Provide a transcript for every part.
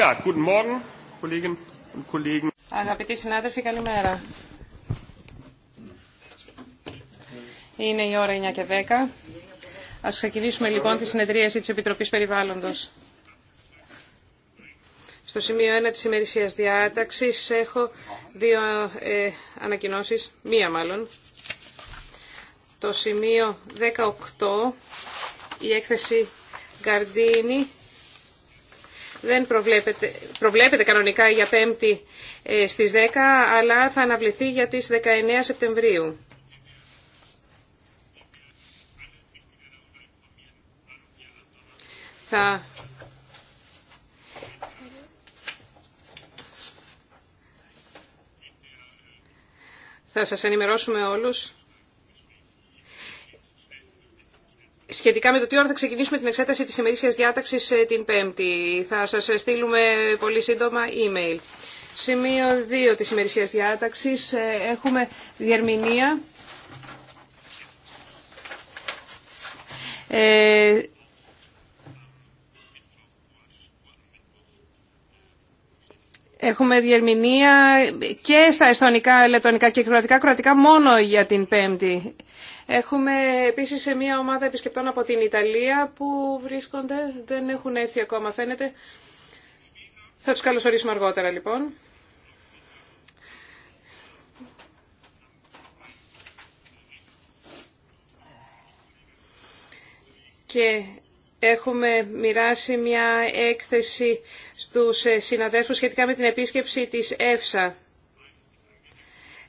Ja, guten Morgen, Kolleginnen und Kollegen. Αγαπητοί συνάδελφοι, καλημέρα. Είναι η ώρα 9 και 10. Ας ξεκινήσουμε λοιπόν τη συνεδρίαση της Επιτροπής Περιβάλλοντος. Στο σημείο 1 της ημερησίας διάταξης έχω δύο ε, ανακοινώσεις, μία μάλλον. Το σημείο 18, η έκθεση Γκαρντίνη δεν προβλέπεται, προβλέπεται κανονικά για Πέμπτη η ε, στις 10, αλλά θα αναβληθεί για τις 19 Σεπτεμβρίου. Θα... θα σας ενημερώσουμε όλους σχετικά με το τι ώρα θα ξεκινήσουμε την εξέταση της ημερήσιας διάταξης ε, την Πέμπτη. Θα σας ε, στείλουμε πολύ σύντομα email. Σημείο 2 της ημερησίας διάταξης. Ε, έχουμε διερμηνία. Έχουμε διερμηνία και στα εσθονικά, λετωνικά και κροατικά, κροατικά μόνο για την Πέμπτη. Έχουμε επίσης σε μια ομάδα επισκεπτών από την Ιταλία που βρίσκονται, δεν έχουν έρθει ακόμα φαίνεται. Θα τους καλωσορίσουμε αργότερα λοιπόν. Και Έχουμε μοιράσει μια έκθεση στους ε, συναδέλφους σχετικά με την επίσκεψη της ΕΦΣΑ.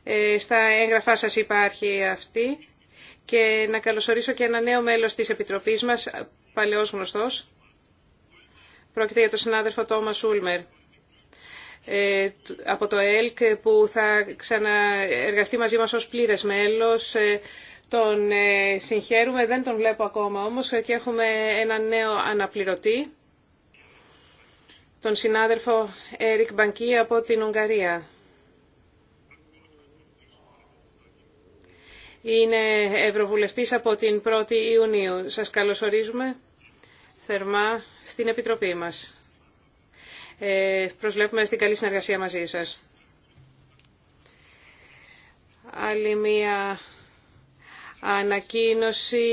Ε, στα έγγραφά σας υπάρχει αυτή. Και να καλωσορίσω και ένα νέο μέλος της Επιτροπής μας, παλαιός γνωστός. Πρόκειται για τον συνάδελφο Τόμα Σούλμερ ε, από το ΕΛΚ που θα ξαναεργαστεί μαζί μας ως πλήρες μέλος τον ε, συγχαίρουμε, δεν τον βλέπω ακόμα όμως ε, και έχουμε ένα νέο αναπληρωτή, τον συνάδελφο Έρικ Μπανκή από την Ουγγαρία. Είναι Ευρωβουλευτής από την 1η Ιουνίου. Σας καλωσορίζουμε θερμά στην Επιτροπή μας. Ε, στην καλή συνεργασία μαζί σας. Άλλη μία Ανακοίνωση,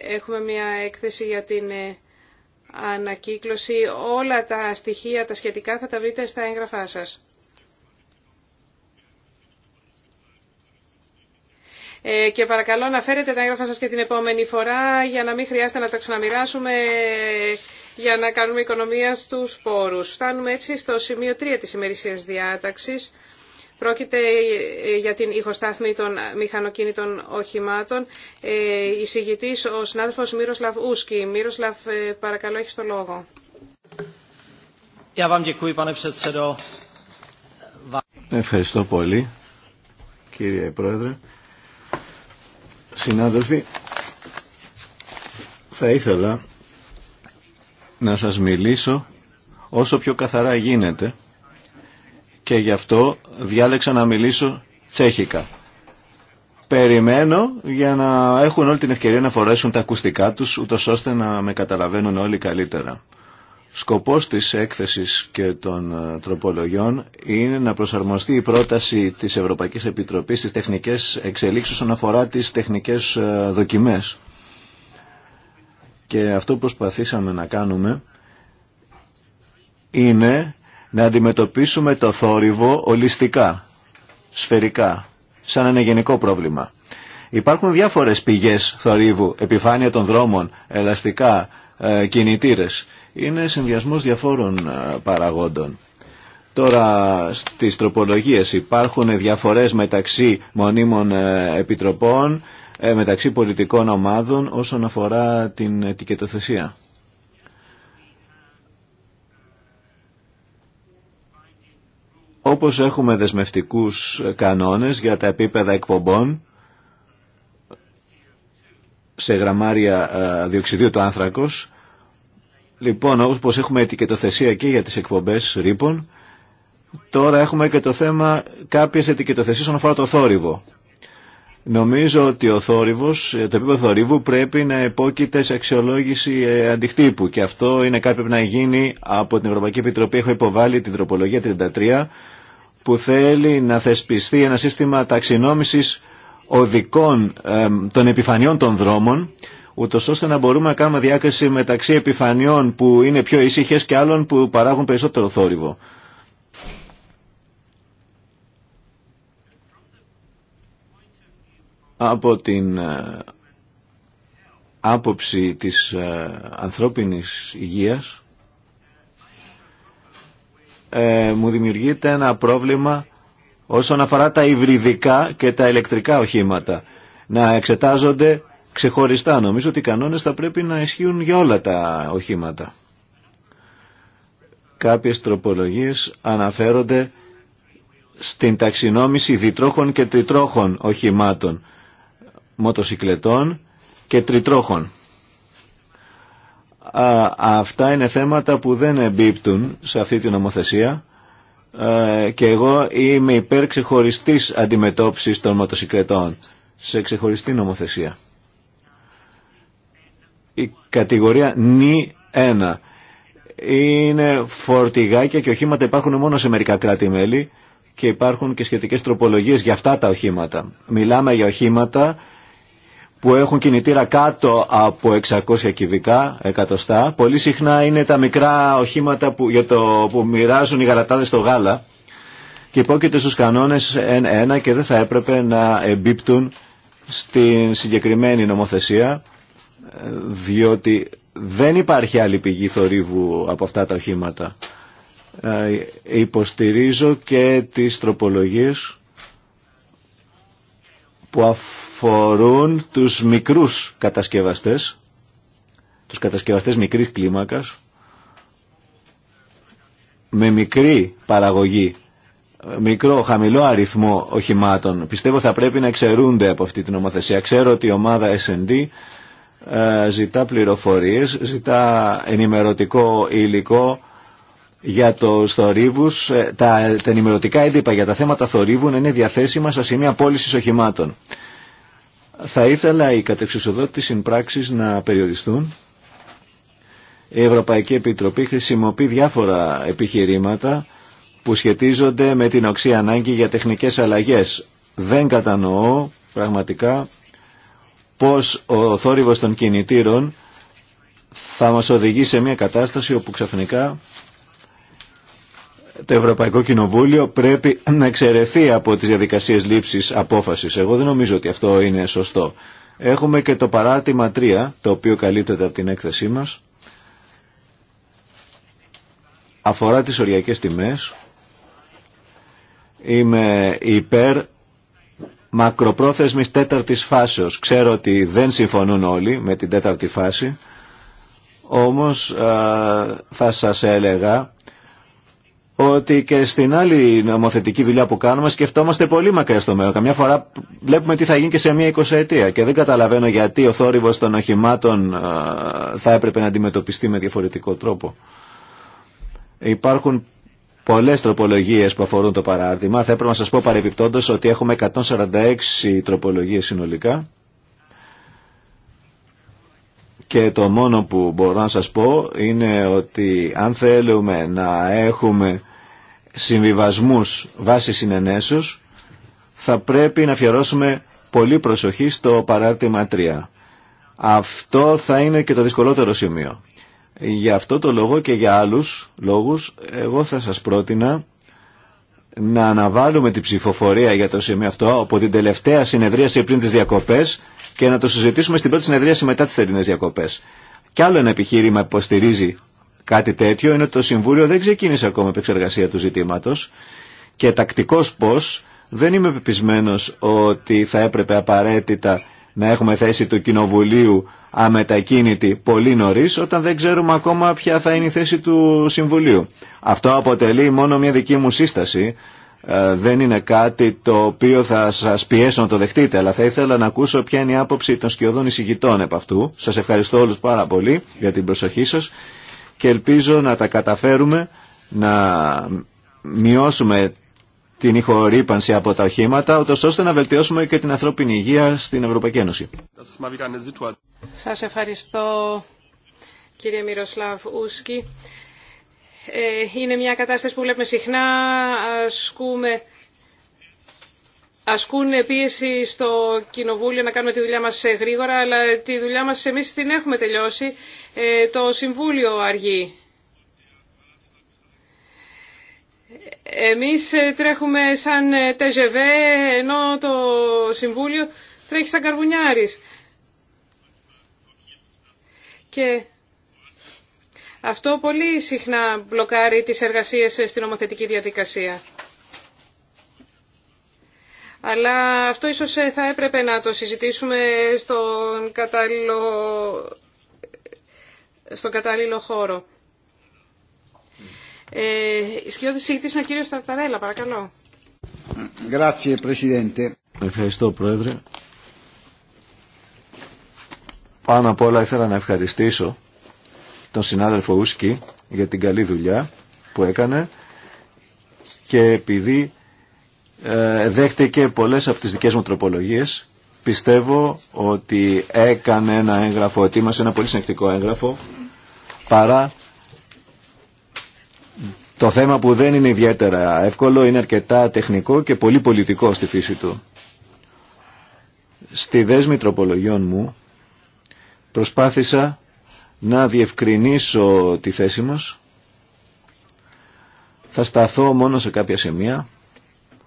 έχουμε μια έκθεση για την ε, ανακύκλωση. Όλα τα στοιχεία, τα σχετικά θα τα βρείτε στα έγγραφά σας. Ε, και παρακαλώ να φέρετε τα έγγραφα σας και την επόμενη φορά για να μην χρειάζεται να τα ξαναμοιράσουμε για να κάνουμε οικονομία στους πόρους. Φτάνουμε έτσι στο σημείο 3 της ημερησίας διάταξης Πρόκειται ε, για την ηχοστάθμη των μηχανοκίνητων οχημάτων. Ε, Η συγητής, ο συνάδελφος Μύροσλαβ Ούσκι. Μύροσλαβ, ε, παρακαλώ, έχεις το λόγο. Ευχαριστώ πολύ, κύριε Πρόεδρε. Συνάδελφοι, θα ήθελα να σας μιλήσω όσο πιο καθαρά γίνεται και γι' αυτό διάλεξα να μιλήσω τσέχικα. Περιμένω για να έχουν όλη την ευκαιρία να φορέσουν τα ακουστικά τους, ούτως ώστε να με καταλαβαίνουν όλοι καλύτερα. Σκοπός της έκθεσης και των ε, τροπολογιών είναι να προσαρμοστεί η πρόταση της Ευρωπαϊκής Επιτροπής στις τεχνικές εξελίξεις όσον αφορά τις τεχνικές ε, δοκιμές. Και αυτό που προσπαθήσαμε να κάνουμε είναι να αντιμετωπίσουμε το θόρυβο ολιστικά, σφαιρικά, σαν ένα γενικό πρόβλημα. Υπάρχουν διάφορες πηγές θορύβου, επιφάνεια των δρόμων, ελαστικά, ε, κινητήρες. Είναι συνδυασμός διαφόρων ε, παραγόντων. Τώρα στις τροπολογίες υπάρχουν διαφορές μεταξύ μονίμων ε, επιτροπών, μεταξύ πολιτικών ομάδων όσον αφορά την ετικετοθεσία. Όπως έχουμε δεσμευτικούς κανόνες για τα επίπεδα εκπομπών σε γραμμάρια ε, διοξιδίου του άνθρακος, λοιπόν όπως έχουμε ετικετοθεσία και για τις εκπομπές ρήπων, τώρα έχουμε και το θέμα κάποιες ετικετοθεσίες όσον αφορά το θόρυβο. Νομίζω ότι ο θόρυβος, το επίπεδο θορύβου πρέπει να υπόκειται σε αξιολόγηση ε, αντιχτύπου και αυτό είναι κάτι που πρέπει να γίνει από την Ευρωπαϊκή Επιτροπή. Έχω υποβάλει την τροπολογία 33 που θέλει να θεσπιστεί ένα σύστημα ταξινόμησης οδικών των επιφανειών των δρόμων, ούτω ώστε να μπορούμε να κάνουμε διάκριση μεταξύ επιφανειών που είναι πιο ήσυχε και άλλων που παράγουν περισσότερο θόρυβο. Από την ε, άποψη της ε, ανθρώπινης υγείας, ε, μου δημιουργείται ένα πρόβλημα όσον αφορά τα υβριδικά και τα ηλεκτρικά οχήματα. Να εξετάζονται ξεχωριστά. Νομίζω ότι οι κανόνες θα πρέπει να ισχύουν για όλα τα οχήματα. Κάποιες τροπολογίες αναφέρονται στην ταξινόμηση διτρόχων και τριτρόχων οχημάτων, μοτοσυκλετών και τριτρόχων αυτά είναι θέματα που δεν εμπίπτουν σε αυτή την νομοθεσία ε, και εγώ είμαι υπέρ ξεχωριστής αντιμετώπισης των μοτοσυκρετών σε ξεχωριστή νομοθεσία. Η κατηγορία νη 1 είναι φορτηγάκια και οχήματα υπάρχουν μόνο σε μερικά κράτη-μέλη και υπάρχουν και σχετικές τροπολογίες για αυτά τα οχήματα. Μιλάμε για οχήματα που έχουν κινητήρα κάτω από 600 κυβικά εκατοστά. Πολύ συχνά είναι τα μικρά οχήματα που, για το, που μοιράζουν οι γαλατάδες στο γάλα και υπόκειται στους κανόνες ένα και δεν θα έπρεπε να εμπίπτουν στην συγκεκριμένη νομοθεσία διότι δεν υπάρχει άλλη πηγή θορύβου από αυτά τα οχήματα. Ε, υποστηρίζω και τις τροπολογίες που αφού αφορούν τους μικρούς κατασκευαστές, τους κατασκευαστές μικρής κλίμακας, με μικρή παραγωγή, μικρό, χαμηλό αριθμό οχημάτων. Πιστεύω θα πρέπει να εξαιρούνται από αυτή την ομοθέσια. Ξέρω ότι η ομάδα S&D ε, ζητά πληροφορίες, ζητά ενημερωτικό υλικό για το θορύβους. Ε, τα, τα ενημερωτικά έντυπα για τα θέματα θορύβου είναι διαθέσιμα στα σημεία πώληση οχημάτων. Θα ήθελα οι κατεξουσιοδότητες συμπράξεις να περιοριστούν. Η Ευρωπαϊκή Επιτροπή χρησιμοποιεί διάφορα επιχειρήματα που σχετίζονται με την οξύ ανάγκη για τεχνικές αλλαγές. Δεν κατανοώ πραγματικά πώς ο θόρυβος των κινητήρων θα μας οδηγεί σε μια κατάσταση όπου ξαφνικά το Ευρωπαϊκό Κοινοβούλιο πρέπει να εξαιρεθεί από τις διαδικασίες λήψης απόφασης. Εγώ δεν νομίζω ότι αυτό είναι σωστό. Έχουμε και το παράτημα 3, το οποίο καλύπτεται από την έκθεσή μας. Αφορά τις οριακές τιμές. Είμαι υπέρ μακροπρόθεσμης τέταρτης φάσεως. Ξέρω ότι δεν συμφωνούν όλοι με την τέταρτη φάση. Όμως α, θα σας έλεγα ότι και στην άλλη νομοθετική δουλειά που κάνουμε σκεφτόμαστε πολύ μακριά στο μέλλον. Καμιά φορά βλέπουμε τι θα γίνει και σε μία εικοσαετία και δεν καταλαβαίνω γιατί ο θόρυβος των οχημάτων θα έπρεπε να αντιμετωπιστεί με διαφορετικό τρόπο. Υπάρχουν πολλές τροπολογίες που αφορούν το παράρτημα. Θα έπρεπε να σας πω παρεμπιπτόντως ότι έχουμε 146 τροπολογίες συνολικά. Και το μόνο που μπορώ να σας πω είναι ότι αν θέλουμε να έχουμε συμβιβασμούς βάσει συνενέσους θα πρέπει να αφιερώσουμε πολύ προσοχή στο παράρτημα 3. Αυτό θα είναι και το δυσκολότερο σημείο. Γι' αυτό το λόγο και για άλλους λόγους εγώ θα σας πρότεινα να αναβάλουμε την ψηφοφορία για το σημείο αυτό από την τελευταία συνεδρίαση πριν τις διακοπές και να το συζητήσουμε στην πρώτη συνεδρίαση μετά τις θερινές διακοπές. Κι άλλο ένα επιχείρημα που υποστηρίζει κάτι τέτοιο είναι ότι το Συμβούλιο δεν ξεκίνησε ακόμα επεξεργασία του ζητήματος και τακτικός πώς δεν είμαι πεπισμένος ότι θα έπρεπε απαραίτητα να έχουμε θέση του Κοινοβουλίου αμετακίνητη πολύ νωρί όταν δεν ξέρουμε ακόμα ποια θα είναι η θέση του Συμβουλίου. Αυτό αποτελεί μόνο μια δική μου σύσταση. Ε, δεν είναι κάτι το οποίο θα σας πιέσω να το δεχτείτε, αλλά θα ήθελα να ακούσω ποια είναι η άποψη των σκιωδών εισηγητών επ' αυτού. Σας ευχαριστώ όλους πάρα πολύ για την προσοχή σας και ελπίζω να τα καταφέρουμε να μειώσουμε την ηχορύπανση από τα οχήματα, ούτως ώστε να βελτιώσουμε και την ανθρώπινη υγεία στην Ευρωπαϊκή Ένωση. Σας ευχαριστώ κύριε Μυροσλάβ Ούσκι. Ε, είναι μια κατάσταση που βλέπουμε συχνά, ασκούμε ασκούν πίεση στο Κοινοβούλιο να κάνουμε τη δουλειά μας γρήγορα, αλλά τη δουλειά μας εμείς την έχουμε τελειώσει. Ε, το Συμβούλιο αργεί. Εμείς ε, τρέχουμε σαν τεζεβέ, ενώ το Συμβούλιο τρέχει σαν καρβουνιάρης. Και αυτό πολύ συχνά μπλοκάρει τις εργασίες ε, στην νομοθετική διαδικασία. Αλλά αυτό ίσως ε, θα έπρεπε να το συζητήσουμε στον κατάλληλο, στον κατάλληλο χώρο. Ε, Σκιώδης ηγητής είναι ο κύριος Ταρταρέλα, παρακαλώ. Ευχαριστώ, Πρόεδρε. Πάνω απ' όλα ήθελα να ευχαριστήσω τον συνάδελφο Ούσκι για την καλή δουλειά που έκανε και επειδή ε, δέχτηκε πολλές από τις δικές μου τροπολογίες πιστεύω ότι έκανε ένα έγγραφο, ετοίμασε ένα πολύ συνεκτικό έγγραφο παρά το θέμα που δεν είναι ιδιαίτερα εύκολο είναι αρκετά τεχνικό και πολύ πολιτικό στη φύση του. Στη δέσμη τροπολογιών μου προσπάθησα να διευκρινίσω τη θέση μας. Θα σταθώ μόνο σε κάποια σημεία.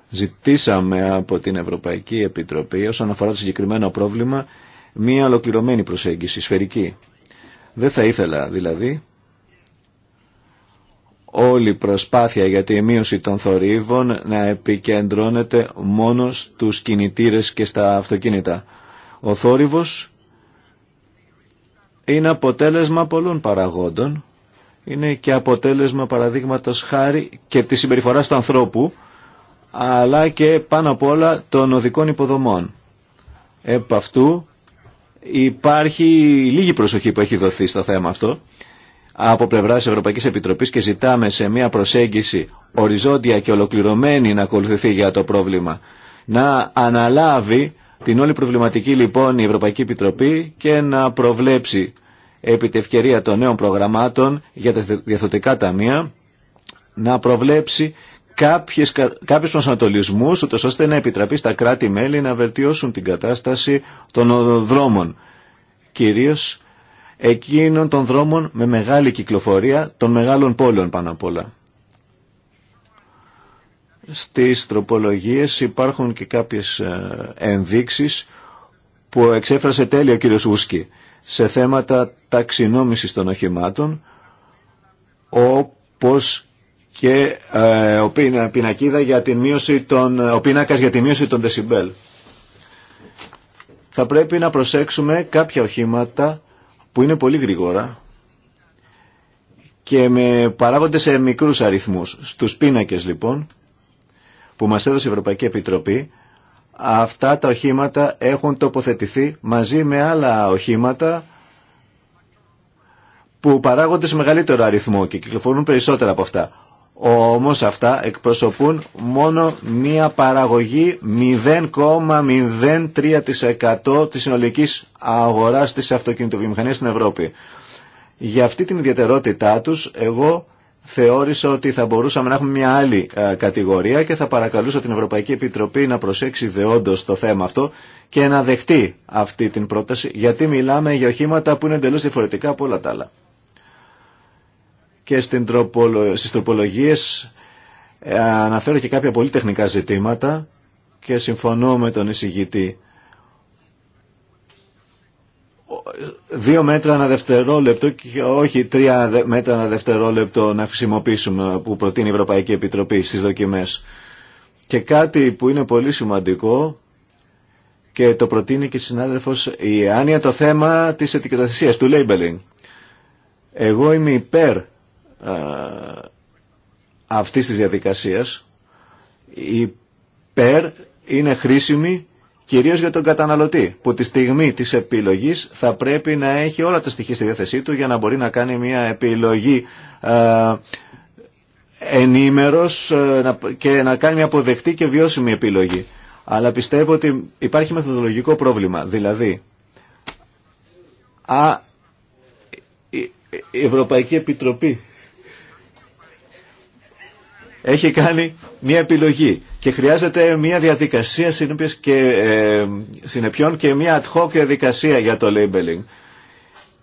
Ζητήσαμε από την Ευρωπαϊκή Επιτροπή όσον αφορά το συγκεκριμένο πρόβλημα μία ολοκληρωμένη προσέγγιση, σφαιρική. Δεν θα ήθελα δηλαδή όλη προσπάθεια για τη μείωση των θορύβων να επικεντρώνεται μόνο στους κινητήρες και στα αυτοκίνητα. Ο θόρυβος είναι αποτέλεσμα πολλών παραγόντων. Είναι και αποτέλεσμα παραδείγματος χάρη και της συμπεριφοράς του ανθρώπου, αλλά και πάνω απ' όλα των οδικών υποδομών. Επ' αυτού υπάρχει λίγη προσοχή που έχει δοθεί στο θέμα αυτό από πλευρά της Ευρωπαϊκής Επιτροπής και ζητάμε σε μια προσέγγιση οριζόντια και ολοκληρωμένη να ακολουθηθεί για το πρόβλημα. Να αναλάβει την όλη προβληματική λοιπόν η Ευρωπαϊκή Επιτροπή και να προβλέψει επί τη ευκαιρία των νέων προγραμμάτων για τα διαθωτικά ταμεία να προβλέψει κάποιες, κάποιους προσανατολισμούς ώστε να επιτραπεί στα κράτη-μέλη να βελτιώσουν την κατάσταση των οδοδρόμων κυρίως εκείνων των δρόμων με μεγάλη κυκλοφορία των μεγάλων πόλεων πάνω απ' όλα. Στις τροπολογίες υπάρχουν και κάποιες ε, ενδείξεις που εξέφρασε τέλεια ο κύριος Ούσκι σε θέματα ταξινόμησης των οχημάτων όπως και ε, ο πινακίδα για τη μείωση των, ε, ο πίνακας για τη μείωση των δεσιμπέλ. Θα πρέπει να προσέξουμε κάποια οχήματα που είναι πολύ γρήγορα και με παράγονται σε μικρούς αριθμούς. Στους πίνακες λοιπόν που μας έδωσε η Ευρωπαϊκή Επιτροπή αυτά τα οχήματα έχουν τοποθετηθεί μαζί με άλλα οχήματα που παράγονται σε μεγαλύτερο αριθμό και κυκλοφορούν περισσότερα από αυτά. Όμως αυτά εκπροσωπούν μόνο μία παραγωγή 0,03% της συνολικής αγοράς της αυτοκινητοβιομηχανίας στην Ευρώπη. Για αυτή την ιδιαιτερότητά τους εγώ θεώρησα ότι θα μπορούσαμε να έχουμε μια άλλη ε, κατηγορία και θα παρακαλούσα την Ευρωπαϊκή Επιτροπή να προσέξει δεόντως το θέμα αυτό και να δεχτεί αυτή την πρόταση γιατί μιλάμε για οχήματα που είναι εντελώς διαφορετικά από όλα τα άλλα και στην τροπολο... στις τροπολογίες ε, αναφέρω και κάποια πολύ τεχνικά ζητήματα και συμφωνώ με τον εισηγητή. Ε, δύο μέτρα ένα δευτερόλεπτο και όχι τρία μέτρα ένα δευτερόλεπτο να χρησιμοποιήσουμε που προτείνει η Ευρωπαϊκή Επιτροπή στις δοκιμές. Και κάτι που είναι πολύ σημαντικό και το προτείνει και η συνάδελφος η Άνια το θέμα της ετικοτασίας, του labeling. Εγώ είμαι υπέρ ε, αυτής της διαδικασίας η ΠΕΡ είναι χρήσιμη κυρίως για τον καταναλωτή που τη στιγμή της επιλογής θα πρέπει να έχει όλα τα στοιχεία στη διάθεσή του για να μπορεί να κάνει μια επιλογή ε, ενήμερος ε, και να κάνει μια αποδεκτή και βιώσιμη επιλογή. Αλλά πιστεύω ότι υπάρχει μεθοδολογικό πρόβλημα. Δηλαδή, α, η Ευρωπαϊκή Επιτροπή έχει κάνει μια επιλογή και χρειάζεται μια διαδικασία συνέπειας και ε, συνεπιών και μια ad hoc διαδικασία για το labeling.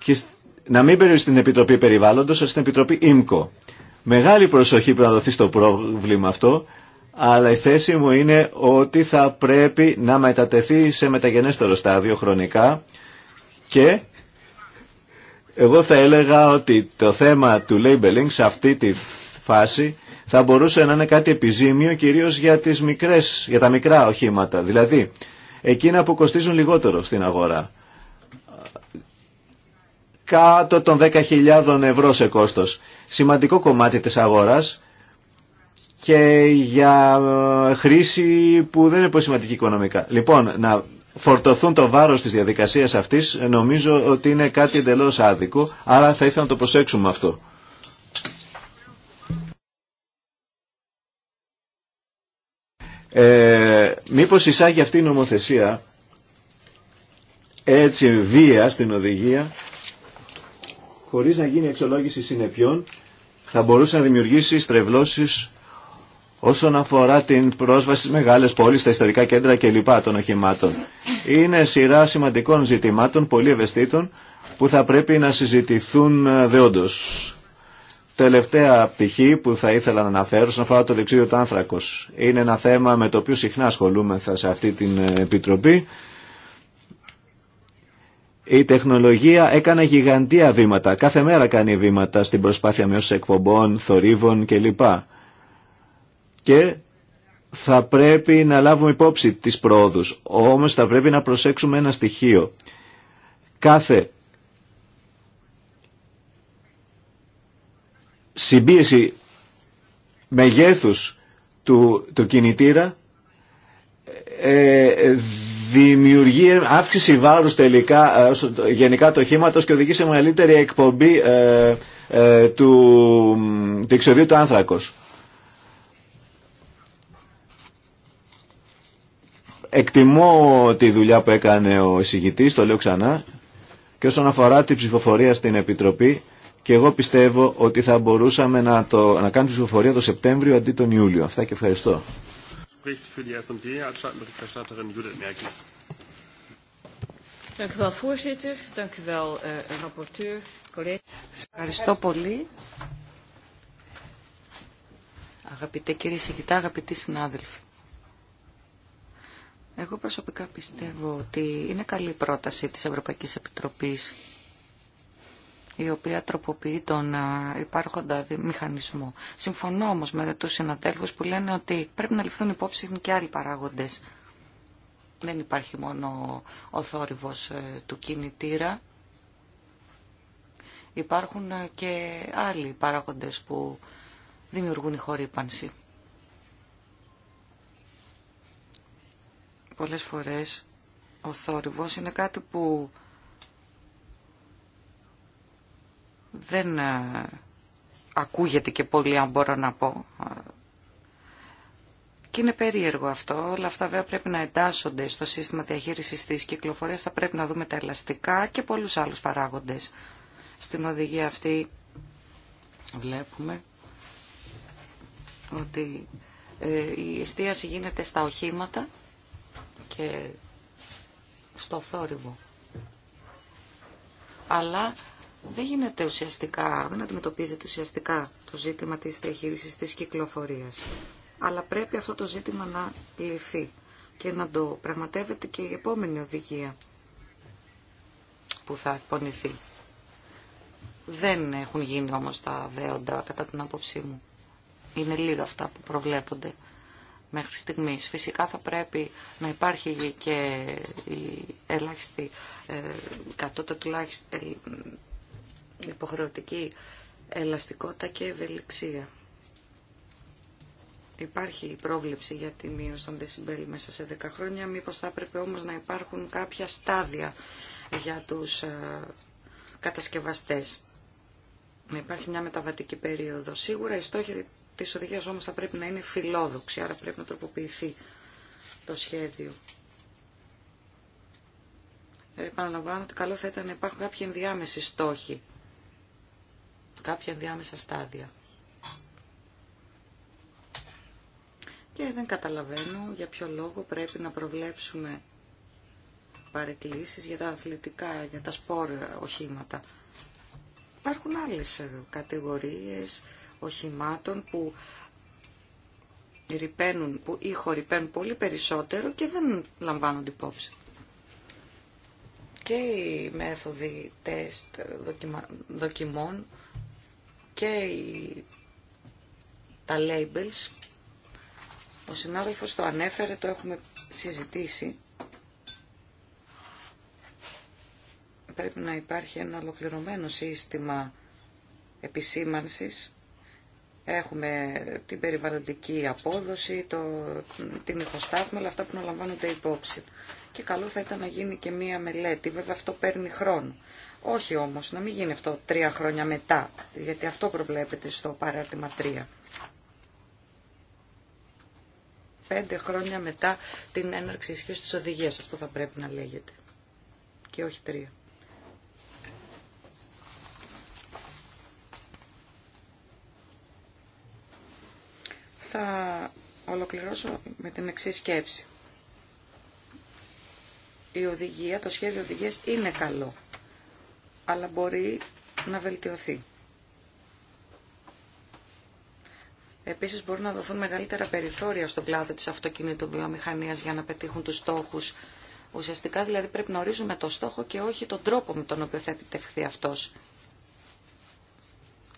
Και να μην περιορίσει την Επιτροπή Περιβάλλοντος, αλλά στην Επιτροπή ΙΜΚΟ. Μεγάλη προσοχή πρέπει να δοθεί στο πρόβλημα αυτό, αλλά η θέση μου είναι ότι θα πρέπει να μετατεθεί σε μεταγενέστερο στάδιο χρονικά και εγώ θα έλεγα ότι το θέμα του labeling σε αυτή τη φάση θα μπορούσε να είναι κάτι επιζήμιο κυρίως για, τις μικρές, για τα μικρά οχήματα. Δηλαδή, εκείνα που κοστίζουν λιγότερο στην αγορά. Κάτω των 10.000 ευρώ σε κόστος. Σημαντικό κομμάτι της αγοράς και για ε, χρήση που δεν είναι πολύ σημαντική οικονομικά. Λοιπόν, να φορτωθούν το βάρος της διαδικασίας αυτής νομίζω ότι είναι κάτι εντελώς άδικο, άρα θα ήθελα να το προσέξουμε αυτό. Ε, μήπως εισάγει αυτή η νομοθεσία έτσι βία στην οδηγία χωρίς να γίνει εξολόγηση συνεπιών θα μπορούσε να δημιουργήσει στρεβλώσεις όσον αφορά την πρόσβαση στις μεγάλες πόλεις, στα ιστορικά κέντρα κλπ. των οχημάτων. Είναι σειρά σημαντικών ζητημάτων, πολύ ευαισθητών, που θα πρέπει να συζητηθούν ε, δεόντως. Τελευταία πτυχή που θα ήθελα να αναφέρω στον αφορά το δεξίδιο του Άνθρακος. Είναι ένα θέμα με το οποίο συχνά ασχολούμεθα σε αυτή την ε, επιτροπή. Η τεχνολογία έκανε γιγαντία βήματα. Κάθε μέρα κάνει βήματα στην προσπάθεια μείωση εκπομπών, θορύβων κλπ. Και θα πρέπει να λάβουμε υπόψη τις πρόοδους. Όμως θα πρέπει να προσέξουμε ένα στοιχείο. Κάθε συμπίεση μεγέθους του, του κινητήρα ε, δημιουργεί αύξηση βάρους τελικά ε, γενικά το οχήματο και οδηγεί σε μεγαλύτερη εκπομπή ε, ε, του, εξοδείου εξοδίου του άνθρακος. Εκτιμώ τη δουλειά που έκανε ο εισηγητής, το λέω ξανά, και όσον αφορά την ψηφοφορία στην Επιτροπή, και εγώ πιστεύω ότι θα μπορούσαμε να, το, να κάνουμε ψηφοφορία το Σεπτέμβριο αντί τον Ιούλιο. Αυτά και ευχαριστώ. Eh, ευχαριστώ πολύ. Αγαπητέ κύριε Σιγητά, αγαπητοί συνάδελφοι. Εγώ προσωπικά πιστεύω ότι είναι καλή πρόταση της Ευρωπαϊκής Επιτροπής η οποία τροποποιεί τον υπάρχοντα μηχανισμό. Συμφωνώ όμως με τους συναδέλφους που λένε ότι πρέπει να ληφθούν υπόψη και άλλοι παράγοντες. Δεν υπάρχει μόνο ο θόρυβος ε, του κινητήρα. Υπάρχουν ε, και άλλοι παράγοντες που δημιουργούν η χορύπανση. Πολλές φορές ο θόρυβος είναι κάτι που δεν ε, ακούγεται και πολύ αν μπορώ να πω. Και είναι περίεργο αυτό. Όλα αυτά βέβαια πρέπει να εντάσσονται στο σύστημα διαχείρισης της κυκλοφορίας. Θα πρέπει να δούμε τα ελαστικά και πολλούς άλλους παράγοντες. Στην οδηγία αυτή βλέπουμε ότι ε, η εστίαση γίνεται στα οχήματα και στο θόρυβο. Αλλά δεν γίνεται ουσιαστικά, δεν αντιμετωπίζεται ουσιαστικά το ζήτημα της διαχείριση της κυκλοφορίας. Αλλά πρέπει αυτό το ζήτημα να λυθεί και να το πραγματεύεται και η επόμενη οδηγία που θα εκπονηθεί. Δεν έχουν γίνει όμως τα δέοντα κατά την άποψή μου. Είναι λίγα αυτά που προβλέπονται μέχρι στιγμής. Φυσικά θα πρέπει να υπάρχει και η ελάχιστη, ε, κατώτα τουλάχιστη υποχρεωτική ελαστικότητα και ευελιξία. Υπάρχει η πρόβλεψη για τη μείωση των δεσιμπέλ μέσα σε 10 χρόνια, μήπως θα έπρεπε όμως να υπάρχουν κάποια στάδια για τους ε, κατασκευαστές. Να υπάρχει μια μεταβατική περίοδο. Σίγουρα οι στόχοι της οδηγίας όμως θα πρέπει να είναι φιλόδοξοι, άρα πρέπει να τροποποιηθεί το σχέδιο. Επαναλαμβάνω ότι καλό θα ήταν να υπάρχουν κάποιοι ενδιάμεσοι στόχοι κάποια διάμεσα στάδια. Και δεν καταλαβαίνω για ποιο λόγο πρέπει να προβλέψουμε παρεκκλήσεις για τα αθλητικά, για τα σπορ οχήματα. Υπάρχουν άλλες κατηγορίες οχημάτων που ρηπαίνουν, που ήχο ρηπαίνουν πολύ περισσότερο και δεν λαμβάνονται υπόψη. Και οι μέθοδοι τεστ δοκιμών και τα labels. Ο συνάδελφος το ανέφερε, το έχουμε συζητήσει. Πρέπει να υπάρχει ένα ολοκληρωμένο σύστημα επισήμανσης Έχουμε την περιβαλλοντική απόδοση, το, την ηχοστάθμη, όλα αυτά που να λαμβάνονται υπόψη. Και καλό θα ήταν να γίνει και μία μελέτη. Βέβαια αυτό παίρνει χρόνο. Όχι όμως, να μην γίνει αυτό τρία χρόνια μετά, γιατί αυτό προβλέπεται στο παράρτημα 3 πέντε χρόνια μετά την έναρξη ισχύω τη οδηγία. Αυτό θα πρέπει να λέγεται. Και όχι τρία. θα ολοκληρώσω με την εξή σκέψη. Η οδηγία, το σχέδιο οδηγίας είναι καλό, αλλά μπορεί να βελτιωθεί. Επίσης μπορούν να δοθούν μεγαλύτερα περιθώρια στον κλάδο της βιομηχανίας για να πετύχουν τους στόχους. Ουσιαστικά δηλαδή πρέπει να ορίζουμε το στόχο και όχι τον τρόπο με τον οποίο θα επιτευχθεί αυτός.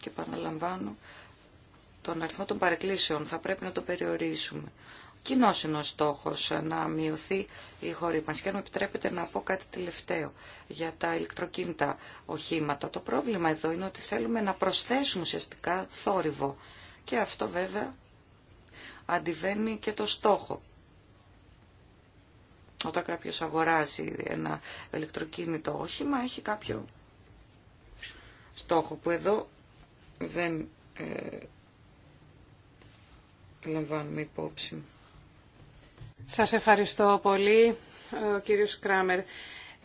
Και παραλαμβάνω τον αριθμό των παρεκκλήσεων θα πρέπει να το περιορίσουμε. Ο κοινό είναι ο στόχο να μειωθεί η μα Και αν μου επιτρέπετε να πω κάτι τελευταίο για τα ηλεκτροκίνητα οχήματα. Το πρόβλημα εδώ είναι ότι θέλουμε να προσθέσουμε ουσιαστικά θόρυβο. Και αυτό βέβαια αντιβαίνει και το στόχο. Όταν κάποιο αγοράζει ένα ηλεκτροκίνητο όχημα, έχει κάποιο στόχο που εδώ δεν ε, λαμβάνουμε Σας ευχαριστώ πολύ, ε, ο κύριος Κράμερ.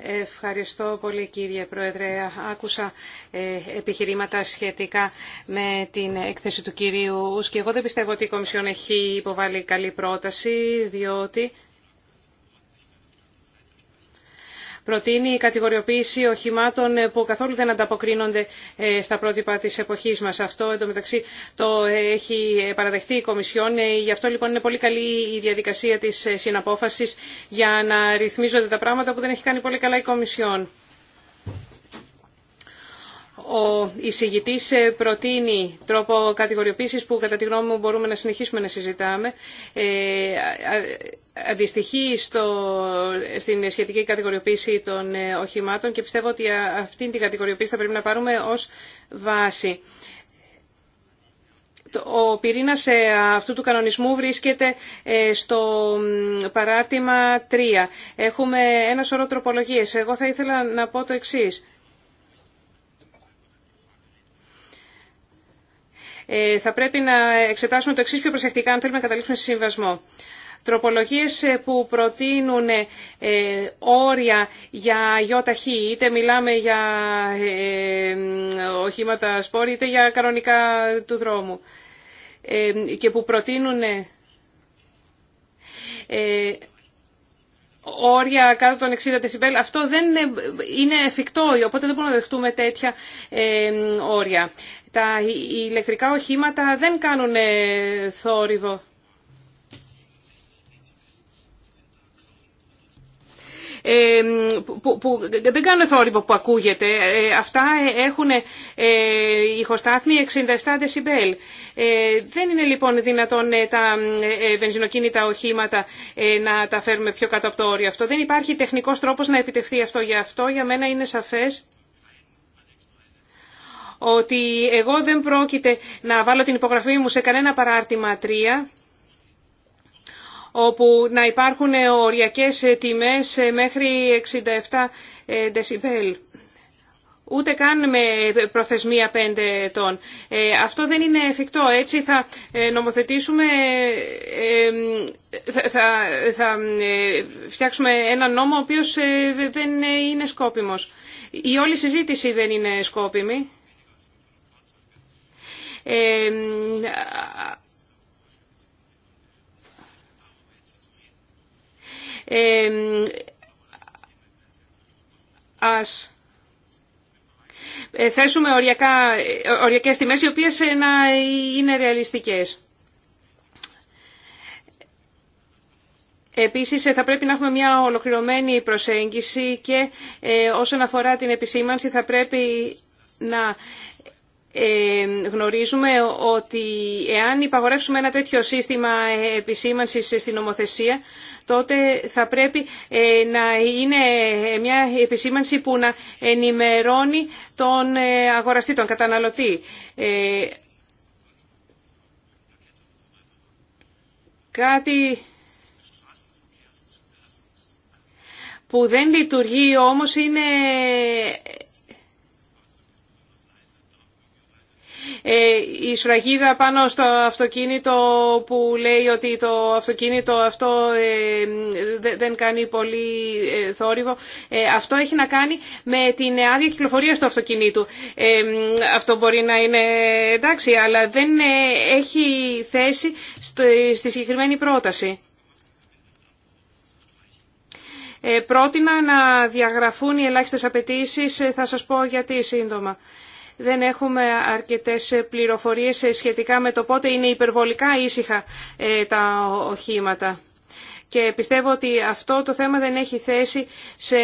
Ευχαριστώ πολύ κύριε Πρόεδρε. Άκουσα ε, επιχειρήματα σχετικά με την έκθεση του κυρίου Ούς εγώ δεν πιστεύω ότι η Κομισιόν έχει υποβάλει καλή πρόταση διότι προτείνει η κατηγοριοποίηση οχημάτων ε, που καθόλου δεν ανταποκρίνονται ε, στα πρότυπα της εποχής μας. Αυτό μεταξύ το έχει ε, παραδεχτεί η Κομισιόν. Γι' αυτό λοιπόν είναι πολύ καλή η διαδικασία της συναπόφασης για να ρυθμίζονται τα πράγματα που δεν έχει κάνει πολύ καλά η Κομισιόν. Ο εισηγητής ε, προτείνει τρόπο κατηγοριοποίησης που κατά τη γνώμη μου μπορούμε να συνεχίσουμε να συζητάμε. Ε, αντιστοιχεί στο, στην σχετική κατηγοριοποίηση των ε, οχημάτων και πιστεύω ότι αυτή την κατηγοριοποίηση θα πρέπει να πάρουμε ως βάση. Ο πυρήνας αυτού του κανονισμού βρίσκεται στο παράρτημα 3. Έχουμε ένα σωρό τροπολογίες. Εγώ θα ήθελα να πω το εξής. Ε, θα πρέπει να εξετάσουμε το εξή πιο προσεκτικά αν θέλουμε να καταλήξουμε σε συμβασμό. Τροπολογίες ε, που προτείνουν ε, όρια για γιοταχή, είτε μιλάμε για οχήματα σπόρη, είτε για κανονικά του δρόμου και που προτείνουν όρια κάτω των 60 δεσιμπέλ. Αυτό δεν είναι εφικτό, οπότε δεν μπορούμε να δεχτούμε τέτοια όρια. Τα ηλεκτρικά οχήματα δεν κάνουν ε, θόρυβο. Ε, που, δεν κάνουν θόρυβο που ακούγεται. Ε, αυτά έχουν ηχοστάθμη 67 δεσιμπέλ. Δεν είναι λοιπόν δυνατόν τα βενζινοκίνητα οχήματα να τα φέρουμε πιο κάτω από το όριο αυτό. Δεν υπάρχει τεχνικός τρόπος να επιτευχθεί αυτό. Γι' αυτό για μένα είναι σαφές ότι εγώ δεν πρόκειται να βάλω την υπογραφή μου σε κανένα παράρτημα 3 όπου να υπάρχουν οριακές τιμές μέχρι 67 δεσιμπέλ. Ούτε καν με προθεσμία 5 ετών. Ε, αυτό δεν είναι εφικτό. Έτσι θα ε, νομοθετήσουμε, ε, θα φτιάξουμε ένα νόμο ο οποίος δεν είναι σκόπιμος. Η όλη συζήτηση δεν είναι σκόπιμη ας ε, θέσουμε οριακά, οριακές τιμές οι οποίες ε, να είναι ρεαλιστικές. Επίσης ε, θα πρέπει να έχουμε μια ολοκληρωμένη προσέγγιση και όσον αφορά την επισήμανση θα πρέπει να γνωρίζουμε ότι εάν υπαγορεύσουμε ένα τέτοιο σύστημα επισήμανσης στην νομοθεσία, τότε θα πρέπει ε, να είναι μια επισήμανση που να ενημερώνει τον ε, αγοραστή, τον καταναλωτή. Ε, κάτι που δεν λειτουργεί όμως είναι Ε, η σφραγίδα πάνω στο αυτοκίνητο που λέει ότι το αυτοκίνητο αυτό ε, δεν κάνει πολύ ε, θόρυβο. Αυτό έχει να κάνει με την άδεια κυκλοφορία του αυτοκίνητου. Αυτό μπορεί να είναι εντάξει, αλλά δεν έχει θέση στη συγκεκριμένη πρόταση. Πρότεινα να διαγραφούν οι ελάχιστες απαιτήσεις, θα σας πω γιατί σύντομα δεν έχουμε αρκετές πληροφορίες σχετικά με το πότε είναι υπερβολικά ήσυχα ε, τα οχήματα. Και πιστεύω ότι αυτό το θέμα δεν έχει θέση σε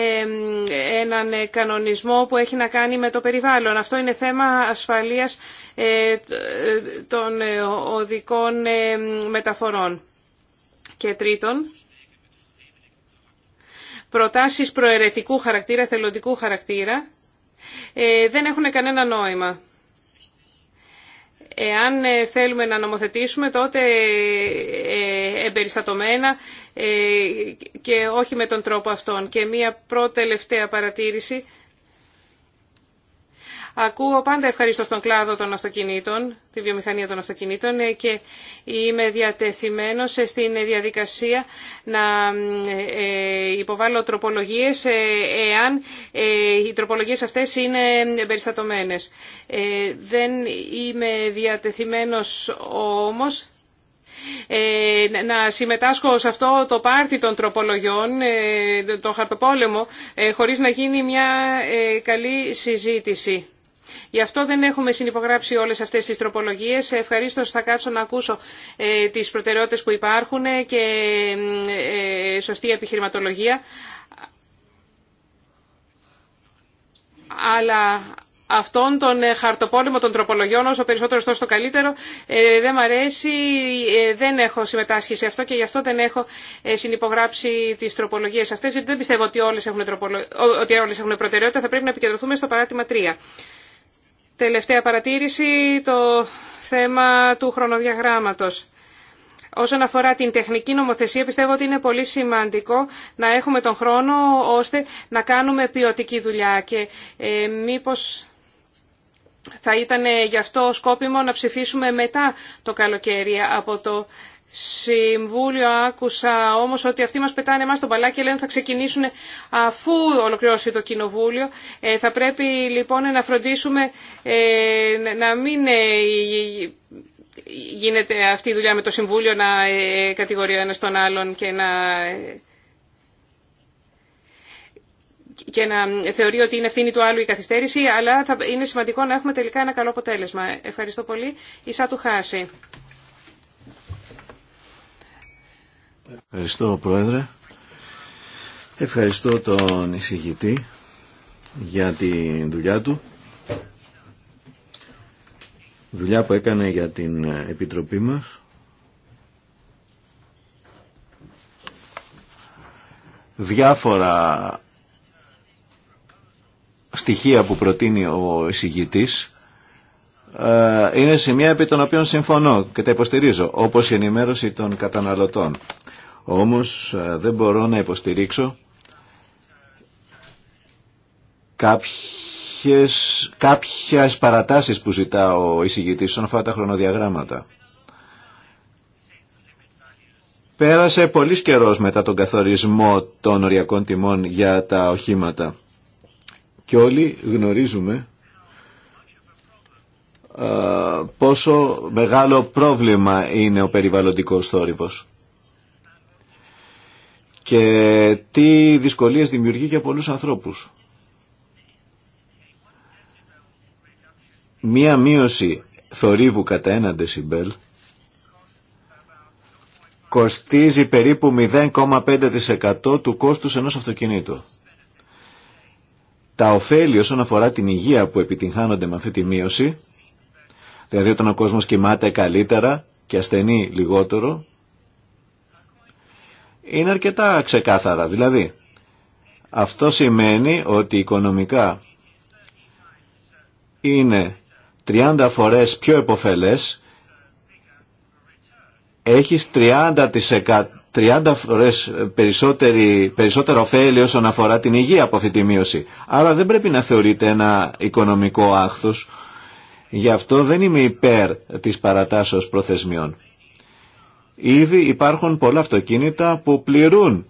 έναν κανονισμό που έχει να κάνει με το περιβάλλον. Αυτό είναι θέμα ασφαλείας ε, των οδικών ε, μεταφορών. Και τρίτον, προτάσεις προαιρετικού χαρακτήρα, θελοντικού χαρακτήρα ε, δεν έχουν κανένα νόημα. Εάν ε, θέλουμε να νομοθετήσουμε τότε ε, εμπεριστατωμένα και όχι με τον τρόπο αυτόν. Και μία προτελευταία παρατήρηση Ακούω πάντα ευχαριστώ στον κλάδο των αυτοκινήτων, τη βιομηχανία των αυτοκινήτων ε, και είμαι διατεθειμένος ε, στην διαδικασία να ε, υποβάλω τροπολογίες εάν οι τροπολογίες αυτές είναι περιστατωμένες. Δεν είμαι διατεθειμένος όμως να συμμετάσχω σε αυτό το πάρτι των τροπολογιών, τον χαρτοπόλεμο, χωρίς να γίνει μια καλή συζήτηση. Γι' αυτό δεν έχουμε συνυπογράψει όλε αυτέ τι τροπολογίε. Ευχαρίστω θα κάτσω να ακούσω ε, τι προτεραιότητε που υπάρχουν ε, και ε, σωστή επιχειρηματολογία. Αλλά αυτόν τον χαρτοπόλεμο των τροπολογιών, όσο περισσότερο τόσο το καλύτερο, δεν μ' αρέσει, δεν έχω συμμετάσχει σε αυτό και γι' αυτό δεν έχω συνυπογράψει τις τροπολογίες αυτές, γιατί δεν πιστεύω ότι όλες έχουν, τροπολο... έχουν προτεραιότητα, θα πρέπει να επικεντρωθούμε στο παράτημα 3. Τελευταία παρατήρηση, το θέμα του χρονοδιαγράμματος. Όσον αφορά την τεχνική νομοθεσία, πιστεύω ότι είναι πολύ σημαντικό να έχουμε τον χρόνο ώστε να κάνουμε ποιοτική δουλειά και ε, μήπως θα ήταν γι' αυτό σκόπιμο να ψηφίσουμε μετά το καλοκαίρι από το Συμβούλιο άκουσα όμως ότι αυτοί μας πετάνε εμάς τον παλάκι και λένε θα ξεκινήσουν αφού ολοκληρώσει το Κοινοβούλιο. Ε, θα πρέπει λοιπόν να φροντίσουμε ε, να μην ε, γίνεται αυτή η δουλειά με το Συμβούλιο να κατηγορεί ο ένας τον άλλον και να θεωρεί ότι είναι ευθύνη του άλλου η καθυστέρηση, αλλά θα είναι σημαντικό να έχουμε τελικά ένα καλό αποτέλεσμα. Ευχαριστώ πολύ. Ισά του Χάση. Ευχαριστώ Πρόεδρε. Ευχαριστώ τον εισηγητή για τη δουλειά του. Δουλειά που έκανε για την Επιτροπή μας. Διάφορα στοιχεία που προτείνει ο εισηγητής ε, είναι σημεία επί των οποίων συμφωνώ και τα υποστηρίζω, όπως η ενημέρωση των καταναλωτών. Όμως ε, δεν μπορώ να υποστηρίξω κάποιες, κάποιες παρατάσεις που ζητά ο εισηγητής στον αυτά τα χρονοδιαγράμματα. Πέρασε πολύ καιρό μετά τον καθορισμό των οριακών τιμών για τα οχήματα και όλοι γνωρίζουμε ε, πόσο μεγάλο πρόβλημα είναι ο περιβαλλοντικός θόρυβος και τι δυσκολίες δημιουργεί για πολλούς ανθρώπους. Μία μείωση θορύβου κατά ένα δεσιμπέλ κοστίζει περίπου 0,5% του κόστους ενός αυτοκινήτου. Τα ωφέλη όσον αφορά την υγεία που επιτυγχάνονται με αυτή τη μείωση, δηλαδή όταν ο κόσμος κοιμάται καλύτερα και ασθενεί λιγότερο, είναι αρκετά ξεκάθαρα. Δηλαδή, αυτό σημαίνει ότι οικονομικά είναι 30 φορές πιο επωφελές, έχεις 30%, 30 φορές περισσότερη, περισσότερο ωφέλη όσον αφορά την υγεία από αυτή τη μείωση. Άρα δεν πρέπει να θεωρείται ένα οικονομικό άχθος. Γι' αυτό δεν είμαι υπέρ της παρατάσεως προθεσμιών. Ήδη υπάρχουν πολλά αυτοκίνητα που πληρούν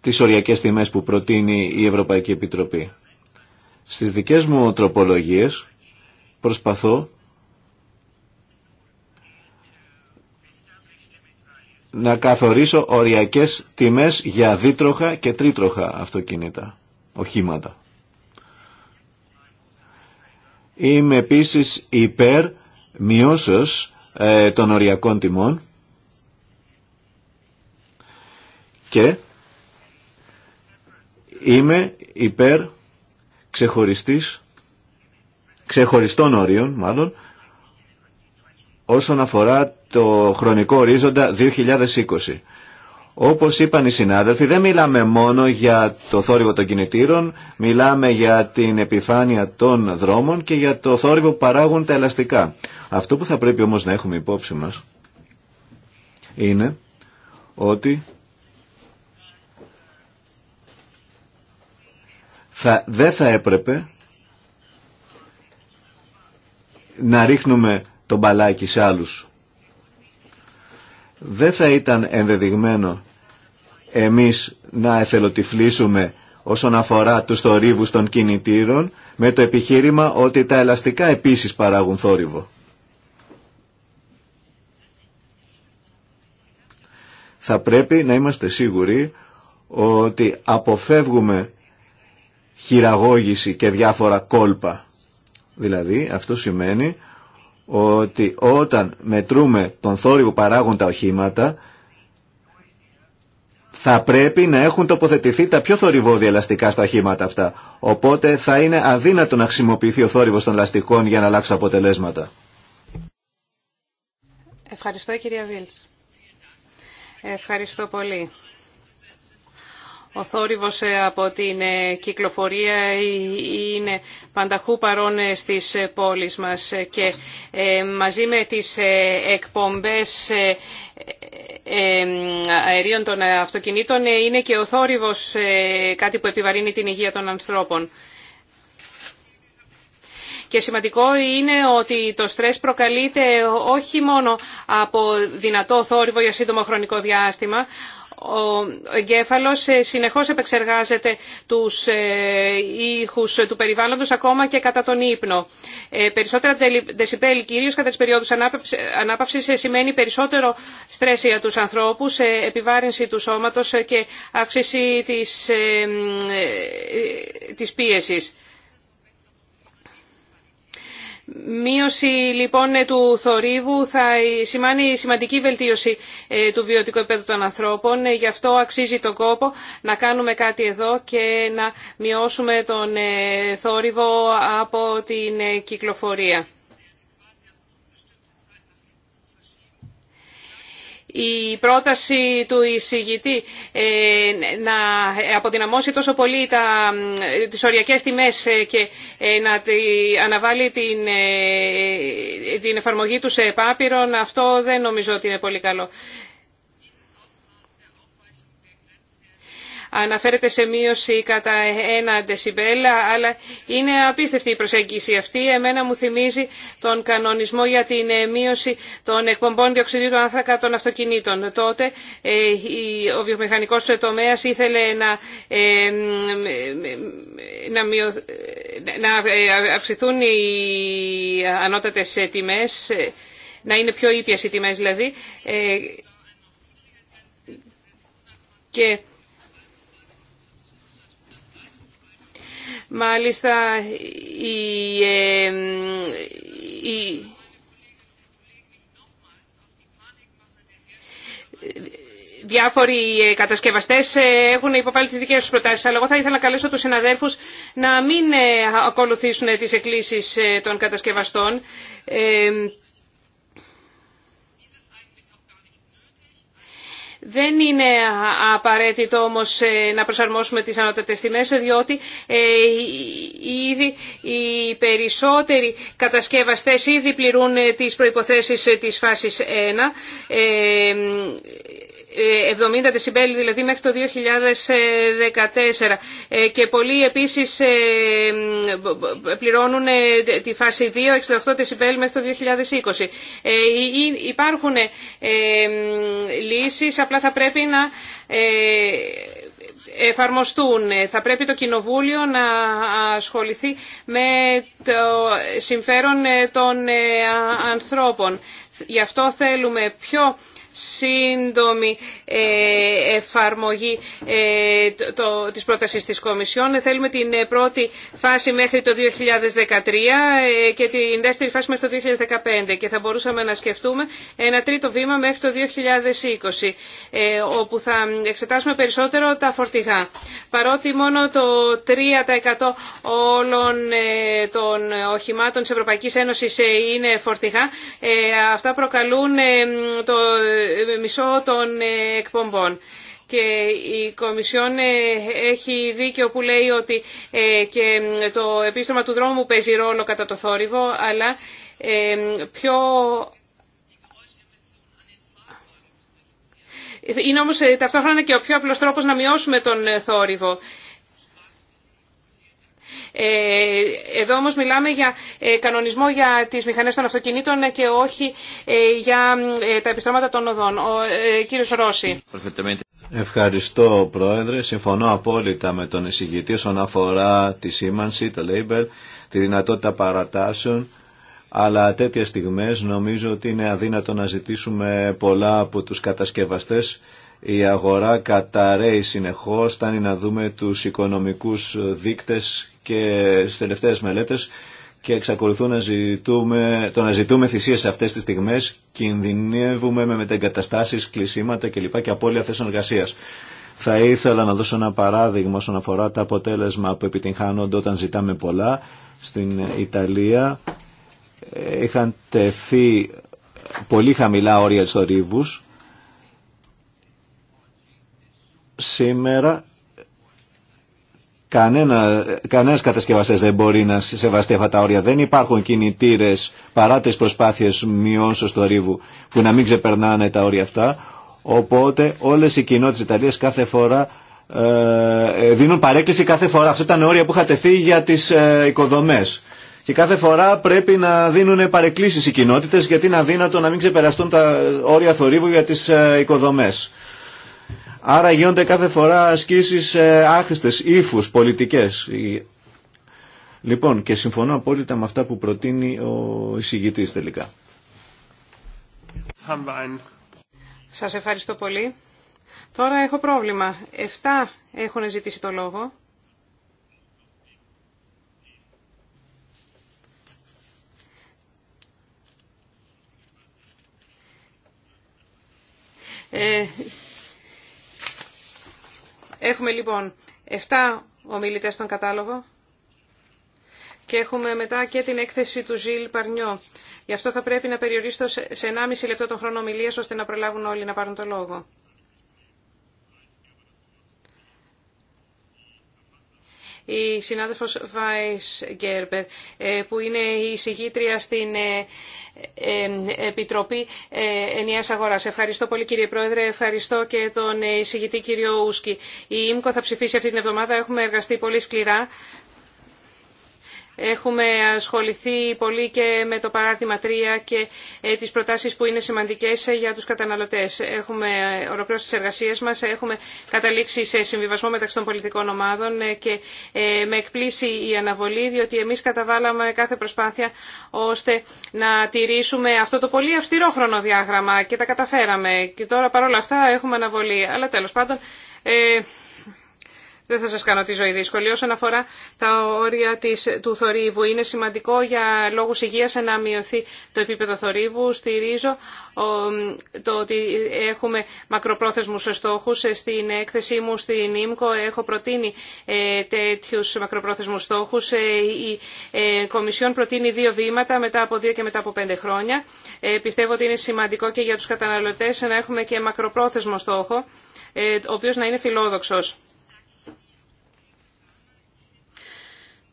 τις οριακές τιμές που προτείνει η Ευρωπαϊκή Επιτροπή. Στις δικές μου τροπολογίες προσπαθώ να καθορίσω οριακές τιμές για δίτροχα και τρίτροχα αυτοκίνητα, οχήματα. Είμαι επίσης υπέρ μειώσεως ε, των οριακών τιμών και είμαι υπέρ ξεχωριστής, ξεχωριστών ορίων μάλλον όσον αφορά το χρονικό ορίζοντα 2020 όπως είπαν οι συνάδελφοι, δεν μιλάμε μόνο για το θόρυβο των κινητήρων, μιλάμε για την επιφάνεια των δρόμων και για το θόρυβο που παράγουν τα ελαστικά. Αυτό που θα πρέπει όμως να έχουμε υπόψη μας είναι ότι θα, δεν θα έπρεπε να ρίχνουμε τον μπαλάκι σε άλλους. Δεν θα ήταν ενδεδειγμένο εμείς να εθελοτυφλήσουμε όσον αφορά τους θορύβους των κινητήρων με το επιχείρημα ότι τα ελαστικά επίσης παράγουν θόρυβο. Θα πρέπει να είμαστε σίγουροι ότι αποφεύγουμε χειραγώγηση και διάφορα κόλπα. Δηλαδή αυτό σημαίνει ότι όταν μετρούμε τον θόρυβο παράγουν τα οχήματα θα πρέπει να έχουν τοποθετηθεί τα πιο θορυβόδια ελαστικά στα χήματα αυτά. Οπότε θα είναι αδύνατο να χρησιμοποιηθεί ο θόρυβος των λαστικών για να αλλάξει αποτελέσματα. Ευχαριστώ κυρία Βίλς. Ευχαριστώ πολύ. Ο θόρυβος ε, από την ε, κυκλοφορία ε, είναι πανταχού παρόν στις πόλεις μας και μαζί με τις εκπομπές αερίων των ε, αυτοκινήτων ε, είναι και ο θόρυβος ε, κάτι που επιβαρύνει την υγεία των ανθρώπων. Και σημαντικό είναι ότι το στρες προκαλείται όχι μόνο από δυνατό θόρυβο για σύντομο χρονικό διάστημα, ο εγκέφαλος ε, συνεχώς επεξεργάζεται τους ε, ήχους του περιβάλλοντος ακόμα και κατά τον ύπνο. Ε, περισσότερα δεσιπέλ, κυρίως κατά τις περιόδους ανάπαυσης, σημαίνει περισσότερο στρες για τους ανθρώπους, επιβάρυνση του σώματος και αύξηση της, της πίεσης. Μείωση λοιπόν του θορύβου θα σημάνει σημαντική βελτίωση ε, του βιωτικού επίπεδου των ανθρώπων. Ε, γι' αυτό αξίζει τον κόπο να κάνουμε κάτι εδώ και να μειώσουμε τον ε, θόρυβο από την κυκλοφορία. η πρόταση του εισηγητή ε, να αποδυναμώσει τόσο πολύ τα, ε, τις οριακές τιμές ε, και να αναβάλει την, την εφαρμογή του σε επάπειρον, αυτό δεν νομίζω ότι είναι πολύ καλό. αναφέρεται σε μείωση κατά ένα δεσιμπέλα αλλά είναι απίστευτη η προσέγγιση αυτή. Εμένα μου θυμίζει τον κανονισμό για την ε, μείωση των εκπομπών διοξιδίου του άνθρακα των αυτοκινήτων. Τότε ε, ο βιομηχανικός τομέας ήθελε να, ε, αυξηθούν οι ανώτατες τιμές, να είναι πιο ήπιες οι τιμές δηλαδή, και Μάλιστα, η, ε, η, διάφοροι ε, κατασκευαστές ε, έχουν υποβάλει τις δικές τους προτάσεις, αλλά εγώ θα ήθελα να καλέσω τους συναδέρφους να μην ακολουθήσουν τις εκκλήσεις των κατασκευαστών. Δεν είναι απαραίτητο όμως ε, να προσαρμόσουμε τις ανώτατες τιμές, διότι ε, ήδη οι περισσότεροι κατασκευαστές ήδη πληρούν ε, τις προϋποθέσεις της φάσης 1. 70 δεσιμπέλ δηλαδή μέχρι το 2014 ε, και πολλοί επίσης ε, πληρώνουν ε, τη φάση 2, 68 δεσιμπέλ μέχρι το 2020. Υπάρχουν λύσεις, απλά θα πρέπει να εφαρμοστούν. Θα πρέπει το Κοινοβούλιο να ασχοληθεί με το συμφέρον των ανθρώπων. Γι' αυτό θέλουμε πιο σύντομη ε, εφαρμογή ε, της πρότασης της Κομισιόν. Θέλουμε την ε, πρώτη φάση μέχρι το 2013 και την δεύτερη φάση μέχρι το 2015 και θα μπορούσαμε να σκεφτούμε ένα τρίτο βήμα μέχρι το 2020 όπου θα εξετάσουμε περισσότερο τα φορτηγά. Παρότι μόνο το 3% όλων των οχημάτων της Ευρωπαϊκής Ένωσης είναι φορτηγά, αυτά προκαλούν το ε, ε, μισό των ε, εκπομπών. Και η Κομισιόν έχει δίκιο που λέει ότι και το επίστρωμα του δρόμου παίζει ρόλο κατά το θόρυβο, αλλά πιο είναι όμως ταυτόχρονα και ο πιο απλός τρόπος να μειώσουμε τον θόρυβο. Ε, εδώ όμως μιλάμε για ε, κανονισμό για τις μηχανές των αυτοκινήτων ε, και όχι για τα επιστρώματα των οδών. Ο κύριος Ρώση. Ευχαριστώ Πρόεδρε. Συμφωνώ απόλυτα με τον εισηγητή όσον αφορά τη σήμανση, το label, τη δυνατότητα παρατάσεων αλλά τέτοιες στιγμές νομίζω ότι είναι αδύνατο να ζητήσουμε πολλά από τους κατασκευαστές. Η αγορά καταραίει συνεχώς, φτάνει να δούμε τους οικονομικούς δείκτες και στι τελευταίε μελέτες και εξακολουθούν να ζητούμε, το να ζητούμε θυσίες σε αυτές τις στιγμές κινδυνεύουμε με μετεγκαταστάσει, κλεισίματα κλπ. και απώλεια θέσεων εργασία. Θα ήθελα να δώσω ένα παράδειγμα όσον αφορά τα αποτέλεσμα που επιτυγχάνονται όταν ζητάμε πολλά. Στην Ιταλία ε, είχαν τεθεί πολύ χαμηλά όρια στους Σήμερα Κανένα, κανένας κατασκευαστές δεν μπορεί να σεβαστεί αυτά τα όρια. Δεν υπάρχουν κινητήρες παρά τις προσπάθειες μειώσεως του ρίβου που να μην ξεπερνάνε τα όρια αυτά. Οπότε όλες οι κοινότητες Ιταλίας κάθε φορά ε, ε, δίνουν παρέκκληση κάθε φορά. Αυτά ήταν όρια που είχα τεθεί για τις ε, οικοδομές. Και κάθε φορά πρέπει να δίνουν παρεκκλήσεις οι κοινότητες γιατί είναι αδύνατο να μην ξεπεραστούν τα όρια θορύβου για τις ε, οικοδομές. Άρα γίνονται κάθε φορά ασκήσεις ε, άχρηστες, ύφους, πολιτικές. Λοιπόν, και συμφωνώ απόλυτα με αυτά που προτείνει ο εισηγητής τελικά. Σας ευχαριστώ πολύ. Τώρα έχω πρόβλημα. Εφτά έχουν ζητήσει το λόγο. Ε, Έχουμε λοιπόν 7 ομιλητές στον κατάλογο και έχουμε μετά και την έκθεση του Ζιλ Παρνιό. Γι' αυτό θα πρέπει να περιορίσω σε 1,5 λεπτό τον χρόνο ομιλίας ώστε να προλάβουν όλοι να πάρουν το λόγο. Η συνάδελφος Βάις Γκέρμπερ, ε, που είναι η συγγήτρια στην ε, Επιτροπή ε, Ενιαίας Αγοράς. Ευχαριστώ πολύ κύριε Πρόεδρε, ευχαριστώ και τον ε, εισηγητή κύριο Ούσκι. Η ΙΜΚΟ θα ψηφίσει αυτή την εβδομάδα, έχουμε εργαστεί πολύ σκληρά Έχουμε ασχοληθεί πολύ και με το παράρτημα 3 και ε, τις προτάσεις που είναι σημαντικές ε, για τους καταναλωτές. Έχουμε ε, ολοκληρώσει τις εργασίες μας, έχουμε καταλήξει σε συμβιβασμό μεταξύ των πολιτικών ομάδων και με εκπλήσει η αναβολή, διότι εμείς καταβάλαμε κάθε προσπάθεια ώστε να τηρήσουμε αυτό το πολύ αυστηρό χρονοδιάγραμμα και τα καταφέραμε. Και τώρα παρόλα αυτά έχουμε αναβολή. Αλλά τέλος πάντων... Ε, δεν θα σας κάνω τη ζωή δύσκολη. Όσον αφορά τα όρια της, του θορύβου, είναι σημαντικό για λόγους υγείας να μειωθεί το επίπεδο θορύβου. Στηρίζω το ότι έχουμε μακροπρόθεσμους στόχους. Στην έκθεσή μου στην ΙΜΚΟ έχω προτείνει ε, μακροπρόθεσμου μακροπρόθεσμους στόχους. Ε, η ε, Κομισιόν προτείνει δύο βήματα μετά από δύο και μετά από πέντε χρόνια. Ε, πιστεύω ότι είναι σημαντικό και για τους καταναλωτές να έχουμε και μακροπρόθεσμο στόχο, ο οποίο να είναι φιλόδοξο.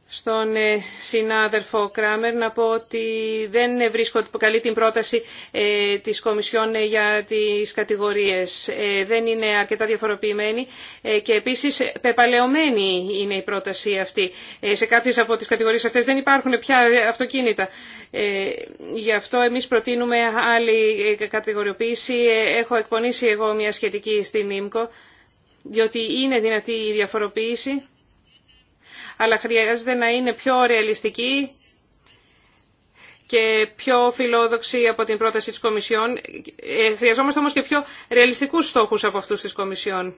στον ε, συνάδελφο Κράμερ να πω ότι δεν βρίσκω καλή την πρόταση ε, της Κομισιόν ε, για τις κατηγορίες. Δεν είναι αρκετά διαφοροποιημένη και επίσης πεπαλαιωμένη είναι η πρόταση αυτή. Σε κάποιες από τις κατηγορίες αυτές δεν υπάρχουν πια αυτοκίνητα. Γι' αυτό εμείς προτείνουμε άλλη κατηγοριοποίηση. Έχω εκπονήσει εγώ μια σχετική στην ΙΜΚΟ, διότι είναι δυνατή η διαφοροποίηση αλλά χρειάζεται να είναι πιο ρεαλιστική και πιο φιλόδοξη από την πρόταση της Κομισιόν. Ε, χρειαζόμαστε όμως και πιο ρεαλιστικούς στόχους από αυτούς της Κομισιόν.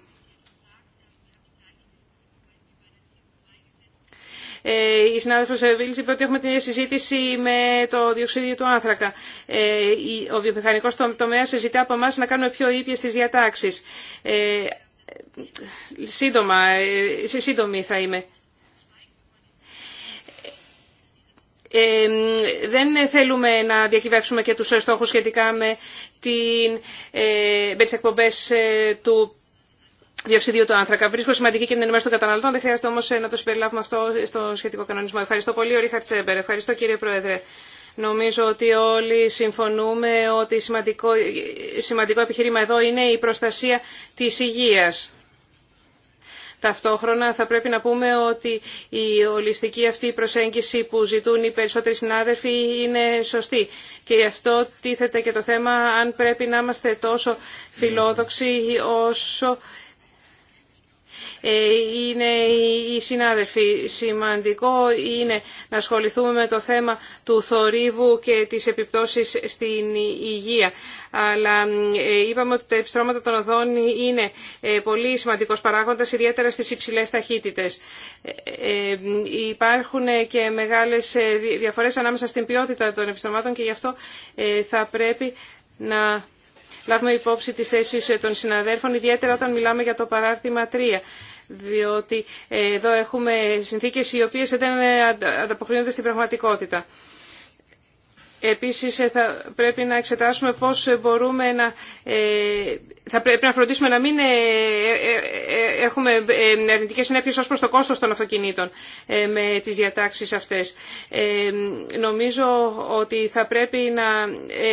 Ε, η συνάδελφο Βίλη είπε ότι έχουμε την ίδια συζήτηση με το διοξίδιο του άνθρακα. Ε, ο βιομηχανικό τομέα συζητά από εμά να κάνουμε πιο ήπιε τι διατάξει. σύντομα, σε σύντομη θα είμαι. δεν θέλουμε να διακυβεύσουμε και τους στόχους σχετικά με, την, ε, με τις εκπομπές ε, του διοξιδίου του άνθρακα. Βρίσκω σημαντική και την ενημέρωση των καταναλωτών. Δεν χρειάζεται όμω ε, να το συμπεριλάβουμε αυτό στο σχετικό κανονισμό. Ευχαριστώ πολύ, ο Ρίχαρτ Σέμπερ. Ευχαριστώ, κύριε Πρόεδρε. Νομίζω ότι όλοι συμφωνούμε ότι σημαντικό, σημαντικό επιχείρημα εδώ είναι η προστασία της υγείας. Ταυτόχρονα θα πρέπει να πούμε ότι η ολιστική αυτή προσέγγιση που ζητούν οι περισσότεροι συνάδελφοι είναι σωστή. Και γι' αυτό τίθεται και το θέμα αν πρέπει να είμαστε τόσο φιλόδοξοι όσο ε, είναι οι συνάδελφοι. Σημαντικό είναι να ασχοληθούμε με το θέμα του θορύβου και τις επιπτώσεις στην υγεία. Αλλά ε, είπαμε ότι τα επιστρώματα των οδών είναι ε, πολύ σημαντικός παράγοντας, ιδιαίτερα στις υψηλές ταχύτητες. Υπάρχουν και μεγάλες διαφορές ανάμεσα στην ποιότητα των επιστρωμάτων και γι' αυτό θα πρέπει να λάβουμε υπόψη τις θέσεις ε, των συναδέρφων, ιδιαίτερα όταν μιλάμε για το παράρτημα 3 διότι ε, εδώ έχουμε συνθήκες οι οποίες δεν ε, ανταποκρίνονται στην πραγματικότητα. Επίσης ε, θα πρέπει να εξετάσουμε πώς μπορούμε να... Ε, θα πρέπει να φροντίσουμε να μην ε, έχουμε αρνητικές συνέπειες ως προς το κόστος των αυτοκινήτων με τις διατάξεις αυτές. Νομίζω ότι θα πρέπει να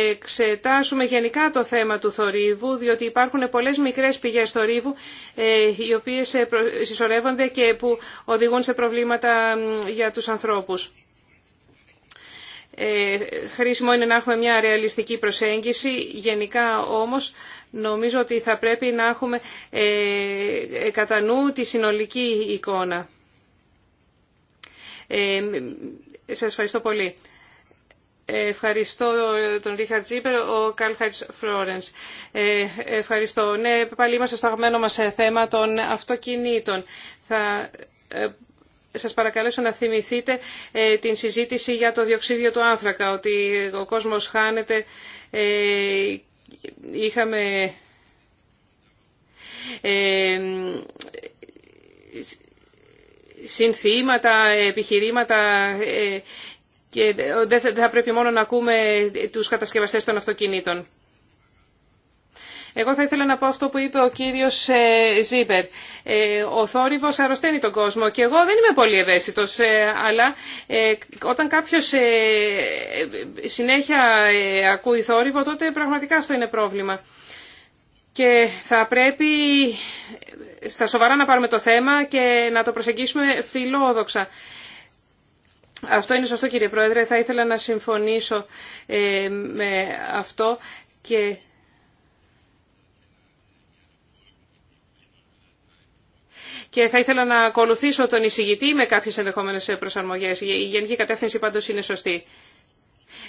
εξετάσουμε γενικά το θέμα του θορύβου, διότι υπάρχουν πολλές μικρές πηγές θορύβου οι οποίες συσσωρεύονται και που οδηγούν σε προβλήματα για τους ανθρώπους. Ε, χρήσιμο είναι να έχουμε μια ρεαλιστική προσέγγιση. Γενικά όμως νομίζω ότι θα πρέπει να έχουμε ε, ε, κατά νου τη συνολική εικόνα. Ε, σας ευχαριστώ πολύ. Ευχαριστώ τον Ρίχαρτ Τζίπερ, ο Καλχάτς Φλόρενς. ευχαριστώ. Ναι, πάλι είμαστε στο αγαπημένο μας θέμα των αυτοκινήτων. Θα σας παρακαλέσω να θυμηθείτε ε, την συζήτηση για το διοξίδιο του άνθρακα, ότι ο κόσμος χάνεται. Ε, είχαμε ε, συνθήματα, επιχειρήματα και δεν θα πρέπει μόνο να ακούμε τους κατασκευαστές των αυτοκινήτων. Εγώ θα ήθελα να πω αυτό που είπε ο κύριος ε, Ζίπερ. Ε, ο θόρυβος αρρωσταίνει τον κόσμο και εγώ δεν είμαι πολύ ευαίσθητος, ε, αλλά όταν κάποιος συνέχεια ακούει θόρυβο, τότε πραγματικά αυτό είναι πρόβλημα. Και θα πρέπει στα σοβαρά να πάρουμε το θέμα και να το προσεγγίσουμε φιλόδοξα. Αυτό είναι σωστό κύριε Πρόεδρε. Θα ήθελα να συμφωνήσω με αυτό και και θα ήθελα να ακολουθήσω τον εισηγητή με κάποιε ενδεχόμενες προσαρμογέ. Η γενική κατεύθυνση πάντω είναι σωστή.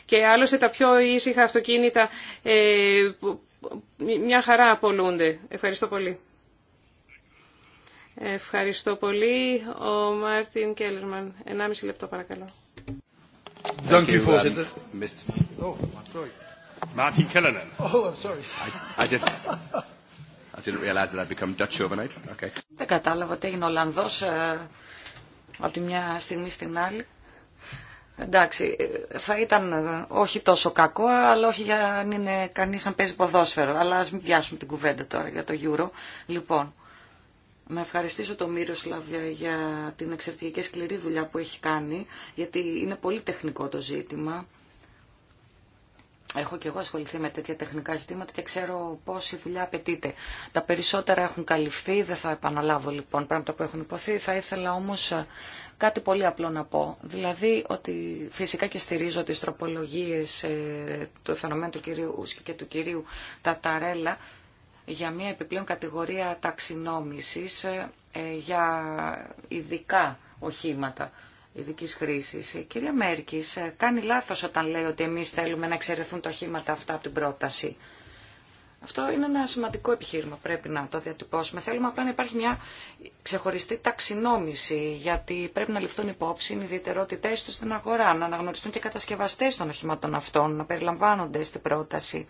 Και άλλωστε τα πιο ήσυχα αυτοκίνητα ε, μια χαρά απολούνται. Ευχαριστώ πολύ. Ευχαριστώ πολύ. Ο Μάρτιν Κέλλερμαν. Ενάμιση λεπτό παρακαλώ. Μάρτιν Κέλλερμαν. Δεν κατάλαβα ότι έγινε Ολλανδό ε, από τη μια στιγμή στην άλλη. Εντάξει, ε, θα ήταν ε, όχι τόσο κακό, αλλά όχι για να είναι κανείς να παίζει ποδόσφαιρο. Αλλά ας μην πιάσουμε την κουβέντα τώρα για το Euro. Λοιπόν, να ευχαριστήσω τον Μύριο Σλαβιά για την εξαιρετική σκληρή δουλειά που έχει κάνει, γιατί είναι πολύ τεχνικό το ζήτημα Έχω και εγώ ασχοληθεί με τέτοια τεχνικά ζητήματα και ξέρω πόση δουλειά απαιτείται. Τα περισσότερα έχουν καλυφθεί, δεν θα επαναλάβω λοιπόν πράγματα που έχουν υποθεί. Θα ήθελα όμως ε, κάτι πολύ απλό να πω. Δηλαδή ότι φυσικά και στηρίζω τις τροπολογίες ε, του φαινομένου του κυρίου Ούσκη και του κυρίου Ταταρέλα για μια επιπλέον κατηγορία ταξινόμησης ε, για ειδικά οχήματα ειδική χρήση. Η κυρία Μέρκη ε, κάνει λάθο όταν λέει ότι εμεί θέλουμε να εξαιρεθούν τα οχήματα αυτά από την πρόταση. Αυτό είναι ένα σημαντικό επιχείρημα, πρέπει να το διατυπώσουμε. Θέλουμε απλά να υπάρχει μια ξεχωριστή ταξινόμηση, γιατί πρέπει να ληφθούν υπόψη οι ιδιαιτερότητέ του στην αγορά, να αναγνωριστούν και οι κατασκευαστέ των οχημάτων αυτών, να περιλαμβάνονται στην πρόταση.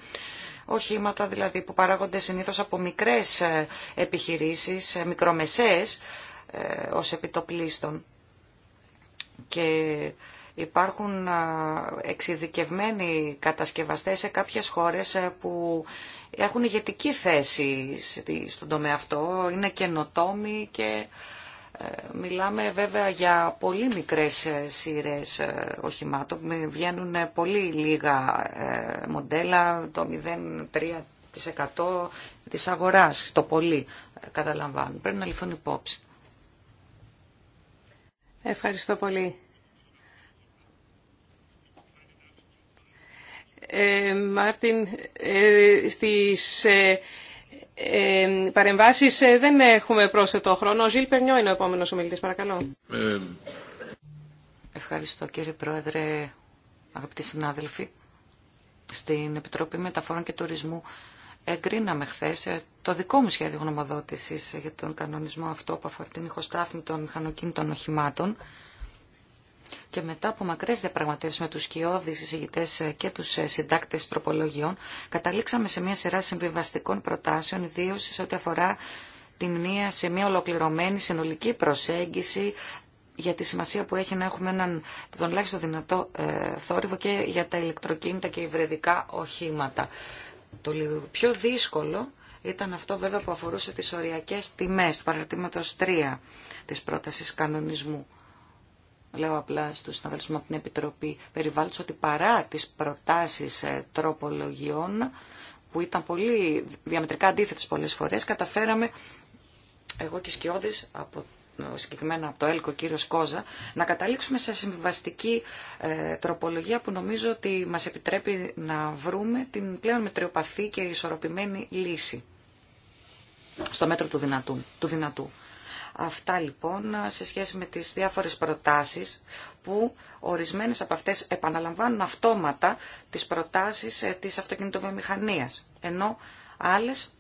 Οχήματα δηλαδή που παράγονται συνήθω από μικρέ ε, επιχειρήσει, ε, μικρομεσαίε, ω επιτοπλίστων και υπάρχουν εξειδικευμένοι κατασκευαστές σε κάποιες χώρες που έχουν ηγετική θέση στον τομέα αυτό, είναι καινοτόμοι και ε, μιλάμε βέβαια για πολύ μικρές ε, σειρές ε, οχημάτων, βγαίνουν πολύ λίγα μοντέλα, το 0,3% της αγοράς, το πολύ καταλαμβάνουν. Πρέπει να λυθούν υπόψη. Ευχαριστώ πολύ. Ε, Μάρτιν, ε, στις ε, ε παρεμβάσεις ε, δεν έχουμε πρόσθετο χρόνο. Ο Ζιλ Περνιό είναι ο επόμενος ομιλητής. Παρακαλώ. Ευχαριστώ κύριε Πρόεδρε, αγαπητοί συνάδελφοι. Στην Επιτροπή Μεταφορών και Τουρισμού εγκρίναμε χθε ε, το δικό μου σχέδιο γνωμοδότηση για τον κανονισμό αυτό που αφορά την ηχοστάθμη των μηχανοκίνητων οχημάτων. Και μετά από μακρέ διαπραγματεύσει με του κοιόδη συζητητέ και του ε, συντάκτε τροπολογιών, καταλήξαμε σε μια σειρά συμβιβαστικών προτάσεων, ιδίω σε ό,τι αφορά την μνήμα σε μια ολοκληρωμένη συνολική προσέγγιση για τη σημασία που έχει να έχουμε έναν, τον ελάχιστο δυνατό ε, θόρυβο και για τα ηλεκτροκίνητα και υβρεδικά οχήματα. Το πιο δύσκολο ήταν αυτό βέβαια που αφορούσε τις οριακές τιμές του παρακτήματος 3 της πρότασης κανονισμού. Λέω απλά στους συναδέλφους μου από την Επιτροπή Περιβάλλοντος ότι παρά τις προτάσεις ε, τροπολογιών που ήταν πολύ διαμετρικά αντίθετες πολλές φορές, καταφέραμε εγώ και Σκιώδης από ε, συγκεκριμένα από το ΕΛΚΟ κύριο Κόζα, να καταλήξουμε σε συμβιβαστική ε, τροπολογία που νομίζω ότι μας επιτρέπει να βρούμε την πλέον μετριοπαθή και ισορροπημένη λύση στο μέτρο του δυνατού. Του δυνατού. Αυτά λοιπόν σε σχέση με τις διάφορες προτάσεις που ορισμένες από αυτές επαναλαμβάνουν αυτόματα τις προτάσεις ε, της αυτοκινητοβιομηχανίας. Ενώ άλλες,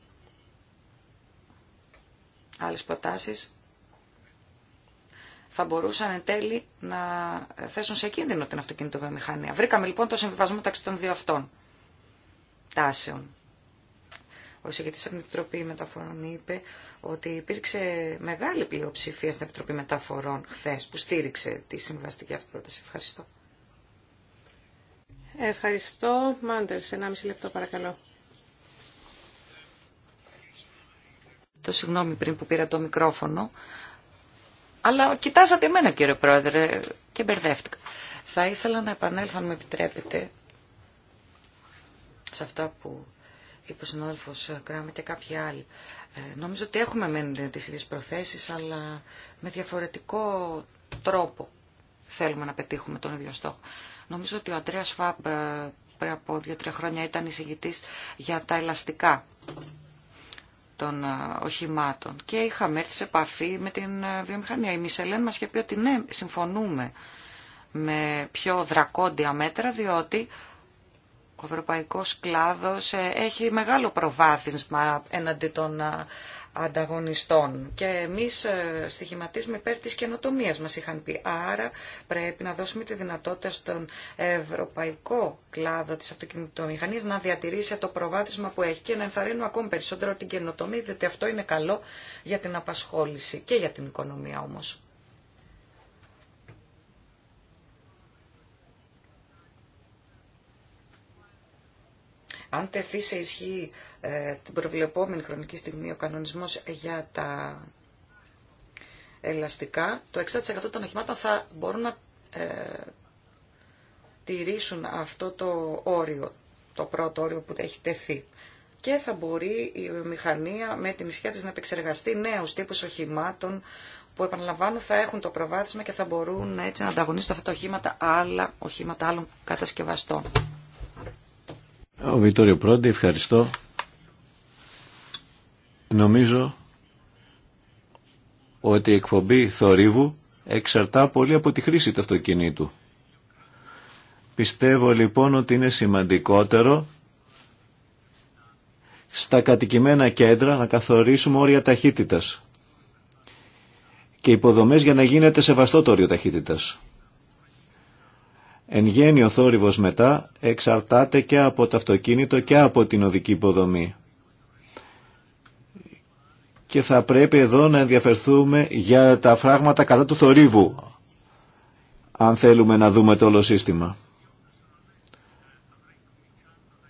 άλλες προτάσεις θα μπορούσαν εν τέλει να θέσουν σε κίνδυνο την αυτοκινητοβιομηχανία. Βρήκαμε λοιπόν το συμβιβασμό μεταξύ των δύο αυτών τάσεων. Ο εισηγητής από την Επιτροπή Μεταφορών είπε ότι υπήρξε μεγάλη πλειοψηφία στην Επιτροπή Μεταφορών χθε που στήριξε τη συμβαστική αυτή πρόταση. Ευχαριστώ. Ευχαριστώ. Μάντερ, 1,5 λεπτό παρακαλώ. Το συγγνώμη πριν που πήρα το μικρόφωνο, αλλά κοιτάζατε εμένα κύριε Πρόεδρε και μπερδεύτηκα. Θα ήθελα να επανέλθω αν με επιτρέπετε σε αυτά που είπε ο συνάδελφο Κράμε και κάποιοι άλλοι. Ε, νομίζω ότι έχουμε μεν τις ίδιες προθέσεις, αλλά με διαφορετικό τρόπο θέλουμε να πετύχουμε τον ίδιο στόχο. Νομίζω ότι ο Αντρέας Φαπ ε, πριν από δύο-τρία χρόνια ήταν εισηγητής για τα ελαστικά των ε, οχημάτων και είχαμε έρθει σε επαφή με την ε, βιομηχανία. Η Μισελέν μας είχε πει ότι ναι, συμφωνούμε με πιο δρακόντια μέτρα διότι ο ευρωπαϊκός κλάδος ε, έχει μεγάλο προβάθισμα εναντί των ανταγωνιστών. Και εμείς ε, στοιχηματίζουμε υπέρ της καινοτομίας, μας είχαν πει. Άρα πρέπει να δώσουμε τη δυνατότητα στον ευρωπαϊκό κλάδο της αυτοκινητομηχανίας να διατηρήσει το προβάδισμα που έχει και να ενθαρρύνουμε ακόμη περισσότερο την καινοτομία, διότι αυτό είναι καλό για την απασχόληση και για την οικονομία όμως. Αν τεθεί σε ισχύ ε, την προβλεπόμενη χρονική στιγμή ο κανονισμός για τα ελαστικά, το 60% των οχημάτων θα μπορούν να ε, τηρήσουν αυτό το όριο, το πρώτο όριο που έχει τεθεί. Και θα μπορεί η μηχανία με την ισχύ της να επεξεργαστεί νέους τύπους οχημάτων που επαναλαμβάνω θα έχουν το προβάδισμα και θα μπορούν έτσι να ανταγωνίσουν αυτά τα οχήματα άλλα οχήματα άλλων κατασκευαστών. Ο Βιτόριο Πρόντι, ευχαριστώ. Νομίζω ότι η εκπομπή θορύβου εξαρτά πολύ από τη χρήση του αυτοκινήτου. Πιστεύω λοιπόν ότι είναι σημαντικότερο στα κατοικημένα κέντρα να καθορίσουμε όρια ταχύτητας και υποδομές για να γίνεται σεβαστό το όριο ταχύτητας. Εν γένει ο θόρυβος μετά εξαρτάται και από το αυτοκίνητο και από την οδική υποδομή. Και θα πρέπει εδώ να ενδιαφερθούμε για τα φράγματα κατά του θορύβου, αν θέλουμε να δούμε το όλο σύστημα.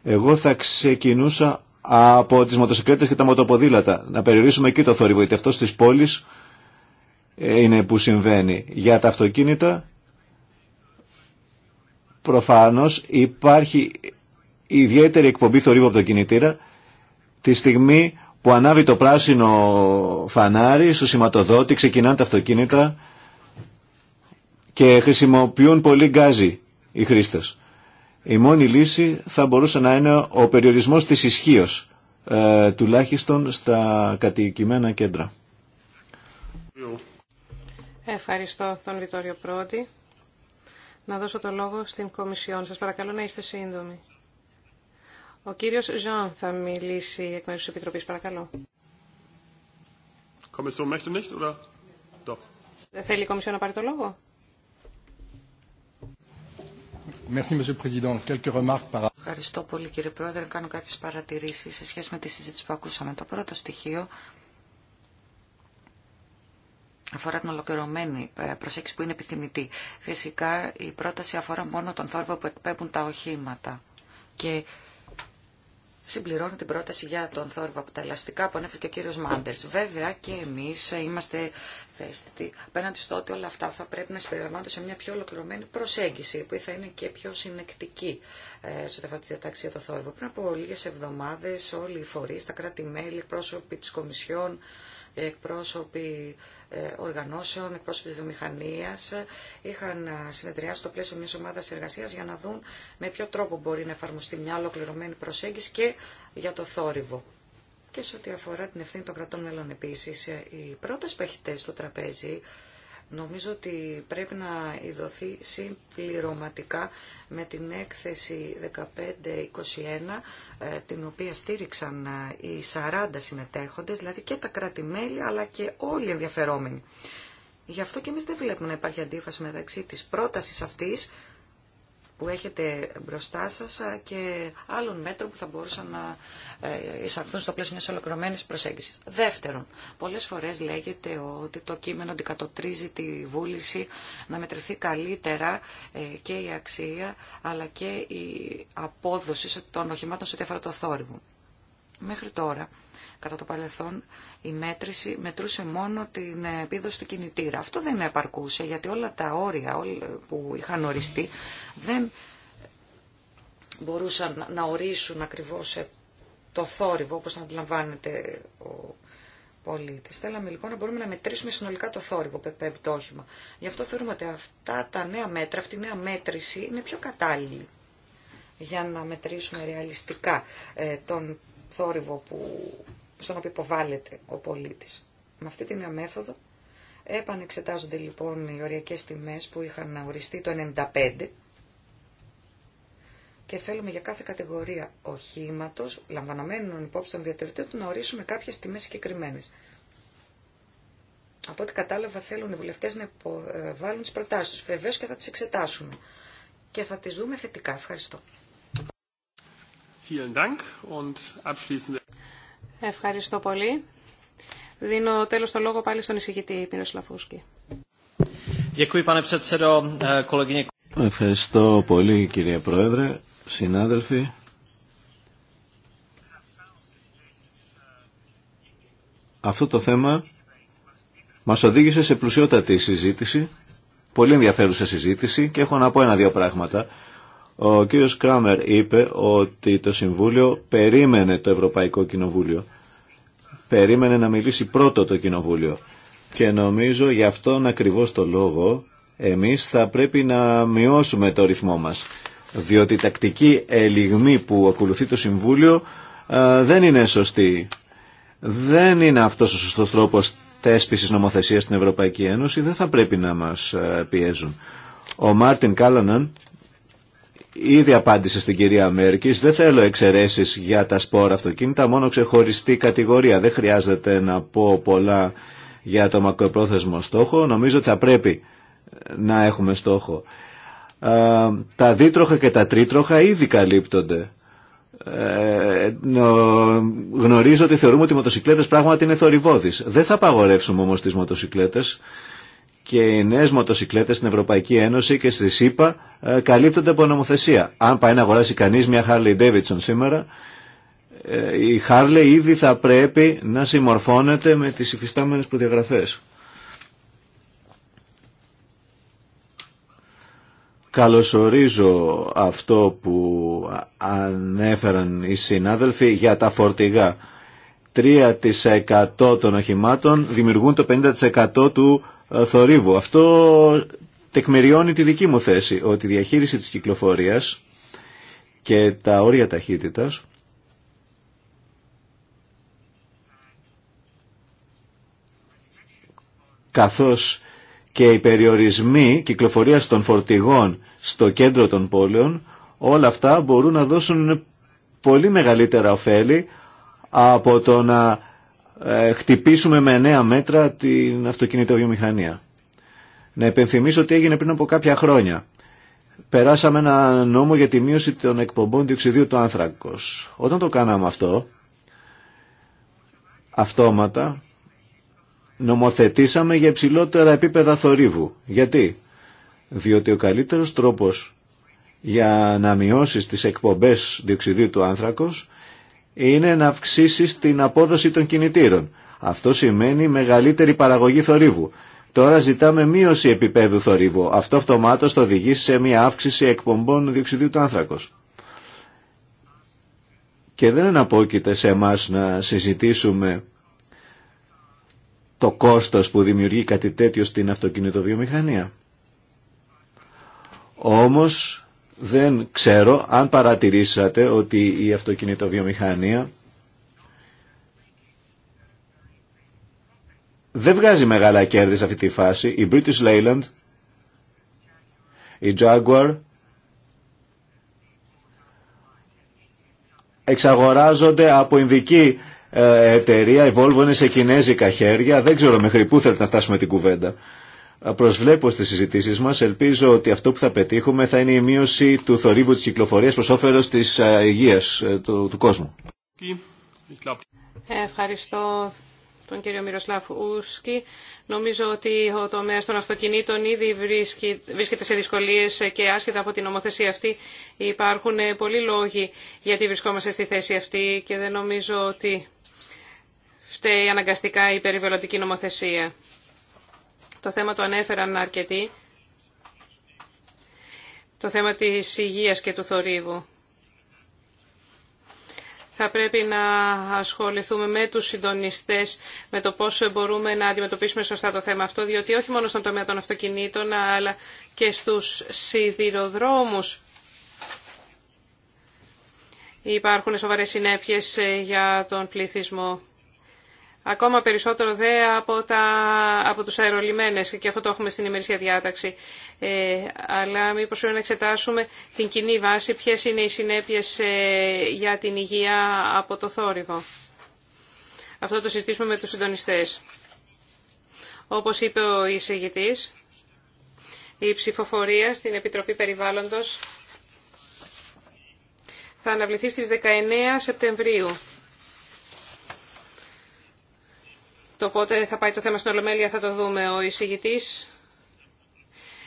Εγώ θα ξεκινούσα από τις μοτοσυκλέτες και τα μοτοποδήλατα, να περιορίσουμε εκεί το θόρυβο, γιατί αυτό στις πόλεις ε, είναι που συμβαίνει. Για τα αυτοκίνητα Προφανώς υπάρχει ιδιαίτερη εκπομπή θορύβου από τον κινητήρα τη στιγμή που ανάβει το πράσινο φανάρι στο σηματοδότη, ξεκινάνε τα αυτοκίνητα και χρησιμοποιούν πολύ γκάζι οι χρήστες. Η μόνη λύση θα μπορούσε να είναι ο περιορισμός της ισχύω ε, τουλάχιστον στα κατοικημένα κέντρα. Ευχαριστώ τον Βιτόριο Πρώτη να δώσω το λόγο στην Κομισιόν. Σας παρακαλώ να είστε σύντομοι. Ο κύριος Ζαν θα μιλήσει εκ μέρους της Επιτροπής. Παρακαλώ. Δεν θέλει η Κομισιόν να πάρει το λόγο. Ευχαριστώ πολύ κύριε Πρόεδρε. Κάνω κάποιες παρατηρήσεις σε σχέση με τη συζήτηση που ακούσαμε. Το πρώτο στοιχείο αφορά την ολοκληρωμένη ε, προσέγγιση που είναι επιθυμητή. Φυσικά η πρόταση αφορά μόνο τον θόρυβο που εκπέμπουν τα οχήματα και συμπληρώνω την πρόταση για τον θόρυβο από τα ελαστικά που ανέφερε και ο κύριος Μάντερς. Βέβαια και εμείς ε, είμαστε ευαίσθητοι απέναντι στο ότι όλα αυτά θα πρέπει να συμπεριλαμβάνονται σε μια πιο ολοκληρωμένη προσέγγιση που θα είναι και πιο συνεκτική ε, στο τεφά τη διατάξη για το θόρυβο. Πριν από λίγες εβδομάδες όλοι οι φορείς, τα κράτη-μέλη, πρόσωποι τη Κομισιόν, εκπρόσωποι ε, οργανώσεων, εκπρόσωποι της βιομηχανίας ε, είχαν ε, συνεδριάσει στο πλαίσιο μιας ομάδας εργασίας για να δουν με ποιο τρόπο μπορεί να εφαρμοστεί μια ολοκληρωμένη προσέγγιση και για το θόρυβο. Και σε ό,τι αφορά την ευθύνη των κρατών μελών επίσης, οι πρόταση που στο τραπέζι Νομίζω ότι πρέπει να ειδωθεί συμπληρωματικά με την έκθεση 1521, ε, την οποία στήριξαν ε, οι 40 συμμετέχοντες, δηλαδή και τα κράτη-μέλη, αλλά και όλοι οι ενδιαφερόμενοι. Γι' αυτό και εμείς δεν βλέπουμε να υπάρχει αντίφαση μεταξύ της πρότασης αυτής που έχετε μπροστά σας και άλλων μέτρων που θα μπορούσαν να ε, εισαχθούν στο πλαίσιο μιας ολοκληρωμένη προσέγγισης. Δεύτερον, πολλές φορές λέγεται ότι το κείμενο αντικατοπτρίζει τη βούληση να μετρηθεί καλύτερα ε, και η αξία αλλά και η απόδοση των οχημάτων σε ό,τι το θόρυβο. Μέχρι τώρα Κατά το παρελθόν η μέτρηση μετρούσε μόνο την επίδοση του κινητήρα. Αυτό δεν επαρκούσε γιατί όλα τα όρια που είχαν οριστεί δεν μπορούσαν να ορίσουν ακριβώς το θόρυβο όπως να αντιλαμβάνεται ο πολίτης. Θέλαμε λοιπόν να μπορούμε να μετρήσουμε συνολικά το θόρυβο που επέμπει Γι' αυτό θεωρούμε ότι αυτά τα νέα μέτρα, αυτή η νέα μέτρηση είναι πιο κατάλληλη για να μετρήσουμε ρεαλιστικά ε, τον θόρυβο που, στον οποίο υποβάλλεται ο πολίτης. Με αυτή την μέθοδο επανεξετάζονται λοιπόν οι οριακές τιμές που είχαν οριστεί το 1995 και θέλουμε για κάθε κατηγορία οχήματος, λαμβανομένων υπόψη των του να ορίσουμε κάποιες τιμές συγκεκριμένε. Από ό,τι κατάλαβα θέλουν οι βουλευτές να βάλουν τις προτάσεις τους. Βεβαίως και θα τις εξετάσουμε. Και θα τις δούμε θετικά. Ευχαριστώ. Ευχαριστώ πολύ. Δίνω τέλος το λόγο πάλι στον εισηγητή Πίνο Σλαφούσκη. Ευχαριστώ πολύ κύριε Πρόεδρε, συνάδελφοι. Αυτό το θέμα μας οδήγησε σε πλουσιότατη συζήτηση, πολύ ενδιαφέρουσα συζήτηση και έχω να πω ένα-δύο πράγματα. Ο κ. Κράμερ είπε ότι το Συμβούλιο περίμενε το Ευρωπαϊκό Κοινοβούλιο. Περίμενε να μιλήσει πρώτο το Κοινοβούλιο. Και νομίζω γι' αυτόν ακριβώς το λόγο εμείς θα πρέπει να μειώσουμε το ρυθμό μας. Διότι η τακτική ελιγμή που ακολουθεί το Συμβούλιο δεν είναι σωστή. Δεν είναι αυτός ο σωστός τρόπος θέσπιση νομοθεσίας στην Ευρωπαϊκή Ένωση. Δεν θα πρέπει να μας πιέζουν. Ο Μάρτιν Κάλαναν Ήδη απάντησε στην κυρία Μέρκη. Δεν θέλω εξαιρέσει για τα σπόρα αυτοκίνητα, μόνο ξεχωριστή κατηγορία. Δεν χρειάζεται να πω πολλά για το μακροπρόθεσμο στόχο. Νομίζω ότι θα πρέπει να έχουμε στόχο. τα δίτροχα και τα τρίτροχα ήδη καλύπτονται. Ε, γνωρίζω ότι θεωρούμε ότι οι μοτοσυκλέτες πράγματι είναι θορυβόδεις. Δεν θα απαγορεύσουμε όμως τις μοτοσυκλέτες και οι νέε μοτοσυκλέτε στην Ευρωπαϊκή Ένωση και στη ΣΥΠΑ ε, καλύπτονται από νομοθεσία. Αν πάει να αγοράσει κανεί μια Harley Davidson σήμερα, ε, η Harley ήδη θα πρέπει να συμμορφώνεται με τις υφιστάμενες προδιαγραφέ. Καλωσορίζω αυτό που ανέφεραν οι συνάδελφοι για τα φορτηγά. 3% των οχημάτων δημιουργούν το 50% του ε, θορύβου. Αυτό τεκμεριώνει τη δική μου θέση, ότι η διαχείριση της κυκλοφορίας και τα όρια ταχύτητας καθώς και οι περιορισμοί κυκλοφορίας των φορτηγών στο κέντρο των πόλεων, όλα αυτά μπορούν να δώσουν πολύ μεγαλύτερα ωφέλη από το να ε, χτυπήσουμε με νέα μέτρα την αυτοκινητοβιομηχανία. Να επενθυμίσω ότι έγινε πριν από κάποια χρόνια. Περάσαμε ένα νόμο για τη μείωση των εκπομπών διοξιδίου του άνθρακος. Όταν το κάναμε αυτό, αυτόματα νομοθετήσαμε για υψηλότερα επίπεδα θορύβου. Γιατί? Διότι ο καλύτερος τρόπος για να μειώσεις τις εκπομπές διοξιδίου του άνθρακος είναι να αυξήσεις την απόδοση των κινητήρων. Αυτό σημαίνει μεγαλύτερη παραγωγή θορύβου. Τώρα ζητάμε μείωση επίπεδου θορύβου. Αυτό αυτομάτως το οδηγεί σε μια αύξηση εκπομπών διοξιδίου του άνθρακο. Και δεν αναπόκειται σε εμά να συζητήσουμε το κόστος που δημιουργεί κάτι τέτοιο στην αυτοκινητοβιομηχανία. Όμως δεν ξέρω αν παρατηρήσατε ότι η αυτοκινητοβιομηχανία δεν βγάζει μεγάλα κέρδη σε αυτή τη φάση. Η British Leyland, η Jaguar εξαγοράζονται από ειδική ε, εταιρεία. Η Volvo είναι σε κινέζικα χέρια. Δεν ξέρω μέχρι πού θέλετε να φτάσουμε την κουβέντα. Προσβλέπω στις συζητήσεις μας, ελπίζω ότι αυτό που θα πετύχουμε θα είναι η μείωση του θορύβου της κυκλοφορίας προς όφελος της ε, υγείας ε, του, του κόσμου. Ευχαριστώ τον κύριο Μυροσλάφ Ούσκι. Νομίζω ότι ο τομέας των αυτοκινήτων ήδη βρίσκεται σε δυσκολίες και άσχετα από την νομοθεσία αυτή υπάρχουν ε, πολλοί λόγοι γιατί βρισκόμαστε στη θέση αυτή και δεν νομίζω ότι φταίει αναγκαστικά η περιβαλλοντική νομοθεσία. Το θέμα το ανέφεραν αρκετοί. Το θέμα της υγείας και του θορύβου. Θα πρέπει να ασχοληθούμε με τους συντονιστές, με το πώς μπορούμε να αντιμετωπίσουμε σωστά το θέμα αυτό, διότι όχι μόνο στον τομέα των αυτοκινήτων, αλλά και στους σιδηροδρόμους υπάρχουν σοβαρές συνέπειες ε, για τον πληθυσμό ακόμα περισσότερο δε από, τα, από τους αερολιμένες και αυτό το έχουμε στην ημερήσια διάταξη. Ε, αλλά μήπως πρέπει να εξετάσουμε την κοινή βάση, ποιες είναι οι συνέπειες ε, για την υγεία από το θόρυβο. Αυτό το συζητήσουμε με τους συντονιστές. Όπως είπε ο εισηγητής, η ψηφοφορία στην Επιτροπή Περιβάλλοντος θα αναβληθεί στις 19 Σεπτεμβρίου. Το πότε θα πάει το θέμα στην Ολομέλεια θα το δούμε. Ο εισηγητή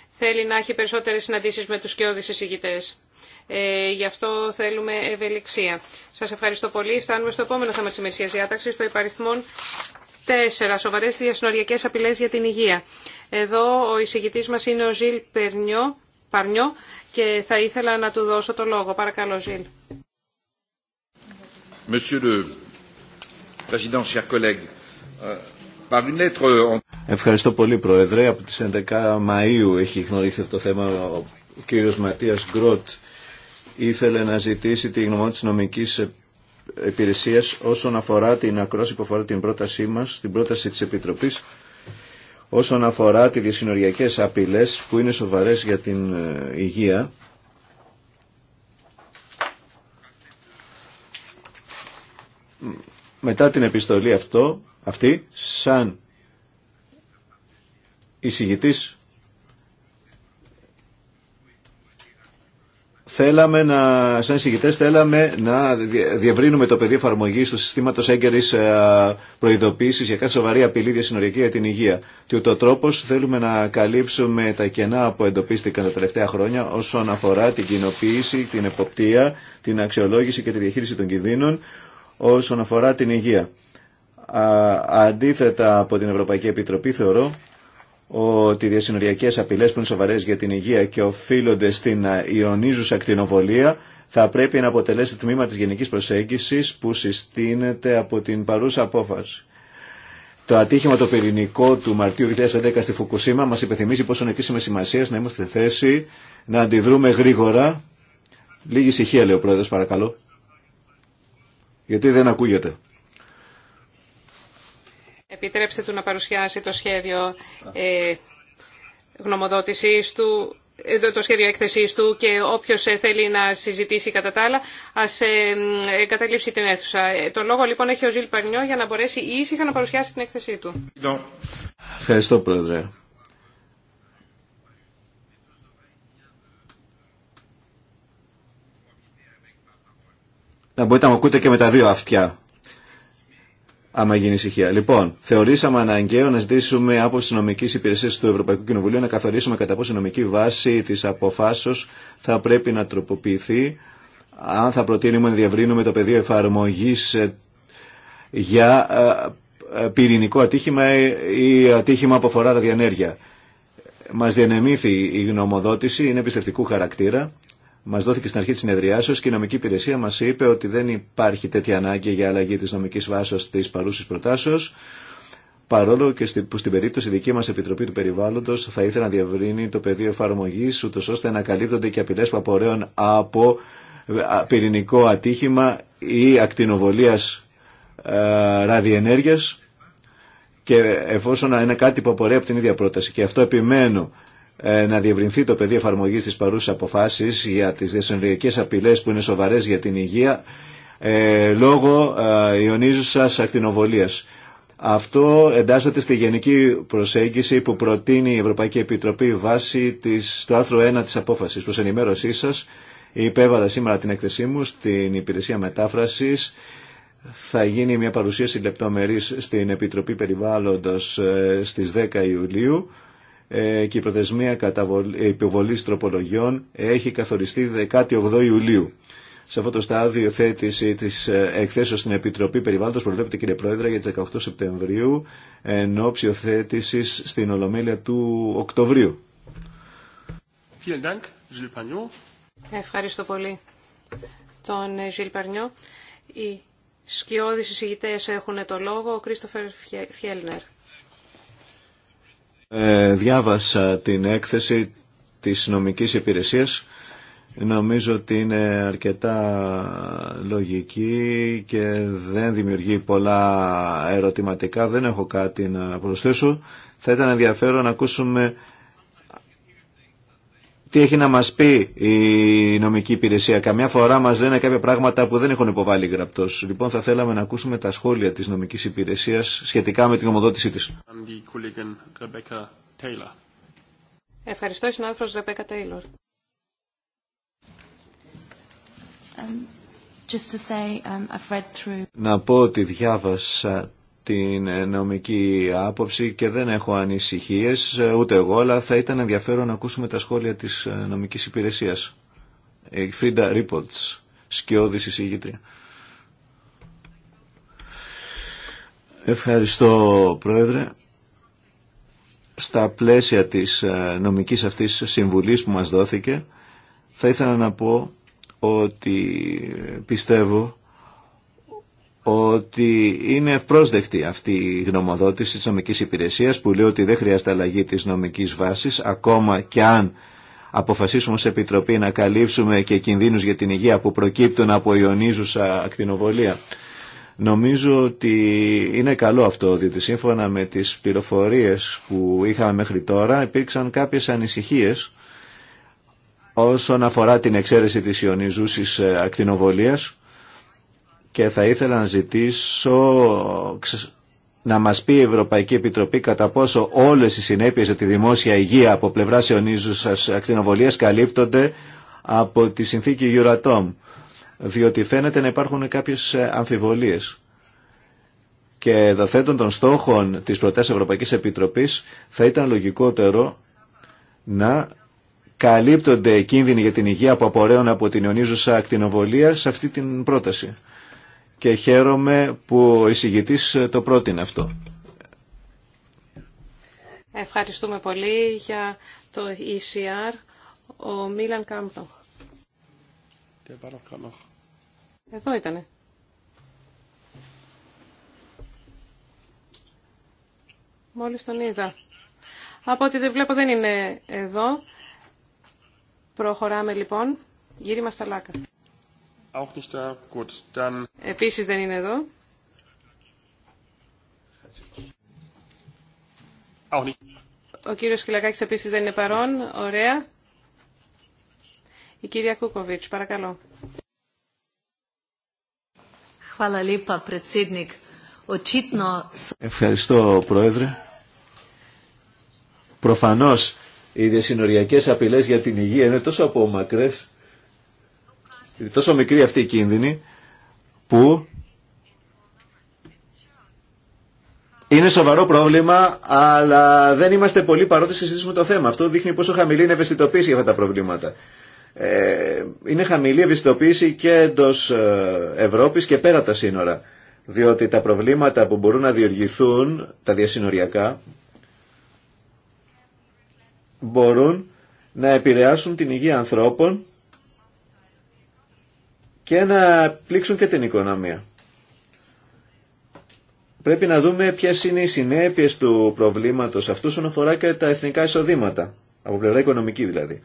θέλει να έχει περισσότερε συναντήσει με του σκιώδεις εισηγητέ. Ε, γι' αυτό θέλουμε ευελιξία. Σα ευχαριστώ πολύ. Φτάνουμε στο επόμενο θέμα της ημερησία διάταξη, το υπαριθμόν 4. Σοβαρέ διασυνοριακέ απειλέ για την υγεία. Εδώ ο εισηγητή μα είναι ο Ζιλ Περνιό, Παρνιό και θα ήθελα να του δώσω το λόγο. Παρακαλώ, Ζιλ. Monsieur le Président, chers collègues, Ευχαριστώ πολύ Πρόεδρε. Από τις 11 Μαΐου έχει γνωρίσει αυτό το θέμα ο κύριος Ματίας Γκρότ. Ήθελε να ζητήσει τη γνώμη της νομικής υπηρεσίας όσον αφορά την ακρόση που αφορά την πρότασή μας, την πρόταση της Επιτροπής, όσον αφορά τις διασυνοριακές απειλές που είναι σοβαρές για την ε, υγεία. Μετά την επιστολή αυτό αυτή σαν εισηγητής θέλαμε να, σαν εισηγητές θέλαμε να διευρύνουμε το πεδίο εφαρμογή του συστήματος έγκαιρης ε, προειδοποίησης για κάθε σοβαρή απειλή διασυνοριακή για την υγεία. Και ούτω τρόπος θέλουμε να καλύψουμε τα κενά που εντοπίστηκαν τα τελευταία χρόνια όσον αφορά την κοινοποίηση, την εποπτεία, την αξιολόγηση και τη διαχείριση των κινδύνων όσον αφορά την υγεία αντίθετα από την Ευρωπαϊκή Επιτροπή θεωρώ ότι οι διασυνοριακές απειλές που είναι σοβαρές για την υγεία και οφείλονται στην ιονίζουσα ακτινοβολία θα πρέπει να αποτελέσει τμήμα της γενικής προσέγγισης που συστήνεται από την παρούσα απόφαση. Το ατύχημα το πυρηνικό του Μαρτίου 2010 στη Φουκουσίμα μας υπενθυμίζει πόσο είναι κρίσιμη σημασία να είμαστε θέση να αντιδρούμε γρήγορα. Λίγη ησυχία λέει ο πρόεδρος παρακαλώ. Γιατί δεν ακούγεται επιτρέψτε του να παρουσιάσει το σχέδιο ε, γνωμοδότησής του, ε, το σχέδιο έκθεσής του και όποιος ε, θέλει να συζητήσει κατά τα άλλα ας ε, καταλήψει την αίθουσα. Το λόγο λοιπόν έχει ο Ζιλ Παρνιό για να μπορέσει ήσυχα να παρουσιάσει την έκθεσή του. Ευχαριστώ Πρόεδρε. Να μπορείτε να μου ακούτε και με τα δύο αυτιά άμα γίνει Λοιπόν, θεωρήσαμε αναγκαίο να ζητήσουμε από τι νομικέ υπηρεσίε του Ευρωπαϊκού Κοινοβουλίου να καθορίσουμε κατά πόσο η νομική βάση τη αποφάσεω θα πρέπει να τροποποιηθεί, αν θα προτείνουμε να διευρύνουμε το πεδίο εφαρμογή ε, για ε, πυρηνικό ατύχημα ή ατύχημα που αφορά ραδιενέργεια. Μα διανεμήθη η γνωμοδότηση, είναι πιστευτικού χαρακτήρα Μα δόθηκε στην αρχή τη συνεδριάσεω και η νομική υπηρεσία μα είπε ότι δεν υπάρχει τέτοια ανάγκη για αλλαγή τη νομική βάσεω τη παρούση προτάσεω. Παρόλο και που στην περίπτωση η δική μα Επιτροπή του Περιβάλλοντο θα ήθελε να διευρύνει το πεδίο εφαρμογή, ούτω ώστε να καλύπτονται και απειλέ που απορρέουν από ε, πυρηνικό ατύχημα ή ακτινοβολία ε, ραδιενέργεια και εφόσον είναι κάτι που απορρέει από την ίδια πρόταση. Και αυτό επιμένω ε, να διευρυνθεί το πεδίο εφαρμογή τη παρούσα αποφάση για τι διασυνοριακέ απειλέ που είναι σοβαρέ για την υγεία ε, λόγω ε, ιονίζουσα ακτινοβολία. Αυτό εντάσσεται στη γενική προσέγγιση που προτείνει η Ευρωπαϊκή Επιτροπή βάσει της, του άρθρου 1 της απόφασης. Προς ενημέρωσή σας, υπέβαλα σήμερα την έκθεσή μου στην υπηρεσία μετάφρασης. Θα γίνει μια παρουσίαση λεπτομερής στην Επιτροπή Περιβάλλοντος ε, στις 10 Ιουλίου ε, και η προθεσμία ε, υποβολής τροπολογιών έχει καθοριστεί 18 Ιουλίου. Σε αυτό το στάδιο θέτηση τη ε, εκθέσεω στην Επιτροπή Περιβάλλοντο προβλέπεται, κύριε Πρόεδρε, για τι 18 Σεπτεμβρίου, ενώ ψηφοθέτηση στην Ολομέλεια του Οκτωβρίου. Ευχαριστώ πολύ τον Ζιλ Παρνιό. Οι σκιώδεις εισηγητές έχουν το λόγο. Ο Κρίστοφερ Φιέλνερ. Ε, διάβασα την έκθεση της νομικής υπηρεσίας. Νομίζω ότι είναι αρκετά λογική και δεν δημιουργεί πολλά ερωτηματικά. Δεν έχω κάτι να προσθέσω. Θα ήταν ενδιαφέρον να ακούσουμε τι έχει να μας πει η νομική υπηρεσία. Καμιά φορά μας λένε κάποια πράγματα που δεν έχουν υποβάλει γραπτός. Λοιπόν, θα θέλαμε να ακούσουμε τα σχόλια της νομικής υπηρεσίας σχετικά με την ομοδότησή της. Ευχαριστώ, συνάδελφος Ρεμπέκα Τέιλορ. Um, um, να πω ότι διάβασα την ε, νομική άποψη και δεν έχω ανησυχίες ε, ούτε εγώ, αλλά θα ήταν ενδιαφέρον να ακούσουμε τα σχόλια της ε, νομικής υπηρεσίας. Η Φρίντα Ρίποτς, σκιώδης εισηγήτρια. Ευχαριστώ Πρόεδρε. Στα πλαίσια της νομικής αυτής συμβουλής που μας δόθηκε, θα ήθελα να πω ότι πιστεύω ότι είναι ευπρόσδεκτη αυτή η γνωμοδότηση της νομικής υπηρεσίας που λέει ότι δεν χρειάζεται αλλαγή της νομικής βάσης ακόμα και αν αποφασίσουμε σε Επιτροπή να καλύψουμε και κινδύνους για την υγεία που προκύπτουν από ιονίζουσα ακτινοβολία. Νομίζω ότι είναι καλό αυτό, διότι σύμφωνα με τις πληροφορίες που είχαμε μέχρι τώρα υπήρξαν κάποιες ανησυχίες όσον αφορά την εξαίρεση της ιονίζουσης ακτινοβολίας και θα ήθελα να ζητήσω να μας πει η Ευρωπαϊκή Επιτροπή κατά πόσο όλες οι συνέπειες για τη δημόσια υγεία από πλευρά ιονίζουσας ακτινοβολίας καλύπτονται από τη συνθήκη Euratom διότι φαίνεται να υπάρχουν κάποιες ε, αμφιβολίες και δοθέτων των στόχων της Πρωτές Ευρωπαϊκής Επιτροπής θα ήταν λογικότερο να καλύπτονται κίνδυνοι για την υγεία που απορρέουν από την ιονίζουσα ακτινοβολία σε αυτή την πρόταση και χαίρομαι που ο εισηγητής ε, το πρότεινε αυτό. Ευχαριστούμε πολύ για το ECR, ο Μίλαν Κάμπτοχ. Εδώ ήτανε. Μόλις τον είδα. Από ό,τι δεν βλέπω δεν είναι εδώ. Προχωράμε λοιπόν. Γύριμα στα λάκα. Επίσης δεν είναι εδώ. Ο κύριος Κυλακάκης επίσης δεν είναι παρόν. Ωραία. Η κυρία Κούκοβιτς, παρακαλώ. Ευχαριστώ, Πρόεδρε. Προφανώς οι διασυνοριακές απειλές για την υγεία είναι τόσο απομακρές τόσο μικρή αυτή η κίνδυνη που είναι σοβαρό πρόβλημα, αλλά δεν είμαστε πολύ παρότι συζητήσουμε το θέμα. Αυτό δείχνει πόσο χαμηλή είναι η ευαισθητοποίηση για αυτά τα προβλήματα. Ε, είναι χαμηλή ευαισθητοποίηση και εντό ε, Ευρώπης και πέρα από τα σύνορα. Διότι τα προβλήματα που μπορούν να διοργηθούν, τα διασυνοριακά, μπορούν να επηρεάσουν την υγεία ανθρώπων και να πλήξουν και την οικονομία. Πρέπει να δούμε ποιε είναι οι συνέπειε του προβλήματο αυτού όσον αφορά και τα εθνικά εισοδήματα, από πλευρά οικονομική δηλαδή.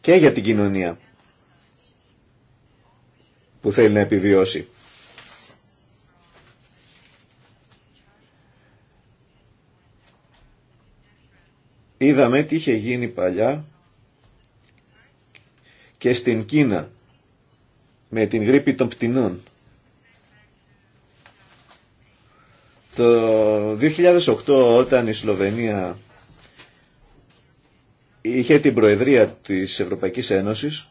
Και για την κοινωνία που θέλει να επιβιώσει. Είδαμε τι είχε γίνει παλιά και στην Κίνα με την γρήπη των πτηνών. Το 2008 όταν η Σλοβενία είχε την Προεδρία της Ευρωπαϊκής Ένωσης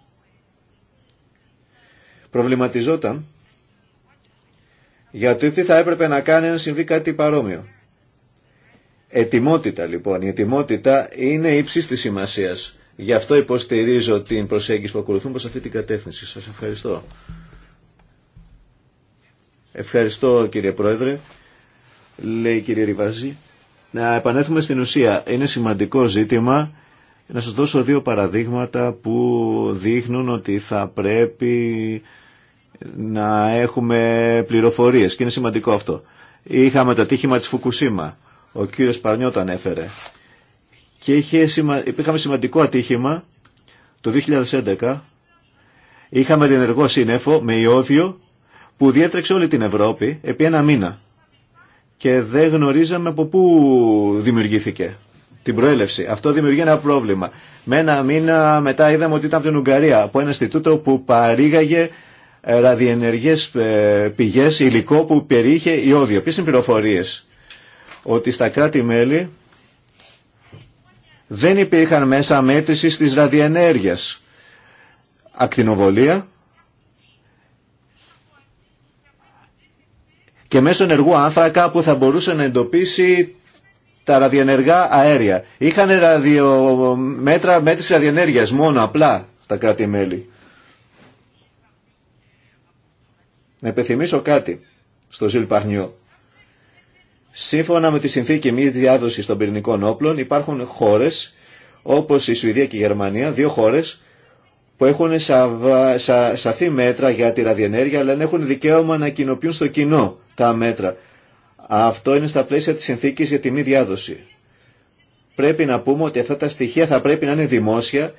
προβληματιζόταν γιατί τι θα έπρεπε να κάνει να συμβεί κάτι παρόμοιο. Ετοιμότητα λοιπόν. Η ετοιμότητα είναι ύψης της σημασίας. Γι' αυτό υποστηρίζω την προσέγγιση που ακολουθούν προς αυτή την κατεύθυνση. Σας ευχαριστώ. Ευχαριστώ κύριε Πρόεδρε. Λέει κύριε Ριβάζη. Να επανέλθουμε στην ουσία. Είναι σημαντικό ζήτημα. Να σας δώσω δύο παραδείγματα που δείχνουν ότι θα πρέπει να έχουμε πληροφορίες και είναι σημαντικό αυτό. Είχαμε το τύχημα της Φουκουσίμα. Ο κύριος Παρνιώτα ανέφερε και είχε, είχαμε σημαντικό ατύχημα το 2011. Είχαμε την ενεργό σύννεφο με ιόδιο που διέτρεξε όλη την Ευρώπη επί ένα μήνα και δεν γνωρίζαμε από πού δημιουργήθηκε την προέλευση. Αυτό δημιουργεί ένα πρόβλημα. Με ένα μήνα μετά είδαμε ότι ήταν από την Ουγγαρία, από ένα Ινστιτούτο που παρήγαγε ε, ραδιενεργές ε, πηγές, υλικό που περιείχε ιόδιο. Ποιες είναι οι πληροφορίες ότι στα κράτη-μέλη δεν υπήρχαν μέσα μέτρηση της ραδιενέργειας. Ακτινοβολία και μέσω ενεργού άνθρακα που θα μπορούσε να εντοπίσει τα ραδιενεργά αέρια. Είχαν ραδιομέτρα μέτρηση ραδιενέργειας μόνο απλά τα κράτη-μέλη. Να επιθυμίσω κάτι στο Ζιλ Παχνιό. Σύμφωνα με τη συνθήκη μη διάδοση των πυρηνικών όπλων υπάρχουν χώρες όπως η Σουηδία και η Γερμανία, δύο χώρες που έχουν σα, σαφή μέτρα για τη ραδιενέργεια αλλά έχουν δικαίωμα να κοινοποιούν στο κοινό τα μέτρα. Αυτό είναι στα πλαίσια της συνθήκης για τη μη διάδοση. Πρέπει να πούμε ότι αυτά τα στοιχεία θα πρέπει να είναι δημόσια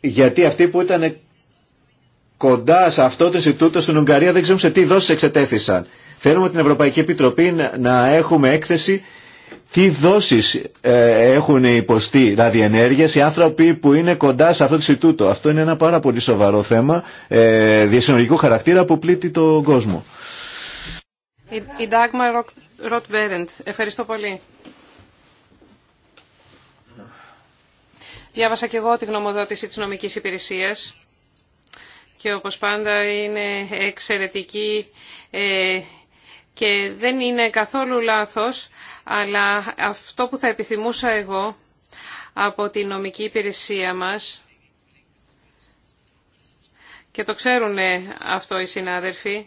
γιατί αυτοί που ήταν κοντά σε αυτό το Ινστιτούτο στην Ουγγαρία δεν ξέρουμε σε τι δόσεις εξετέθησαν. Θέλουμε την Ευρωπαϊκή Επιτροπή να έχουμε έκθεση τι δόσεις ε, έχουν υποστεί ραδιενέργειες οι άνθρωποι που είναι κοντά σε αυτό το Ινστιτούτο. Αυτό είναι ένα πάρα πολύ σοβαρό θέμα ε, διασυνολογικού χαρακτήρα που πλήττει τον κόσμο. Η, Ντάγμα Ευχαριστώ πολύ. Διάβασα και εγώ τη γνωμοδότηση της νομικής υπηρεσίας και όπως πάντα είναι εξαιρετική ε, και δεν είναι καθόλου λάθος, αλλά αυτό που θα επιθυμούσα εγώ από τη νομική υπηρεσία μας, και το ξέρουν ε, αυτό οι συνάδελφοι,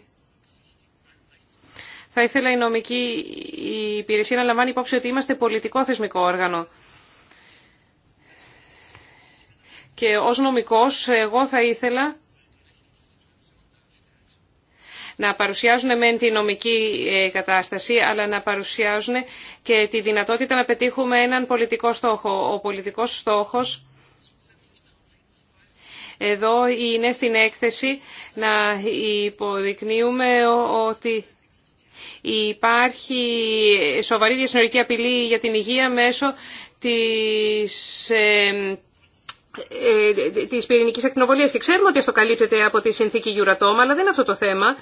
θα ήθελα η νομική υπηρεσία να λαμβάνει υπόψη ότι είμαστε πολιτικό θεσμικό όργανο. Και ως νομικός εγώ θα ήθελα να παρουσιάζουν μεν την νομική ε, κατάσταση, αλλά να παρουσιάζουν και τη δυνατότητα να πετύχουμε έναν πολιτικό στόχο. Ο πολιτικός στόχος εδώ είναι στην έκθεση να υποδεικνύουμε ότι υπάρχει σοβαρή διασυνορική απειλή για την υγεία μέσω της ε, ε, τη πυρηνική ακτινοβολία. Και ξέρουμε ότι αυτό καλύπτεται από τη συνθήκη Euratom, αλλά δεν είναι αυτό το θέμα.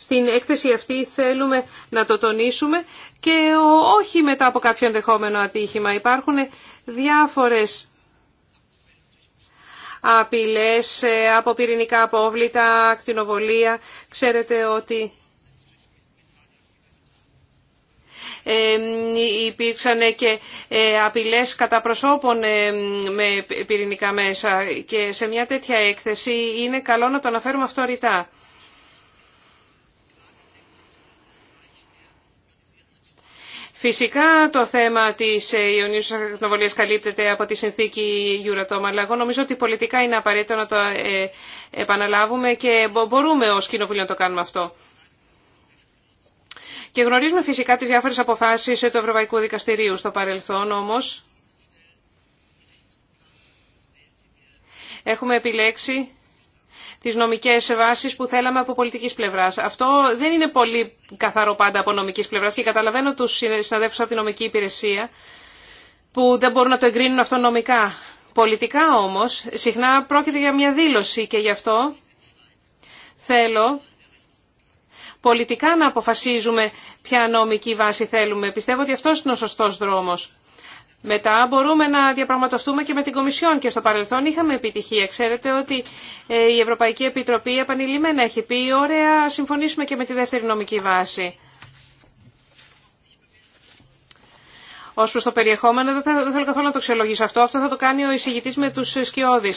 Στην έκθεση αυτή θέλουμε να το τονίσουμε και όχι μετά από κάποιο ενδεχόμενο ατύχημα. Υπάρχουν διάφορες απειλές ε, από πυρηνικά απόβλητα, ακτινοβολία. Ξέρετε ότι υπήρξαν και ε, απειλές κατά προσώπων ε, με πυρηνικά μέσα και σε μια τέτοια έκθεση είναι καλό να το αναφέρουμε αυτό Φυσικά το θέμα της ε, Ιωνίου Ακτινοβολία καλύπτεται από τη συνθήκη Euratom, αλλά εγώ νομίζω ότι πολιτικά είναι απαραίτητο να το ε, επαναλάβουμε και μπορούμε ως κοινοβουλίο να το κάνουμε αυτό. Και γνωρίζουμε φυσικά τις διάφορε αποφάσεις του Ευρωπαϊκού Δικαστηρίου στο παρελθόν όμως. Έχουμε επιλέξει τις νομικές βάσεις που θέλαμε από πολιτικής πλευράς. Αυτό δεν είναι πολύ καθαρό πάντα από νομικής πλευράς και καταλαβαίνω τους συναδέλφους από την νομική υπηρεσία που δεν μπορούν να το εγκρίνουν αυτό νομικά. Πολιτικά όμως συχνά πρόκειται για μια δήλωση και γι' αυτό θέλω πολιτικά να αποφασίζουμε ποια νομική βάση θέλουμε. Πιστεύω ότι αυτός είναι ο σωστός δρόμος. Μετά μπορούμε να διαπραγματευτούμε και με την Κομισιόν και στο παρελθόν είχαμε επιτυχία. Ξέρετε ότι ε, η Ευρωπαϊκή Επιτροπή επανειλημμένα έχει πει «Ωραία, συμφωνήσουμε και με τη δεύτερη νομική βάση». Ω προ το περιεχόμενο, δεν, θα, θέλω καθόλου να το ξελογήσω αυτό. Αυτό θα το κάνει ο εισηγητή με του σκιώδει.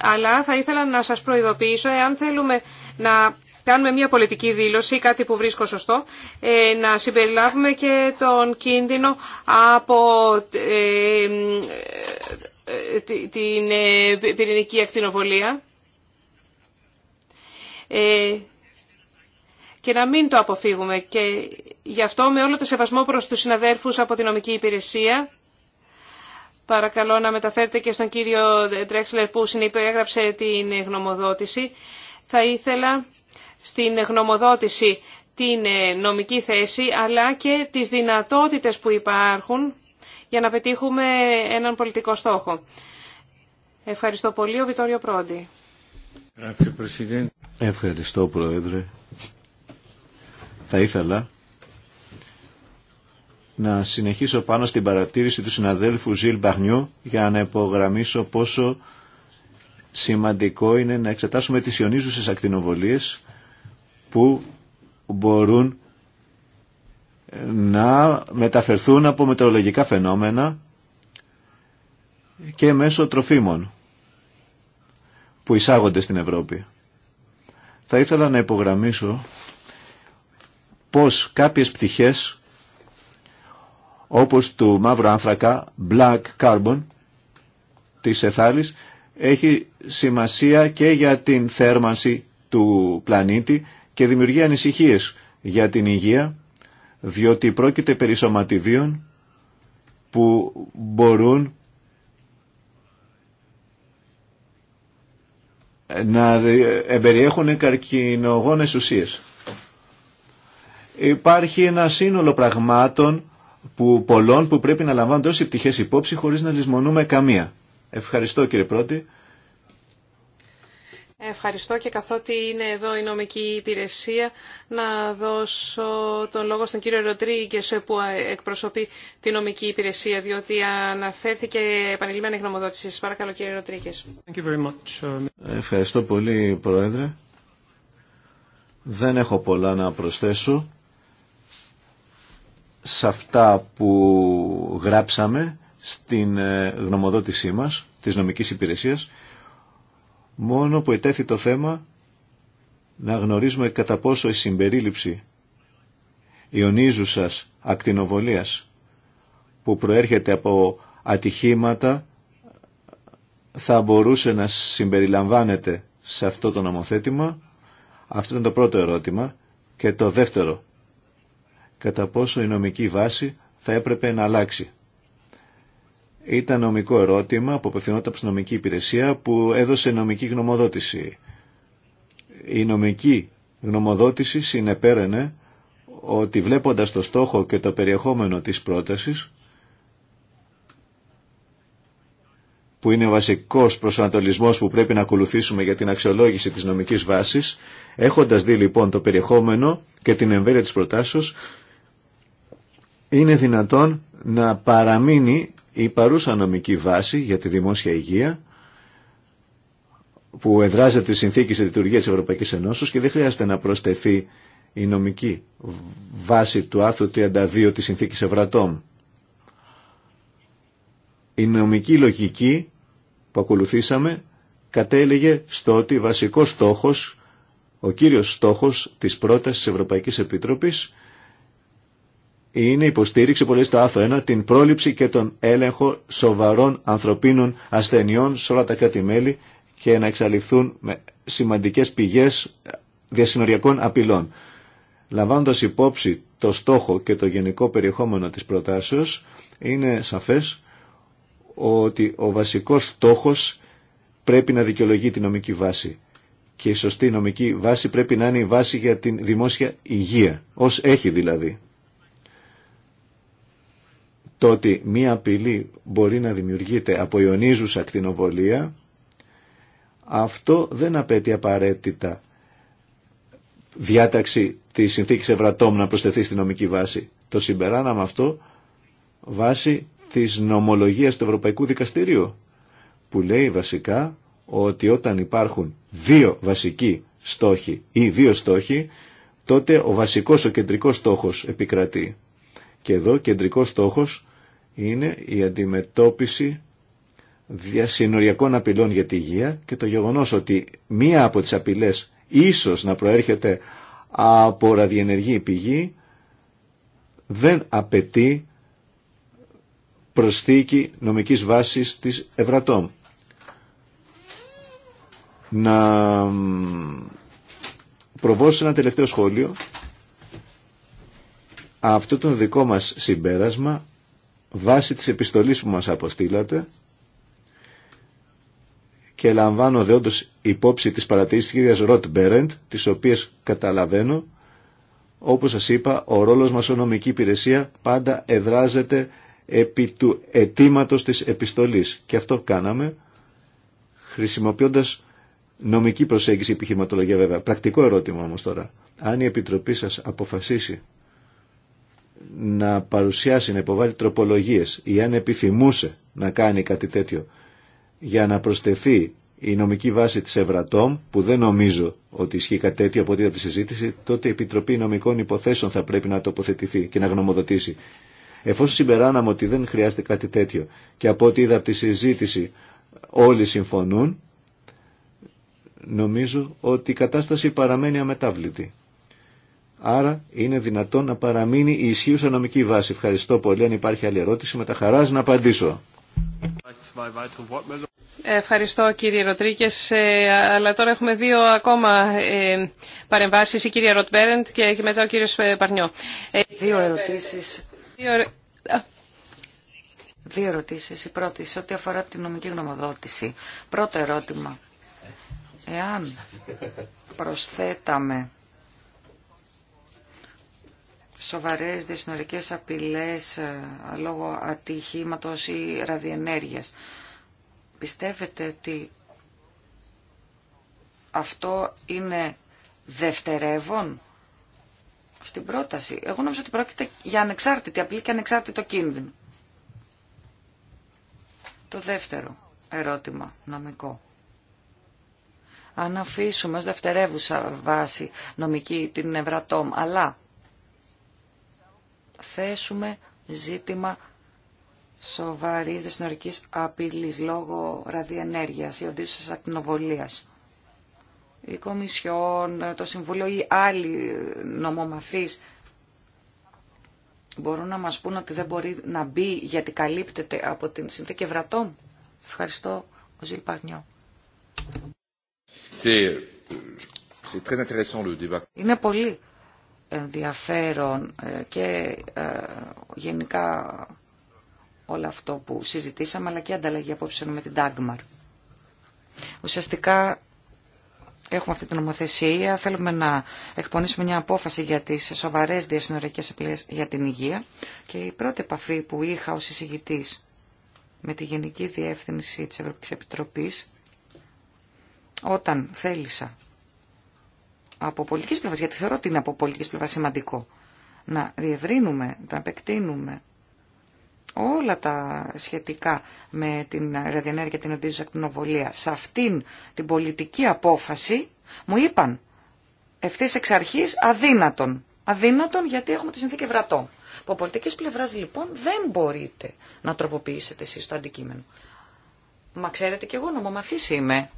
Αλλά θα ήθελα να σα προειδοποιήσω, εάν θέλουμε να κάνουμε μια πολιτική δήλωση, κάτι που βρίσκω σωστό, ε, να συμπεριλάβουμε και τον κίνδυνο από ε, ε, την πυρηνική ακτινοβολία και να μην το αποφύγουμε. Και γι' αυτό με όλο το σεβασμό προς τους συναδέρφους από την νομική υπηρεσία παρακαλώ να μεταφέρετε και στον κύριο Τρέξλερ που συνυπέγραψε την γνωμοδότηση. Θα ήθελα στην γνωμοδότηση την ε, νομική θέση, αλλά και τις δυνατότητες που υπάρχουν για να πετύχουμε έναν πολιτικό στόχο. Ευχαριστώ πολύ, ο Βιτόριο Πρόντι. Ευχαριστώ, Πρόεδρε. Θα ήθελα να συνεχίσω πάνω στην παρατήρηση του συναδέλφου Ζιλ Μπαχνιού για να υπογραμμίσω πόσο σημαντικό είναι να εξετάσουμε τις ιονίζουσες ακτινοβολίες που μπορούν ε, να μεταφερθούν από μετεωρολογικά φαινόμενα και μέσω τροφίμων που εισάγονται στην Ευρώπη. Θα ήθελα να υπογραμμίσω πως κάποιες πτυχές όπως του μαύρου άνθρακα, black carbon, της εθάλης, έχει σημασία και για την θέρμανση του πλανήτη και δημιουργεί ανησυχίες για την υγεία, διότι πρόκειται περί σωματιδίων που μπορούν να εμπεριέχουν καρκινογόνες ουσίες. Υπάρχει ένα σύνολο πραγμάτων που πολλών που πρέπει να λαμβάνονται όσοι πτυχές υπόψη χωρίς να λησμονούμε καμία. Ευχαριστώ κύριε Πρώτη. Ευχαριστώ και καθότι είναι εδώ η νομική υπηρεσία να δώσω τον λόγο στον κύριο Ροτρίγκες που εκπροσωπεί τη νομική υπηρεσία διότι αναφέρθηκε επανειλημμένη γνωμοδότηση. Σας παρακαλώ κύριε Ροτρίγκες. Uh, Ευχαριστώ πολύ Πρόεδρε. Δεν έχω πολλά να προσθέσω σε αυτά που γράψαμε στην ε, γνωμοδότησή μας της νομικής υπηρεσίας μόνο που ετέθη το θέμα να γνωρίζουμε κατά πόσο η συμπερίληψη ιονίζουσας ακτινοβολίας που προέρχεται από ατυχήματα θα μπορούσε να συμπεριλαμβάνεται σε αυτό το νομοθέτημα. Αυτό ήταν το πρώτο ερώτημα. Και το δεύτερο, κατά πόσο η νομική βάση θα έπρεπε να αλλάξει. Ήταν νομικό ερώτημα που απευθυνόταν από νομική υπηρεσία που έδωσε νομική γνωμοδότηση. Η νομική γνωμοδότηση συνεπέρανε ότι βλέποντας το στόχο και το περιεχόμενο της πρότασης που είναι βασικός προσανατολισμός που πρέπει να ακολουθήσουμε για την αξιολόγηση της νομικής βάσης, έχοντας δει λοιπόν το περιεχόμενο και την εμβέλεια της προτάσεως, είναι δυνατόν να παραμείνει η παρούσα νομική βάση για τη δημόσια υγεία που εδράζεται τη συνθήκη σε λειτουργία της Ευρωπαϊκής Ενώσεως και δεν χρειάζεται να προσθεθεί η νομική βάση του άρθρου 32 της συνθήκης Ευρατών. Η νομική λογική που ακολουθήσαμε κατέληγε στο ότι βασικός στόχος, ο κύριος στόχος της πρότασης της Ευρωπαϊκής Επιτροπής είναι υποστήριξη πολύ στο άθρο ένα, την πρόληψη και τον έλεγχο σοβαρών ανθρωπίνων ασθενειών σε όλα τα κράτη-μέλη και να εξαλειφθούν με σημαντικές πηγές διασυνοριακών απειλών. Λαμβάνοντας υπόψη το στόχο και το γενικό περιεχόμενο της προτάσεως, είναι σαφές ότι ο βασικός στόχος πρέπει να δικαιολογεί τη νομική βάση. Και η σωστή νομική βάση πρέπει να είναι η βάση για την δημόσια υγεία, ως έχει δηλαδή το ότι μία απειλή μπορεί να δημιουργείται από ιονίζουσα ακτινοβολία, αυτό δεν απαιτεί απαραίτητα διάταξη της συνθήκης Ευρατόμου να προσθεθεί στη νομική βάση. Το συμπεράναμε αυτό βάσει της νομολογίας του Ευρωπαϊκού Δικαστηρίου, που λέει βασικά ότι όταν υπάρχουν δύο βασικοί στόχοι ή δύο στόχοι, τότε ο βασικός, ο κεντρικός στόχος επικρατεί. Και εδώ κεντρικός στόχος είναι η αντιμετώπιση διασυνοριακών απειλών για τη υγεία και το γεγονός ότι μία από τις απειλές ίσως να προέρχεται από ραδιενεργή πηγή δεν απαιτεί προσθήκη νομικής βάσης της Ευρατόμ. Να προβώ ένα τελευταίο σχόλιο. Αυτό το δικό μας συμπέρασμα βάσει της επιστολής που μας αποστήλατε και λαμβάνω δεόντως υπόψη της παρατήρησης της κυρίας Ροτ Μπέρεντ, τις οποίες καταλαβαίνω, όπως σας είπα, ο ρόλος μας ως νομική υπηρεσία πάντα εδράζεται επί του αιτήματο της επιστολής. Και αυτό κάναμε χρησιμοποιώντας νομική προσέγγιση επιχειρηματολογία βέβαια. Πρακτικό ερώτημα όμως τώρα. Αν η Επιτροπή σας αποφασίσει να παρουσιάσει, να υποβάλει τροπολογίες ή αν επιθυμούσε να κάνει κάτι τέτοιο για να προσθεθεί η νομική βάση της Ευρατόμ, που δεν νομίζω ότι ισχύει κάτι τέτοιο από τη συζήτηση, τότε η Επιτροπή Νομικών Υποθέσεων θα πρέπει να τοποθετηθεί και να γνωμοδοτήσει. Εφόσον συμπεράναμε ότι δεν χρειάζεται κάτι τέτοιο και από ό,τι είδα από τη συζήτηση όλοι συμφωνούν, νομίζω ότι η κατάσταση παραμένει αμετάβλητη. Άρα είναι δυνατόν να παραμείνει η ισχύουσα νομική βάση. Ευχαριστώ πολύ. Αν υπάρχει άλλη ερώτηση, με τα χαράς να απαντήσω. Ευχαριστώ κύριε Ροτρίκες, ε, αλλά τώρα έχουμε δύο ακόμα ε, παρεμβάσεις, η κυρία Ροτμπέρεντ και μετά ο κύριος ε, Παρνιό. Δύο ερωτήσεις. Δύο, δύο ερωτήσεις. Η πρώτη, σε ό,τι αφορά την νομική γνωμοδότηση. Πρώτο ερώτημα. Εάν προσθέταμε σοβαρές δυσνορικές απειλές ε, λόγω ατυχήματος ή ραδιενέργειας. Πιστεύετε ότι αυτό είναι δευτερεύον στην πρόταση. Εγώ νομίζω ότι πρόκειται για ανεξάρτητη απειλή και ανεξάρτητο κίνδυνο. Το δεύτερο ερώτημα νομικό. Αν αφήσουμε ως δευτερεύουσα βάση νομική την Ευρατόμ, αλλά θέσουμε ζήτημα σοβαρή απειλή απειλή ή οντίστοιχη ακτινοβολία. Η τη ακτινοβολια η κομισιον το Συμβούλιο ή άλλοι νομομαθεί μπορούν να μα πούν ότι δεν μπορεί να μπει γιατί καλύπτεται από την συνθήκη Ευρατών. Ευχαριστώ, ο Ζήλ Παρνιό. Euh, Είναι πολύ ενδιαφέρον ε, και ε, γενικά όλο αυτό που συζητήσαμε, αλλά και ανταλλαγή απόψεων με την Dagmar. Ουσιαστικά έχουμε αυτή την νομοθεσία, θέλουμε να εκπονήσουμε μια απόφαση για τις σοβαρές διασυνορικές απειλές για την υγεία και η πρώτη επαφή που είχα ως εισηγητής με τη Γενική Διεύθυνση της Ευρωπαϊκής Επιτροπής όταν θέλησα από πολιτική πλευρά, γιατί θεωρώ ότι είναι από πολιτική πλευρά σημαντικό, να διευρύνουμε, να επεκτείνουμε όλα τα σχετικά με την ραδιενέργεια, την οντίζουσα ακτινοβολία, σε αυτήν την πολιτική απόφαση, μου είπαν ευθύ εξ αρχή αδύνατον. Αδύνατον γιατί έχουμε τη συνθήκη βρατό. Από πολιτική πλευρά λοιπόν δεν μπορείτε να τροποποιήσετε εσεί το αντικείμενο. Μα ξέρετε κι εγώ νομομαθή είμαι.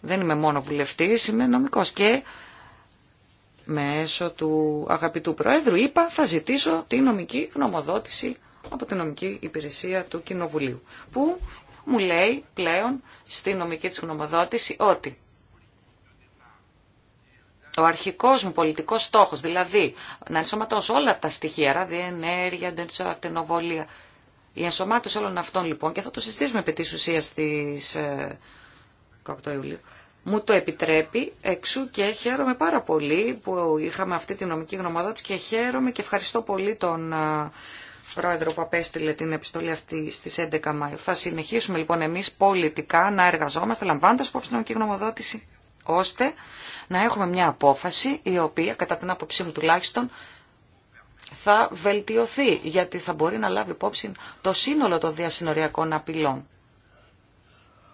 Δεν είμαι μόνο βουλευτή, είμαι νομικός και μέσω του αγαπητού Προέδρου, είπα θα ζητήσω τη νομική γνωμοδότηση από τη νομική υπηρεσία του Κοινοβουλίου, που μου λέει πλέον στη νομική της γνωμοδότηση ότι ο αρχικός μου πολιτικός στόχος, δηλαδή να ενσωματώσω όλα τα στοιχεία, δηλαδή ενέργεια, ακτινοβολία, η ενσωμάτωση όλων αυτών λοιπόν, και θα το συστήσουμε επί της ουσίας στις ε, 18 Ιουλίου, μου το επιτρέπει, εξού και χαίρομαι πάρα πολύ που είχαμε αυτή τη νομική γνωμοδότηση και χαίρομαι και ευχαριστώ πολύ τον πρόεδρο που απέστειλε την επιστολή αυτή στις 11 Μαΐου. Θα συνεχίσουμε λοιπόν εμείς πολιτικά να εργαζόμαστε λαμβάνοντας υπόψη την νομική γνωμοδότηση ώστε να έχουμε μια απόφαση η οποία κατά την άποψή μου τουλάχιστον θα βελτιωθεί γιατί θα μπορεί να λάβει υπόψη το σύνολο των διασυνοριακών απειλών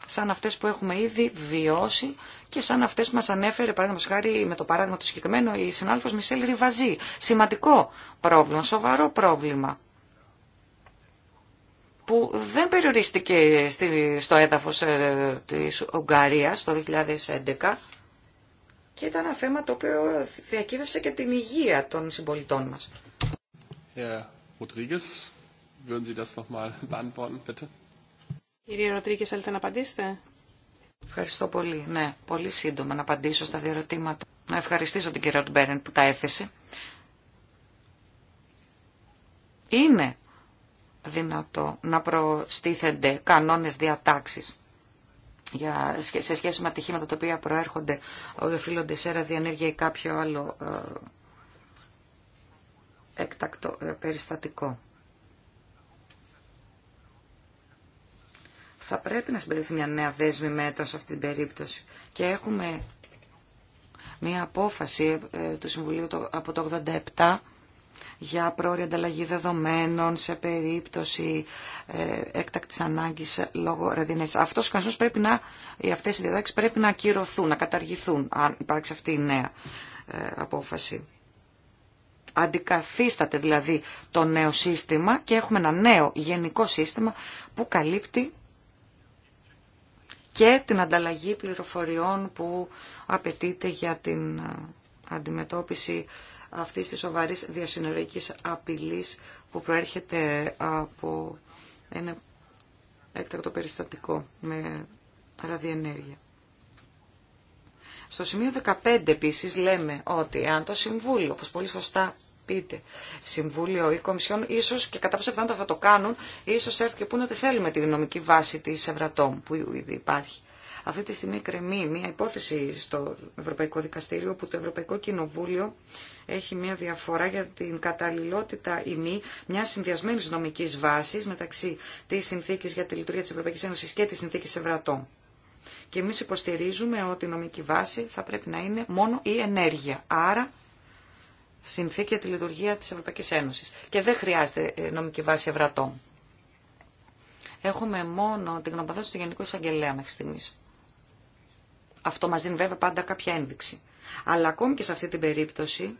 σαν αυτές που έχουμε ήδη βιώσει και σαν αυτές που μας ανέφερε, παράδειγμα χάρη με το παράδειγμα του συγκεκριμένου, η συνάδελφος Μισελ Ριβαζή. Σημαντικό πρόβλημα, σοβαρό πρόβλημα που δεν περιορίστηκε στο έδαφος ε, της Ουγγαρίας το 2011 και ήταν ένα θέμα το οποίο διακύβευσε και την υγεία των συμπολιτών μας. Rodriguez, würden Sie das Κύριε Ρωτρίκη, θέλετε να απαντήσετε. Ευχαριστώ πολύ. Ναι, πολύ σύντομα να απαντήσω στα δύο ερωτήματα. Να ευχαριστήσω την κυρία Ροτμπέρεν που τα έθεσε. Είναι δυνατό να προστίθενται κανόνες διατάξεις για, σε σχέση με ατυχήματα τα οποία προέρχονται, οφείλονται σε ραδιενέργεια ή κάποιο άλλο ε, έκτακτο ε, περιστατικό. θα πρέπει να συμπεριληφθεί μια νέα δέσμη μέτρων σε αυτή την περίπτωση. Και έχουμε μια απόφαση ε, του Συμβουλίου από το 87 για πρόορια ανταλλαγή δεδομένων σε περίπτωση ε, έκτακτης ανάγκης λόγω ρεδινές. Αυτός πρέπει να, αυτές οι διατάξεις πρέπει να ακυρωθούν, να καταργηθούν, αν υπάρξει αυτή η νέα ε, απόφαση. Αντικαθίσταται δηλαδή το νέο σύστημα και έχουμε ένα νέο γενικό σύστημα που καλύπτει και την ανταλλαγή πληροφοριών που απαιτείται για την αντιμετώπιση αυτής της σοβαρής διασυνοριακής απειλής που προέρχεται από ένα έκτακτο περιστατικό με ραδιενέργεια. Στο σημείο 15 επίσης λέμε ότι αν το Συμβούλιο, όπως πολύ σωστά πείτε Συμβούλιο ή Κομισιόν, ίσω και κατά πάσα πιθανότητα θα το κάνουν, ίσω έρθει και πούνε ότι θέλουμε τη νομική βάση τη Ευρατόμ που ήδη υπάρχει. Αυτή τη στιγμή κρεμεί μια υπόθεση στο Ευρωπαϊκό Δικαστήριο που το Ευρωπαϊκό Κοινοβούλιο έχει μια διαφορά για την καταλληλότητα ή μη μια συνδυασμένη νομική βάση μεταξύ τη συνθήκη για τη λειτουργία τη Ευρωπαϊκή Ένωση και τη συνθήκη Ευρατόμ. Και εμεί υποστηρίζουμε ότι η νομική βάση θα πρέπει να είναι μόνο η ενέργεια. Άρα συνθήκη για τη λειτουργία της Ευρωπαϊκής Ένωσης και δεν χρειάζεται ε, νομική βάση ευρατών. Έχουμε μόνο την γνωμοδότηση του Γενικού Εισαγγελέα μέχρι στιγμή. Αυτό μας δίνει βέβαια πάντα κάποια ένδειξη. Αλλά ακόμη και σε αυτή την περίπτωση,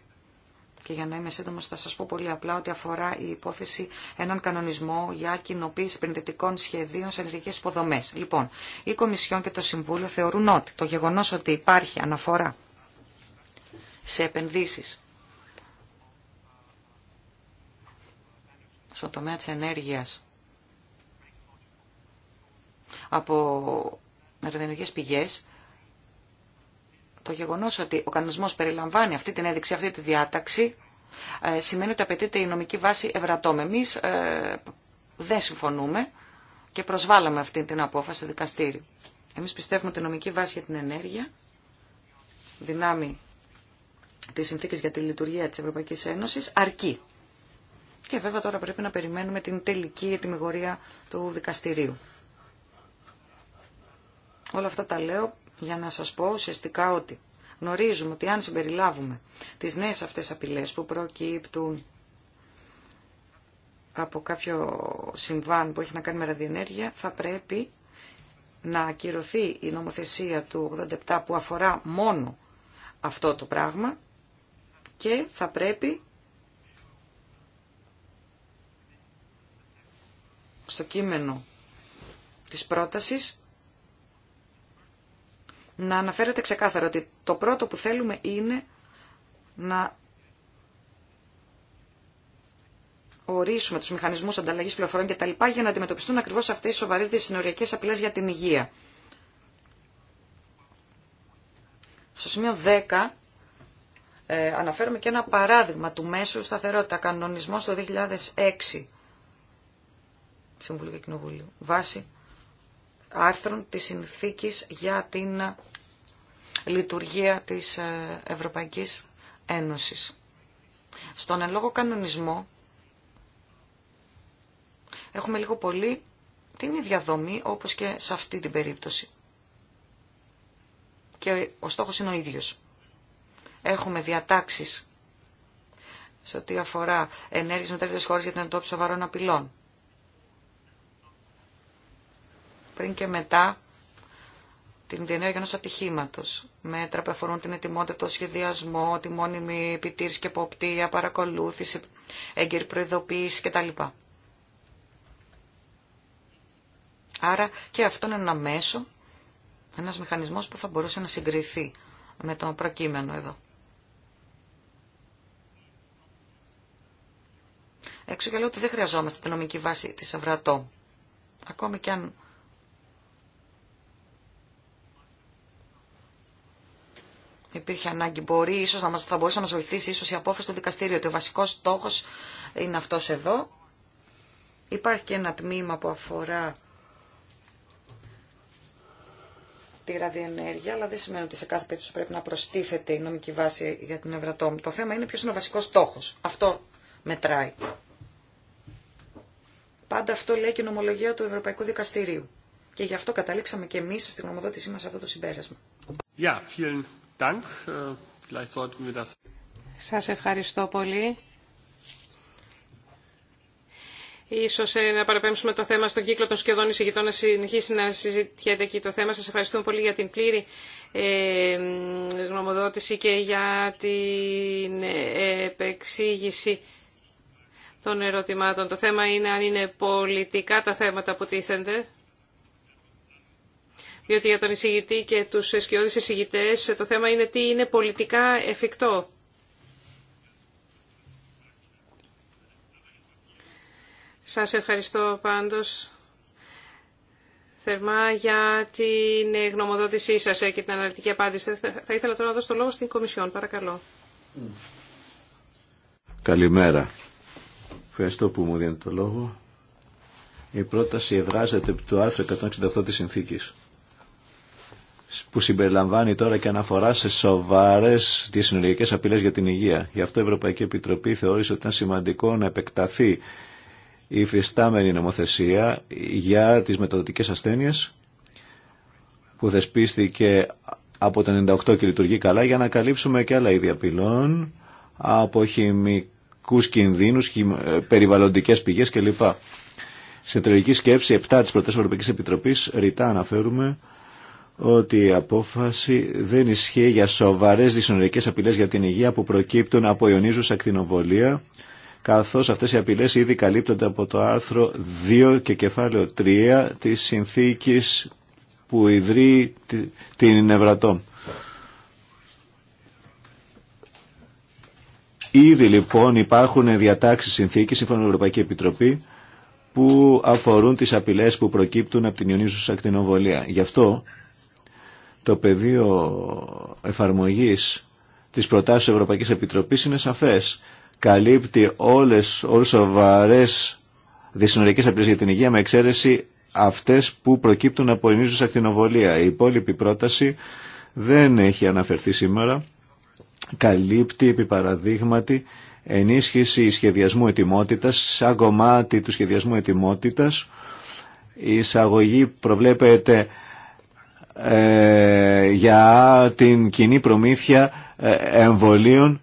και για να είμαι σύντομο, θα σα πω πολύ απλά ότι αφορά η υπόθεση έναν κανονισμό για κοινοποίηση επενδυτικών σχεδίων σε ενεργειακέ υποδομέ. Λοιπόν, η Κομισιόν και το Συμβούλιο θεωρούν ότι το γεγονό ότι υπάρχει αναφορά σε επενδύσει στο τομέα της ενέργειας από μεταδενεργές πηγές, το γεγονός ότι ο κανονισμός περιλαμβάνει αυτή την έδειξη, αυτή τη διάταξη, ε, σημαίνει ότι απαιτείται η νομική βάση ευρατών. Εμεί ε, δεν συμφωνούμε και προσβάλαμε αυτή την απόφαση στο δικαστήριο. Εμείς πιστεύουμε ότι η νομική βάση για την ενέργεια, δυνάμει της συνθήκης για τη λειτουργία της Ευρωπαϊκής Ένωσης, αρκεί. Και βέβαια τώρα πρέπει να περιμένουμε την τελική ετοιμιγορία του δικαστηρίου. Όλα αυτά τα λέω για να σας πω ουσιαστικά ότι γνωρίζουμε ότι αν συμπεριλάβουμε τις νέες αυτές απειλές που προκύπτουν από κάποιο συμβάν που έχει να κάνει με ραδιενέργεια, θα πρέπει να ακυρωθεί η νομοθεσία του 87 που αφορά μόνο αυτό το πράγμα και θα πρέπει στο κείμενο της πρότασης να αναφέρεται ξεκάθαρα ότι το πρώτο που θέλουμε είναι να ορίσουμε τους μηχανισμούς ανταλλαγής πληροφοριών κτλ. για να αντιμετωπιστούν ακριβώς αυτές οι σοβαρές διασυνοριακές απειλές για την υγεία. Στο σημείο 10 ε, αναφέρουμε και ένα παράδειγμα του μέσου σταθερότητα κανονισμός το 2006 Συμβουλίου και Κοινοβουλίου, βάσει άρθρων της συνθήκης για την ε, λειτουργία της ε, Ευρωπαϊκής Ένωσης. Στον εν κανονισμό έχουμε λίγο πολύ την ίδια δομή όπως και σε αυτή την περίπτωση. Και ο στόχος είναι ο ίδιος. Έχουμε διατάξεις σε ό,τι αφορά ενέργειες με τρίτες χώρες για την εντόπιση σοβαρών απειλών. πριν και μετά την διενέργεια ενό ατυχήματο. Μέτρα που αφορούν την ετοιμότητα, το σχεδιασμό, τη μόνιμη επιτήρηση και εποπτεία, παρακολούθηση, έγκαιρη προειδοποίηση κτλ. Άρα και αυτό είναι ένα μέσο, ένας μηχανισμός που θα μπορούσε να συγκριθεί με το προκείμενο εδώ. Έξω και λέω ότι δεν χρειαζόμαστε την νομική βάση της Ευρατόμ. Ακόμη και αν υπήρχε ανάγκη. Μπορεί, ίσως, να μας, θα μπορούσε να μας βοηθήσει ίσως η απόφαση του δικαστήριου ότι ο βασικός στόχος είναι αυτός εδώ. Υπάρχει και ένα τμήμα που αφορά τη ραδιενέργεια, αλλά δεν σημαίνει ότι σε κάθε περίπτωση πρέπει να προστίθεται η νομική βάση για την Ευρατόμ. Το θέμα είναι ποιο είναι ο βασικό στόχο. Αυτό μετράει. Πάντα αυτό λέει και η νομολογία του Ευρωπαϊκού Δικαστηρίου. Και γι' αυτό καταλήξαμε και εμεί στην γνωμοδότησή μα αυτό το συμπέρασμα. Yeah, σας ευχαριστώ πολύ. Ίσως ε, να παραπέμψουμε το θέμα στον κύκλο των σχεδόν εισηγητών να συνεχίσει να συζητιέται εκεί το θέμα. Σας ευχαριστούμε πολύ για την πλήρη ε, γνωμοδότηση και για την ε, επεξήγηση των ερωτημάτων. Το θέμα είναι αν είναι πολιτικά τα θέματα που τίθενται διότι για τον εισηγητή και τους σκιώδεις εισηγητές το θέμα είναι τι είναι πολιτικά εφικτό. Σας ευχαριστώ πάντως θερμά για την γνωμοδότησή σας και την αναλυτική απάντηση. Θα ήθελα τώρα να δώσω το λόγο στην Κομισιόν. Παρακαλώ. Καλημέρα. Ευχαριστώ που μου δίνετε το λόγο. Η πρόταση εδράζεται επί του άρθρου 168 της συνθήκης που συμπεριλαμβάνει τώρα και αναφορά σε σοβαρέ διασυνοριακέ απειλέ για την υγεία. Γι' αυτό η Ευρωπαϊκή Επιτροπή θεώρησε ότι ήταν σημαντικό να επεκταθεί η φυστάμενη νομοθεσία για τι μεταδοτικέ ασθένειε που δεσπίστηκε από το 98 και λειτουργεί καλά για να καλύψουμε και άλλα είδη απειλών από χημικού κινδύνου, ε, περιβαλλοντικέ πηγέ κλπ. Στην τελική σκέψη 7 τη Πρωτεύουσα Ευρωπαϊκή Επιτροπή ρητά αναφέρουμε ότι η απόφαση δεν ισχύει για σοβαρές δυσονορικές απειλές για την υγεία που προκύπτουν από ιονίζουσα ακτινοβολία, καθώς αυτές οι απειλές ήδη καλύπτονται από το άρθρο 2 και κεφάλαιο 3 της συνθήκης που ιδρύει την Ευρατόμ. Ήδη λοιπόν υπάρχουν διατάξεις συνθήκης σύμφωνα με την Ευρωπαϊκή Επιτροπή που αφορούν τις απειλές που προκύπτουν από την ιονίζουσα ακτινοβολία. Γι' αυτό το πεδίο εφαρμογής της προτάσεως Ευρωπαϊκής Επιτροπής είναι σαφές. Καλύπτει όλες, όλες σοβαρές δυσυνοριακές απειλές για την υγεία με εξαίρεση αυτές που προκύπτουν από ενίζουσα ακτινοβολία. Η υπόλοιπη πρόταση δεν έχει αναφερθεί σήμερα. Καλύπτει επί παραδείγματι ενίσχυση σχεδιασμού ετοιμότητας, σαν κομμάτι του σχεδιασμού ετοιμότητας. Η εισαγωγή προβλέπεται ε, για την κοινή προμήθεια ε, εμβολίων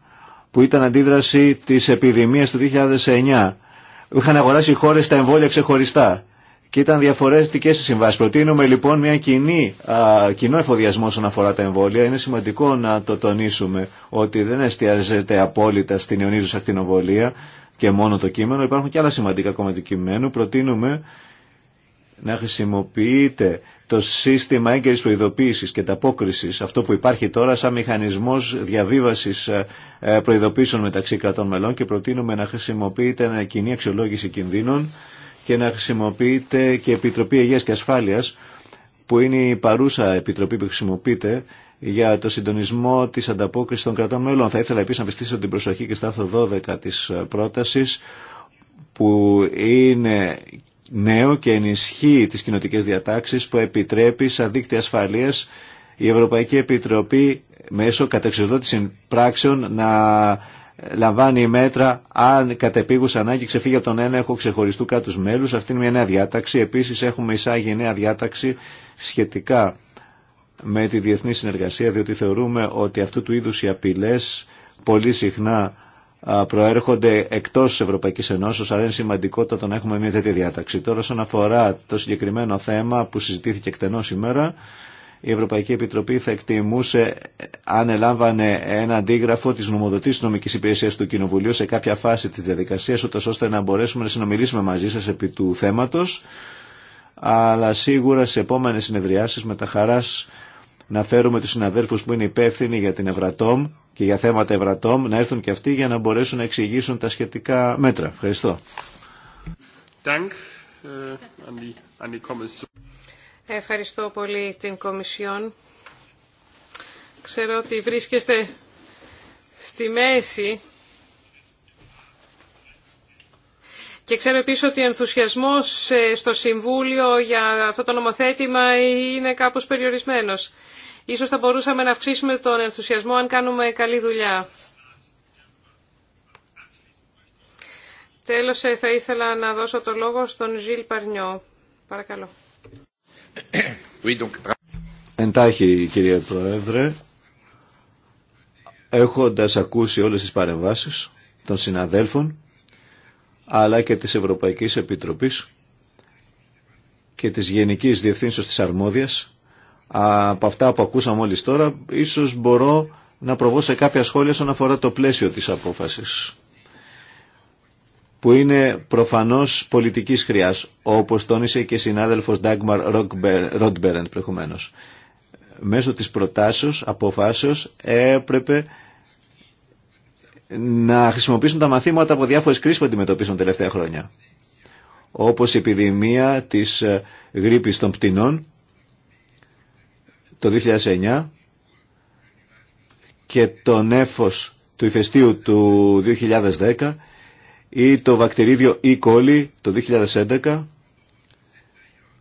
που ήταν αντίδραση της επιδημίας του 2009. Είχαν αγοράσει οι χώρες τα εμβόλια ξεχωριστά και ήταν διαφορετικές οι συμβάσει. Προτείνουμε λοιπόν μια κοινή, α, κοινό εφοδιασμό όσον αφορά τα εμβόλια. Είναι σημαντικό να το τονίσουμε ότι δεν εστιάζεται απόλυτα στην ιονίζουσα ακτινοβολία και μόνο το κείμενο. Υπάρχουν και άλλα σημαντικά κόμματα του κειμένου. Προτείνουμε να χρησιμοποιείται το σύστημα έγκαιρης προειδοποίησης και ταπόκρισης, αυτό που υπάρχει τώρα σαν μηχανισμός διαβίβασης ε, ε, προειδοποίησεων μεταξύ κρατών μελών και προτείνουμε να χρησιμοποιείται ένα κοινή αξιολόγηση κινδύνων και να χρησιμοποιείται και Επιτροπή Υγείας και Ασφάλειας που είναι η παρούσα επιτροπή που χρησιμοποιείται για το συντονισμό τη ανταπόκριση των κρατών μέλων. Θα ήθελα επίση να πιστήσω την προσοχή και στο άρθρο 12 τη πρόταση που είναι νέο και ενισχύει τις κοινοτικέ διατάξεις που επιτρέπει σαν δίκτυα ασφαλείας η Ευρωπαϊκή Επιτροπή μέσω κατεξοδότηση πράξεων να λαμβάνει μέτρα αν κατεπίγους ανάγκη ξεφύγει από τον ένα έχω ξεχωριστού κάτους μέλους. Αυτή είναι μια νέα διάταξη. Επίσης έχουμε εισάγει νέα διάταξη σχετικά με τη διεθνή συνεργασία διότι θεωρούμε ότι αυτού του είδους οι απειλές πολύ συχνά προέρχονται εκτό Ευρωπαϊκή Ενώσεως, αλλά είναι το να έχουμε μια τέτοια διάταξη. Τώρα, όσον αφορά το συγκεκριμένο θέμα που συζητήθηκε εκτενώς σήμερα, η Ευρωπαϊκή Επιτροπή θα εκτιμούσε αν ελάμβανε ένα αντίγραφο τη νομοδοτή νομική υπηρεσία του Κοινοβουλίου σε κάποια φάση τη διαδικασία, ώστε να μπορέσουμε να συνομιλήσουμε μαζί σα επί του θέματο. Αλλά σίγουρα σε επόμενε συνεδριάσει με τα χαρά να φέρουμε του συναδέλφου που είναι υπεύθυνοι για την Ευρατόμ και για θέματα ευρατόμ, να έρθουν και αυτοί για να μπορέσουν να εξηγήσουν τα σχετικά μέτρα. Ευχαριστώ. Äh, Ευχαριστώ πολύ την Κομισιόν. Ξέρω ότι βρίσκεστε στη μέση και ξέρω επίσης ότι ο ενθουσιασμός ε, στο Συμβούλιο για αυτό το νομοθέτημα είναι κάπως περιορισμένος. Ίσως θα μπορούσαμε να αυξήσουμε τον ενθουσιασμό αν κάνουμε καλή δουλειά. Τέλος, ε, θα ήθελα να δώσω το λόγο στον Ζιλ Παρνιό. Παρακαλώ. Εντάχει, κύριε Πρόεδρε, έχοντας ακούσει όλες τις παρεμβάσεις των συναδέλφων, αλλά και της Ευρωπαϊκής Επιτροπής και της Γενικής Διευθύνσεως της Αρμόδιας, από αυτά που ακούσαμε μόλις τώρα, ίσως μπορώ να προβώ σε κάποια σχόλια όσον αφορά το πλαίσιο της απόφασης που είναι προφανώς πολιτικής χρειάς, όπως τόνισε και συνάδελφος Dagmar Rodberend προηγουμένως. Μέσω της προτάσεως, αποφάσεως, έπρεπε να χρησιμοποιήσουν τα μαθήματα από διάφορες κρίσεις που αντιμετωπίσουν τελευταία χρόνια. Όπως η επιδημία της ε, γρήπης των πτηνών, το 2009 και το νέφος του ηφαιστείου του 2010 ή το βακτηρίδιο E. coli το 2011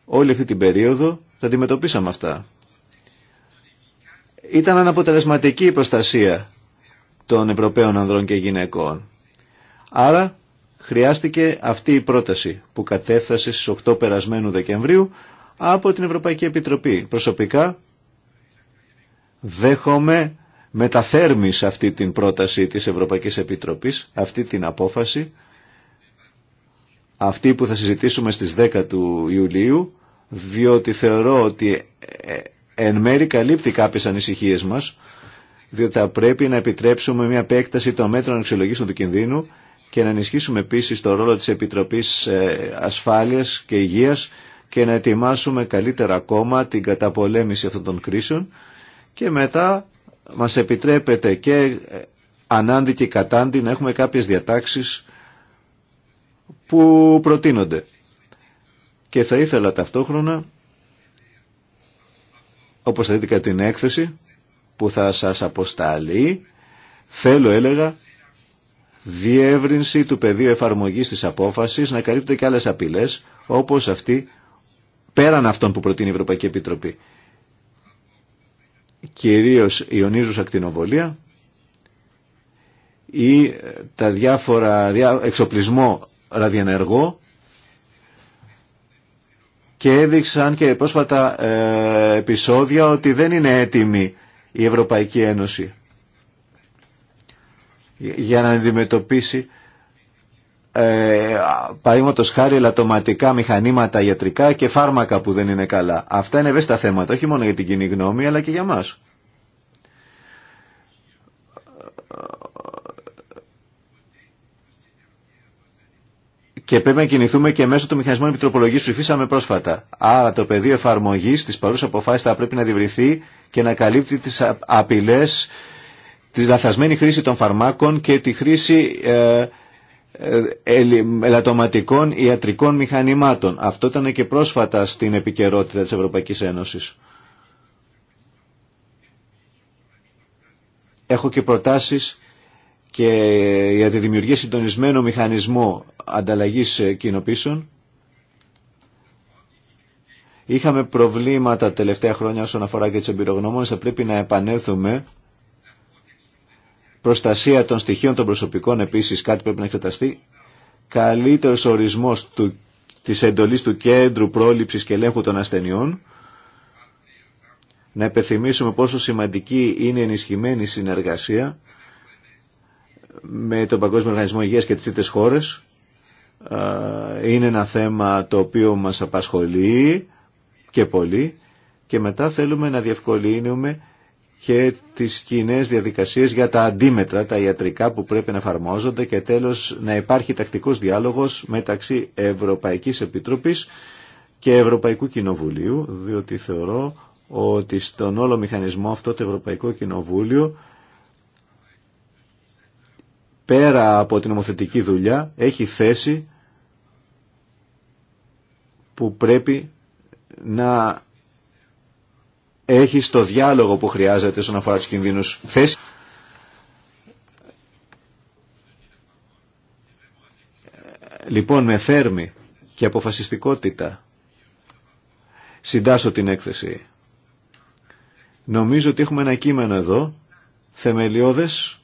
όλη αυτή την περίοδο τα αντιμετωπίσαμε αυτά. Ήταν αναποτελεσματική η προστασία των Ευρωπαίων ανδρών και γυναικών. Άρα χρειάστηκε αυτή η πρόταση που κατέφθασε στις 8 περασμένου Δεκεμβρίου από την Ευρωπαϊκή Επιτροπή. Προσωπικά δέχομαι μεταθέρμης αυτή την πρόταση της Ευρωπαϊκής Επιτροπής, αυτή την απόφαση, αυτή που θα συζητήσουμε στις 10 του Ιουλίου, διότι θεωρώ ότι ε, ε, εν μέρη καλύπτει κάποιες ανησυχίες μας, διότι θα πρέπει να επιτρέψουμε μια επέκταση των μέτρων αξιολογήσεων του κινδύνου και να ενισχύσουμε επίσης το ρόλο της Επιτροπής ε, Ασφάλειας και Υγείας και να ετοιμάσουμε καλύτερα ακόμα την καταπολέμηση αυτών των κρίσεων και μετά μας επιτρέπεται και ε, ανάντι και κατάντι να έχουμε κάποιες διατάξεις που προτείνονται. Και θα ήθελα ταυτόχρονα, όπως θα δείτε κατά την έκθεση που θα σας αποσταλεί, θέλω έλεγα διεύρυνση του πεδίου εφαρμογής της απόφασης να καλύπτεται και άλλες απειλές όπως αυτή πέραν αυτών που προτείνει η Ευρωπαϊκή Επιτροπή κυρίως ιονίζουσα ακτινοβολία ή ε, τα διάφορα εξοπλισμό ραδιενεργό και έδειξαν και πρόσφατα ε, επεισόδια ότι δεν είναι έτοιμη η τα διαφορα εξοπλισμο ραδιενεργο και εδειξαν και προσφατα Ένωση για να αντιμετωπίσει ε, χάρη ελαττωματικά μηχανήματα ιατρικά και φάρμακα που δεν είναι καλά. Αυτά είναι ευαίσθητα θέματα, όχι μόνο για την κοινή γνώμη, αλλά και για μας. Και πρέπει να κινηθούμε και μέσω του μηχανισμού επιτροπολογή που υφίσαμε πρόσφατα. Άρα το πεδίο εφαρμογή τη παρούσα αποφάση θα πρέπει να διευρυθεί και να καλύπτει τι απειλέ τη λαθασμένη χρήση των φαρμάκων και τη χρήση ε, ε, ε, ελαττωματικών ιατρικών μηχανημάτων. Αυτό ήταν και πρόσφατα στην επικαιρότητα της Ευρωπαϊκής Ένωσης. Έχω και προτάσεις και για τη δημιουργία συντονισμένου μηχανισμού ανταλλαγής ε, κοινοποίησεων. Είχαμε προβλήματα τελευταία χρόνια όσον αφορά και τις εμπειρογνώμονες. Θα πρέπει να επανέλθουμε Προστασία των στοιχείων των προσωπικών επίσης κάτι πρέπει να εξεταστεί. Καλύτερος ορισμός του, της εντολής του Κέντρου Πρόληψης και Ελέγχου των Ασθενειών. Να επιθυμήσουμε πόσο σημαντική είναι η ενισχυμένη συνεργασία με τον Παγκόσμιο Οργανισμό Υγείας και τις ίδιες χώρες. Είναι ένα θέμα το οποίο μας απασχολεί και πολύ και μετά θέλουμε να διευκολύνουμε και τις κοινέ διαδικασίες για τα αντίμετρα, τα ιατρικά που πρέπει να εφαρμόζονται και τέλος να υπάρχει τακτικός διάλογος μεταξύ Ευρωπαϊκής Επιτροπής και Ευρωπαϊκού Κοινοβουλίου, διότι θεωρώ ότι στον όλο μηχανισμό αυτό το Ευρωπαϊκό Κοινοβούλιο πέρα από την νομοθετική δουλειά έχει θέση που πρέπει να έχει το διάλογο που χρειάζεται στον αφορά τους κινδύνους θέση. Λοιπόν, με θέρμη και αποφασιστικότητα συντάσσω την έκθεση. Νομίζω ότι έχουμε ένα κείμενο εδώ, θεμελιώδες,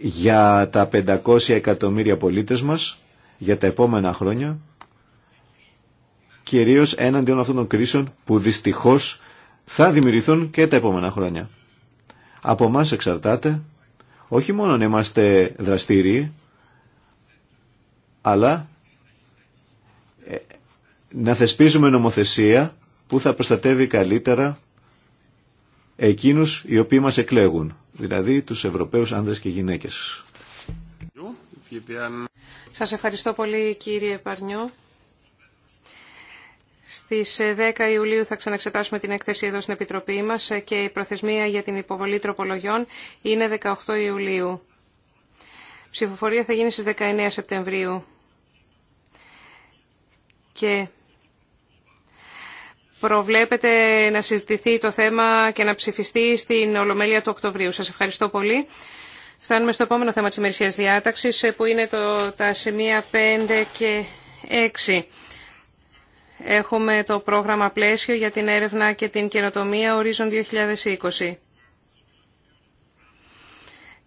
για τα 500 εκατομμύρια πολίτες μας, για τα επόμενα χρόνια, κυρίως έναντιον αυτών των κρίσεων που δυστυχώς θα δημιουργηθούν και τα επόμενα χρόνια. Από εμά εξαρτάται όχι μόνο να είμαστε δραστήριοι, αλλά ε, να θεσπίζουμε νομοθεσία που θα προστατεύει καλύτερα εκείνους οι οποίοι μας εκλέγουν, δηλαδή τους Ευρωπαίους άνδρες και γυναίκες. Σας ευχαριστώ πολύ κύριε Παρνιό. Στις 10 ε, Ιουλίου θα ξαναξετάσουμε την έκθεση εδώ στην Επιτροπή μας ε, και η προθεσμία για την υποβολή τροπολογιών είναι 18 Ιουλίου. Ψηφοφορία θα γίνει στις 19 Σεπτεμβρίου. Και προβλέπετε να συζητηθεί το θέμα και να ψηφιστεί στην Ολομέλεια του Οκτωβρίου. Σας ευχαριστώ πολύ. Φτάνουμε στο επόμενο θέμα της ημερησίας διάταξης ε, που είναι το, τα σημεία 5 και 6. Έχουμε το πρόγραμμα πλαίσιο για την έρευνα και την καινοτομία ορίζον 2020.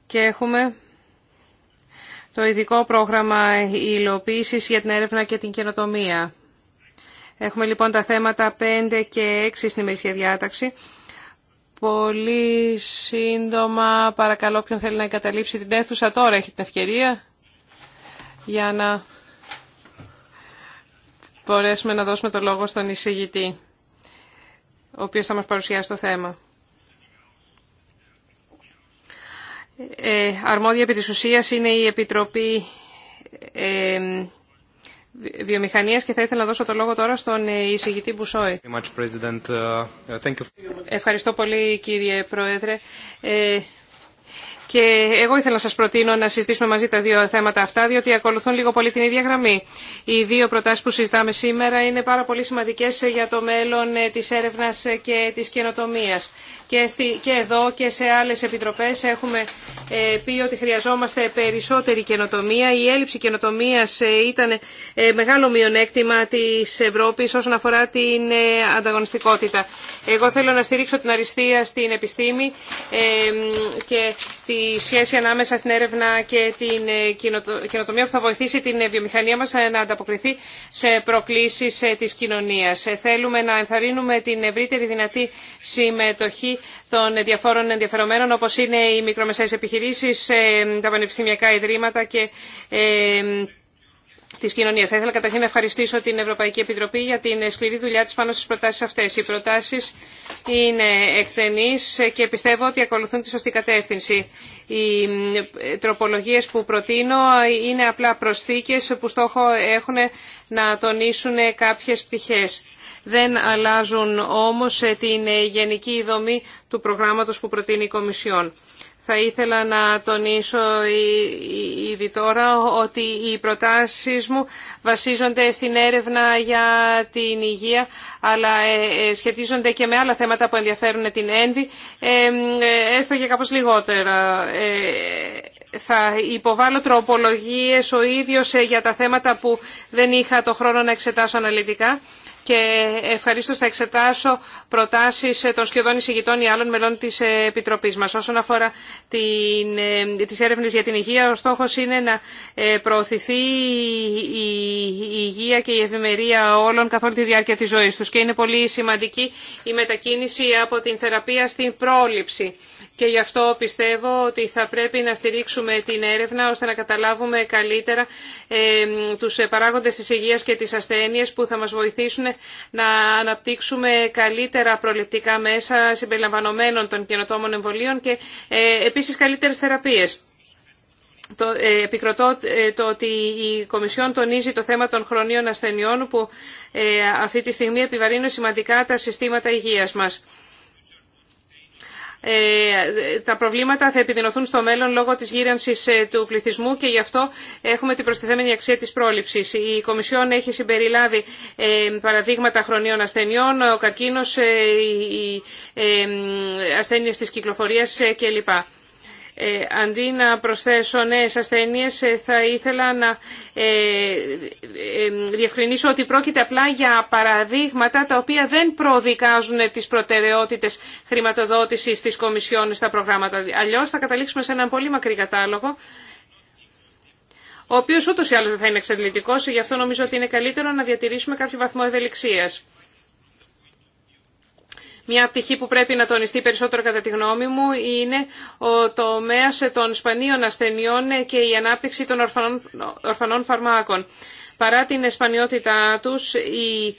Και έχουμε το ειδικό πρόγραμμα υλοποίησης για την έρευνα και την καινοτομία. Έχουμε λοιπόν τα θέματα 5 και 6 στην ημερήσια διάταξη. Πολύ σύντομα, παρακαλώ ποιον θέλει να εγκαταλείψει την αίθουσα τώρα, έχει την ευκαιρία για να μπορέσουμε να δώσουμε το λόγο στον εισηγητή, ο οποίος θα μας παρουσιάσει το θέμα. Ε, αρμόδια επί της ουσίας είναι η Επιτροπή ε, Βιομηχανίας και θα ήθελα να δώσω το λόγο τώρα στον ε, εισηγητή Μπουσόη. Uh, Ευχαριστώ πολύ κύριε Πρόεδρε. Ε, και εγώ ήθελα να σας προτείνω να συζητήσουμε μαζί τα δύο θέματα αυτά, διότι ακολουθούν λίγο πολύ την ίδια γραμμή. Οι δύο προτάσεις που συζητάμε σήμερα είναι πάρα πολύ σημαντικές για το μέλλον ε, της έρευνας ε, και της καινοτομίας και, εδώ και σε άλλες επιτροπές έχουμε ε, πει ότι χρειαζόμαστε περισσότερη καινοτομία. Η έλλειψη καινοτομίας ε, ήταν ε, μεγάλο μειονέκτημα της Ευρώπης όσον αφορά την ανταγωνιστικότητα. Εγώ θέλω να στηρίξω την αριστεία στην επιστήμη και τη σχέση ανάμεσα στην έρευνα και την καινοτομία που θα βοηθήσει την βιομηχανία μας να ανταποκριθεί σε προκλήσεις της κοινωνίας. Θέλουμε να ενθαρρύνουμε την ευρύτερη δυνατή συμμετοχή των διαφόρων ενδιαφερομένων όπως είναι οι μικρομεσαίες επιχειρήσεις, ε, τα πανεπιστημιακά ιδρύματα και ε, της κοινωνίας. Θα ήθελα καταρχήν να ευχαριστήσω την Ευρωπαϊκή Επιτροπή για την σκληρή δουλειά της πάνω στις προτάσεις αυτές. Οι προτάσεις είναι εκθενείς και πιστεύω ότι ακολουθούν τη σωστή κατεύθυνση. Οι ε, τροπολογίες που προτείνω είναι απλά προσθήκες που στόχο έχουν να τονίσουν κάποιες πτυχές. Δεν αλλάζουν όμως την γενική δομή του προγράμματος που προτείνει η Κομισιόν. Θα ήθελα να τονίσω ήδη τώρα ότι οι προτάσεις μου βασίζονται στην έρευνα για την υγεία, αλλά ε, ε, σχετίζονται και με άλλα θέματα που ενδιαφέρουν την ένδυ, ε, έστω και κάπως λιγότερα. Θα υποβάλω τροπολογίες ο ίδιος για τα θέματα που δεν είχα το χρόνο να εξετάσω αναλυτικά και ευχαρίστω θα εξετάσω προτάσεις των σχεδόν εισηγητών ή άλλων μελών της Επιτροπής μας. Όσον αφορά την, ε, τις έρευνες για την υγεία, ο στόχος είναι να ε, προωθηθεί η υγεία και η ευημερία όλων καθ' όλη τη διάρκεια τη ζωής τους και είναι πολύ σημαντική η μετακίνηση από την θεραπεία στην πρόληψη και γι' αυτό πιστεύω ότι θα πρέπει να στηρίξουμε την έρευνα ώστε να καταλάβουμε καλύτερα ε, τους παράγοντες της υγείας και τις ασθένειες που θα μας βοηθήσουν να αναπτύξουμε καλύτερα προληπτικά μέσα συμπεριλαμβανομένων των καινοτόμων εμβολίων και ε, επίσης καλύτερες θεραπείες. Το, ε, επικροτώ το ότι η Κομισιόν τονίζει το θέμα των χρονίων ασθενειών που αυτή τη στιγμή επιβαρύνουν σημαντικά τα συστήματα υγείας μας. Ε, τα προβλήματα θα επιδεινωθούν στο μέλλον λόγω της γύρανσης ε, του πληθυσμού και γι' αυτό έχουμε την προστιθέμενη αξία της πρόληψης. Η Κομισιόν έχει συμπεριλάβει ε, παραδείγματα χρονίων ασθενειών, ο καρκίνος, οι ασθένειες της κυκλοφορίας κλπ. Ε, αντί να προσθέσω νέες ασθένειες ε, θα ήθελα να ε, διευκρινίσω ότι πρόκειται απλά για παραδείγματα τα οποία δεν προδικάζουν τις προτεραιότητες χρηματοδότησης της Κομισιόν στα προγράμματα. Αλλιώς θα καταλήξουμε σε έναν πολύ μακρύ κατάλογο ο οποίος ούτως ή άλλως δεν θα είναι εξαντλητικός, γι' αυτό νομίζω ότι είναι καλύτερο να διατηρήσουμε κάποιο βαθμό ευελιξίας. Μια πτυχή που πρέπει να τονιστεί περισσότερο κατά τη γνώμη μου είναι το τομέας των σπανίων ασθενειών και η ανάπτυξη των ορφανών φαρμάκων. Παρά την εσπανιότητά τους, οι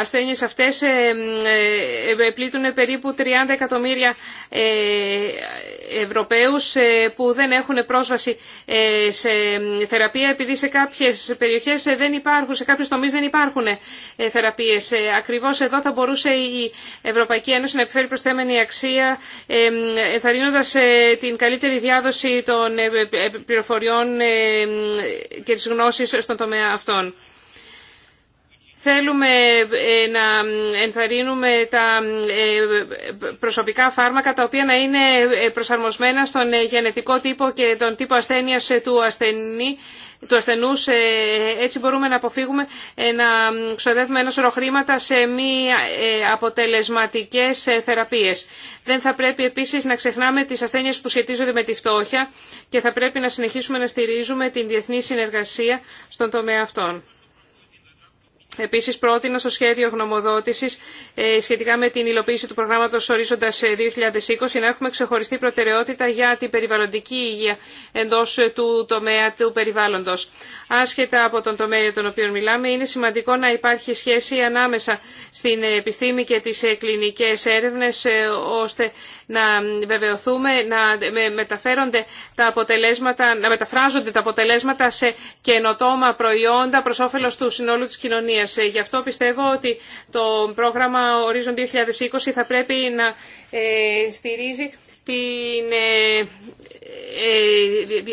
ασθένειες αυτές ε, ε, ε, πλήττουν περίπου 30 εκατομμύρια Ευρωπαίους που δεν έχουν πρόσβαση σε θεραπεία επειδή σε κάποιες περιοχές δεν υπάρχουν, σε κάποιους τομείς δεν υπάρχουν θεραπείες. Ακριβώς εδώ θα μπορούσε η Ευρωπαϊκή Ένωση να επιφέρει προσθέμενη αξία ενθαρρύνοντας την καλύτερη διάδοση των πληροφοριών και της γνώσης στον τομέα Αυτόν Θέλουμε ε, να ενθαρρύνουμε τα ε, προσωπικά φάρμακα τα οποία να είναι ε, προσαρμοσμένα στον γενετικό τύπο και τον τύπο ασθένειας του ασθενή του ασθενού. Έτσι μπορούμε να αποφύγουμε να ξοδεύουμε ένα σωρό χρήματα σε μη αποτελεσματικές θεραπείες. Δεν θα πρέπει επίσης να ξεχνάμε τις ασθένειες που σχετίζονται με τη φτώχεια και θα πρέπει να συνεχίσουμε να στηρίζουμε την διεθνή συνεργασία στον τομέα αυτών. Επίση, πρότεινα στο σχέδιο γνωμοδότησης ε, σχετικά με την υλοποίηση του προγράμματος Ορίζοντα 2020 ε, να έχουμε ξεχωριστή προτεραιότητα για την περιβαλλοντική υγεία εντό του τομέα του περιβάλλοντο. Άσχετα από τον τομέα για τον οποίο μιλάμε, είναι σημαντικό να υπάρχει σχέση ανάμεσα στην επιστήμη και τις ε, κλινικές έρευνες ώστε να βεβαιωθούμε να μεταφέρονται τα αποτελέσματα, να μεταφράζονται τα αποτελέσματα σε καινοτόμα προϊόντα προ όφελο του συνόλου τη κοινωνία. Ε, γι' αυτό πιστεύω ότι το πρόγραμμα Horizon 2020 θα πρέπει να ε, στηρίζει την ε,